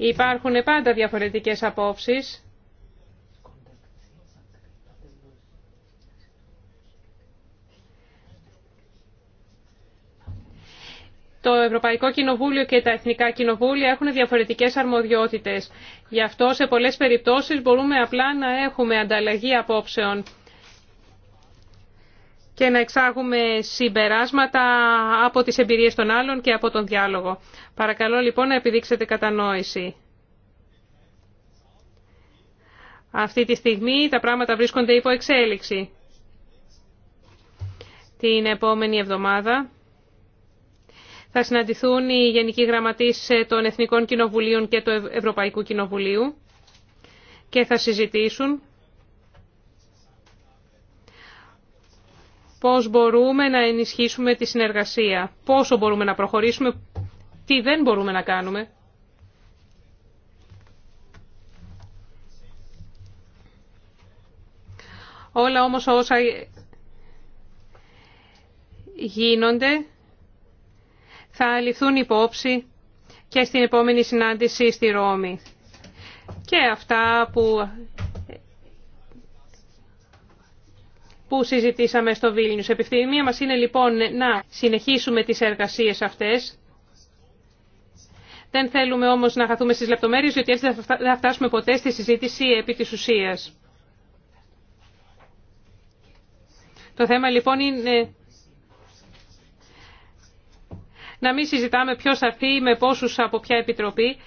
Υπάρχουν πάντα διαφορετικές απόψεις. το Ευρωπαϊκό Κοινοβούλιο και τα Εθνικά Κοινοβούλια έχουν διαφορετικές αρμοδιότητες. Γι' αυτό σε πολλές περιπτώσεις μπορούμε απλά να έχουμε ανταλλαγή απόψεων και να εξάγουμε συμπεράσματα από τις εμπειρίες των άλλων και από τον διάλογο. Παρακαλώ λοιπόν να επιδείξετε κατανόηση. Αυτή τη στιγμή τα πράγματα βρίσκονται υπό εξέλιξη. Την επόμενη εβδομάδα θα συναντηθούν οι Γενικοί Γραμματείς των Εθνικών Κοινοβουλίων και του Ευρωπαϊκού Κοινοβουλίου και θα συζητήσουν πώς μπορούμε να ενισχύσουμε τη συνεργασία, πόσο μπορούμε να προχωρήσουμε, τι δεν μπορούμε να κάνουμε. Όλα όμως όσα γίνονται θα ληφθούν υπόψη και στην επόμενη συνάντηση στη Ρώμη. Και αυτά που που συζητήσαμε στο Βίλνιους. Επιθυμία μας είναι λοιπόν να συνεχίσουμε τις εργασίες αυτές. Δεν θέλουμε όμως να χαθούμε στις λεπτομέρειες, διότι έτσι δεν θα φτάσουμε ποτέ στη συζήτηση επί της ουσίας. Το θέμα λοιπόν είναι να μην συζητάμε ποιος θα με πόσους από ποια επιτροπή,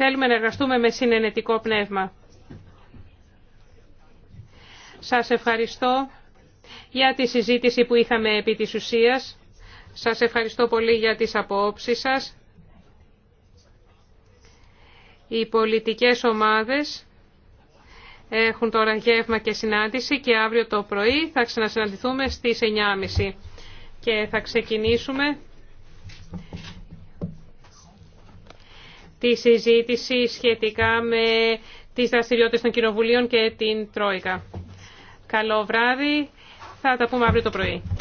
Θέλουμε να εργαστούμε με συνενετικό πνεύμα. Σας ευχαριστώ για τη συζήτηση που είχαμε επί της ουσίας. Σας ευχαριστώ πολύ για τις απόψεις σας. Οι πολιτικές ομάδες έχουν τώρα γεύμα και συνάντηση και αύριο το πρωί θα ξανασυναντηθούμε στις 9.30 και θα ξεκινήσουμε τη συζήτηση σχετικά με τις δραστηριότητες των κοινοβουλίων και την Τρόικα. Καλό βράδυ. Θα τα πούμε αύριο το πρωί.